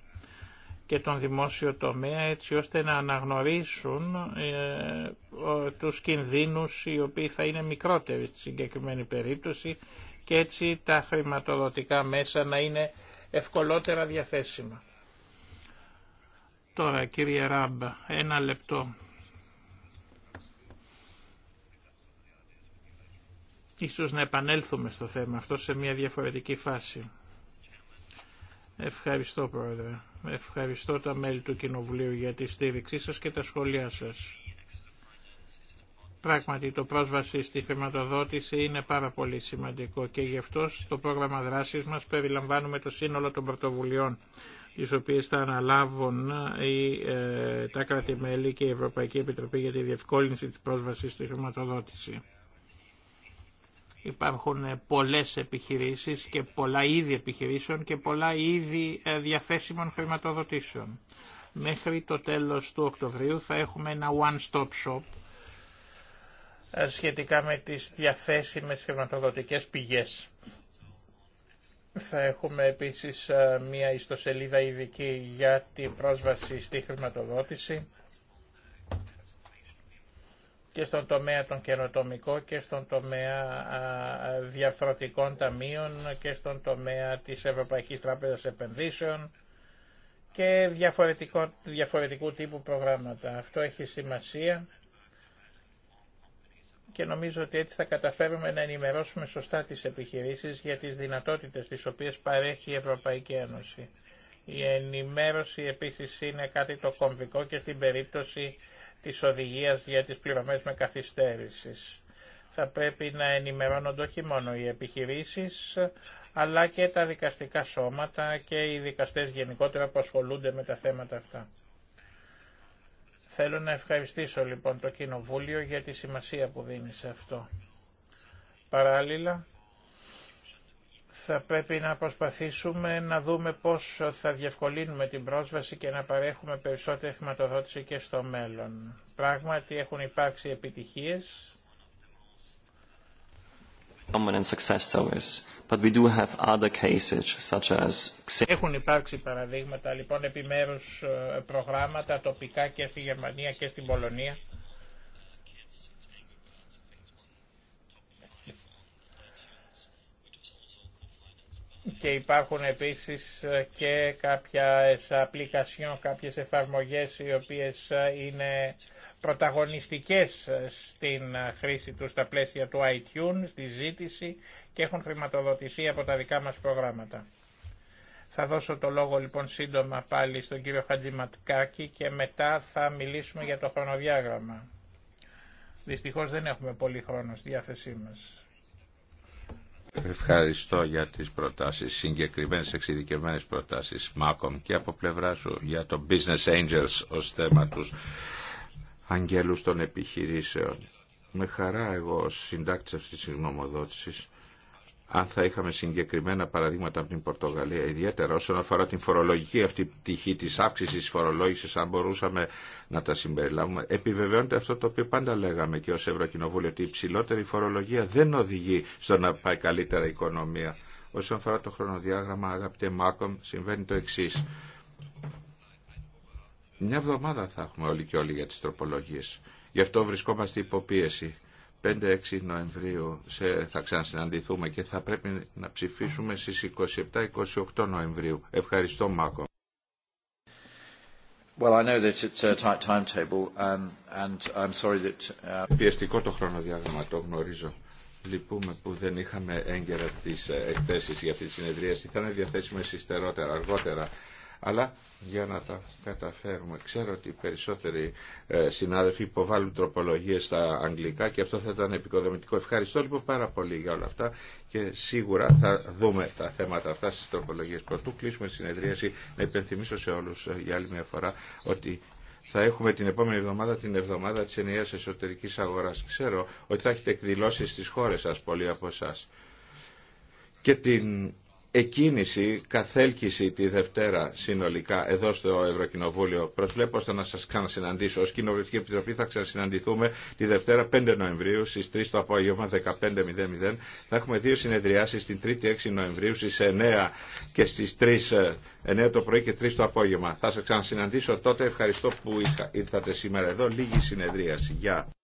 S2: και τον δημόσιο τομέα έτσι ώστε να αναγνωρίσουν ε, τους κινδύνους οι οποίοι θα είναι μικρότεροι στη συγκεκριμένη περίπτωση και έτσι τα χρηματοδοτικά μέσα να είναι ευκολότερα διαθέσιμα. Τώρα κύριε Ράμπα, ένα λεπτό. Ίσως να επανέλθουμε στο θέμα αυτό σε μια διαφορετική φάση. Ευχαριστώ Πρόεδρε. Ευχαριστώ τα μέλη του Κοινοβουλίου για τη στήριξή σας και τα σχόλιά σας. Πράγματι το πρόσβαση στη χρηματοδότηση είναι πάρα πολύ σημαντικό και γι' αυτό στο πρόγραμμα δράσης μας περιλαμβάνουμε το σύνολο των πρωτοβουλειών τις οποίες θα αναλάβουν ε, τα κράτη-μέλη και η Ευρωπαϊκή Επιτροπή για τη διευκόλυνση της πρόσβασης στη χρηματοδότηση. Υπάρχουν ε, πολλές επιχειρήσεις και πολλά είδη επιχειρήσεων και πολλά είδη ε, διαθέσιμων χρηματοδοτήσεων. Μέχρι το τέλος του Οκτωβρίου θα έχουμε ένα one-stop shop ε, σχετικά με τις διαθέσιμες χρηματοδοτικές πηγές. Θα έχουμε επίσης μια ιστοσελίδα ειδική για την πρόσβαση στη χρηματοδότηση και στον τομέα των καινοτομικών και στον τομέα διαφορετικών ταμείων και στον τομέα της Ευρωπαϊκής Τράπεζας Επενδύσεων και διαφορετικού τύπου προγράμματα. Αυτό έχει σημασία και νομίζω ότι έτσι θα καταφέρουμε να ενημερώσουμε σωστά τις επιχειρήσεις για τις δυνατότητες τις οποίες παρέχει η Ευρωπαϊκή Ένωση. Η ενημέρωση επίσης είναι κάτι το κομβικό και στην περίπτωση της οδηγίας για τις πληρωμές με καθυστέρησης. Θα πρέπει να ενημερώνονται όχι μόνο οι επιχειρήσεις, αλλά και τα δικαστικά σώματα και οι δικαστές γενικότερα που ασχολούνται με τα θέματα αυτά. Θέλω να ευχαριστήσω λοιπόν το Κοινοβούλιο για τη σημασία που δίνει σε αυτό. Παράλληλα, θα πρέπει να προσπαθήσουμε να δούμε πώς θα διευκολύνουμε την πρόσβαση και να παρέχουμε περισσότερη χρηματοδότηση και στο μέλλον. Πράγματι έχουν υπάρξει επιτυχίες. Έχουν υπάρξει παραδείγματα λοιπόν επιμέρους ε, προγράμματα τοπικά και στη Γερμανία και στην Πολωνία και υπάρχουν επίσης ε, και κάποια application, κάποιες εφαρμογές οι οποίες ε, είναι πρωταγωνιστικές ε, στην χρήση του στα πλαίσια του iTunes, στη ζήτηση και έχουν χρηματοδοτηθεί από τα δικά μας προγράμματα. Θα δώσω το λόγο λοιπόν σύντομα πάλι στον κύριο Χατζηματικάκη και μετά θα μιλήσουμε για το χρονοδιάγραμμα. Δυστυχώς δεν έχουμε πολύ χρόνο στη διάθεσή μας.
S3: Ευχαριστώ για τις προτάσεις, συγκεκριμένες εξειδικευμένες προτάσεις, Μάκομ, και από πλευρά σου για το Business Angels ως θέμα τους αγγέλους των επιχειρήσεων. Με χαρά εγώ συντάκτης αυτής της γνωμοδότησης αν θα είχαμε συγκεκριμένα παραδείγματα από την Πορτογαλία, ιδιαίτερα όσον αφορά την φορολογική αυτή πτυχή τη αύξηση τη φορολόγηση, αν μπορούσαμε να τα συμπεριλάβουμε, επιβεβαιώνεται αυτό το οποίο πάντα λέγαμε και ω Ευρωκοινοβούλιο, ότι η ψηλότερη φορολογία δεν οδηγεί στο να πάει καλύτερα η οικονομία. Όσον αφορά το χρονοδιάγραμμα, αγαπητέ Μάκομ, συμβαίνει το εξή. Μια εβδομάδα θα έχουμε όλοι και όλοι για τι τροπολογίε. Γι' αυτό βρισκόμαστε υποπίεση 5-6 Νοεμβρίου σε, θα ξανασυναντηθούμε και θα πρέπει να ψηφίσουμε στις 27-28 Νοεμβρίου. Ευχαριστώ Μάκο.
S1: Well, I know that it's a tight timetable um, I'm sorry that... Uh, Πιεστικό το χρονοδιάγραμμα, το γνωρίζω.
S3: Λυπούμε που δεν είχαμε έγκαιρα τις ε, εκθέσεις για αυτή τη συνεδρίαση. Θα είναι διαθέσιμες υστερότερα, αργότερα αλλά για να τα καταφέρουμε. Ξέρω ότι οι περισσότεροι ε, συνάδελφοι υποβάλλουν τροπολογίες στα αγγλικά και αυτό θα ήταν επικοδομητικό. Ευχαριστώ λοιπόν πάρα πολύ για όλα αυτά και σίγουρα θα δούμε τα θέματα αυτά στις τροπολογίες. Πρωτού κλείσουμε τη συνεδρίαση να υπενθυμίσω σε όλους ε, για άλλη μια φορά ότι θα έχουμε την επόμενη εβδομάδα την εβδομάδα της ενιαίας εσωτερικής αγοράς. Ξέρω ότι θα έχετε εκδηλώσει στις χώρες σας πολλοί από εσά. Και την εκκίνηση, καθέλκυση τη Δευτέρα συνολικά εδώ στο Ευρωκοινοβούλιο. Προσβλέπω ώστε να σας ξανασυναντήσω. Ως Κοινοβουλευτική Επιτροπή θα ξανασυναντηθούμε τη Δευτέρα 5 Νοεμβρίου στις 3 το απόγευμα 15.00. Θα έχουμε δύο συνεδριάσεις την 3η 6 Νοεμβρίου στις 9 και στις 3 9 το πρωί και 3 το απόγευμα. Θα σας ξανασυναντήσω τότε. Ευχαριστώ που ήρθατε σήμερα εδώ. Λίγη συνεδρίαση. Γεια.